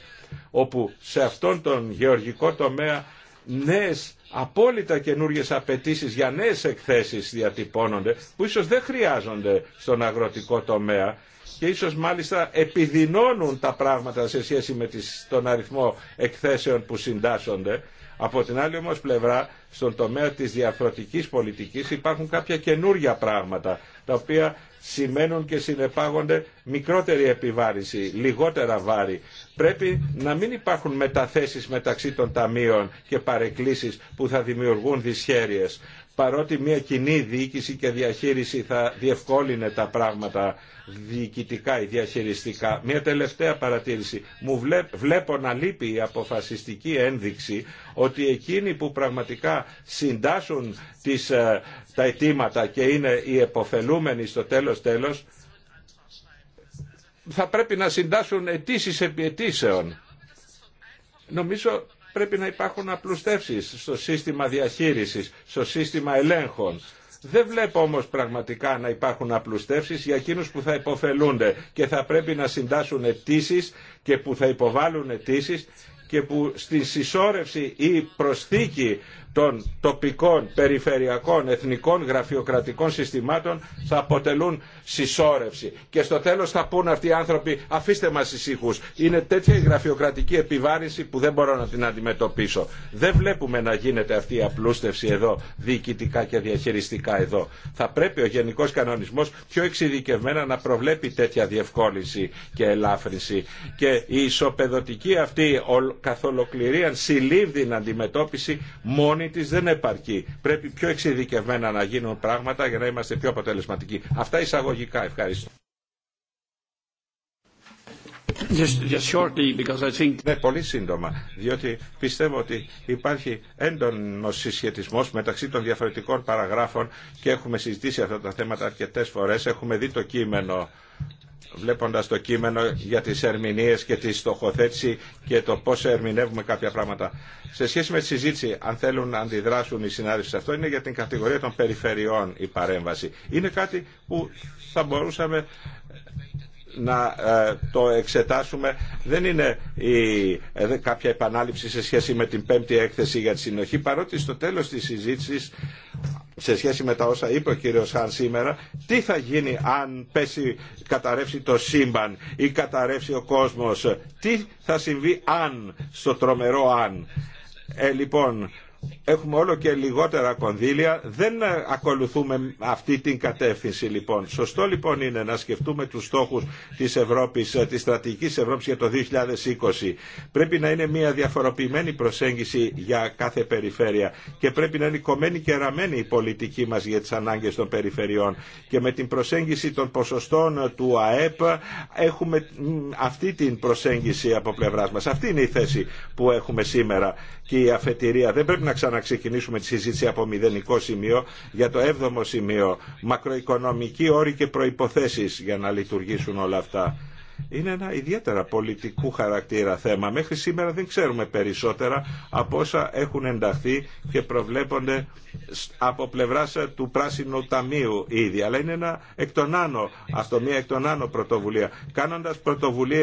S3: όπου σε αυτόν τον γεωργικό τομέα νέες απόλυτα καινούριε απαιτήσει για νέε εκθέσει διατυπώνονται που ίσως δεν χρειάζονται στον αγροτικό τομέα και ίσως μάλιστα επιδεινώνουν τα πράγματα σε σχέση με τις, τον αριθμό εκθέσεων που συντάσσονται. Από την άλλη όμως πλευρά, στον τομέα της διαφορετικής πολιτικής υπάρχουν κάποια καινούργια πράγματα, τα οποία σημαίνουν και συνεπάγονται μικρότερη επιβάρηση, λιγότερα βάρη. Πρέπει να μην υπάρχουν μεταθέσεις μεταξύ των ταμείων και παρεκκλήσεις που θα δημιουργούν δυσχέρειες παρότι μια κοινή διοίκηση και διαχείριση θα διευκόλυνε τα πράγματα διοικητικά ή διαχειριστικά. Μια τελευταία παρατήρηση. Μου βλέπω να λείπει η αποφασιστική ένδειξη ότι εκείνοι που πραγματικά συντάσσουν τις, ε, τα αιτήματα και είναι οι εποφελούμενοι στο τέλος τέλος θα πρέπει να συντάσσουν αιτήσει επί αιτήσεων. Νομίζω πρέπει να υπάρχουν απλουστεύσεις στο σύστημα διαχείρισης, στο σύστημα ελέγχων. Δεν βλέπω όμως πραγματικά να υπάρχουν απλουστεύσεις για εκείνους που θα υποφελούνται και θα πρέπει να συντάσσουν αιτήσει και που θα υποβάλουν αιτήσει και που στη συσσόρευση ή προσθήκη των τοπικών, περιφερειακών, εθνικών γραφειοκρατικών συστημάτων θα αποτελούν συσσόρευση. Και στο τέλος θα πούν αυτοί οι άνθρωποι αφήστε μας ησυχού. Είναι τέτοια η γραφειοκρατική επιβάρηση που δεν μπορώ να την αντιμετωπίσω. Δεν βλέπουμε να γίνεται αυτή η απλούστευση εδώ, διοικητικά και διαχειριστικά εδώ. Θα πρέπει ο Γενικός Κανονισμός πιο εξειδικευμένα να προβλέπει τέτοια διευκόλυνση και ελάφρυνση. Και η ισοπεδωτική αυτή καθολοκληρία συλλήβδη αντιμετώπιση μόνη τη δεν επαρκεί. Πρέπει πιο εξειδικευμένα να γίνουν πράγματα για να είμαστε πιο αποτελεσματικοί. Αυτά εισαγωγικά. Ευχαριστώ. Ναι, πολύ σύντομα, διότι πιστεύω ότι υπάρχει έντονος συσχετισμός μεταξύ των διαφορετικών παραγράφων και έχουμε συζητήσει αυτά τα θέματα αρκετές φορές, έχουμε δει το κείμενο βλέποντας το κείμενο για τις ερμηνείες και τη στοχοθέτηση και το πώς ερμηνεύουμε κάποια πράγματα. Σε σχέση με τη συζήτηση, αν θέλουν να αντιδράσουν οι συνάδελφοι σε αυτό, είναι για την κατηγορία των περιφερειών η παρέμβαση. Είναι κάτι που θα μπορούσαμε να ε, το εξετάσουμε δεν είναι ε, κάποια επανάληψη σε σχέση με την πέμπτη έκθεση για τη συνοχή παρότι στο τέλος της συζήτησης σε σχέση με τα όσα είπε ο κύριο Χάν σήμερα, τι θα γίνει αν πέσει, καταρρεύσει το σύμπαν ή καταρρεύσει ο κόσμος, τι θα συμβεί αν, στο τρομερό αν. Ε, λοιπόν, έχουμε όλο και λιγότερα κονδύλια, δεν ακολουθούμε αυτή την κατεύθυνση λοιπόν. Σωστό λοιπόν είναι να σκεφτούμε τους στόχους της Ευρώπης, ε, της στρατηγικής Ευρώπης για το 2020. Πρέπει να είναι μια διαφοροποιημένη προσέγγιση για κάθε περιφέρεια και πρέπει να είναι κομμένη και ραμμένη η πολιτική μας για τις ανάγκες των περιφερειών. Και με την προσέγγιση των ποσοστών ε, του ΑΕΠ έχουμε αυτή την προσέγγιση από πλευράς μας. Αυτή είναι η θέση που έχουμε σήμερα και η αφετηρία. Δεν να ξαναξεκινήσουμε τη συζήτηση από μηδενικό σημείο για το έβδομο σημείο. μακροοικονομική όροι και προϋποθέσεις για να λειτουργήσουν όλα αυτά είναι ένα ιδιαίτερα πολιτικού χαρακτήρα θέμα. Μέχρι σήμερα δεν ξέρουμε περισσότερα από όσα έχουν ενταχθεί και προβλέπονται από πλευρά του Πράσινου Ταμείου ήδη. Αλλά είναι ένα εκ των άνω, αυτό μια εκ των άνω πρωτοβουλία. Κάνοντα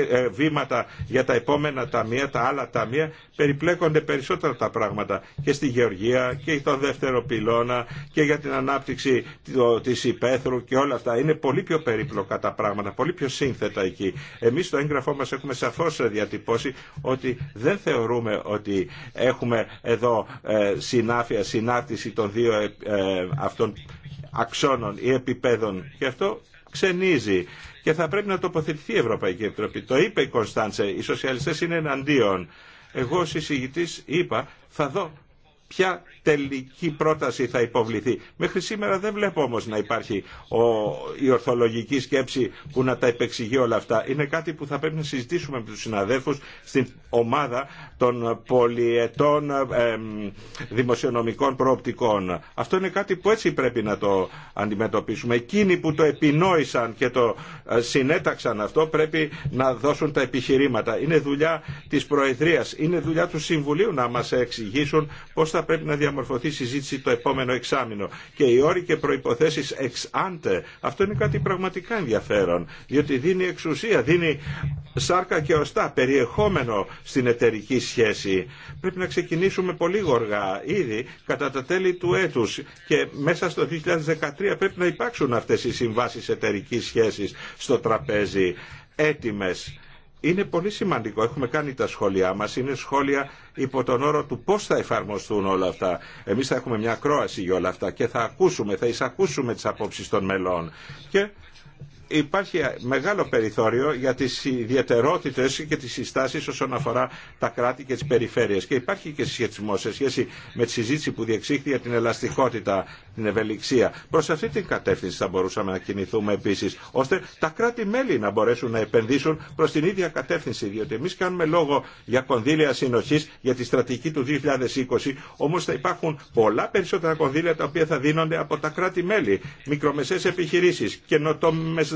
S3: ε, βήματα για τα επόμενα ταμεία, τα άλλα ταμεία, περιπλέκονται περισσότερα τα πράγματα και στη Γεωργία και στο δεύτερο πυλώνα και για την ανάπτυξη τη υπαίθρου και όλα αυτά. Είναι πολύ πιο περίπλοκα τα πράγματα, πολύ πιο σύνθετα εκεί. Εμείς στο έγγραφό μας έχουμε σαφώς διατυπώσει ότι δεν θεωρούμε ότι έχουμε εδώ ε, συνάφεια, συνάρτηση των δύο ε, ε, αυτών αξώνων ή επιπέδων και αυτό ξενίζει και θα πρέπει να τοποθετηθεί η Ευρωπαϊκή Επιτροπή. Το είπε η Κωνσταντσε, οι σοσιαλιστές είναι εναντίον. Εγώ ως εισηγητής είπα θα δω ποια τελική πρόταση θα υποβληθεί. Μέχρι σήμερα δεν βλέπω όμως να υπάρχει ο, η ορθολογική σκέψη που να τα επεξηγεί όλα αυτά. Είναι κάτι που θα πρέπει να συζητήσουμε με τους συναδέλφους στην ομάδα των πολιετών δημοσιονομικών προοπτικών. Αυτό είναι κάτι που έτσι πρέπει να το αντιμετωπίσουμε. Εκείνοι που το επινόησαν και το ε, συνέταξαν αυτό πρέπει να δώσουν τα επιχειρήματα. Είναι δουλειά της Προεδρίας, είναι δουλειά του Συμβουλίου να μας εξηγήσουν πώς θα πρέπει να διαμορφώσουμε διαμορφωθεί συζήτηση το επόμενο εξάμεινο. Και οι όροι και προποθέσει εξ άντε, αυτό είναι κάτι πραγματικά ενδιαφέρον, διότι δίνει εξουσία, δίνει σάρκα και οστά, περιεχόμενο στην εταιρική σχέση. Πρέπει να ξεκινήσουμε πολύ γοργά ήδη κατά τα τέλη του έτους και μέσα στο 2013 πρέπει να υπάρξουν αυτές οι συμβάσει εταιρικής σχέσης στο τραπέζι έτοιμες είναι πολύ σημαντικό. Έχουμε κάνει τα σχόλιά μας. Είναι σχόλια υπό τον όρο του πώς θα εφαρμοστούν όλα αυτά. Εμείς θα έχουμε μια κρόαση για όλα αυτά και θα ακούσουμε, θα εισακούσουμε τις απόψεις των μελών. Και υπάρχει μεγάλο περιθώριο για τι ιδιαίτερότητε και τι συστάσει όσον αφορά τα κράτη και τι περιφέρειες. Και υπάρχει και συσχετισμό σε σχέση με τη συζήτηση που διεξήχθη για την ελαστικότητα, την ευελιξία. Προ αυτή την κατεύθυνση θα μπορούσαμε να κινηθούμε επίση, ώστε τα κράτη-μέλη να μπορέσουν να επενδύσουν προ την ίδια κατεύθυνση, διότι εμεί κάνουμε λόγο για κονδύλια συνοχή για τη στρατηγική του 2020, όμω θα υπάρχουν πολλά περισσότερα κονδύλια τα οποία θα δίνονται από τα κράτη-μέλη, επιχειρήσει επιχειρήσεις,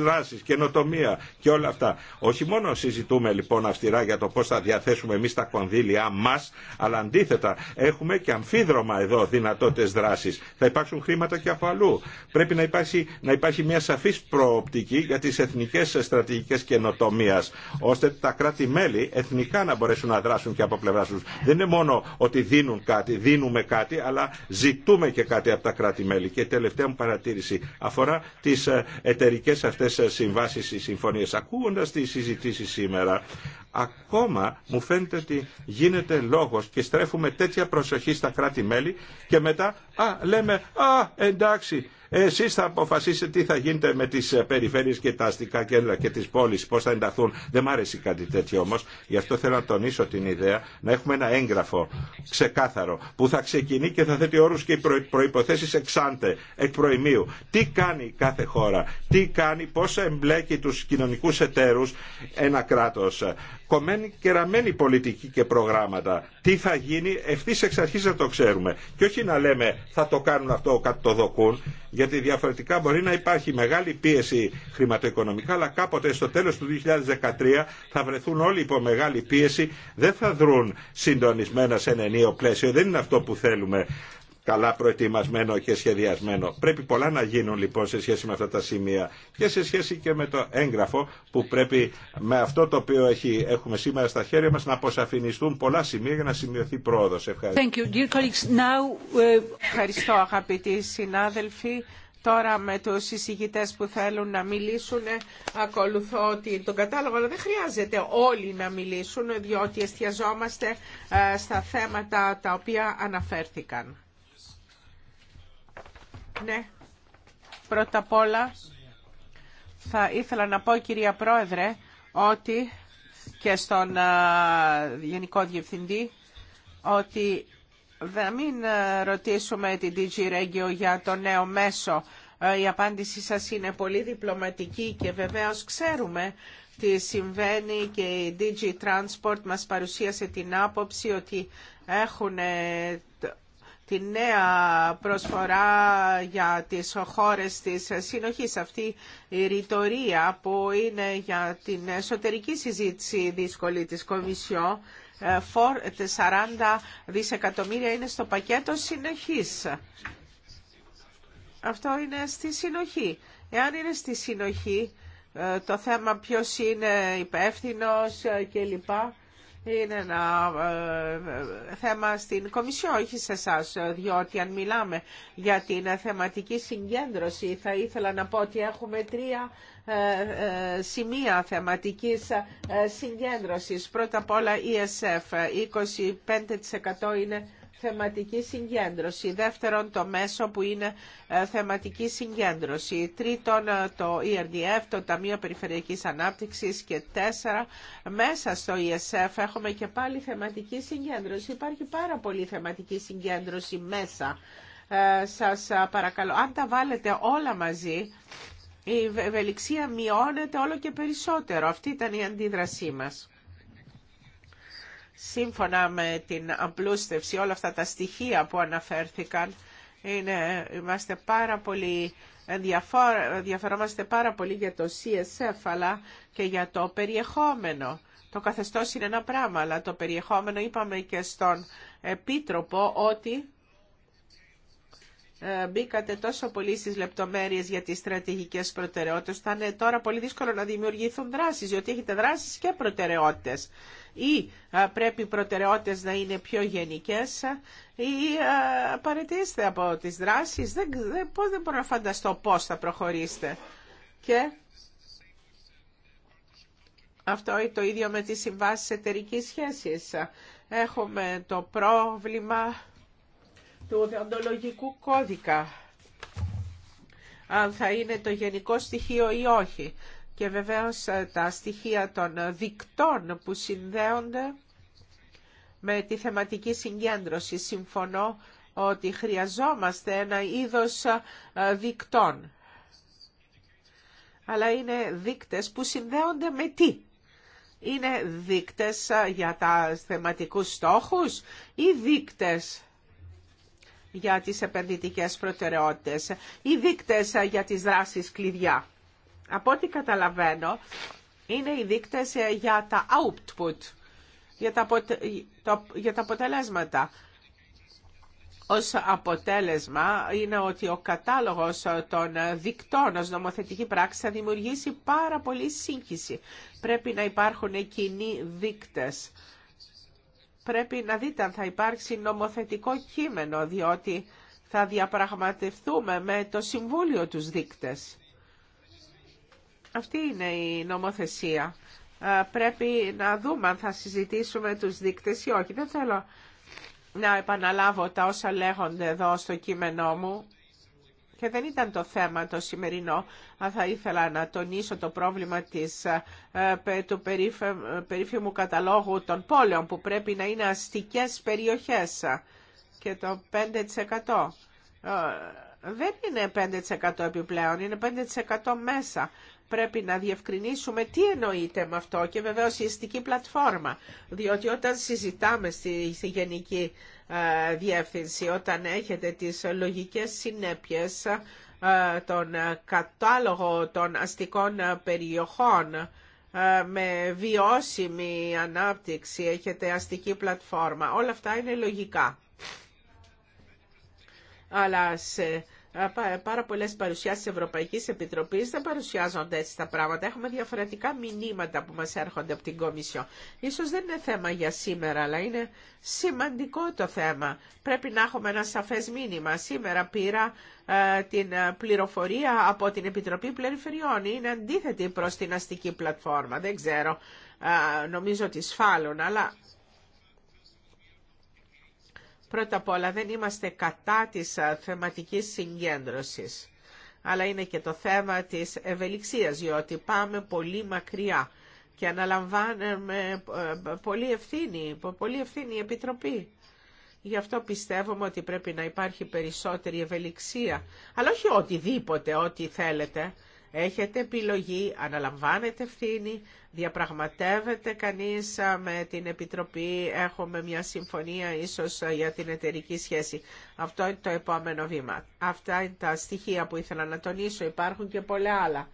S3: δραστηριότητε δράσεις, καινοτομία και όλα αυτά. Όχι μόνο συζητούμε λοιπόν αυστηρά για το πώς θα διαθέσουμε εμείς τα κονδύλια μας, αλλά αντίθετα έχουμε και αμφίδρομα εδώ δυνατότητες δράσης. Θα υπάρξουν χρήματα και από αλλού. Πρέπει να υπάρχει, να υπάρχει μια σαφής προοπτική για τις εθνικές στρατηγικές καινοτομίας, ώστε τα κράτη-μέλη εθνικά να μπορέσουν να δράσουν και από πλευρά τους. Δεν είναι μόνο ότι δίνουν κάτι, δίνουμε κάτι, αλλά ζητούμε και κάτι από τα κράτη-μέλη. Και η τελευταία μου παρατήρηση αφορά τις ε, εταιρικέ αυτέ σε συμβάσεις ή συμφωνίες. Ακούγοντας τις συζητήσεις σήμερα, ακόμα μου φαίνεται ότι γίνεται λόγος και στρέφουμε τέτοια προσοχή στα κράτη-μέλη και μετά α, λέμε «Α, εντάξει, Εσεί θα αποφασίσετε τι θα γίνεται με τι ε, περιφέρειε και τα αστικά κέντρα και τι πόλει, πώ θα ενταχθούν. Δεν μ' αρέσει κάτι τέτοιο όμω. Γι' αυτό θέλω να τονίσω την ιδέα να έχουμε ένα έγγραφο ξεκάθαρο που θα ξεκινεί και θα θέτει όρου και προποθέσει εξάντε, εκ προημίου. Τι κάνει κάθε χώρα, τι κάνει, πώς εμπλέκει του κοινωνικού εταίρου ένα κράτο κομμένη και ραμμένη πολιτική και προγράμματα. Τι θα γίνει ευθύ εξ αρχή να το ξέρουμε. Και όχι να λέμε θα το κάνουν αυτό, κάτι το δοκούν, γιατί διαφορετικά μπορεί να υπάρχει μεγάλη πίεση χρηματοοικονομικά, αλλά κάποτε στο τέλο του 2013 θα βρεθούν όλοι υπό μεγάλη πίεση, δεν θα δρουν συντονισμένα σε ένα ενίο πλαίσιο. Δεν είναι αυτό που θέλουμε καλά προετοιμασμένο και σχεδιασμένο. Πρέπει πολλά να γίνουν λοιπόν σε σχέση με αυτά τα σημεία και σε σχέση και με το έγγραφο που πρέπει με αυτό το οποίο έχει, έχουμε σήμερα στα χέρια μας να αποσαφινιστούν πολλά σημεία για να σημειωθεί πρόοδος. Ευχαριστώ.
S2: Uh, Ευχαριστώ αγαπητοί συνάδελφοι. Τώρα με τους συζητητές που θέλουν να μιλήσουν ακολουθώ ότι τον κατάλογο, αλλά δεν χρειάζεται όλοι να μιλήσουν διότι εστιαζόμαστε ε, στα θέματα τα οποία αναφέρθηκαν. Ναι, πρώτα απ' όλα θα ήθελα να πω κυρία Πρόεδρε ότι και στον Γενικό Διευθυντή ότι δεν μην ρωτήσουμε την DG Regio για το νέο μέσο. Η απάντησή σας είναι πολύ διπλωματική και βεβαίως ξέρουμε τι συμβαίνει και η DG Transport μας παρουσίασε την άποψη ότι έχουν τη νέα προσφορά για τις χώρες της συνοχής. Αυτή η ρητορία που είναι για την εσωτερική συζήτηση δύσκολη της Κομισιό 40 ε, δισεκατομμύρια είναι στο πακέτο συνοχής. Αυτό είναι στη συνοχή. Εάν είναι στη συνοχή, ε, το θέμα ποιος είναι υπεύθυνος ε, κλπ είναι ένα ε, θέμα στην Κομισιό, όχι σε εσά, διότι αν μιλάμε για την θεματική συγκέντρωση, θα ήθελα να πω ότι έχουμε τρία ε, ε, σημεία θεματικής συγκέντρωσης. Πρώτα απ' όλα ESF, 25% είναι θεματική συγκέντρωση. Δεύτερον, το μέσο που είναι ε, θεματική συγκέντρωση. Τρίτον, ε, το ERDF, το Ταμείο Περιφερειακής Ανάπτυξης. Και τέσσερα, μέσα στο ESF έχουμε και πάλι θεματική συγκέντρωση. Υπάρχει πάρα πολύ θεματική συγκέντρωση μέσα. Ε, σας παρακαλώ, αν τα βάλετε όλα μαζί, η ευελιξία μειώνεται όλο και περισσότερο. Αυτή ήταν η αντίδρασή μας σύμφωνα με την απλούστευση, όλα αυτά τα στοιχεία που αναφέρθηκαν, είναι, είμαστε πάρα πολύ ενδιαφερόμαστε πάρα πολύ για το CSF αλλά και για το περιεχόμενο. Το καθεστώς είναι ένα πράγμα, αλλά το περιεχόμενο είπαμε και στον Επίτροπο ότι ε, μπήκατε τόσο πολύ στις λεπτομέρειες για τις στρατηγικές προτεραιότητες, θα είναι τώρα πολύ δύσκολο να δημιουργηθούν δράσεις, διότι έχετε δράσεις και προτεραιότητες ή πρέπει οι προτεραιότητες να είναι πιο γενικές ή απαραίτηστε από τις δράσεις. Δεν, δεν μπορώ να φανταστώ πώς θα προχωρήσετε. Και αυτό είναι το ίδιο με τις συμβάσεις εταιρική σχέσης. Έχουμε το πρόβλημα του οδοντολογικού κώδικα αν θα είναι το γενικό στοιχείο ή όχι και βεβαίως ε, τα στοιχεία των ε, δικτών που συνδέονται με τη θεματική συγκέντρωση. Συμφωνώ ότι χρειαζόμαστε ένα είδος ε, δικτών. Αλλά είναι δίκτες που συνδέονται με τι. Είναι δίκτες για τα θεματικούς στόχους ή δίκτες για τις επενδυτικές προτεραιότητες ή δίκτες για τις δράσεις κλειδιά από ό,τι καταλαβαίνω, είναι οι δείκτες ε, για τα output, για τα, αποτελέσματα. Ως αποτέλεσμα είναι ότι ο κατάλογος ε, των δικτών ως νομοθετική πράξη θα δημιουργήσει πάρα πολύ σύγχυση. Πρέπει να υπάρχουν κοινοί δείκτες. Πρέπει να δείτε αν θα υπάρξει νομοθετικό κείμενο, διότι θα διαπραγματευτούμε με το Συμβούλιο τους δείκτες. Αυτή είναι η νομοθεσία. Ε, πρέπει να δούμε αν θα συζητήσουμε τους δείκτες ή όχι. Δεν θέλω να επαναλάβω τα όσα λέγονται εδώ στο κείμενό μου. Και δεν ήταν το θέμα το σημερινό. Αν θα ήθελα να τονίσω το πρόβλημα της, ε, του περίφημου καταλόγου των πόλεων που πρέπει να είναι αστικές περιοχές και το 5% ε, δεν είναι 5% επιπλέον, είναι 5% μέσα πρέπει να διευκρινίσουμε τι εννοείται με αυτό και βεβαίως η αστική πλατφόρμα. Διότι όταν συζητάμε στη, στη Γενική ε, Διεύθυνση, όταν έχετε τις λογικές συνέπειες, ε, τον κατάλογο των αστικών περιοχών ε, με βιώσιμη ανάπτυξη, έχετε αστική πλατφόρμα. Όλα αυτά είναι λογικά. Αλλά σε πάρα πολλέ παρουσιάσεις τη Ευρωπαϊκής Επιτροπής δεν παρουσιάζονται έτσι τα πράγματα. Έχουμε διαφορετικά μηνύματα που μας έρχονται από την Κομισιό. Ίσως δεν είναι θέμα για σήμερα, αλλά είναι σημαντικό το θέμα. Πρέπει να έχουμε ένα σαφές μήνυμα. Σήμερα πήρα ε, την ε, πληροφορία από την Επιτροπή Πληροφοριών. Είναι αντίθετη προ την αστική πλατφόρμα. Δεν ξέρω, ε, νομίζω ότι σφάλουν, αλλά Πρώτα απ' όλα δεν είμαστε κατά της θεματικής συγκέντρωσης, αλλά είναι και το θέμα της ευελιξίας, διότι πάμε πολύ μακριά και αναλαμβάνουμε ε, πολύ ευθύνη, πολύ ευθύνη η Επιτροπή. Γι' αυτό πιστεύουμε ότι πρέπει να υπάρχει περισσότερη ευελιξία. Αλλά όχι οτιδήποτε, ό,τι θέλετε. Έχετε επιλογή, αναλαμβάνετε ευθύνη, διαπραγματεύεται κανείς με την Επιτροπή, έχουμε μια συμφωνία ίσως για την εταιρική σχέση. Αυτό είναι το επόμενο βήμα. Αυτά είναι τα στοιχεία που ήθελα να τονίσω, υπάρχουν και πολλά άλλα.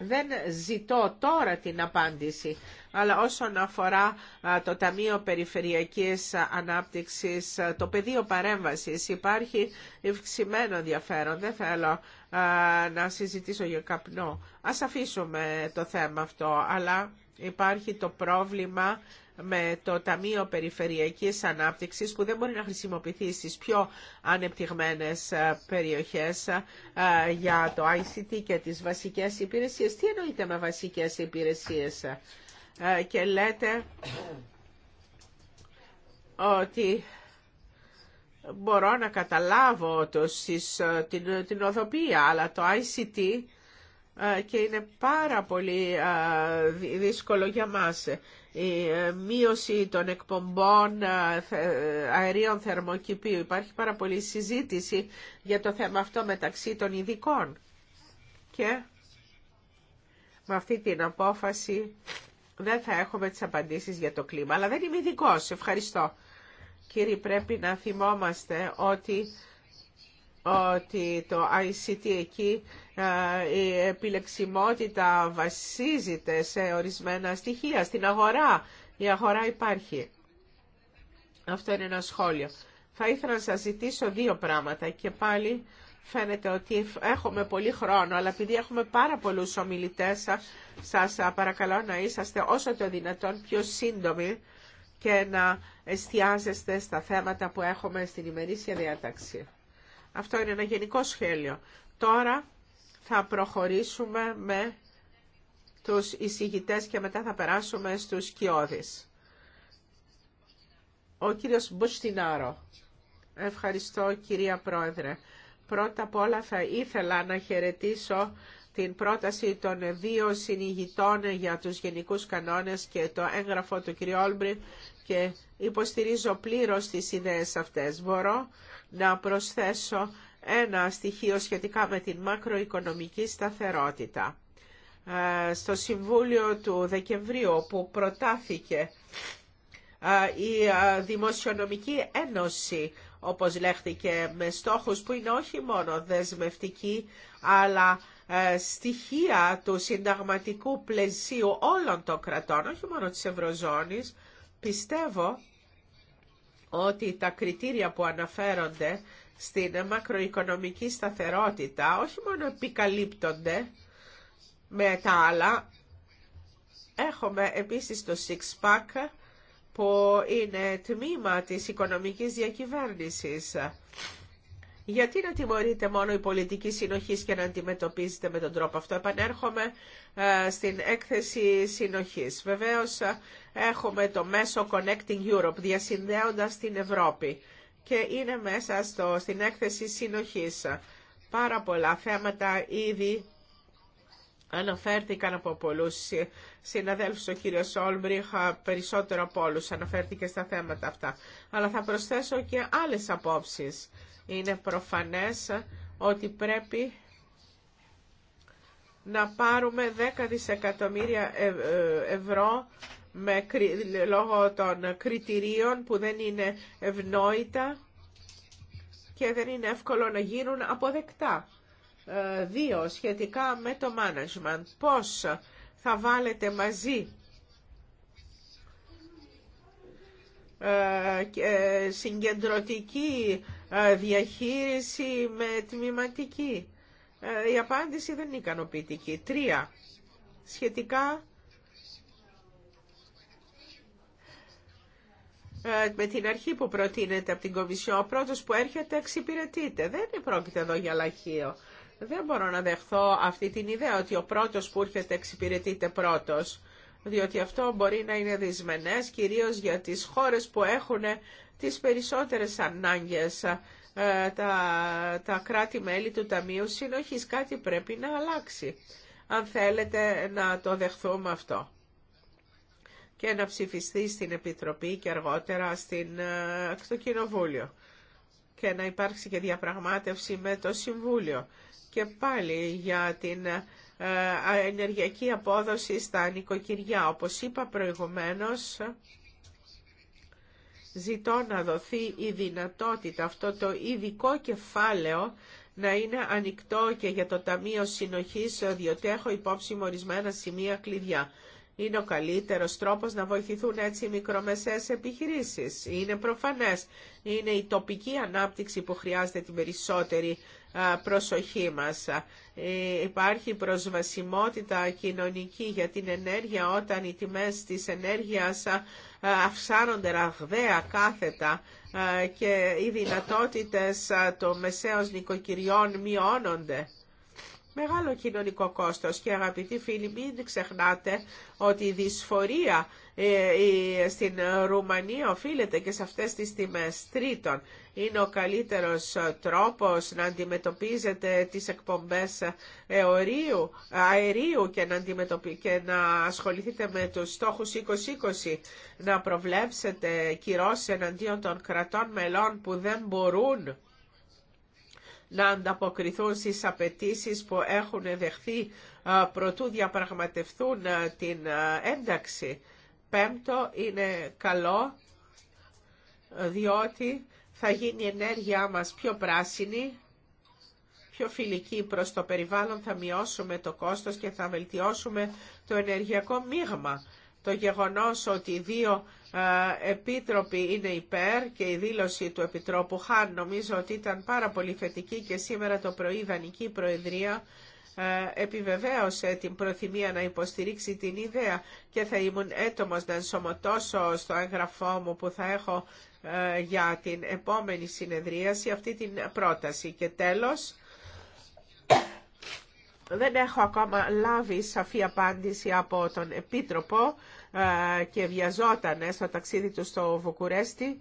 S2: Δεν ζητώ τώρα την απάντηση αλλά όσον αφορά το Ταμείο Περιφερειακής Ανάπτυξης, το πεδίο παρέμβασης υπάρχει ευξημένο ενδιαφέρον. Δεν θέλω να συζητήσω για καπνό. Ας αφήσουμε το θέμα αυτό, αλλά υπάρχει το πρόβλημα με το Ταμείο Περιφερειακής Ανάπτυξης που δεν μπορεί να χρησιμοποιηθεί στις πιο ανεπτυγμένες περιοχές για το ICT και τις βασικές υπηρεσίες. Τι εννοείται με βασικές υπηρεσίες. Ε, και λέτε ότι μπορώ να καταλάβω ε, την, την οδοπία, αλλά το ICT ε, και είναι πάρα πολύ δύσκολο για μας. Η μείωση των εκπομπών αερίων θερμοκηπίου. Υπάρχει πάρα πολύ συζήτηση για το θέμα αυτό μεταξύ των ειδικών. Και με αυτή την απόφαση δεν θα έχουμε τις απαντήσεις για το κλίμα. Αλλά δεν είμαι ειδικό. Ευχαριστώ. Κύριοι, πρέπει να θυμόμαστε ότι ότι το ICT εκεί η επιλεξιμότητα βασίζεται σε ορισμένα στοιχεία, στην αγορά. Η αγορά υπάρχει. Αυτό είναι ένα σχόλιο. Θα ήθελα να σας ζητήσω δύο πράγματα και πάλι Φαίνεται ότι έχουμε πολύ χρόνο, αλλά επειδή έχουμε πάρα πολλούς ομιλητές, σας παρακαλώ να είσαστε όσο το δυνατόν πιο σύντομοι και να εστιάζεστε στα θέματα που έχουμε στην ημερήσια διάταξη. Αυτό είναι ένα γενικό σχέδιο. Τώρα θα προχωρήσουμε με τους εισηγητές και μετά θα περάσουμε στους κοιόδης. Ο κύριος Μπουστινάρο. Ευχαριστώ κυρία Πρόεδρε. Πρώτα απ' όλα θα ήθελα να χαιρετήσω την πρόταση των δύο συνηγητών για τους γενικούς κανόνες και το έγγραφο του κ. Όλμπριν και υποστηρίζω πλήρως τις ιδέες αυτές. Μπορώ να προσθέσω ένα στοιχείο σχετικά με την μακροοικονομική σταθερότητα. Ε, στο Συμβούλιο του Δεκεμβρίου που προτάθηκε ε, η ε, Δημοσιονομική Ένωση όπως λέχθηκε, με στόχους που είναι όχι μόνο δεσμευτικοί, αλλά ε, στοιχεία του συνταγματικού πλαισίου όλων των κρατών, όχι μόνο της Ευρωζώνης, πιστεύω ότι τα κριτήρια που αναφέρονται στην μακροοικονομική σταθερότητα όχι μόνο επικαλύπτονται με τα άλλα, έχουμε επίσης το six-pack που είναι τμήμα της οικονομικής διακυβέρνησης. Γιατί να τιμωρείτε μόνο η πολιτική συνοχή και να αντιμετωπίζετε με τον τρόπο αυτό. Επανέρχομαι ε, στην έκθεση συνοχή. Βεβαίω ε, έχουμε το μέσο Connecting Europe, διασυνδέοντα την Ευρώπη. Και είναι μέσα στο, στην έκθεση συνοχή. Πάρα πολλά θέματα ήδη Αναφέρθηκαν από πολλούς συναδέλφους, ο κύριο Όλμπριχ περισσότερο από όλους αναφέρθηκε στα θέματα αυτά. Αλλά θα προσθέσω και άλλες απόψεις. Είναι προφανές ότι πρέπει να πάρουμε 10 δισεκατομμύρια ε, ε, ευρώ με, λόγω των κριτηρίων που δεν είναι ευνόητα και δεν είναι εύκολο να γίνουν αποδεκτά. Δύο, σχετικά με το management. Πώς θα βάλετε μαζί ε, ε, συγκεντρωτική ε, διαχείριση με τμήματική. Η απάντηση δεν είναι ικανοποιητική. Τρία. Σχετικά με την αρχή που προτείνεται από την Κομισιό, ο πρώτος που έρχεται εξυπηρετείται. Δεν πρόκειται εδώ για λαχείο δεν μπορώ να δεχθώ αυτή την ιδέα ότι ο πρώτος που έρχεται εξυπηρετείται πρώτος, διότι αυτό μπορεί να είναι δυσμενές κυρίως για τις χώρες που έχουν τις περισσότερες ανάγκες ε, τα, τα κράτη-μέλη του Ταμείου Συνοχής. Κάτι πρέπει να αλλάξει, αν θέλετε να το δεχθούμε αυτό και να ψηφιστεί στην Επιτροπή και αργότερα στην, ε, στο Κοινοβούλιο και να υπάρξει και διαπραγμάτευση με το Συμβούλιο και πάλι για την ε, ενεργειακή απόδοση στα νοικοκυριά. Όπως είπα προηγουμένως, ζητώ να δοθεί η δυνατότητα αυτό το ειδικό κεφάλαιο να είναι ανοιχτό και για το Ταμείο Συνοχής, διότι έχω υπόψη μου ορισμένα σημεία κλειδιά είναι ο καλύτερος τρόπος να βοηθηθούν έτσι οι μικρομεσαίες επιχειρήσεις. Είναι προφανές, είναι η τοπική ανάπτυξη που χρειάζεται την περισσότερη προσοχή μας. Ε, υπάρχει προσβασιμότητα κοινωνική για την ενέργεια όταν οι τιμές της ενέργειας αυξάνονται ραγδαία κάθετα και οι δυνατότητες των μεσαίων νοικοκυριών μειώνονται μεγάλο κοινωνικό κόστος. Και αγαπητοί φίλοι, μην ξεχνάτε ότι η δυσφορία ε, στην Ρουμανία οφείλεται και σε αυτές τις τιμές. Τρίτον, είναι ο καλύτερος τρόπος να αντιμετωπίζετε τις εκπομπές αερίου, αερίου και, να να ασχοληθείτε με τους στόχους 2020, να προβλέψετε κυρώσεις εναντίον των κρατών μελών που δεν μπορούν να ανταποκριθούν στις απαιτήσει που έχουν δεχθεί προτού διαπραγματευτούν την ένταξη. Πέμπτο, είναι καλό διότι θα γίνει η ενέργειά μας πιο πράσινη, πιο φιλική προς το περιβάλλον, θα μειώσουμε το κόστος και θα βελτιώσουμε το ενεργειακό μείγμα. Το γεγονός ότι δύο επίτροποι είναι υπέρ και η δήλωση του Επιτρόπου Χάν νομίζω ότι ήταν πάρα πολύ θετική και σήμερα το πρωί η Δανική Προεδρία επιβεβαίωσε την προθυμία να υποστηρίξει την ιδέα και θα ήμουν έτομος να ενσωματώσω στο έγγραφό μου που θα έχω για την επόμενη συνεδρίαση αυτή την πρόταση. Και τέλος, δεν έχω ακόμα λάβει σαφή απάντηση από τον Επίτροπο ε, και βιαζόταν στο ταξίδι του στο Βουκουρέστι.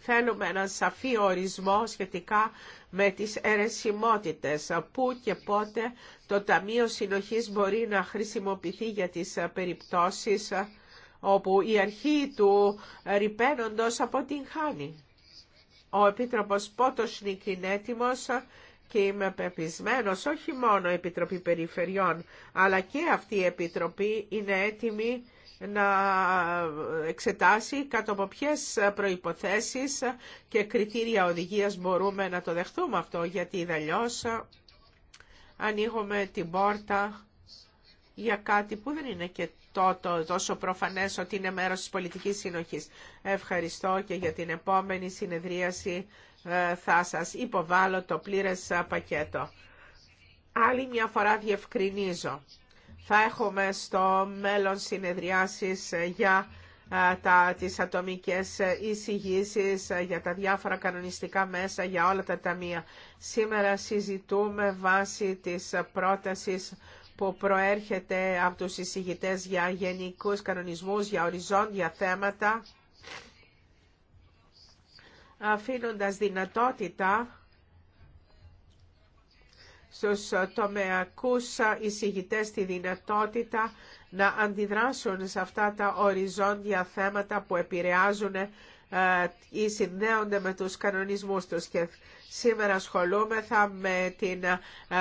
S2: Θέλουμε έναν σαφή ορισμό σχετικά με τις αιρεσιμότητες, πού και πότε το Ταμείο Συνοχής μπορεί να χρησιμοποιηθεί για τις περιπτώσεις όπου η αρχή του την αποτυγχάνει. Ο Επίτροπος Πότοσνικ είναι έτοιμος και είμαι πεπισμένος όχι μόνο η Επιτροπή Περιφερειών αλλά και αυτή η Επιτροπή είναι έτοιμη να εξετάσει κάτω από ποιες προϋποθέσεις και κριτήρια οδηγίας μπορούμε να το δεχτούμε αυτό γιατί αλλιώ ανοίγουμε την πόρτα για κάτι που δεν είναι και τόσο προφανές ότι είναι μέρος της πολιτικής συνοχής. Ευχαριστώ και για την επόμενη συνεδρίαση ε, θα σας υποβάλω το πλήρες ε, πακέτο. Άλλη μια φορά διευκρινίζω. Θα έχουμε στο μέλλον συνεδριάσεις ε, για τα, τις ατομικές εισηγήσει για τα διάφορα κανονιστικά μέσα για όλα τα ταμεία. Σήμερα συζητούμε βάσει της πρότασης που προέρχεται από τους εισηγητές για γενικούς κανονισμούς, για οριζόντια θέματα αφήνοντας δυνατότητα στους τομεακούς εισηγητές τη δυνατότητα να αντιδράσουν σε αυτά τα οριζόντια θέματα που επηρεάζουν ε, ή συνδέονται με τους κανονισμούς τους και σήμερα ασχολούμεθα με την ε,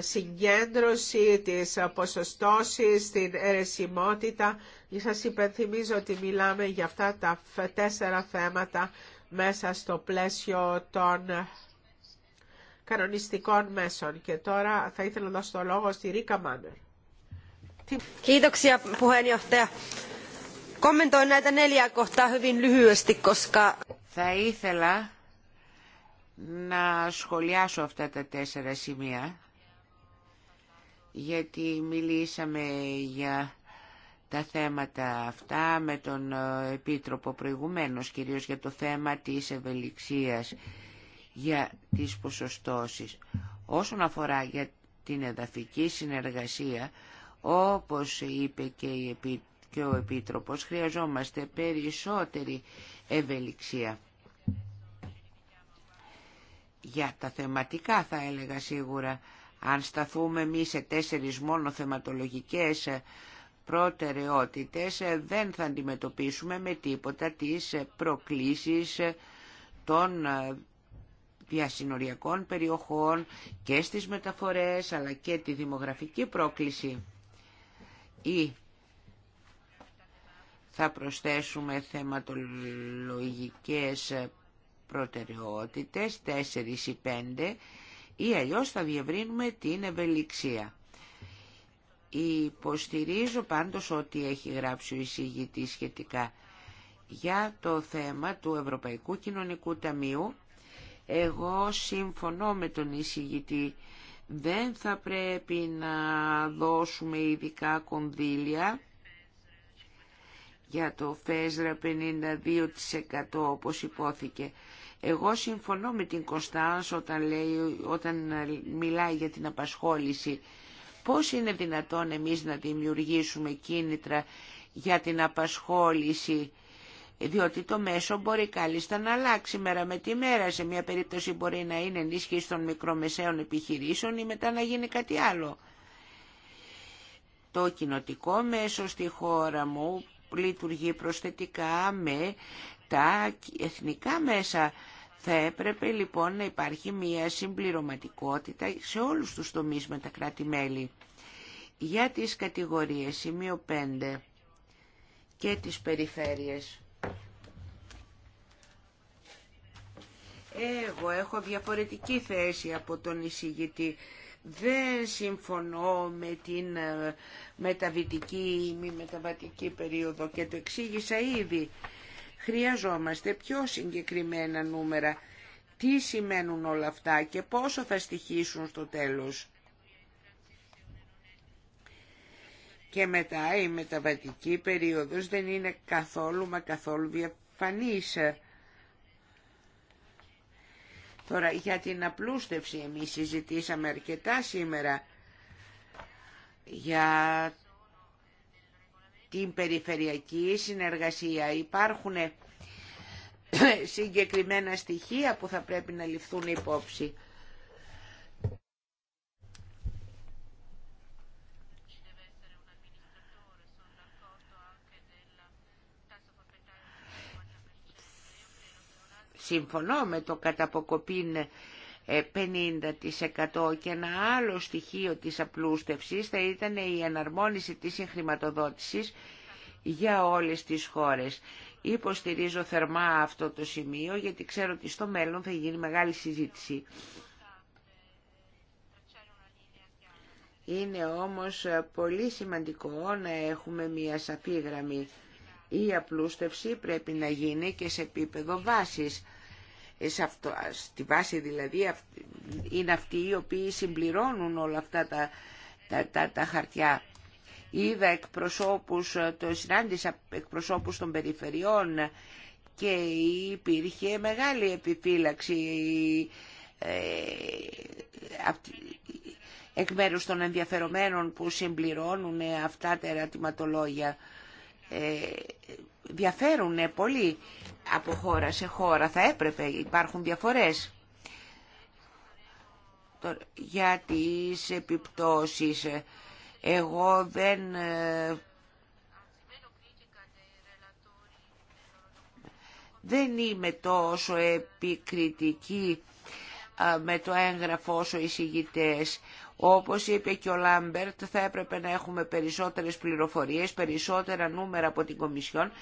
S2: συγκέντρωση της ποσοστώσης, την αιρεσιμότητα. Σας υπενθυμίζω ότι μιλάμε για αυτά τα τέσσερα θέματα μέσα στο πλαίσιο των κανονιστικών μέσων. Και τώρα θα ήθελα να δώσω το λόγο στη Ρίκα Μάνερ. Θα ήθελα
S1: να σχολιάσω αυτά τα τέσσερα σημεία, γιατί μιλήσαμε για τα θέματα αυτά με τον ε, Επίτροπο προηγουμένως, κυρίως για το θέμα της ευελιξίας για τις ποσοστώσεις. Όσον αφορά για την εδαφική συνεργασία, όπως είπε και ο Επίτροπος, χρειαζόμαστε περισσότερη ευελιξία. Για τα θεματικά θα έλεγα σίγουρα, αν σταθούμε εμεί σε τέσσερις μόνο θεματολογικές ε, προτεραιότητες ε, δεν θα αντιμετωπίσουμε με τίποτα τις ε, προκλήσεις ε, των διασυνοριακών περιοχών και στις μεταφορές αλλά και τη δημογραφική πρόκληση ή θα προσθέσουμε θεματολογικές προτεραιότητες 4 ή 5 ή αλλιώς θα διευρύνουμε την ευελιξία. Υποστηρίζω πάντως ό,τι έχει γράψει ο εισηγητής σχετικά για το θέμα του Ευρωπαϊκού Κοινωνικού Ταμείου. Εγώ συμφωνώ με τον εισηγητή. Δεν θα πρέπει να δώσουμε ειδικά κονδύλια για το ΦΕΣΡΑ 52% όπως υπόθηκε. Εγώ συμφωνώ με την Κωνστάνς όταν, λέει, όταν μιλάει για την απασχόληση Πώς είναι δυνατόν εμείς να δημιουργήσουμε κίνητρα για την απασχόληση διότι το μέσο μπορεί κάλλιστα να αλλάξει μέρα με τη μέρα. Σε μια περίπτωση μπορεί να είναι ενίσχυση των μικρομεσαίων επιχειρήσεων ή μετά να γίνει κάτι άλλο. Το κοινοτικό μέσο στη χώρα μου λειτουργεί προσθετικά με τα εθνικά μέσα θα έπρεπε λοιπόν να υπάρχει μια συμπληρωματικότητα σε όλους τους τομείς με τα κράτη-μέλη. Για τις κατηγορίες σημείο 5 και τις περιφέρειες. Εγώ έχω διαφορετική θέση από τον εισηγητή. Δεν συμφωνώ με την ε, μεταβητική ή μη μεταβατική περίοδο και το εξήγησα ήδη. Χρειαζόμαστε πιο συγκεκριμένα νούμερα. Τι σημαίνουν όλα αυτά και πόσο θα στοιχήσουν στο τέλος. Και μετά η μεταβατική περίοδος δεν είναι καθόλου μα καθόλου διαφανής. Τώρα για την απλούστευση εμείς συζητήσαμε αρκετά σήμερα για την περιφερειακή συνεργασία. Υπάρχουν συγκεκριμένα στοιχεία που θα πρέπει να ληφθούν υπόψη. Συμφωνώ με το καταποκοπήν 50% ε, και ένα άλλο στοιχείο της απλούστευσης θα ήταν η αναρμόνιση της συγχρηματοδότησης για όλες τις χώρες. Υποστηρίζω θερμά αυτό το σημείο γιατί ξέρω ότι στο μέλλον θα γίνει μεγάλη συζήτηση. Είναι όμως πολύ σημαντικό να έχουμε μία σαφή γραμμή. Η απλούστευση πρέπει να γίνει και σε επίπεδο βάσης στη βάση δηλαδή είναι αυτοί οι οποίοι συμπληρώνουν όλα αυτά τα, τα, χαρτιά. Είδα εκπροσώπους, το συνάντησα εκπροσώπους των περιφερειών και υπήρχε μεγάλη επιφύλαξη ε, εκ μέρους των ενδιαφερομένων που συμπληρώνουν αυτά τα ερωτηματολόγια. Ε, διαφέρουν πολύ από χώρα σε χώρα. Θα έπρεπε, υπάρχουν διαφορές για τις επιπτώσεις. Ε, εγώ δεν... Ε, δεν είμαι τόσο επικριτική με το έγγραφο όσο οι όπως είπε και ο Λάμπερτ, θα έπρεπε να έχουμε περισσότερες πληροφορίες, περισσότερα νούμερα από την Κομισιόν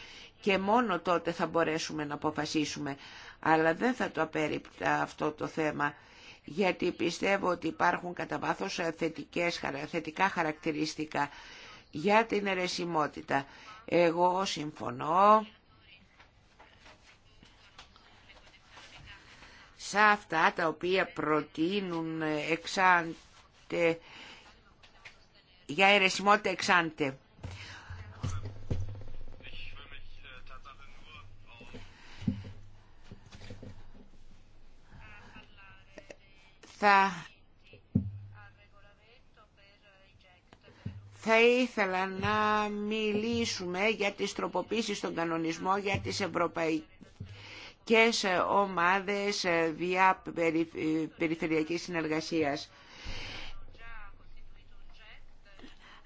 S1: και μόνο τότε θα μπορέσουμε να αποφασίσουμε. Αλλά δεν θα το απέριπτα αυτό το θέμα, γιατί πιστεύω ότι υπάρχουν κατά βάθο ε, θετικά χαρακτηριστικά για την αιρεσιμότητα. Εγώ συμφωνώ σε αυτά τα οποία προτείνουν εξάντια για αιρεσιμότητα εξάντε. Θα... θα ήθελα να μιλήσουμε για τις τροποποίησεις στον κανονισμό για τις ευρωπαϊκές ομάδες δια ε, ε, περιφερειακής συνεργασίας.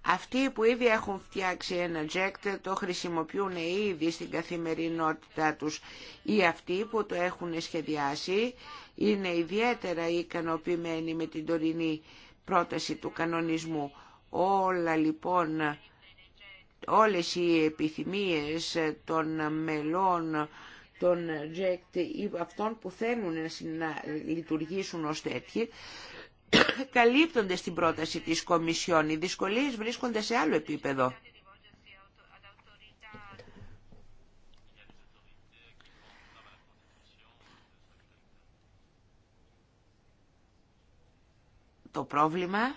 S1: Αυτοί που ήδη έχουν φτιάξει ένα τζέκτ το χρησιμοποιούν ήδη στην καθημερινότητά τους ή αυτοί που το έχουν σχεδιάσει είναι ιδιαίτερα ικανοποιημένοι με την τωρινή πρόταση του κανονισμού. Όλα λοιπόν, όλες οι επιθυμίες των μελών των τζέκτ ή αυτών που θέλουν να λειτουργήσουν ως τέτοιοι καλύπτονται στην πρόταση της Κομισιόν. Οι δυσκολίες βρίσκονται σε άλλο επίπεδο. Το πρόβλημα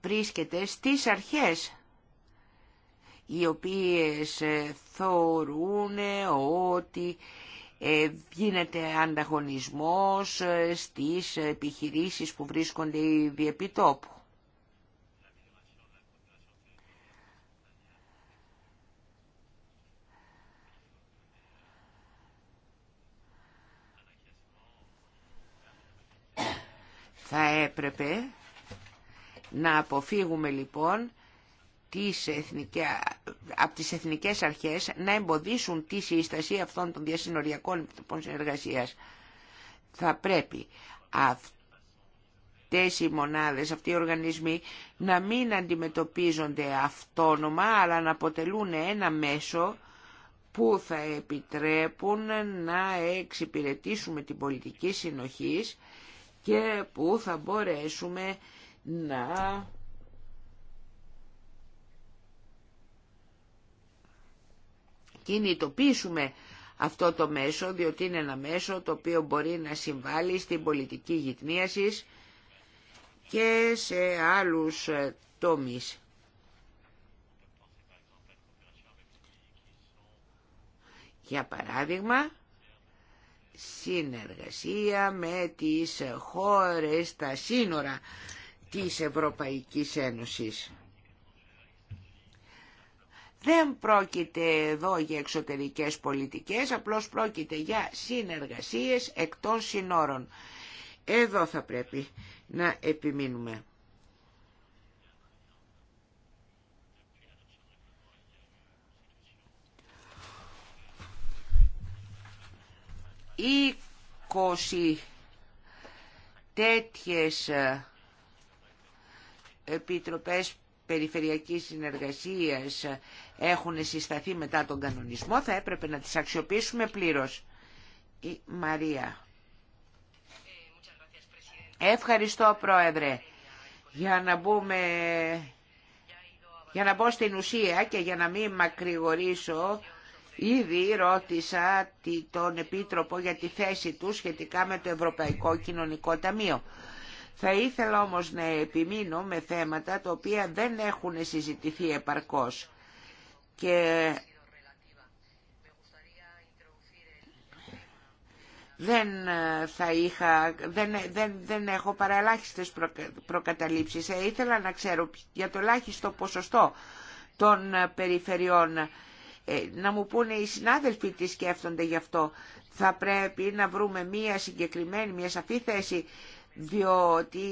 S1: βρίσκεται στις αρχές οι οποίες ε, θεωρούν ε, ότι ε, γίνεται ανταγωνισμός στις επιχειρήσεις που βρίσκονται ήδη επί Θα έπρεπε να αποφύγουμε λοιπόν τις εθνικές, από τις εθνικές αρχές να εμποδίσουν τη σύσταση αυτών των διασυνοριακών επιτροπών συνεργασίας. Θα πρέπει αυτές οι μονάδες, αυτοί οι οργανισμοί να μην αντιμετωπίζονται αυτόνομα αλλά να αποτελούν ένα μέσο που θα επιτρέπουν να εξυπηρετήσουμε την πολιτική συνοχής και που θα μπορέσουμε να κινητοποιήσουμε αυτό το μέσο, διότι είναι ένα μέσο το οποίο μπορεί να συμβάλλει στην πολιτική γυτνίασης και σε άλλους ε, τομείς. Για παράδειγμα, συνεργασία με τις χώρες τα σύνορα της Ευρωπαϊκής Ένωσης. Δεν πρόκειται εδώ για εξωτερικές πολιτικές, απλώς πρόκειται για συνεργασίες εκτός συνόρων. Εδώ θα πρέπει να επιμείνουμε. 20 τέτοιες ε, επιτροπές περιφερειακής συνεργασίας έχουν συσταθεί μετά τον κανονισμό θα έπρεπε να τις αξιοποιήσουμε πλήρως. Η Μαρία. Ευχαριστώ Πρόεδρε. Για να μπούμε... Για να μπω στην ουσία και για να μην μακρηγορήσω, ήδη ρώτησα τον Επίτροπο για τη θέση του σχετικά με το Ευρωπαϊκό Κοινωνικό Ταμείο. Θα ήθελα όμως να επιμείνω με θέματα τα οποία δεν έχουν συζητηθεί επαρκώς και δεν ε, θα δεν, έχω παρά ελάχιστες προκαταλήψεις. Ε, ήθελα να ξέρω για το ελάχιστο ποσοστό των ε, περιφερειών. να μου πούνε οι συνάδελφοι τι σκέφτονται γι' αυτό. Θα πρέπει να βρούμε μία συγκεκριμένη, μία σαφή θέση διότι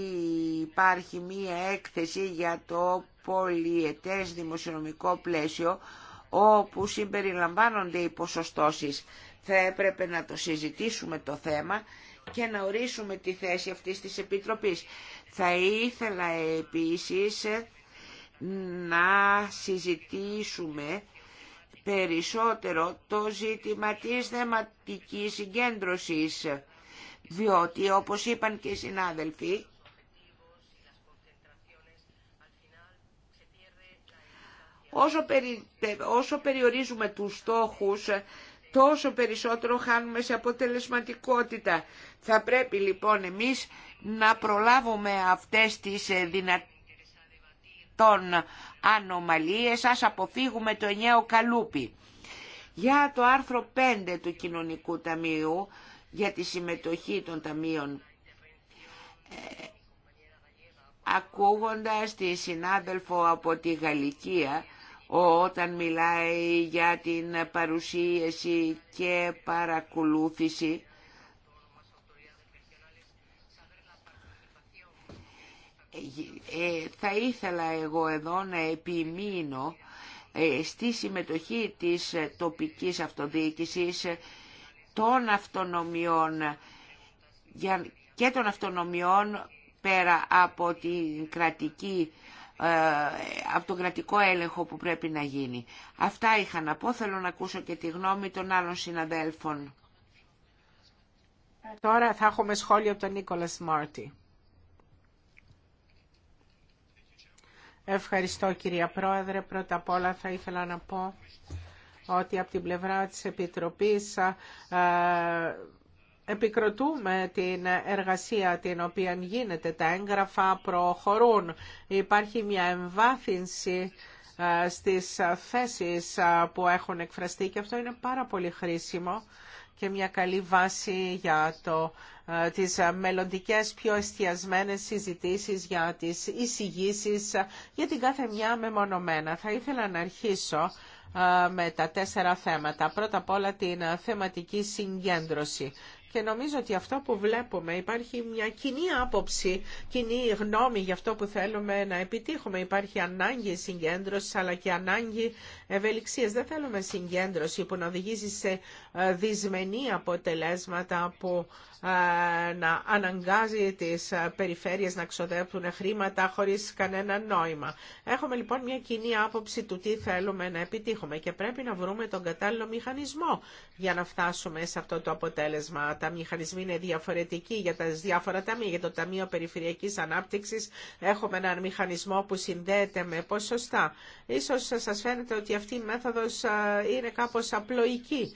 S1: υπάρχει μία έκθεση για το πολιετές δημοσιονομικό πλαίσιο όπου συμπεριλαμβάνονται οι ποσοστώσεις. Θα έπρεπε να το συζητήσουμε το θέμα και να ορίσουμε τη θέση αυτής της Επιτροπής. Θα ήθελα επίσης να συζητήσουμε περισσότερο το ζήτημα της θεματικής συγκέντρωσης διότι όπως είπαν και οι συνάδελφοι, όσο, όσο περιορίζουμε τους στόχους, τόσο περισσότερο χάνουμε σε αποτελεσματικότητα. Θα πρέπει λοιπόν εμείς να προλάβουμε αυτές τις ε, δυνατών ανομαλίες, ας αποφύγουμε το νέο καλούπι. Για το άρθρο 5 του Κοινωνικού Ταμείου, για τη συμμετοχή των ταμείων. Ε, ακούγοντας τη συνάδελφο από τη Γαλλικία, όταν μιλάει για την παρουσίαση και παρακολούθηση, ε, θα ήθελα εγώ εδώ να επιμείνω ε, στη συμμετοχή της τοπικής αυτοδιοίκησης των αυτονομιών και των αυτονομιών πέρα από, την κρατική, ε, από τον κρατικό έλεγχο που πρέπει να γίνει. Αυτά είχα να πω. Θέλω να ακούσω και τη γνώμη των άλλων συναδέλφων.
S2: Τώρα θα έχουμε σχόλιο από τον Νίκολα Μάρτι. Ευχαριστώ κυρία Πρόεδρε. Πρώτα απ' όλα θα ήθελα να πω ότι από την πλευρά της Επιτροπής ε, επικροτούμε την εργασία την οποία γίνεται. Τα έγγραφα προχωρούν. Υπάρχει μια εμβάθυνση στις θέσεις που έχουν εκφραστεί και αυτό είναι πάρα πολύ χρήσιμο και μια καλή βάση για το, τις μελλοντικές πιο εστιασμένες συζητήσεις για τις εισηγήσει για την κάθε μια μεμονωμένα. Θα ήθελα να αρχίσω με τα τέσσερα θέματα. Πρώτα απ' όλα την θεματική συγκέντρωση και νομίζω ότι αυτό που βλέπουμε υπάρχει μια κοινή άποψη, κοινή γνώμη για αυτό που θέλουμε να επιτύχουμε. Υπάρχει ανάγκη συγκέντρωση, αλλά και ανάγκη ευελιξία. Δεν θέλουμε συγκέντρωση που να οδηγήσει σε ε, δυσμενή αποτελέσματα που ε, να αναγκάζει τι ε, περιφέρειες να ξοδεύουν χρήματα χωρί κανένα νόημα. Έχουμε λοιπόν μια κοινή άποψη του τι θέλουμε να επιτύχουμε και πρέπει να βρούμε τον κατάλληλο μηχανισμό για να φτάσουμε σε αυτό το αποτέλεσμα τα μηχανισμοί είναι διαφορετικοί για τα διάφορα ταμεία. Για το Ταμείο περιφερειακή ανάπτυξη. έχουμε έναν μηχανισμό που συνδέεται με ποσοστά. Ίσως σας φαίνεται ότι αυτή η μέθοδος είναι κάπως απλοϊκή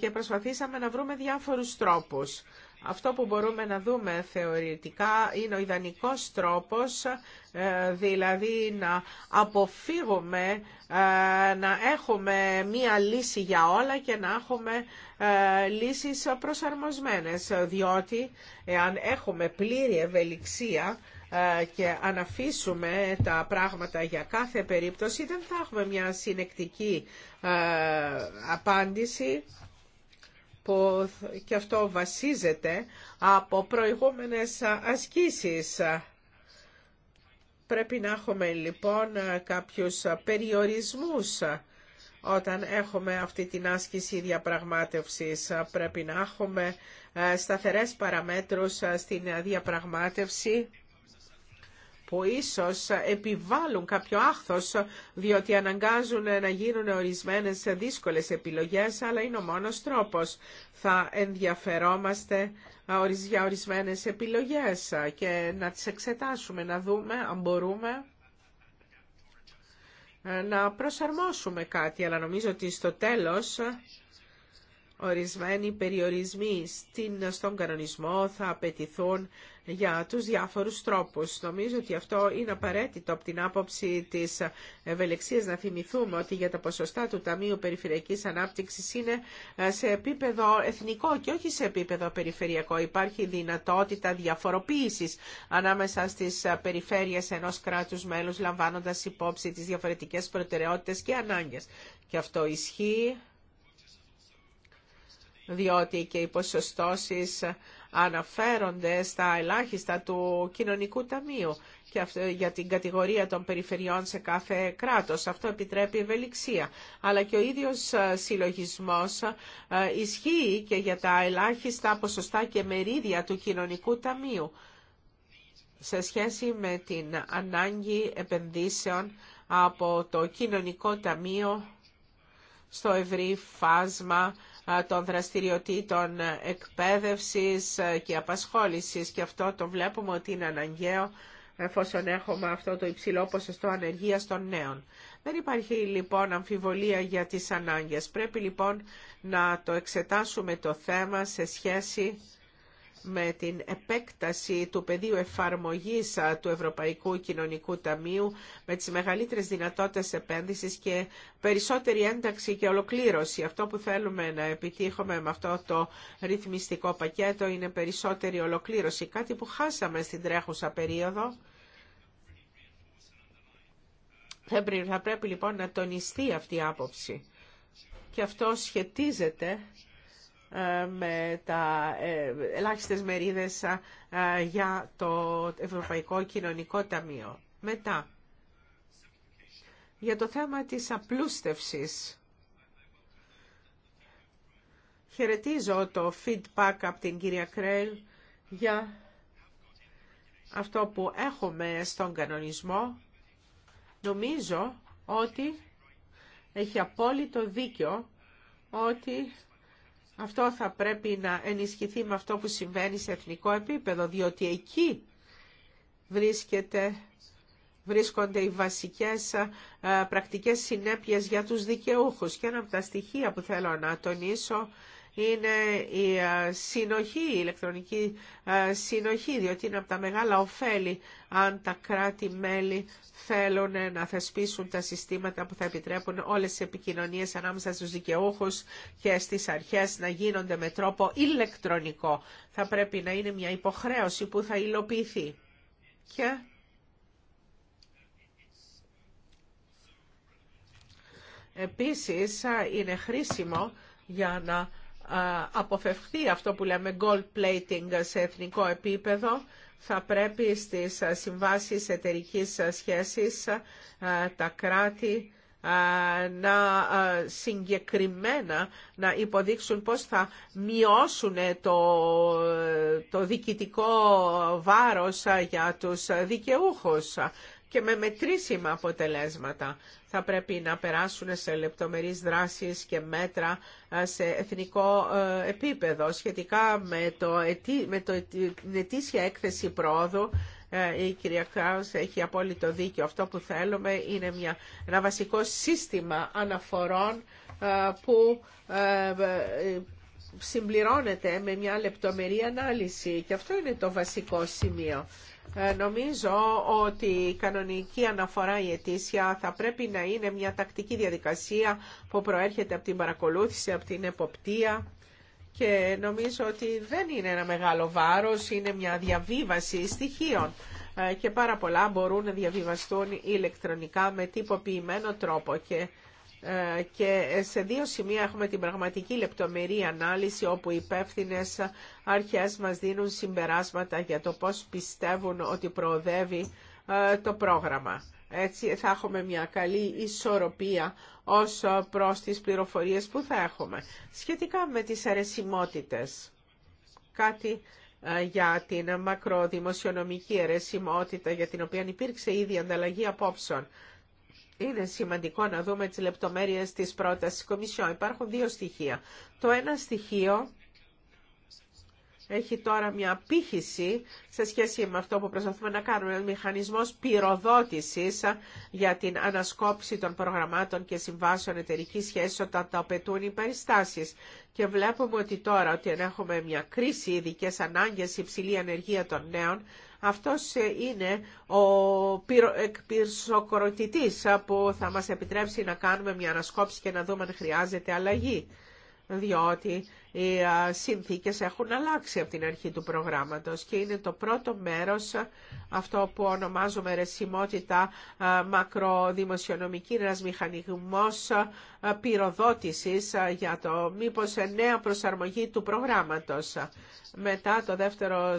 S2: και προσπαθήσαμε να βρούμε διάφορου τρόπους. Αυτό που μπορούμε να δούμε θεωρητικά είναι ο ιδανικός τρόπος, ε, δηλαδή να αποφύγουμε ε, να έχουμε μία λύση για όλα και να έχουμε ε, λύσεις προσαρμοσμένες, διότι αν έχουμε πλήρη ευελιξία και αν τα πράγματα για κάθε περίπτωση δεν θα έχουμε μια συνεκτική απάντηση που και αυτό βασίζεται από προηγούμενες ασκήσεις. Πρέπει να έχουμε λοιπόν κάποιους περιορισμούς όταν έχουμε αυτή την άσκηση διαπραγμάτευσης. Πρέπει να έχουμε ε, σταθερές παραμέτρους ε, στην διαπραγμάτευση που ίσως επιβάλλουν κάποιο άχθος, διότι αναγκάζουν να γίνουν ορισμένες δύσκολες επιλογές, αλλά είναι ο μόνος τρόπος. Θα ενδιαφερόμαστε για ορισμένες επιλογές και να τις εξετάσουμε, να δούμε αν μπορούμε ε, να προσαρμόσουμε κάτι, αλλά νομίζω ότι στο τέλος ορισμένοι περιορισμοί στην, στον κανονισμό θα απαιτηθούν για τους διάφορους τρόπους. Νομίζω ότι αυτό είναι απαραίτητο από την άποψη της ευελεξίας να θυμηθούμε ότι για τα ποσοστά του Ταμείου Περιφερειακής Ανάπτυξης είναι ε, σε επίπεδο εθνικό και όχι σε επίπεδο περιφερειακό. Υπάρχει δυνατότητα διαφοροποίησης ανάμεσα στις περιφέρειες ενός κράτους μέλους λαμβάνοντας υπόψη τις διαφορετικές προτεραιότητες και ανάγκες. Και αυτό ισχύει διότι και οι ποσοστώσεις αναφέρονται στα ελάχιστα του κοινωνικού ταμείου και για την κατηγορία των περιφερειών σε κάθε κράτος. Αυτό επιτρέπει ευελιξία. Αλλά και ο ίδιος ε, συλλογισμός ε, ισχύει και για τα ελάχιστα ποσοστά και μερίδια του κοινωνικού ταμείου σε σχέση με την ανάγκη επενδύσεων από το κοινωνικό ταμείο στο ευρύ φάσμα των δραστηριοτήτων εκπαίδευσης και απασχόλησης και αυτό το βλέπουμε ότι είναι αναγκαίο εφόσον έχουμε αυτό το υψηλό ποσοστό ανεργίας των νέων. Δεν υπάρχει λοιπόν αμφιβολία για τις ανάγκες. Πρέπει λοιπόν να το εξετάσουμε το θέμα σε σχέση με την επέκταση του πεδίου εφαρμογής του Ευρωπαϊκού Κοινωνικού Ταμείου με τις μεγαλύτερες δυνατότητες επένδυσης και περισσότερη ένταξη και ολοκλήρωση. Αυτό που θέλουμε να επιτύχουμε με αυτό το ρυθμιστικό πακέτο είναι περισσότερη ολοκλήρωση, κάτι που χάσαμε στην τρέχουσα περίοδο. Θα πρέπει λοιπόν να τονιστεί αυτή η άποψη. Και αυτό σχετίζεται με τα ε, ελάχιστες μερίδες για το Ευρωπαϊκό Κοινωνικό Ταμείο. Μετά, για το θέμα της απλούστευσης. Χαιρετίζω το feedback από την κυρία Κρέλ για αυτό που έχουμε στον κανονισμό. Νομίζω ότι έχει απόλυτο δίκιο ότι αυτό θα πρέπει να ενισχυθεί με αυτό που συμβαίνει σε εθνικό επίπεδο, διότι εκεί βρίσκονται οι βασικές πρακτικές συνέπειες για τους δικαιούχους. Και ένα από τα στοιχεία που θέλω να τονίσω είναι η συνοχή, η ηλεκτρονική συνοχή, διότι είναι από τα μεγάλα ωφέλη αν τα κράτη-μέλη θέλουν να θεσπίσουν τα συστήματα που θα επιτρέπουν όλες τις επικοινωνίες ανάμεσα στους δικαιούχους και στις αρχές να γίνονται με τρόπο ηλεκτρονικό. Θα πρέπει να είναι μια υποχρέωση που θα υλοποιηθεί. Και Επίσης είναι χρήσιμο για να αποφευχθεί αυτό που λέμε gold plating σε εθνικό επίπεδο, θα πρέπει στις συμβάσεις εταιρικής σχέσης τα κράτη να συγκεκριμένα να υποδείξουν πώς θα μειώσουν το, το διοικητικό βάρος για τους δικαιούχους και με μετρήσιμα αποτελέσματα. Θα πρέπει να περάσουν σε λεπτομερείς δράσεις και μέτρα ε, σε εθνικό ε, επίπεδο. Σχετικά με, το, με την ετήσια έκθεση πρόοδου, ε, η κυρία Κράους έχει απόλυτο δίκιο. Αυτό που θέλουμε είναι μια, ένα βασικό σύστημα αναφορών που συμπληρώνεται με μια λεπτομερή ανάλυση και αυτό είναι το βασικό σημείο. Ε, νομίζω ότι η κανονική αναφορά η αιτήσια θα πρέπει να είναι μια τακτική διαδικασία που προέρχεται από την παρακολούθηση, από την εποπτεία και νομίζω ότι δεν είναι ένα μεγάλο βάρος, είναι μια διαβίβαση στοιχείων ε, και πάρα πολλά μπορούν να διαβιβαστούν ηλεκτρονικά με τυποποιημένο τρόπο και ε, και σε δύο σημεία έχουμε την πραγματική λεπτομερή ανάλυση όπου οι υπεύθυνε αρχές μας δίνουν συμπεράσματα για το πώς πιστεύουν ότι προοδεύει ε, το πρόγραμμα. Έτσι θα έχουμε μια καλή ισορροπία ως προς τις πληροφορίες που θα έχουμε. Σχετικά με τις αρεσιμότητες, κάτι ε, για την μακροδημοσιονομική αρεσιμότητα για την οποία υπήρξε ήδη ανταλλαγή απόψεων είναι σημαντικό να δούμε τις λεπτομέρειες της πρότασης Κομισιόν. Υπάρχουν δύο στοιχεία. Το ένα στοιχείο έχει τώρα μια πύχηση σε σχέση με αυτό που προσπαθούμε να κάνουμε, ένα μηχανισμός πυροδότησης για την ανασκόπηση των προγραμμάτων και συμβάσεων εταιρική σχέση όταν τα απαιτούν οι περιστάσεις. Και βλέπουμε ότι τώρα ότι έχουμε μια κρίση, ειδικέ ανάγκες, υψηλή ανεργία των νέων, αυτός ε, είναι ο εκπυρσοκροτητής που θα μας επιτρέψει να κάνουμε μια ανασκόπηση και να δούμε αν χρειάζεται αλλαγή διότι οι ε, συνθήκες έχουν αλλάξει από την αρχή του προγράμματος και είναι το πρώτο μέρος ε, αυτό που ονομάζουμε ρεσιμότητα μακροδημοσιονομική, ένας μηχανισμός πυροδότησης για το μήπως ε, νέα προσαρμογή του προγράμματος. Μετά το δεύτερο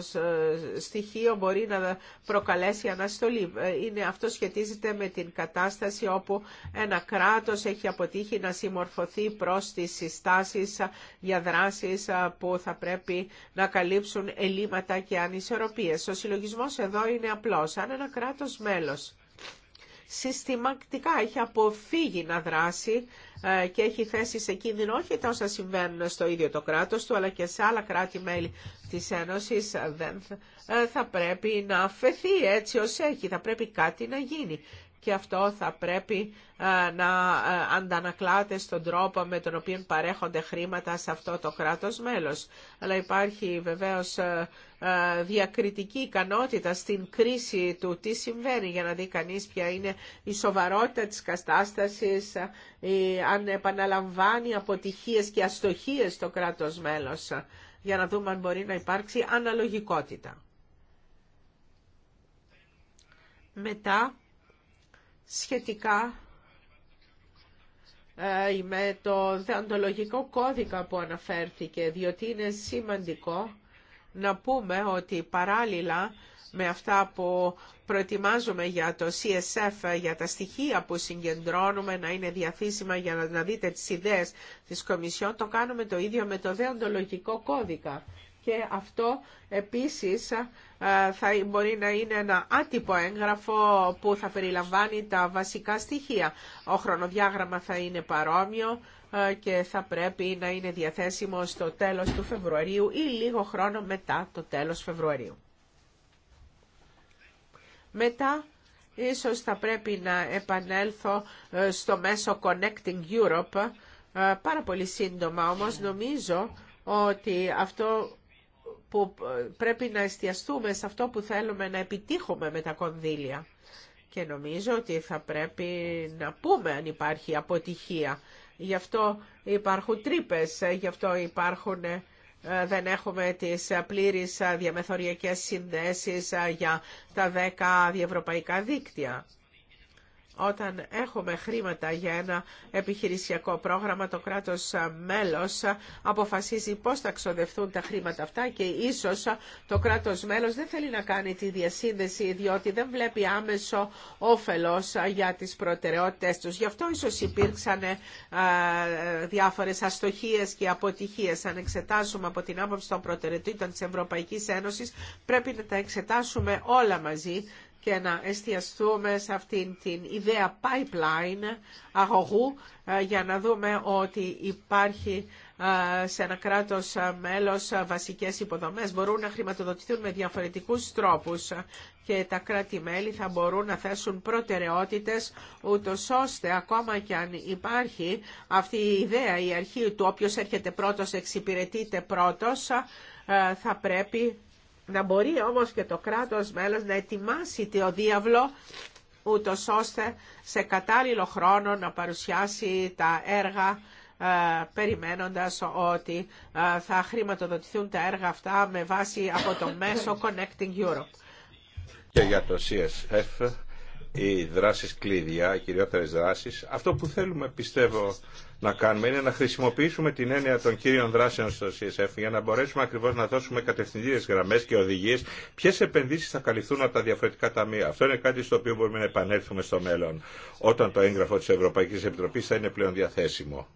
S2: ε, στοιχείο μπορεί να προκαλέσει αναστολή. Ε, είναι, αυτό σχετίζεται με την κατάσταση όπου ένα κράτος έχει αποτύχει να συμμορφωθεί προς τις συστάσεις για δράσεις που θα πρέπει να καλύψουν ελλείμματα και ανισορροπίες. Ο συλλογισμός εδώ είναι απλός. Αν ένα κράτος μέλος συστηματικά έχει αποφύγει να δράσει ε, και έχει θέσει σε κίνδυνο όχι τα όσα συμβαίνουν στο ίδιο το κράτος του, αλλά και σε άλλα κράτη-μέλη της Ένωσης δεν θα ε, πρέπει να αφαιθεί έτσι ως έχει. Θα πρέπει κάτι να γίνει και αυτό θα πρέπει να αντανακλάται στον τρόπο με τον οποίο παρέχονται χρήματα σε αυτό το κράτος μέλος. Αλλά υπάρχει βεβαίως διακριτική ικανότητα στην κρίση του τι συμβαίνει για να δει κανείς ποια είναι η σοβαρότητα της κατάστασης, αν επαναλαμβάνει αποτυχίες και αστοχίες στο κράτος μέλος, για να δούμε αν μπορεί να υπάρξει αναλογικότητα. Μετά σχετικά ε, με το δεοντολογικό κώδικα που αναφέρθηκε, διότι είναι σημαντικό να πούμε ότι παράλληλα με αυτά που προετοιμάζουμε για το CSF, για τα στοιχεία που συγκεντρώνουμε να είναι διαθήσιμα για να δείτε τις ιδέες της Κομισιόν, το κάνουμε το ίδιο με το δεοντολογικό κώδικα και αυτό επίσης θα μπορεί να είναι ένα άτυπο έγγραφο που θα περιλαμβάνει τα βασικά στοιχεία. Ο χρονοδιάγραμμα θα είναι παρόμοιο και θα πρέπει να είναι διαθέσιμο στο τέλος του Φεβρουαρίου ή λίγο χρόνο μετά το τέλος Φεβρουαρίου. Μετά ίσως θα πρέπει να επανέλθω ε, στο μέσο Connecting Europe, ε, πάρα πολύ σύντομα όμως νομίζω ότι αυτό που ε, πρέπει να εστιαστούμε σε αυτό που θέλουμε να επιτύχουμε με τα κονδύλια. Και νομίζω ότι θα πρέπει να πούμε αν υπάρχει αποτυχία. Γι' αυτό υπάρχουν τρύπε, ε, γι' αυτό υπάρχουν, ε, δεν έχουμε τις πλήρεις διαμεθοριακές συνδέσεις για τα δέκα διευρωπαϊκά δίκτυα όταν έχουμε χρήματα για ένα επιχειρησιακό πρόγραμμα, το κράτος μέλος αποφασίζει πώς θα ξοδευτούν τα χρήματα αυτά και ίσως το κράτος μέλος δεν θέλει να κάνει τη διασύνδεση διότι δεν βλέπει άμεσο όφελος για τις προτεραιότητες τους. Γι' αυτό ίσως υπήρξαν ε, διάφορες αστοχίες και αποτυχίες. Αν εξετάσουμε από την άποψη των προτεραιοτήτων της Ευρωπαϊκής Ένωσης πρέπει να τα εξετάσουμε όλα μαζί και να εστιαστούμε σε αυτήν την ιδέα pipeline αγωγού ε, για να δούμε ότι υπάρχει ε, σε ένα κράτος ε, μέλος βασικές υποδομές μπορούν να χρηματοδοτηθούν με διαφορετικούς τρόπους και τα κράτη-μέλη θα μπορούν να θέσουν προτεραιότητες ούτως ώστε ακόμα και αν υπάρχει αυτή η ιδέα, η αρχή του όποιος έρχεται πρώτος εξυπηρετείται πρώτος θα πρέπει να μπορεί όμως και το κράτος μέλος να ετοιμάσει το διάβλο ούτω ώστε σε κατάλληλο χρόνο να παρουσιάσει τα έργα ε, περιμένοντας ότι ε, θα χρηματοδοτηθούν τα έργα αυτά με βάση από το μέσο Connecting Europe
S3: οι δράσεις κλειδιά, οι κυριότερες δράσεις. Αυτό που θέλουμε πιστεύω να κάνουμε είναι να χρησιμοποιήσουμε την έννοια των κύριων δράσεων στο CSF για να μπορέσουμε ακριβώς να δώσουμε κατευθυντήριες γραμμές και οδηγίες ποιες επενδύσεις θα καλυφθούν από τα διαφορετικά ταμεία. Αυτό είναι κάτι στο οποίο μπορούμε να επανέλθουμε στο μέλλον όταν το έγγραφο της Ευρωπαϊκής Επιτροπής θα είναι πλέον διαθέσιμο.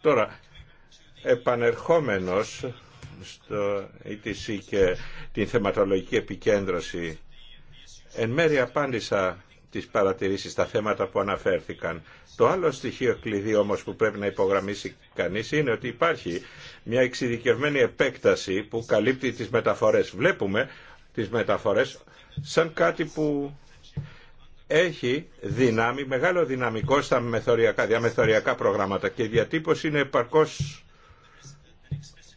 S3: Τώρα, επανερχόμενος στο ETC και την θεματολογική επικέντρωση. Εν μέρη απάντησα τις παρατηρήσεις στα θέματα που αναφέρθηκαν. Το άλλο στοιχείο κλειδί όμως που πρέπει να υπογραμμίσει κανείς είναι ότι υπάρχει μια εξειδικευμένη επέκταση που καλύπτει τις μεταφορές. Βλέπουμε τις μεταφορές σαν κάτι που έχει δυνάμει, μεγάλο δυναμικό στα διαμεθοριακά προγράμματα και η διατύπωση είναι επαρκώς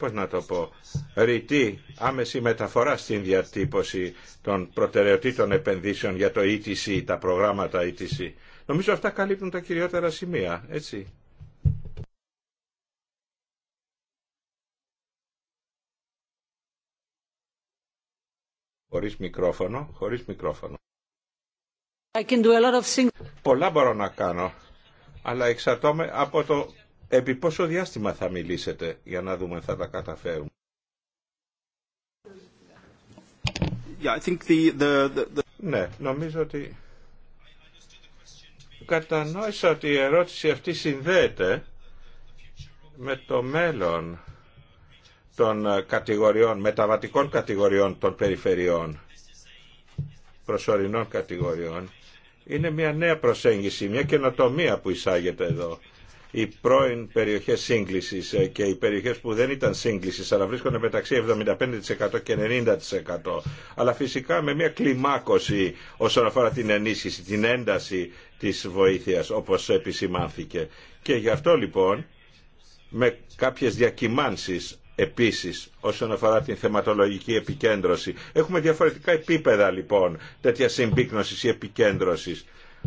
S3: πώς να το πω, ρητή άμεση μεταφορά στην διατύπωση των προτεραιοτήτων επενδύσεων για το ETC, τα προγράμματα ETC. Νομίζω αυτά καλύπτουν τα κυριότερα σημεία, έτσι. Χωρίς μικρόφωνο, χωρίς μικρόφωνο. Πολλά μπορώ να κάνω, αλλά εξαρτώμαι από το Επί πόσο διάστημα θα μιλήσετε για να δούμε αν θα τα καταφέρουμε. I think the, Ναι, νομίζω ότι κατανόησα ότι η ερώτηση αυτή συνδέεται με το μέλλον των ε, κατηγοριών, μεταβατικών κατηγοριών των περιφερειών, προσωρινών κατηγοριών. Είναι μια νέα προσέγγιση, μια καινοτομία που εισάγεται εδώ οι πρώην περιοχές σύγκλησης ε, και οι περιοχές που δεν ήταν σύγκλησης αλλά βρίσκονται μεταξύ 75% και 90% αλλά φυσικά με μια κλιμάκωση όσον αφορά την ενίσχυση, την ένταση της βοήθειας όπως επισημάνθηκε. Και γι' αυτό λοιπόν με κάποιες διακυμάνσεις επίσης όσον αφορά την θεματολογική επικέντρωση. Έχουμε διαφορετικά επίπεδα λοιπόν τέτοια συμπίκνωσης ή επικέντρωσης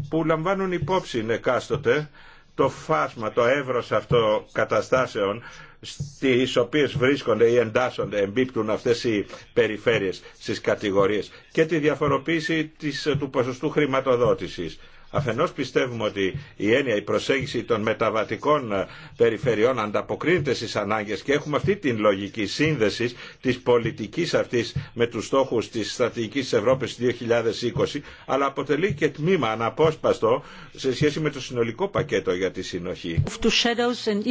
S3: που λαμβάνουν υπόψη εκάστοτε το φάσμα, το εύρος αυτό καταστάσεων στις οποίες βρίσκονται ή εντάσσονται, εμπίπτουν αυτές οι περιφέρειες στις κατηγορίες και τη διαφοροποίηση της, του ποσοστού χρηματοδότησης. Αφενός πιστεύουμε ότι η έννοια, η προσέγγιση των μεταβατικών ε, περιφερειών ανταποκρίνεται στις ανάγκες και έχουμε αυτή την λογική σύνδεση της πολιτικής αυτής με τους στόχους της στρατηγικής Ευρώπης 2020, αλλά αποτελεί και τμήμα αναπόσπαστο σε σχέση με το συνολικό πακέτο για τη συνοχή.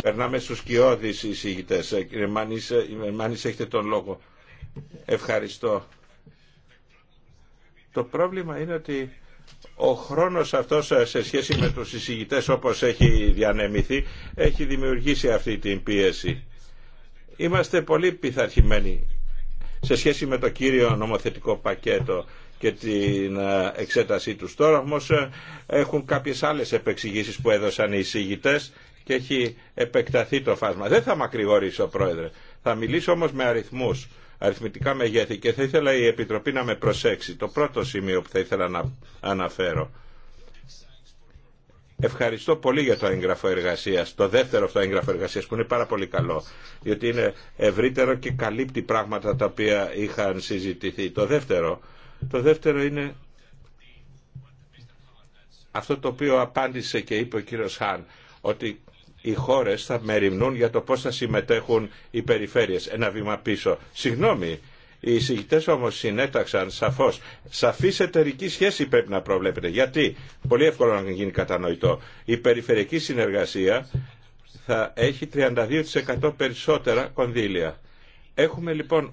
S3: Περνάμε στους κοιόδης εισηγητές. Ε, κύριε Μάνης, ε, Μάνης, έχετε τον λόγο. Ευχαριστώ. Το πρόβλημα είναι ότι ο χρόνος αυτός ε, σε σχέση με τους εισηγητές όπως έχει διανεμηθεί έχει δημιουργήσει αυτή την πίεση. Είμαστε πολύ πειθαρχημένοι σε σχέση με το κύριο νομοθετικό πακέτο και την ε, εξέτασή του. Τώρα όμως ε, έχουν κάποιες άλλες επεξηγήσεις που έδωσαν οι εισηγητές και έχει επεκταθεί το φάσμα. Δεν θα μακρηγορήσω πρόεδρε. Θα μιλήσω όμως με αριθμούς αριθμητικά μεγέθη και θα ήθελα η Επιτροπή να με προσέξει. Το πρώτο σημείο που θα ήθελα να αναφέρω. Ευχαριστώ πολύ για το έγγραφο εργασία, το δεύτερο αυτό έγγραφο εργασία που είναι πάρα πολύ καλό, διότι είναι ευρύτερο και καλύπτει πράγματα τα οποία είχαν συζητηθεί. Το δεύτερο, το δεύτερο είναι αυτό το οποίο απάντησε και είπε ο κύριος Χάν, ότι οι χώρες θα μεριμνούν για το πώς θα συμμετέχουν οι περιφέρειες. Ένα βήμα πίσω. Συγγνώμη, οι εισηγητέ όμω συνέταξαν σαφώ. Σαφή εταιρική σχέση πρέπει να προβλέπετε. Γιατί, πολύ εύκολο να γίνει κατανοητό, η περιφερειακή συνεργασία θα έχει 32% περισσότερα κονδύλια. Έχουμε λοιπόν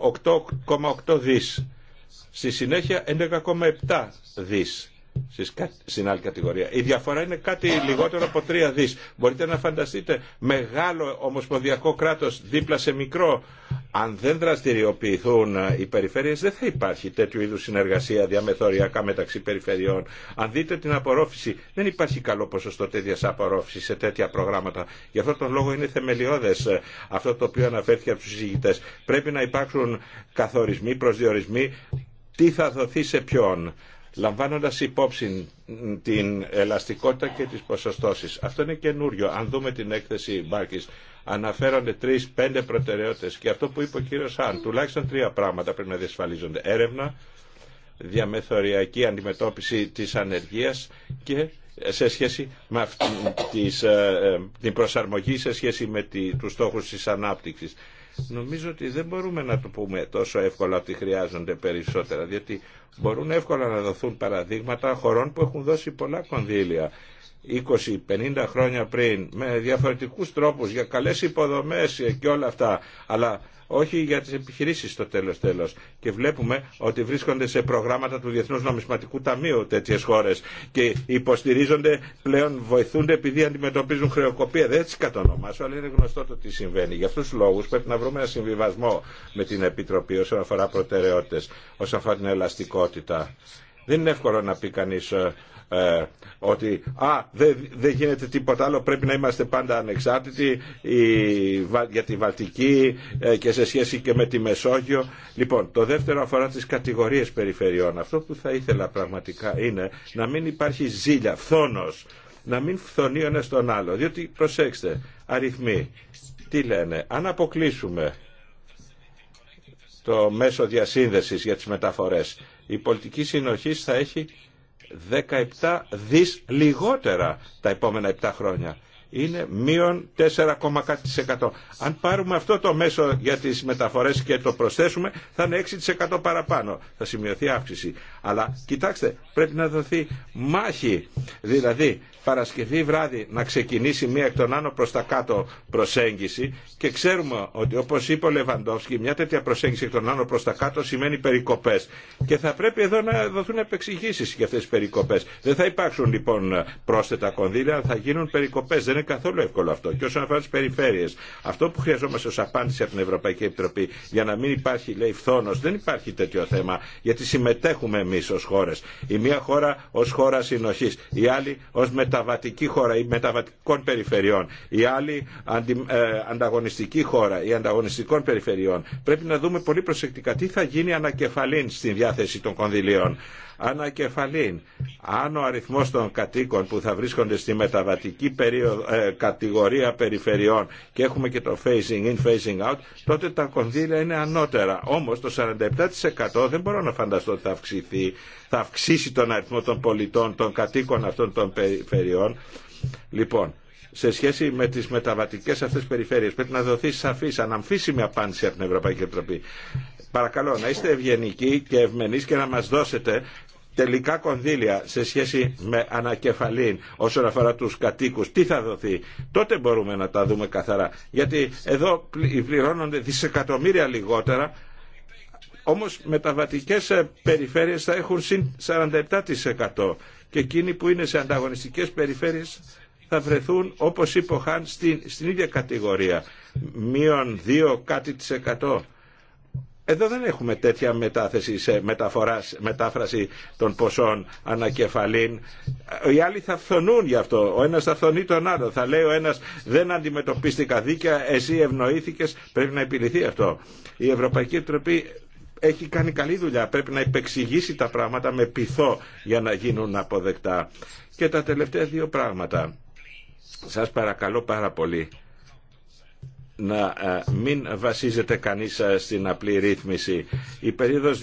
S3: 8,8 δις. Στη συνέχεια 11,7 δις στην άλλη κατηγορία. Η διαφορά είναι κάτι λιγότερο από τρία δί. Μπορείτε να φανταστείτε μεγάλο ομοσπονδιακό κράτο, δίπλα σε μικρό. Αν δεν δραστηριοποιηθούν ε, οι περιφέρειες δεν θα υπάρχει τέτοιου είδου συνεργασία διαμεθοριακά μεταξύ περιφερειών. Αν δείτε την απορρόφηση δεν υπάρχει καλό ποσοστό τέτοια απορρόφηση σε τέτοια προγράμματα. Γι' αυτό τον λόγο είναι θεμελιώδε ε, αυτό το οποίο αναφέρθηκε από του συζητητέ. Πρέπει να υπάρξουν καθορισμοί, προσδιορισμοί τι θα δοθεί σε ποιον λαμβάνοντας υπόψη την ελαστικότητα και τις ποσοστώσεις. Αυτό είναι καινούριο. Αν δούμε την έκθεση Μπάρκης, αναφέρονται τρεις-πέντε προτεραιότητες και αυτό που είπε ο κύριος Αν, τουλάχιστον τρία πράγματα πρέπει να διασφαλίζονται. Έρευνα, διαμεθοριακή αντιμετώπιση της ανεργίας και ε, σε σχέση με αυτή, ε, ε, την προσαρμογή σε σχέση με τους στόχους της ανάπτυξης. Νομίζω ότι δεν μπορούμε να το πούμε τόσο εύκολα ότι χρειάζονται περισσότερα, διότι μπορούν εύκολα να δοθούν παραδείγματα χωρών που έχουν δώσει πολλά κονδύλια 20-50 χρόνια πριν με διαφορετικούς τρόπους για καλές υποδομές και όλα αυτά αλλά όχι για τις επιχειρήσεις στο τέλος τέλος και βλέπουμε ότι βρίσκονται σε προγράμματα του Διεθνούς Νομισματικού Ταμείου τέτοιες χώρες και υποστηρίζονται πλέον βοηθούνται επειδή αντιμετωπίζουν χρεοκοπία δεν έτσι κατονομάσω αλλά είναι γνωστό το τι συμβαίνει για αυτούς τους λόγους πρέπει να βρούμε ένα συμβιβασμό με την Επιτροπή όσον αφορά προτεραιότητες όσον αφορά την ελαστικότητα δεν είναι εύκολο να πει κανείς ε, ε, ότι α, δεν γίνεται τίποτα άλλο, πρέπει να είμαστε πάντα ανεξάρτητοι για τη Βαλτική ε, και σε σχέση και με τη Μεσόγειο. Λοιπόν, το δεύτερο αφορά τις κατηγορίες περιφερειών. Αυτό που θα ήθελα πραγματικά είναι να μην υπάρχει ζήλια, φθόνος, να μην φθονεί ο ένας τον άλλο. Διότι, προσέξτε, αριθμοί, τι λένε, αν αποκλείσουμε το μέσο διασύνδεσης για τις μεταφορές η πολιτική συνοχή θα έχει 17 δις λιγότερα τα επόμενα 7 χρόνια είναι μείον 4,1%. Αν πάρουμε αυτό το μέσο για τις μεταφορές και το προσθέσουμε θα είναι 6% παραπάνω. Θα σημειωθεί αύξηση. Αλλά κοιτάξτε πρέπει να δοθεί μάχη. Δηλαδή Παρασκευή βράδυ να ξεκινήσει μία εκ των άνω προς τα κάτω προσέγγιση και ξέρουμε ότι όπως είπε ο Λεβαντόφσκι μια τέτοια προσέγγιση εκ των άνω προς τα κάτω σημαίνει περικοπές. Και θα πρέπει εδώ να δοθούν επεξηγήσεις για αυτές τις περικοπές. Δεν θα υπάρξουν λοιπόν πρόσθετα κονδύλια, θα γίνουν περικοπές είναι καθόλου εύκολο αυτό. Και όσον αφορά τι περιφέρειε, αυτό που χρειαζόμαστε ω απάντηση από την Ευρωπαϊκή Επιτροπή για να μην υπάρχει λέει φθόνο, δεν υπάρχει τέτοιο θέμα γιατί συμμετέχουμε εμεί ω χώρε. Η μία χώρα ω χώρα συνοχή, η άλλη ω μεταβατική χώρα ή μεταβατικών περιφερειών, η άλλη αντι, ε, ανταγωνιστική χώρα ή ανταγωνιστικών περιφερειών. Πρέπει να δούμε πολύ προσεκτικά τι θα γίνει ανακεφαλήν στην διάθεση των κονδυλίων ανακεφαλήν. Αν ο αριθμός των κατοίκων που θα βρίσκονται στη μεταβατική περίοδο, ε, κατηγορία περιφερειών και έχουμε και το phasing in, phasing out, τότε τα κονδύλια είναι ανώτερα. Όμως το 47% δεν μπορώ να φανταστώ ότι θα αυξηθεί, θα αυξήσει τον αριθμό των πολιτών, των κατοίκων αυτών των περιφερειών. Λοιπόν, σε σχέση με τις μεταβατικές αυτές περιφέρειες πρέπει να δοθεί σαφής, αναμφίσιμη απάντηση από την Ευρωπαϊκή Επιτροπή. Παρακαλώ να είστε ευγενικοί και ευμενείς και να μας δώσετε τελικά κονδύλια σε σχέση με ανακεφαλή όσον αφορά τους κατοίκους, τι θα δοθεί, τότε μπορούμε να τα δούμε καθαρά. Γιατί εδώ πληρώνονται δισεκατομμύρια λιγότερα, όμως μεταβατικές ε, περιφέρειες θα έχουν συν 47% και εκείνοι που είναι σε ανταγωνιστικές περιφέρειες θα βρεθούν όπως είπε ο Χάν στην, στην ίδια κατηγορία, μείον 2 κάτι της εκατό. Εδώ δεν έχουμε τέτοια μετάθεση σε μεταφοράς, μετάφραση των ποσών ανακεφαλήν. Οι άλλοι θα φθονούν γι' αυτό. Ο ένας θα φθονεί τον άλλο. Θα λέει ο ένας δεν αντιμετωπίστηκα δίκαια, εσύ ευνοήθηκες, πρέπει να επιληθεί αυτό. Η Ευρωπαϊκή Επιτροπή έχει κάνει καλή δουλειά. Πρέπει να υπεξηγήσει τα πράγματα με πειθό για να γίνουν αποδεκτά. Και τα τελευταία δύο πράγματα. Σας παρακαλώ πάρα πολύ να ε, μην βασίζεται κανείς ε, στην απλή ρύθμιση. Η περίοδος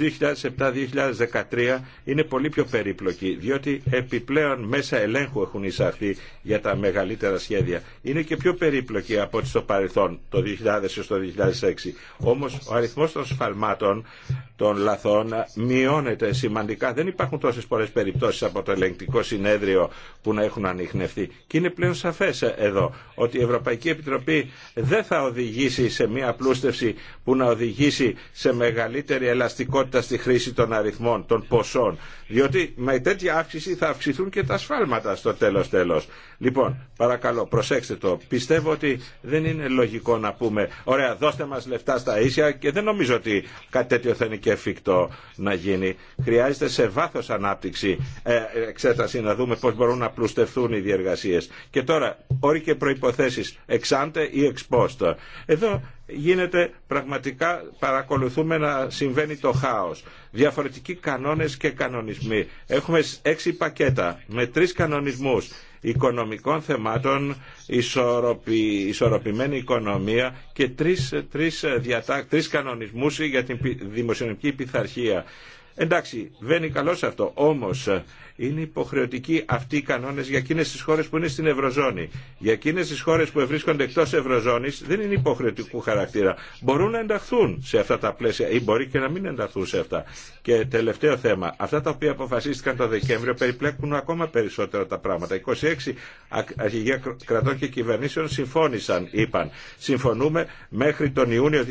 S3: 2007-2013 είναι πολύ πιο περίπλοκη, διότι επιπλέον μέσα ελέγχου έχουν εισαχθεί για τα μεγαλύτερα σχέδια. Είναι και πιο περίπλοκη από ό,τι στο παρελθόν, το 2000 έως το 2006. Όμως ο αριθμός των σφαλμάτων, των λαθών, ε, μειώνεται σημαντικά. Δεν υπάρχουν τόσες πολλές περιπτώσεις από το ελεγκτικό συνέδριο που να έχουν ανοιχνευτεί. Και είναι πλέον σαφές εδώ ότι η Ευρωπαϊκή Επιτροπή δεν θα οδηγήσει σε μια πλούστευση που να οδηγήσει σε μεγαλύτερη ελαστικότητα στη χρήση των αριθμών, των ποσών. Διότι με τέτοια αύξηση θα αυξηθούν και τα σφάλματα στο τέλος τέλος. Λοιπόν, παρακαλώ, προσέξτε το. Πιστεύω ότι δεν είναι λογικό να πούμε «Ωραία, δώστε μας λεφτά στα ίσια» και δεν νομίζω ότι κάτι τέτοιο θα είναι και εφικτό να γίνει. Χρειάζεται σε βάθος ανάπτυξη ε, εξέταση να δούμε πώς μπορούν να πλουστευτούν οι διεργασίες. Και τώρα, όροι και προϋποθέσεις εξάντε ή εξπόστο. Εδώ γίνεται πραγματικά παρακολουθούμε να συμβαίνει το χάος. Διαφορετικοί κανόνες και κανονισμοί. Έχουμε έξι πακέτα με τρεις κανονισμούς οικονομικών θεμάτων, ισορροπη, ισορροπημένη οικονομία και τρεις, τρεις, διατά, τρεις κανονισμούς για την δημοσιονομική πειθαρχία. Εντάξει, βαίνει καλό σε αυτό, όμως είναι υποχρεωτικοί αυτοί οι κανόνε για εκείνε τι χώρε που είναι στην Ευρωζώνη. Για εκείνε τι χώρε που βρίσκονται εκτό Ευρωζώνη δεν είναι υποχρεωτικού χαρακτήρα. Μπορούν να ενταχθούν σε αυτά τα πλαίσια ή μπορεί και να μην ενταχθούν σε αυτά. Και τελευταίο θέμα. Αυτά τα οποία αποφασίστηκαν το Δεκέμβριο περιπλέκουν ακόμα περισσότερο τα πράγματα. 26 αρχηγεία κρατών και κυβερνήσεων συμφώνησαν, είπαν. Συμφωνούμε μέχρι τον Ιούνιο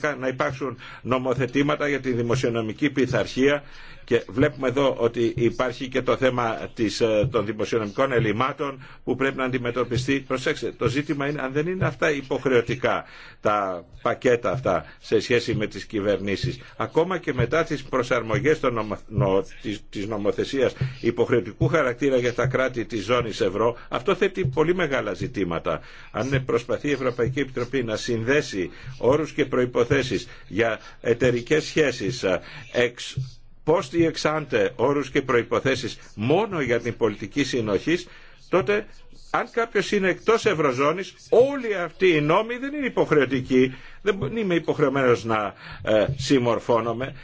S3: 2012 να υπάρξουν νομοθετήματα για τη δημοσιονομική πειθαρχία και βλέπουμε εδώ ότι υπάρχει και το θέμα της, ε, των δημοσιονομικών ελλημάτων που πρέπει να αντιμετωπιστεί. Προσέξτε, το ζήτημα είναι αν δεν είναι αυτά υποχρεωτικά τα πακέτα αυτά σε σχέση με τις κυβερνήσεις. Ακόμα και μετά τις προσαρμογές των νομο, της, της νομοθεσίας υποχρεωτικού χαρακτήρα για τα κράτη της ζώνης ευρώ, αυτό θέτει πολύ μεγάλα ζητήματα. Αν προσπαθεί η Ευρωπαϊκή Επιτροπή να συνδέσει όρους και προϋποθέσεις για εταιρικές σχέσεις ε, εξ πώς τη όρους και προϋποθέσεις μόνο για την πολιτική συνοχή, τότε αν κάποιος είναι εκτός Ευρωζώνης, όλοι αυτοί οι νόμοι δεν είναι υποχρεωτικοί, δεν είμαι υποχρεωμένος να ε, συμμορφώνομαι.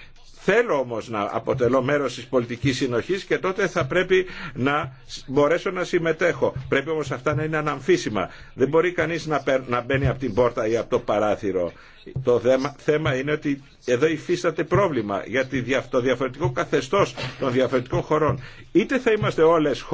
S3: Θέλω όμως να αποτελώ μέρος της πολιτικής συνοχής και τότε θα πρέπει να μπορέσω να συμμετέχω. Πρέπει όμως αυτά να είναι αναμφίσιμα. Δεν μπορεί κανείς να μπαίνει από την πόρτα ή από το παράθυρο. Το θέμα είναι ότι εδώ υφίσταται πρόβλημα για το διαφορετικό καθεστώς των διαφορετικών χωρών. Είτε θα είμαστε όλες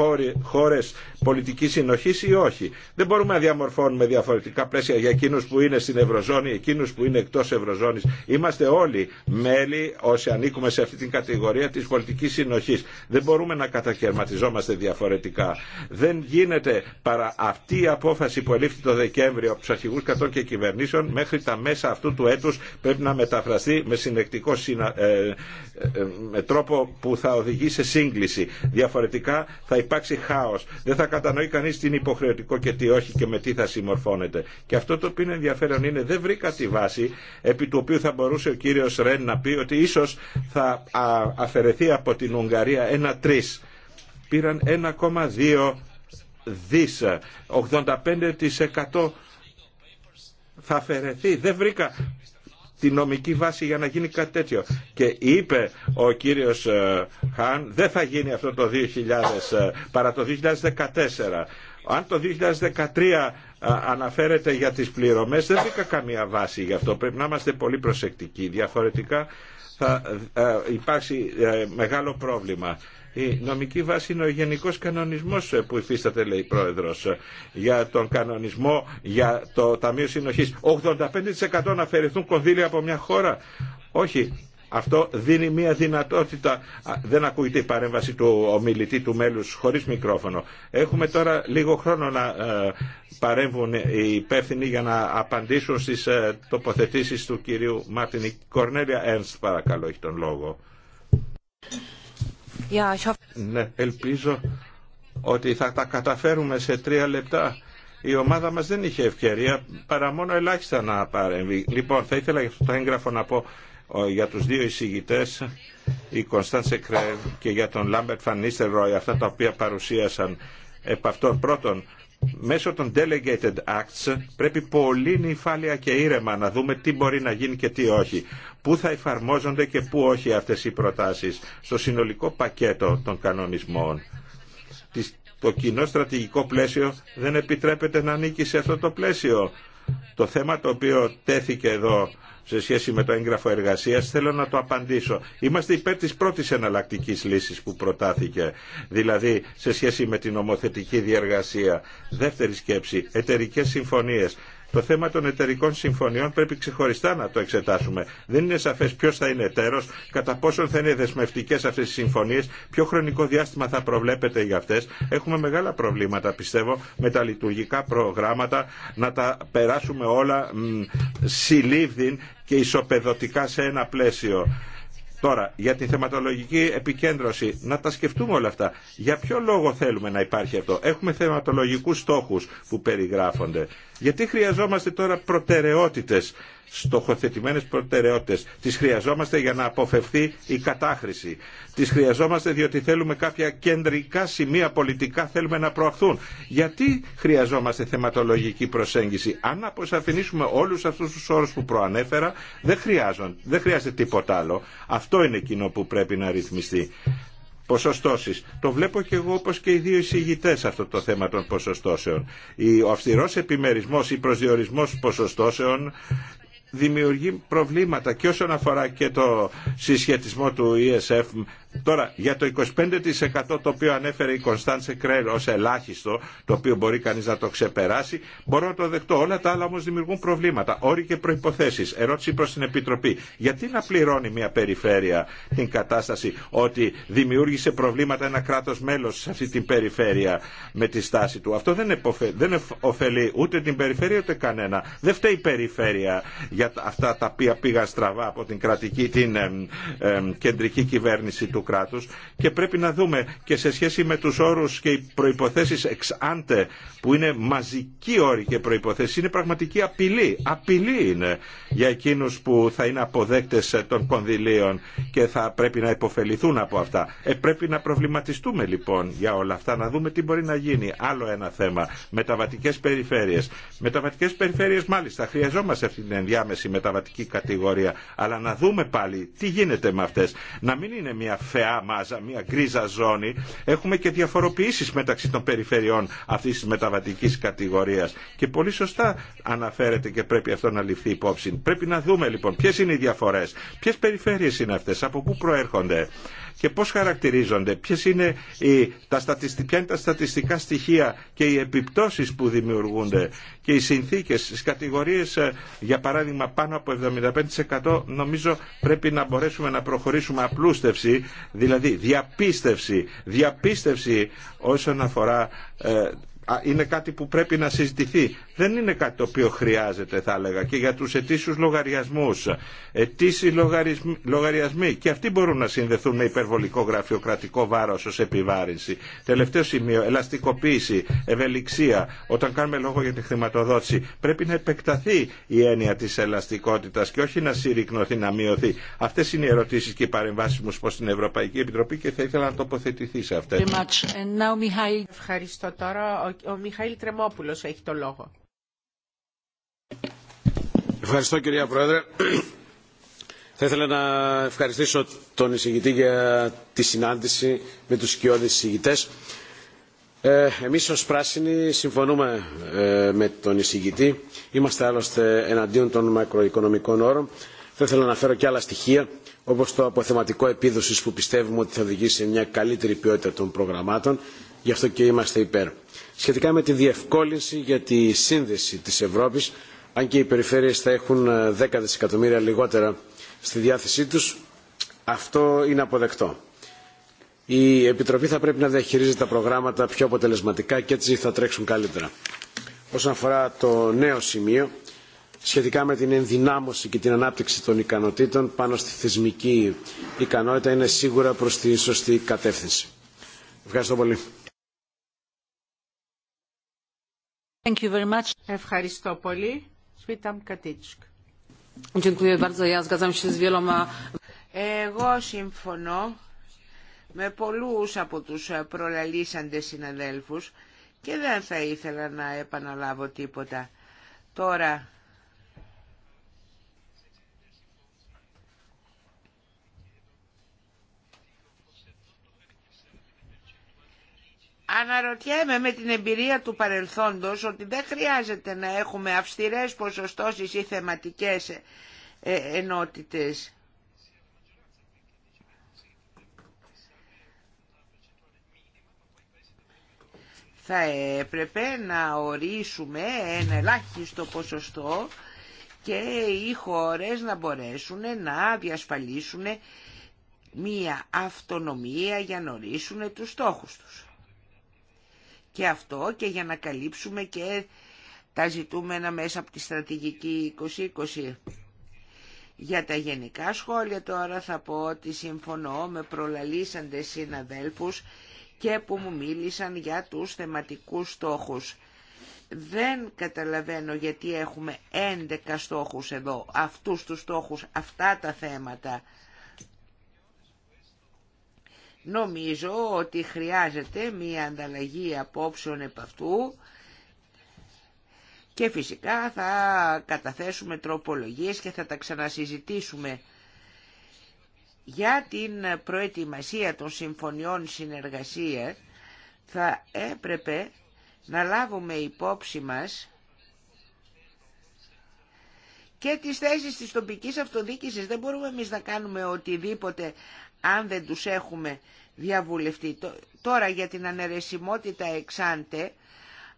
S3: χώρες πολιτικής συνοχής ή όχι. Δεν μπορούμε να διαμορφώνουμε διαφορετικά πλαίσια για εκείνους που είναι στην Ευρωζώνη, εκείνους που είναι εκτός Ευρωζώνης. Είμαστε όλοι μέλη όσοι ανήκουμε σε αυτή την κατηγορία της πολιτικής συνοχής. Δεν μπορούμε να κατακαιρματιζόμαστε διαφορετικά. Δεν γίνεται παρά αυτή η απόφαση που ελήφθη το Δεκέμβριο από του αρχηγού κατών και κυβερνήσεων μέχρι τα μέσα αυτού του έτους πρέπει να μεταφραστεί με συνεκτικό ε, ε, με τρόπο που θα οδηγεί σε σύγκληση. Διαφορετικά θα υπάρξει χάος. Δεν θα κατανοεί κανείς τι είναι υποχρεωτικό και τι όχι και με τι θα συμμορφώνεται. Και αυτό το οποίο είναι ενδιαφέρον είναι δεν βρήκα τη βάση επί του οποίου θα μπορούσε ο κύριος Ρεν να πει ότι ίσως θα αφαιρεθεί από την Ουγγαρία ένα τρει. Πήραν 1,2 δις, 85% θα αφαιρεθεί. Δεν βρήκα τη νομική βάση για να γίνει κάτι τέτοιο. Και είπε ο κύριος ε, Χαν, δεν θα γίνει αυτό το 2000, ε, παρά το 2014. Αν το 2013 ε, αναφέρεται για τις πληρωμές, δεν βρήκα καμία βάση γι' αυτό. Πρέπει να είμαστε πολύ προσεκτικοί. Διαφορετικά θα υπάρξει μεγάλο πρόβλημα. Η νομική βάση είναι ο γενικό κανονισμό που υφίσταται, λέει η πρόεδρο, για τον κανονισμό για το Ταμείο Συνοχή. 85% να αφαιρεθούν κονδύλια από μια χώρα. Όχι, αυτό δίνει μια δυνατότητα. Δεν ακούγεται η παρέμβαση του ομιλητή του μέλους χωρίς μικρόφωνο. Έχουμε τώρα λίγο χρόνο να ε, παρέμβουν οι υπεύθυνοι για να απαντήσουν στι ε, τοποθετήσει του κυρίου Μάρτιν. Κορνέλια Ένστ παρακαλώ έχει τον λόγο. Ναι, ελπίζω ότι θα τα καταφέρουμε σε τρία λεπτά. Η ομάδα μας δεν είχε ευκαιρία παρά μόνο ελάχιστα να παρέμβει. Λοιπόν, θα ήθελα για αυτό το έγγραφο να πω για τους δύο εισηγητές, η Κωνσταντσε Κρέβ και για τον Λάμπερτ Φανίστερ Ρόι, αυτά τα οποία παρουσίασαν επ' αυτόν πρώτον, μέσω των delegated acts πρέπει πολύ νυφάλια και ήρεμα να δούμε τι μπορεί να γίνει και τι όχι πού θα εφαρμόζονται και πού όχι αυτές οι προτάσεις στο συνολικό πακέτο των κανονισμών. Το κοινό στρατηγικό πλαίσιο δεν επιτρέπεται να ανήκει σε αυτό το πλαίσιο. Το θέμα το οποίο τέθηκε εδώ σε σχέση με το έγγραφο εργασία, θέλω να το απαντήσω. Είμαστε υπέρ τη πρώτη εναλλακτική λύση που προτάθηκε, δηλαδή σε σχέση με την νομοθετική διεργασία. Δεύτερη σκέψη, εταιρικέ συμφωνίε. Το θέμα των εταιρικών συμφωνιών πρέπει ξεχωριστά να το εξετάσουμε. Δεν είναι σαφέ ποιο θα είναι εταίρο, κατά πόσον θα είναι δεσμευτικέ αυτέ οι συμφωνίε, ποιο χρονικό διάστημα θα προβλέπετε για αυτέ. Έχουμε μεγάλα προβλήματα, πιστεύω, με τα λειτουργικά προγράμματα να τα περάσουμε όλα συλλήβδην και ισοπεδωτικά σε ένα πλαίσιο Τώρα, για τη θεματολογική επικέντρωση, να τα σκεφτούμε όλα αυτά. Για ποιο λόγο θέλουμε να υπάρχει αυτό. Έχουμε θεματολογικούς στόχους που περιγράφονται. Γιατί χρειαζόμαστε τώρα προτεραιότητες Στοχοθετημένε προτεραιότητε, τι χρειαζόμαστε για να αποφευθεί η κατάχρηση. Τις χρειαζόμαστε διότι θέλουμε κάποια κεντρικά σημεία πολιτικά θέλουμε να προαχθούν. Γιατί χρειαζόμαστε θεματολογική προσέγγιση. Αν αποσαφηνίσουμε όλου αυτού του όρου που προανέφερα δεν, χρειάζον, δεν χρειάζεται τίποτα άλλο. Αυτό είναι εκείνο που πρέπει να ρυθμιστεί Ποσοστώσει. Το βλέπω και εγώ όπω και οι δύο εισηγητέ αυτό το θέμα των ποσοστώσεων. Ο αυστηρό επιμερισμό ή προσδιορισμό ποσοστώσεων δημιουργεί προβλήματα και όσον αφορά και το συσχετισμό του ESF Τώρα, για το 25% το οποίο ανέφερε η Κωνσταντσε Κρέλ ως ελάχιστο, το οποίο μπορεί κανείς να το ξεπεράσει, μπορώ να το δεχτώ. Όλα τα άλλα όμως δημιουργούν προβλήματα. Όροι και προϋποθέσεις. Ερώτηση προς την Επιτροπή. Γιατί να πληρώνει μια περιφέρεια την κατάσταση ότι δημιούργησε προβλήματα ένα κράτος μέλος σε αυτή την περιφέρεια με τη στάση του. Αυτό δεν, εποφε... δεν ωφελεί ούτε την περιφέρεια ούτε κανένα. Δεν φταίει η περιφέρεια για αυτά τα οποία πήγαν στραβά από την κρατική, την κεντρική κυβέρνηση του κράτους και πρέπει να δούμε και σε σχέση με τους όρους και οι προϋποθέσεις εξ άντε που είναι μαζική όρη και προϋποθέσεις είναι πραγματική απειλή. Απειλή είναι για εκείνους που θα είναι αποδέκτες των κονδυλίων και θα πρέπει να υποφεληθούν από αυτά. Ε, πρέπει να προβληματιστούμε λοιπόν για όλα αυτά, να δούμε τι μπορεί να γίνει. Άλλο ένα θέμα, μεταβατικές περιφέρειες. Μεταβατικές περιφέρειες μάλιστα χρειαζόμαστε αυτή την ενδιάμεση μεταβατική κατηγορία, αλλά να δούμε πάλι τι γίνεται με αυτές. Να μην είναι μια θεά μάζα, μια γκρίζα ζώνη, έχουμε και διαφοροποιήσεις μεταξύ των περιφερειών αυτής της μεταβατικής κατηγορίας. Και πολύ σωστά αναφέρεται και πρέπει αυτό να ληφθεί υπόψη. Πρέπει να δούμε λοιπόν ποιες είναι οι διαφορές, ποιες περιφέρειες είναι αυτές, από πού προέρχονται και πώς χαρακτηρίζονται, ποιες είναι οι, τα στατιστικά, ποια είναι τα στατιστικά στοιχεία και οι επιπτώσεις που δημιουργούνται και οι συνθήκες στις κατηγορίες, ε, για παράδειγμα πάνω από 75% νομίζω πρέπει να μπορέσουμε να προχωρήσουμε απλούστευση, δηλαδή διαπίστευση, διαπίστευση όσον αφορά ε, είναι κάτι που πρέπει να συζητηθεί δεν είναι κάτι το οποίο χρειάζεται θα έλεγα και για τους ετήσιους λογαριασμούς. Ετήσιοι λογαριασμοί, και αυτοί μπορούν να συνδεθούν με υπερβολικό γραφειοκρατικό βάρος ως επιβάρυνση. Τελευταίο σημείο, ελαστικοποίηση, ευελιξία. Όταν κάνουμε λόγο για τη χρηματοδότηση πρέπει να επεκταθεί η έννοια της ελαστικότητας και όχι να συρρυκνωθεί, να μειωθεί. Αυτές είναι οι ερωτήσεις και οι παρεμβάσεις μου προς την Ευρωπαϊκή Επιτροπή και θα ήθελα να τοποθετηθεί σε αυτές.
S2: Ευχαριστώ τώρα. Ο, ο Μιχαήλ Τρεμόπουλος έχει το λόγο.
S3: Ευχαριστώ κυρία Πρόεδρε. Θα ήθελα να ευχαριστήσω τον εισηγητή για τη συνάντηση με τους οικειώδεις εισηγητές. Ε, εμείς ως πράσινοι συμφωνούμε
S4: ε, με τον εισηγητή. Είμαστε άλλωστε εναντίον των μακροοικονομικών όρων. Θα ήθελα να αναφέρω και άλλα στοιχεία, όπως το αποθεματικό επίδοσης που πιστεύουμε ότι θα οδηγήσει σε μια καλύτερη ποιότητα των προγραμμάτων. Γι' αυτό και είμαστε υπέρ. Σχετικά με τη
S3: διευκόλυνση για τη σύνδεση της Ευρώπης αν και οι περιφέρειες θα έχουν 10 ε,
S4: δισεκατομμύρια λιγότερα στη διάθεσή τους, αυτό είναι αποδεκτό. Η Επιτροπή θα πρέπει να διαχειρίζει τα προγράμματα πιο αποτελεσματικά και έτσι θα τρέξουν καλύτερα.
S3: Όσον αφορά το νέο σημείο, σχετικά με την ενδυνάμωση και την ανάπτυξη των ικανοτήτων πάνω στη θεσμική ικανότητα είναι σίγουρα προς τη σωστή κατεύθυνση. Ευχαριστώ πολύ.
S2: Thank you very much. Ευχαριστώ πολύ. Εγώ συμφωνώ
S1: με πολλούς από τους προλαλήσαντες συναδέλφους και δεν θα ήθελα να επαναλάβω τίποτα. Τώρα Αναρωτιέμαι με την εμπειρία του παρελθόντος ότι δεν χρειάζεται να έχουμε αυστηρές ποσοστώσεις ή θεματικές ε, ε, ενότητες. Θα έπρεπε να ορίσουμε ένα ελάχιστο ποσοστό και οι χώρες να μπορέσουν να διασφαλίσουν μία αυτονομία για να ορίσουν τους στόχους τους και αυτό και για να καλύψουμε και τα ζητούμενα μέσα από τη στρατηγική 2020. Για τα γενικά σχόλια τώρα θα πω ότι συμφωνώ με προλαλήσαντες συναδέλφους και που μου μίλησαν για τους θεματικούς στόχους. Δεν καταλαβαίνω γιατί έχουμε 11 στόχους εδώ, αυτούς τους στόχους, αυτά τα θέματα. Νομίζω ότι χρειάζεται μία ανταλλαγή απόψεων επ' αυτού και φυσικά θα καταθέσουμε τροπολογίες και θα τα ξανασυζητήσουμε για την προετοιμασία των συμφωνιών συνεργασία. θα έπρεπε να λάβουμε υπόψη μας και τις θέσεις της τοπικής αυτοδίκησης. Δεν μπορούμε εμείς να κάνουμε οτιδήποτε αν δεν τους έχουμε διαβουλευτεί. Τώρα για την αναιρεσιμότητα εξάντε,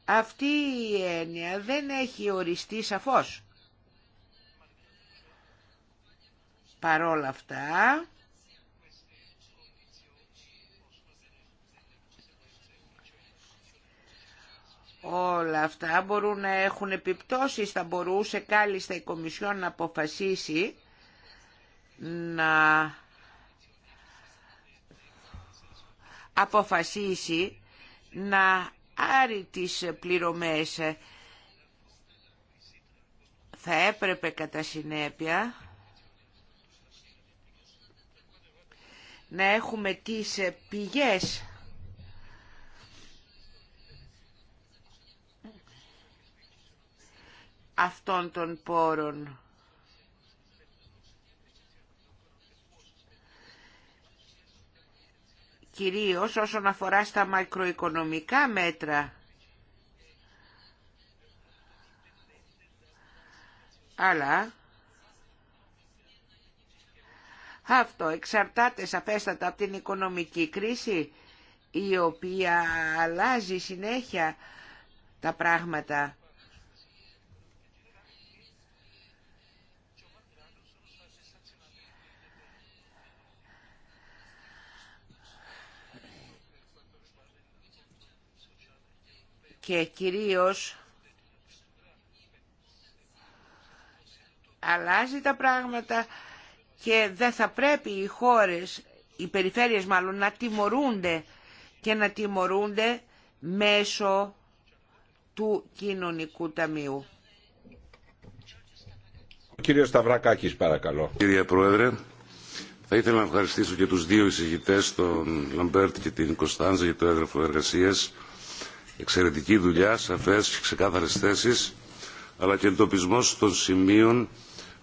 S1: αυτή η έννοια δεν έχει οριστεί σαφώς. Παρόλα αυτά, όλα αυτά μπορούν να έχουν επιπτώσεις, θα μπορούσε κάλλιστα η Κομισιόν να αποφασίσει να αποφασίσει να άρει τις πληρωμές. Θα έπρεπε κατά συνέπεια να έχουμε τις πηγές αυτών των πόρων. κυρίως όσον αφορά στα μακροοικονομικά μέτρα αλλά αυτό εξαρτάται σαφέστατα από την οικονομική κρίση η οποία αλλάζει συνέχεια τα πράγματα. και κυρίως αλλάζει τα πράγματα και δεν θα πρέπει οι χώρες, οι περιφέρειες μάλλον, να τιμωρούνται και να τιμωρούνται μέσω του κοινωνικού ταμείου.
S3: Κύριε Σταυρακάκης παρακαλώ.
S4: Κύριε Πρόεδρε, θα ήθελα να ευχαριστήσω και τους δύο εισηγητές, τον Λαμπέρτ και την Κωνσταντζα για το έγγραφο εργασίας εξαιρετική δουλειά, σαφές και ξεκάθαρες θέσεις, αλλά και εντοπισμός των σημείων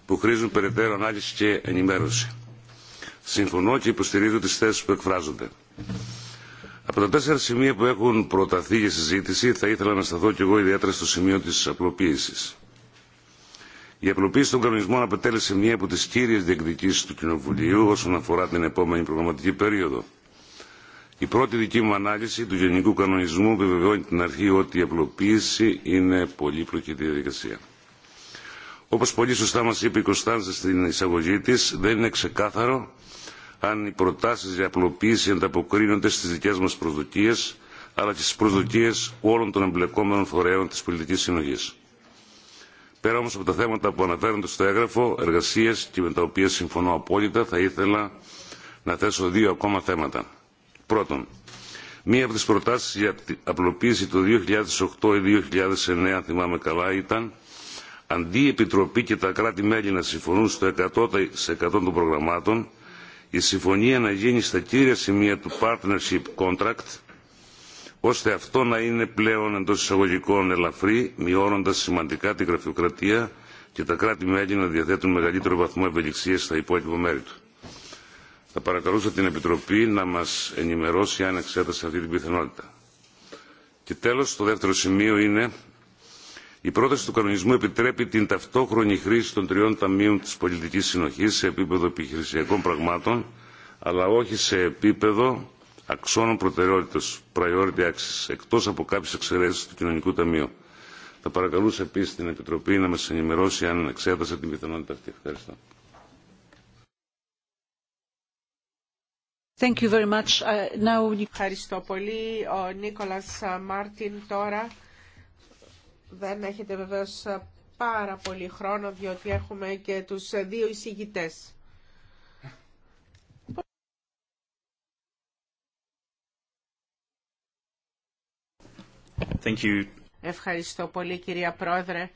S4: που χρήζουν περαιτέρω ανάλυση και ενημέρωση. Συμφωνώ και υποστηρίζω τις θέσεις που εκφράζονται. Από τα τέσσερα σημεία που έχουν προταθεί για συζήτηση θα ήθελα να σταθώ και εγώ ιδιαίτερα στο σημείο της απλοποίησης. Η απλοποίηση των κανονισμών αποτέλεσε μία από τις κύριες διεκδικήσεις του Κοινοβουλίου όσον αφορά την επόμενη προγραμματική περίοδο. Η πρώτη δική μου ανάλυση του Γενικού Κανονισμού βεβαιώνει την αρχή ότι η απλοποίηση είναι πολύπλοκη διαδικασία. Όπως πολύ σωστά μας είπε η Κωνσταντζα στην εισαγωγή της, δεν είναι ξεκάθαρο αν οι προτάσεις για απλοποίηση ανταποκρίνονται στις δικές μας προσδοκίες, αλλά και στις προσδοκίες όλων των εμπλεκόμενων φορέων της πολιτικής συνοχής. Πέρα όμως από τα θέματα που αναφέρονται στο έγγραφο, εργασίες και με τα οποία συμφωνώ απόλυτα, θα ήθελα να θέσω δύο ακόμα θέματα. Πρώτον, μία από τις προτάσεις για απλοποίηση το 2008 ή 2009, αν θυμάμαι καλά, ήταν αντί η Επιτροπή και τα κράτη-μέλη να συμφωνούν στο 100% των προγραμμάτων, η συμφωνία να γίνει στα κύρια σημεία του partnership contract, ώστε αυτό να είναι πλέον εντό εισαγωγικών ελαφρύ, μειώνοντα σημαντικά την γραφειοκρατία και τα κράτη-μέλη να διαθέτουν μεγαλύτερο βαθμό ευελιξία στα υπόλοιπα μέρη του. Θα παρακαλούσα την Επιτροπή να μας ενημερώσει αν εξέτασε αυτή την πιθανότητα. Και τέλος, το δεύτερο σημείο είναι η πρόταση του κανονισμού επιτρέπει την ταυτόχρονη χρήση των τριών ταμείων της πολιτικής συνοχής σε επίπεδο επιχειρησιακών πραγμάτων, αλλά όχι σε επίπεδο αξώνων προτεραιότητας, priority axis, εκτός από κάποιες εξαιρέσεις του κοινωνικού ταμείου. Θα παρακαλούσα επίσης την Επιτροπή να μας ενημερώσει αν εξέτασε την πιθανότητα αυτή. Ευχαριστώ.
S2: Uh, Ευχαριστώ πολύ. Ο Νίκολας Μάρτιν τώρα δεν έχετε βεβαίως πάρα πολύ χρόνο διότι έχουμε και τους δύο εισηγητές. Ευχαριστώ πολύ κυρία Πρόεδρε.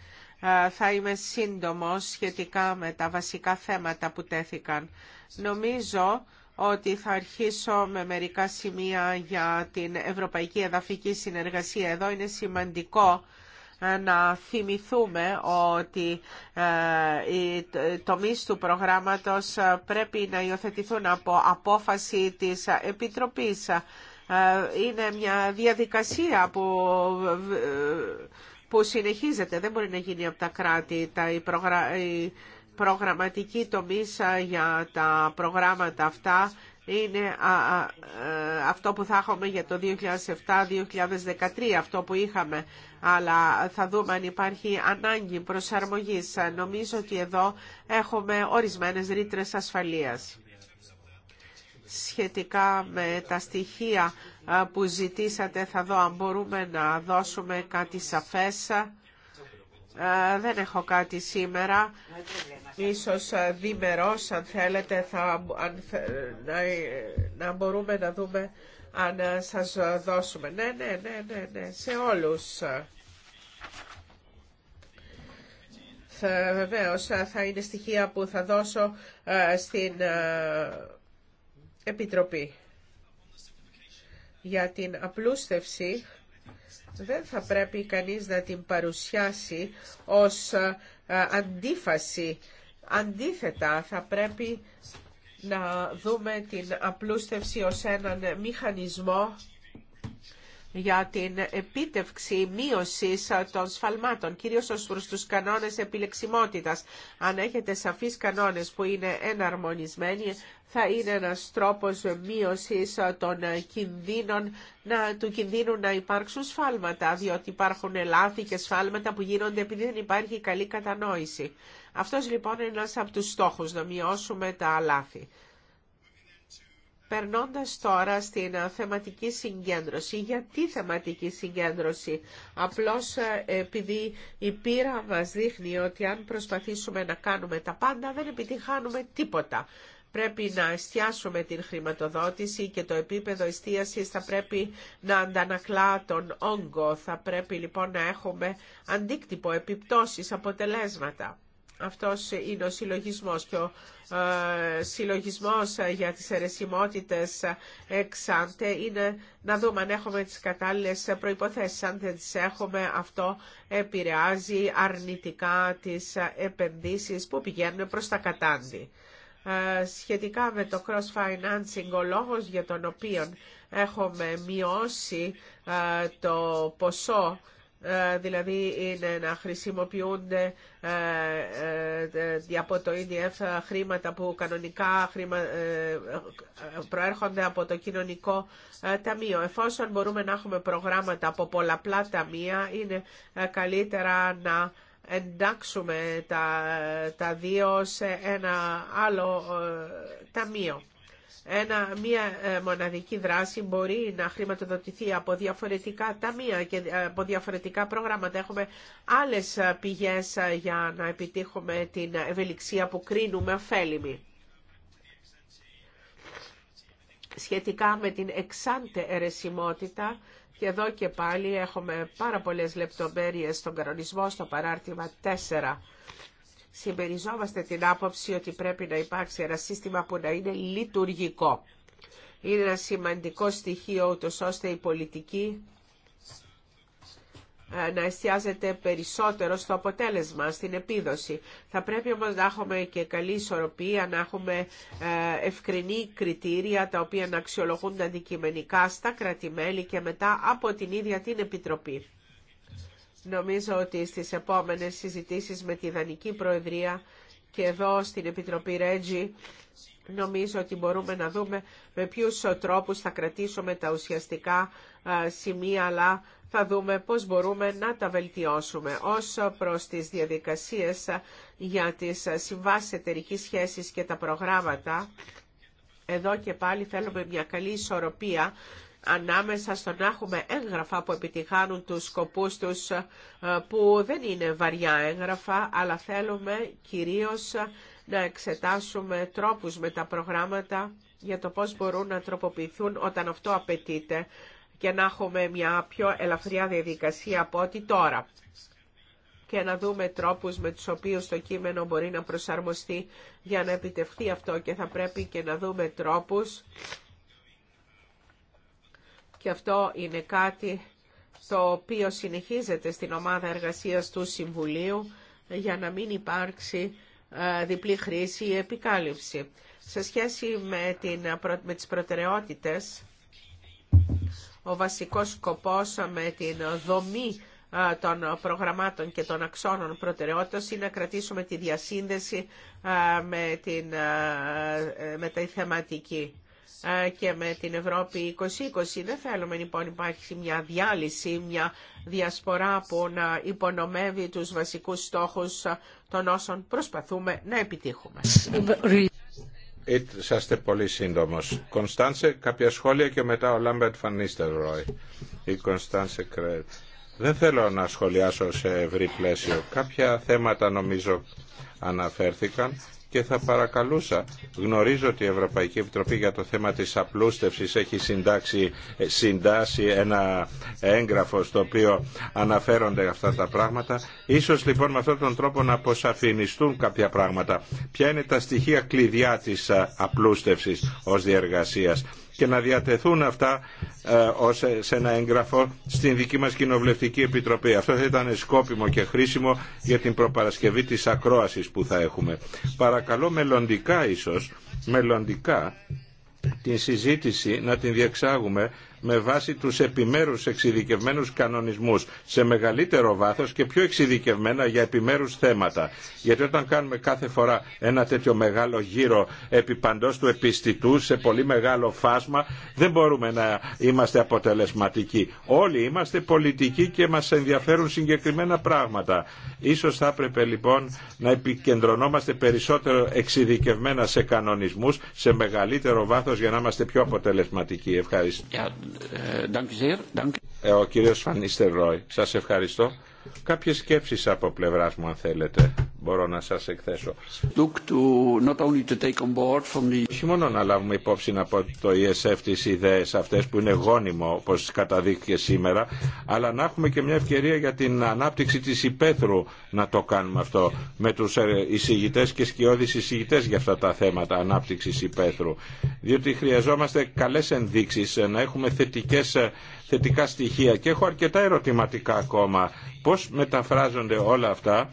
S2: Θα είμαι σύντομος σχετικά με τα βασικά θέματα που τέθηκαν. Νομίζω ότι θα αρχίσω με μερικά σημεία για την Ευρωπαϊκή Εδαφική Συνεργασία. Εδώ είναι σημαντικό ε, να θυμηθούμε ότι ε, οι τομείς του προγράμματος ε, πρέπει να υιοθετηθούν από απόφαση της Επιτροπής. Είναι μια διαδικασία που που συνεχίζεται, δεν μπορεί να γίνει από τα κράτη. Τα, προγραμματική τομής για τα προγράμματα αυτά είναι ε, αυτό που θα έχουμε για το 2007-2013, αυτό που είχαμε. Αλλά θα δούμε αν υπάρχει ανάγκη προσαρμογής. Νομίζω ότι εδώ έχουμε ορισμένες ρήτρε ασφαλείας. Σχετικά με τα στοιχεία ε, που ζητήσατε, θα δω αν μπορούμε να δώσουμε κάτι σαφές. Ε, δεν έχω κάτι σήμερα ίσως διμερός αν θέλετε θα, ε, να, μπορούμε να δούμε αν σας δώσουμε. Ναι, ναι, ναι, ναι, ναι, σε όλους. Θα, βεβαίως θα είναι στοιχεία που θα δώσω στην Επιτροπή. Για την απλούστευση δεν θα πρέπει κανείς να την παρουσιάσει ως αντίφαση Αντίθετα, θα πρέπει να δούμε την απλούστευση ως έναν μηχανισμό για την επίτευξη μείωση των σφαλμάτων, κυρίως ως προς τους κανόνες επιλεξιμότητας. Αν έχετε σαφείς κανόνες που είναι εναρμονισμένοι, θα είναι ένας τρόπος μείωση των κινδύνων, να, του κινδύνου να υπάρξουν σφάλματα, διότι υπάρχουν λάθη και σφάλματα που γίνονται επειδή δεν υπάρχει καλή κατανόηση. Αυτός λοιπόν είναι ένας από τους στόχους, να μειώσουμε τα λάθη. Περνώντας τώρα στην ε, θεματική συγκέντρωση. Γιατί θεματική συγκέντρωση. Απλώς ε, επειδή η πείρα μας δείχνει ότι αν προσπαθήσουμε να κάνουμε τα πάντα δεν επιτυχάνουμε τίποτα. Πρέπει να εστιάσουμε την χρηματοδότηση και το επίπεδο εστίασης θα πρέπει να αντανακλά τον όγκο. Θα πρέπει λοιπόν να έχουμε αντίκτυπο, επιπτώσεις, αποτελέσματα αυτός είναι ο συλλογισμός και ο ε, συλλογισμός ε, για τις αιρεσιμότητες ε, εξάντε είναι να δούμε αν έχουμε τις κατάλληλες προϋποθέσεις. Αν δεν τις έχουμε αυτό επηρεάζει αρνητικά τις ε, επενδύσεις που πηγαίνουν προς τα κατάντη. σχετικά με το cross-financing, ο λόγος για τον οποίο έχουμε μειώσει το ποσό ε, δηλαδή είναι να χρησιμοποιούνται ε, ε, από το EDF χρήματα που κανονικά προέρχονται από το κοινωνικό ταμείο. Εφόσον μπορούμε να έχουμε προγράμματα από πολλαπλά ταμεία, είναι καλύτερα να εντάξουμε τα δύο σε ένα άλλο ταμείο ένα, μια ε, μοναδική δράση μπορεί να χρηματοδοτηθεί από διαφορετικά ταμεία και ε, από διαφορετικά προγράμματα. Έχουμε άλλες ε, πηγές για να επιτύχουμε την ευελιξία που κρίνουμε ωφέλιμη. Σχετικά με την εξάντε αιρεσιμότητα, και εδώ και πάλι έχουμε πάρα πολλές λεπτομέρειες στον κανονισμό στο παράρτημα 4 συμπεριζόμαστε την άποψη ότι πρέπει να υπάρξει ένα σύστημα που να είναι λειτουργικό. Είναι ένα σημαντικό στοιχείο ούτως ώστε η πολιτική ε, να εστιάζεται περισσότερο στο αποτέλεσμα, στην επίδοση. Θα πρέπει όμως να έχουμε και καλή ισορροπία, να έχουμε ε, ευκρινή κριτήρια τα οποία να αξιολογούνται αντικειμενικά στα κρατημέλη και μετά από την ίδια την Επιτροπή. Νομίζω ότι στις επόμενες συζητήσεις με τη Δανική Προεδρία και εδώ στην Επιτροπή Ρέτζι νομίζω ότι μπορούμε να δούμε με ποιους τρόπους θα κρατήσουμε τα ουσιαστικά σημεία αλλά θα δούμε πώς μπορούμε να τα βελτιώσουμε. Όσο προς τις διαδικασίες για τις συμβάσεις εταιρική σχέσης και τα προγράμματα, εδώ και πάλι θέλουμε μια καλή ισορροπία ανάμεσα στο να έχουμε έγγραφα που επιτυχάνουν τους σκοπούς τους ε, που δεν είναι βαριά έγγραφα, αλλά θέλουμε κυρίως ε, να εξετάσουμε τρόπους με τα προγράμματα για το πώς μπορούν να τροποποιηθούν όταν αυτό απαιτείται και να έχουμε μια πιο ελαφριά διαδικασία από ό,τι τώρα και να δούμε τρόπους με τους οποίους το κείμενο μπορεί να προσαρμοστεί για να επιτευχθεί αυτό και θα πρέπει και να δούμε τρόπους και αυτό είναι κάτι το οποίο συνεχίζεται στην ομάδα εργασίας του Συμβουλίου για να μην υπάρξει ε, διπλή χρήση ή επικάλυψη. Σε σχέση με, την, με τις προτεραιότητες, ο βασικός σκοπός με την δομή ε, των προγραμμάτων και των αξώνων προτεραιότητας είναι να κρατήσουμε τη διασύνδεση ε, με, την, με θεματική και με την Ευρώπη 2020. Δεν θέλουμε λοιπόν υπάρχει μια διάλυση, μια διασπορά που να υπονομεύει τους βασικούς στόχους των όσων προσπαθούμε να επιτύχουμε.
S3: Είσαστε πολύ σύντομος. Κωνσταντσε, κάποια σχόλια και μετά ο Λάμπερτ Φανίστερ Ρόι. Η Κωνσταντσε Κρέτ. Δεν θέλω να σχολιάσω σε ευρύ πλαίσιο. Κάποια θέματα νομίζω αναφέρθηκαν και θα παρακαλούσα. Γνωρίζω ότι η Ευρωπαϊκή Επιτροπή για το θέμα της απλούστευσης έχει συντάξει, ε, συντάσει ένα έγγραφο στο οποίο αναφέρονται αυτά τα πράγματα. Ίσως λοιπόν με αυτόν τον τρόπο να αποσαφινιστούν κάποια πράγματα. Ποια είναι τα στοιχεία κλειδιά της ε, απλούστευσης ως διεργασίας και να διατεθούν αυτά ε, ως, σε ένα έγγραφο στην δική μας Κοινοβουλευτική Επιτροπή. Αυτό θα ήταν σκόπιμο και χρήσιμο για την προπαρασκευή της ακρόασης που θα έχουμε. Παρακαλώ μελλοντικά ίσως, μελλοντικά την συζήτηση να την διεξάγουμε με βάση τους επιμέρους εξειδικευμένους κανονισμούς σε μεγαλύτερο βάθος και πιο εξειδικευμένα για επιμέρους θέματα. Γιατί όταν κάνουμε κάθε φορά ένα τέτοιο μεγάλο γύρο επί παντός του επιστητού σε πολύ μεγάλο φάσμα δεν μπορούμε να είμαστε αποτελεσματικοί. Όλοι είμαστε πολιτικοί και μας ενδιαφέρουν συγκεκριμένα πράγματα. Ίσως θα έπρεπε λοιπόν να επικεντρωνόμαστε περισσότερο εξειδικευμένα σε κανονισμούς σε μεγαλύτερο βάθος για να είμαστε πιο αποτελεσματικοί. Ευχαριστώ. Ε, ε, ε, ο κύριος σας ευχαριστώ. Κάποιες σκέψεις από πλευράς μου αν θέλετε μπορώ να σας εκθέσω. Όχι μόνο να λάβουμε υπόψη από το ESF τις ιδέες αυτές που είναι γόνιμο όπως καταδείχθηκε σήμερα αλλά να έχουμε και μια ευκαιρία για την ανάπτυξη της υπαίθρου να το κάνουμε αυτό με τους ε, εισηγητές και σκιώδεις εισηγητές για αυτά τα θέματα ανάπτυξης υπαίθρου διότι χρειαζόμαστε καλές ενδείξεις ε, να έχουμε θετικές ε, θετικά στοιχεία και έχω αρκετά ερωτηματικά ακόμα. Πώς μεταφράζονται όλα αυτά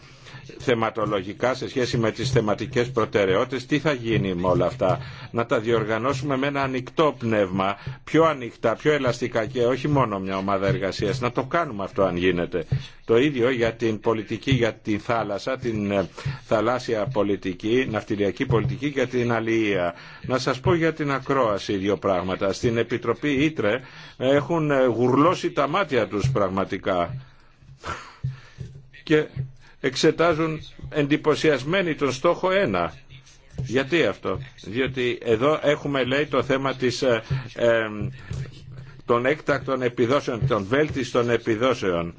S3: θεματολογικά σε σχέση με τις θεματικές προτεραιότητες, τι θα γίνει με όλα αυτά. Να τα διοργανώσουμε με ένα ανοιχτό πνεύμα, πιο ανοιχτά, πιο ελαστικά και όχι μόνο μια ομάδα εργασίας. Να το κάνουμε αυτό αν γίνεται. Το ίδιο για την πολιτική για την θάλασσα, την ε, θαλάσσια πολιτική, ναυτιλιακή πολιτική για την αλληλεία. Να σας πω για την ακρόαση δύο πράγματα. Στην Επιτροπή Ήτρε έχουν ε, γουρλώσει τα μάτια τους πραγματικά. Και εξετάζουν εντυπωσιασμένοι τον στόχο 1. Γιατί αυτό. Διότι εδώ έχουμε λέει το θέμα της, ε, ε, των έκτακτων επιδόσεων, των βέλτιστων επιδόσεων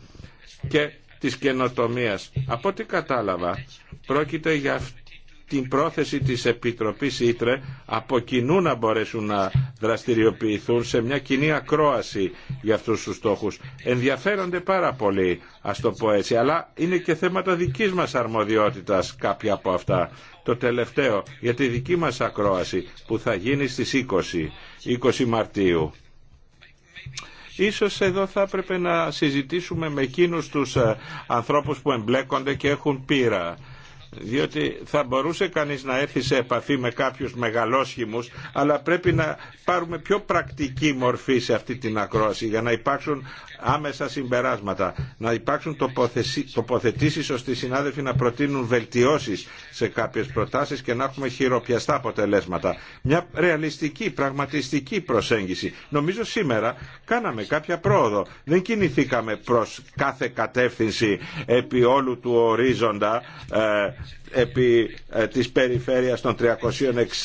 S3: και της καινοτομίας. Από ό,τι κατάλαβα, πρόκειται για αυτό την πρόθεση της Επιτροπής Ήτρε από κοινού να μπορέσουν να δραστηριοποιηθούν σε μια κοινή ακρόαση για αυτούς τους στόχους. Ενδιαφέρονται πάρα πολύ, ας το πω έτσι, αλλά είναι και θέματα δικής μας αρμοδιότητας κάποια από αυτά. Το τελευταίο, για τη δική μας ακρόαση που θα γίνει στις 20, 20 Μαρτίου. Ίσως εδώ θα έπρεπε να συζητήσουμε με εκείνους τους ε, ανθρώπους που εμπλέκονται και έχουν πείρα διότι θα μπορούσε κανείς να έρθει σε επαφή με κάποιους μεγαλόσχημους αλλά πρέπει να πάρουμε πιο πρακτική μορφή σε αυτή την ακρόαση για να υπάρξουν άμεσα συμπεράσματα να υπάρξουν τοποθετήσεις ώστε οι συνάδελφοι να προτείνουν βελτιώσεις σε κάποιες προτάσεις και να έχουμε χειροπιαστά αποτελέσματα μια ρεαλιστική, πραγματιστική προσέγγιση νομίζω σήμερα κάναμε κάποια πρόοδο δεν κινηθήκαμε προς κάθε κατεύθυνση επί όλου του ορίζοντα ε, Υπότιτλοι επί ε, της περιφέρειας των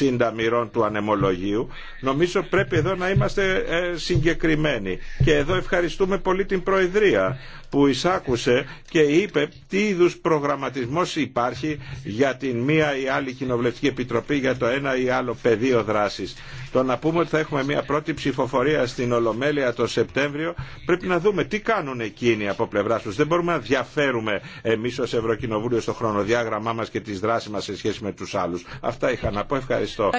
S3: 360 μοιρών του ανεμολογίου. Νομίζω πρέπει εδώ να είμαστε ε, συγκεκριμένοι. Και εδώ ευχαριστούμε πολύ την Προεδρία που εισάκουσε και είπε τι είδου προγραμματισμός υπάρχει για την μία ή άλλη κοινοβουλευτική επιτροπή για το ένα ή άλλο πεδίο δράσης. Το να πούμε ότι θα έχουμε μία πρώτη ψηφοφορία στην Ολομέλεια το Σεπτέμβριο πρέπει να δούμε τι κάνουν εκείνοι από πλευρά τους. Δεν μπορούμε να διαφέρουμε εμείς ως Ευρωκοινοβούλιο στο χρονοδιάγραμμά μας και τη δράση μα σε σχέση με του άλλου. Αυτά είχα να πω. Ευχαριστώ.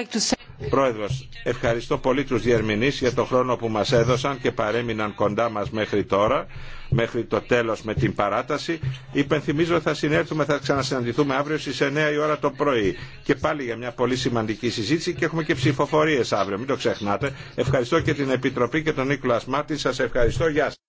S3: Πρόεδρος, ευχαριστώ πολύ τους διερμηνείς για τον χρόνο που μας έδωσαν και παρέμειναν κοντά μας μέχρι τώρα, μέχρι το τέλος με την παράταση. Υπενθυμίζω θα συνέλθουμε, θα ξανασυναντηθούμε αύριο στις 9 η ώρα το πρωί και πάλι για μια πολύ σημαντική συζήτηση και έχουμε και ψηφοφορίες αύριο, μην το ξεχνάτε. Ευχαριστώ και την Επιτροπή και τον Νίκολα Μάρτιν. σας ευχαριστώ, γεια σας.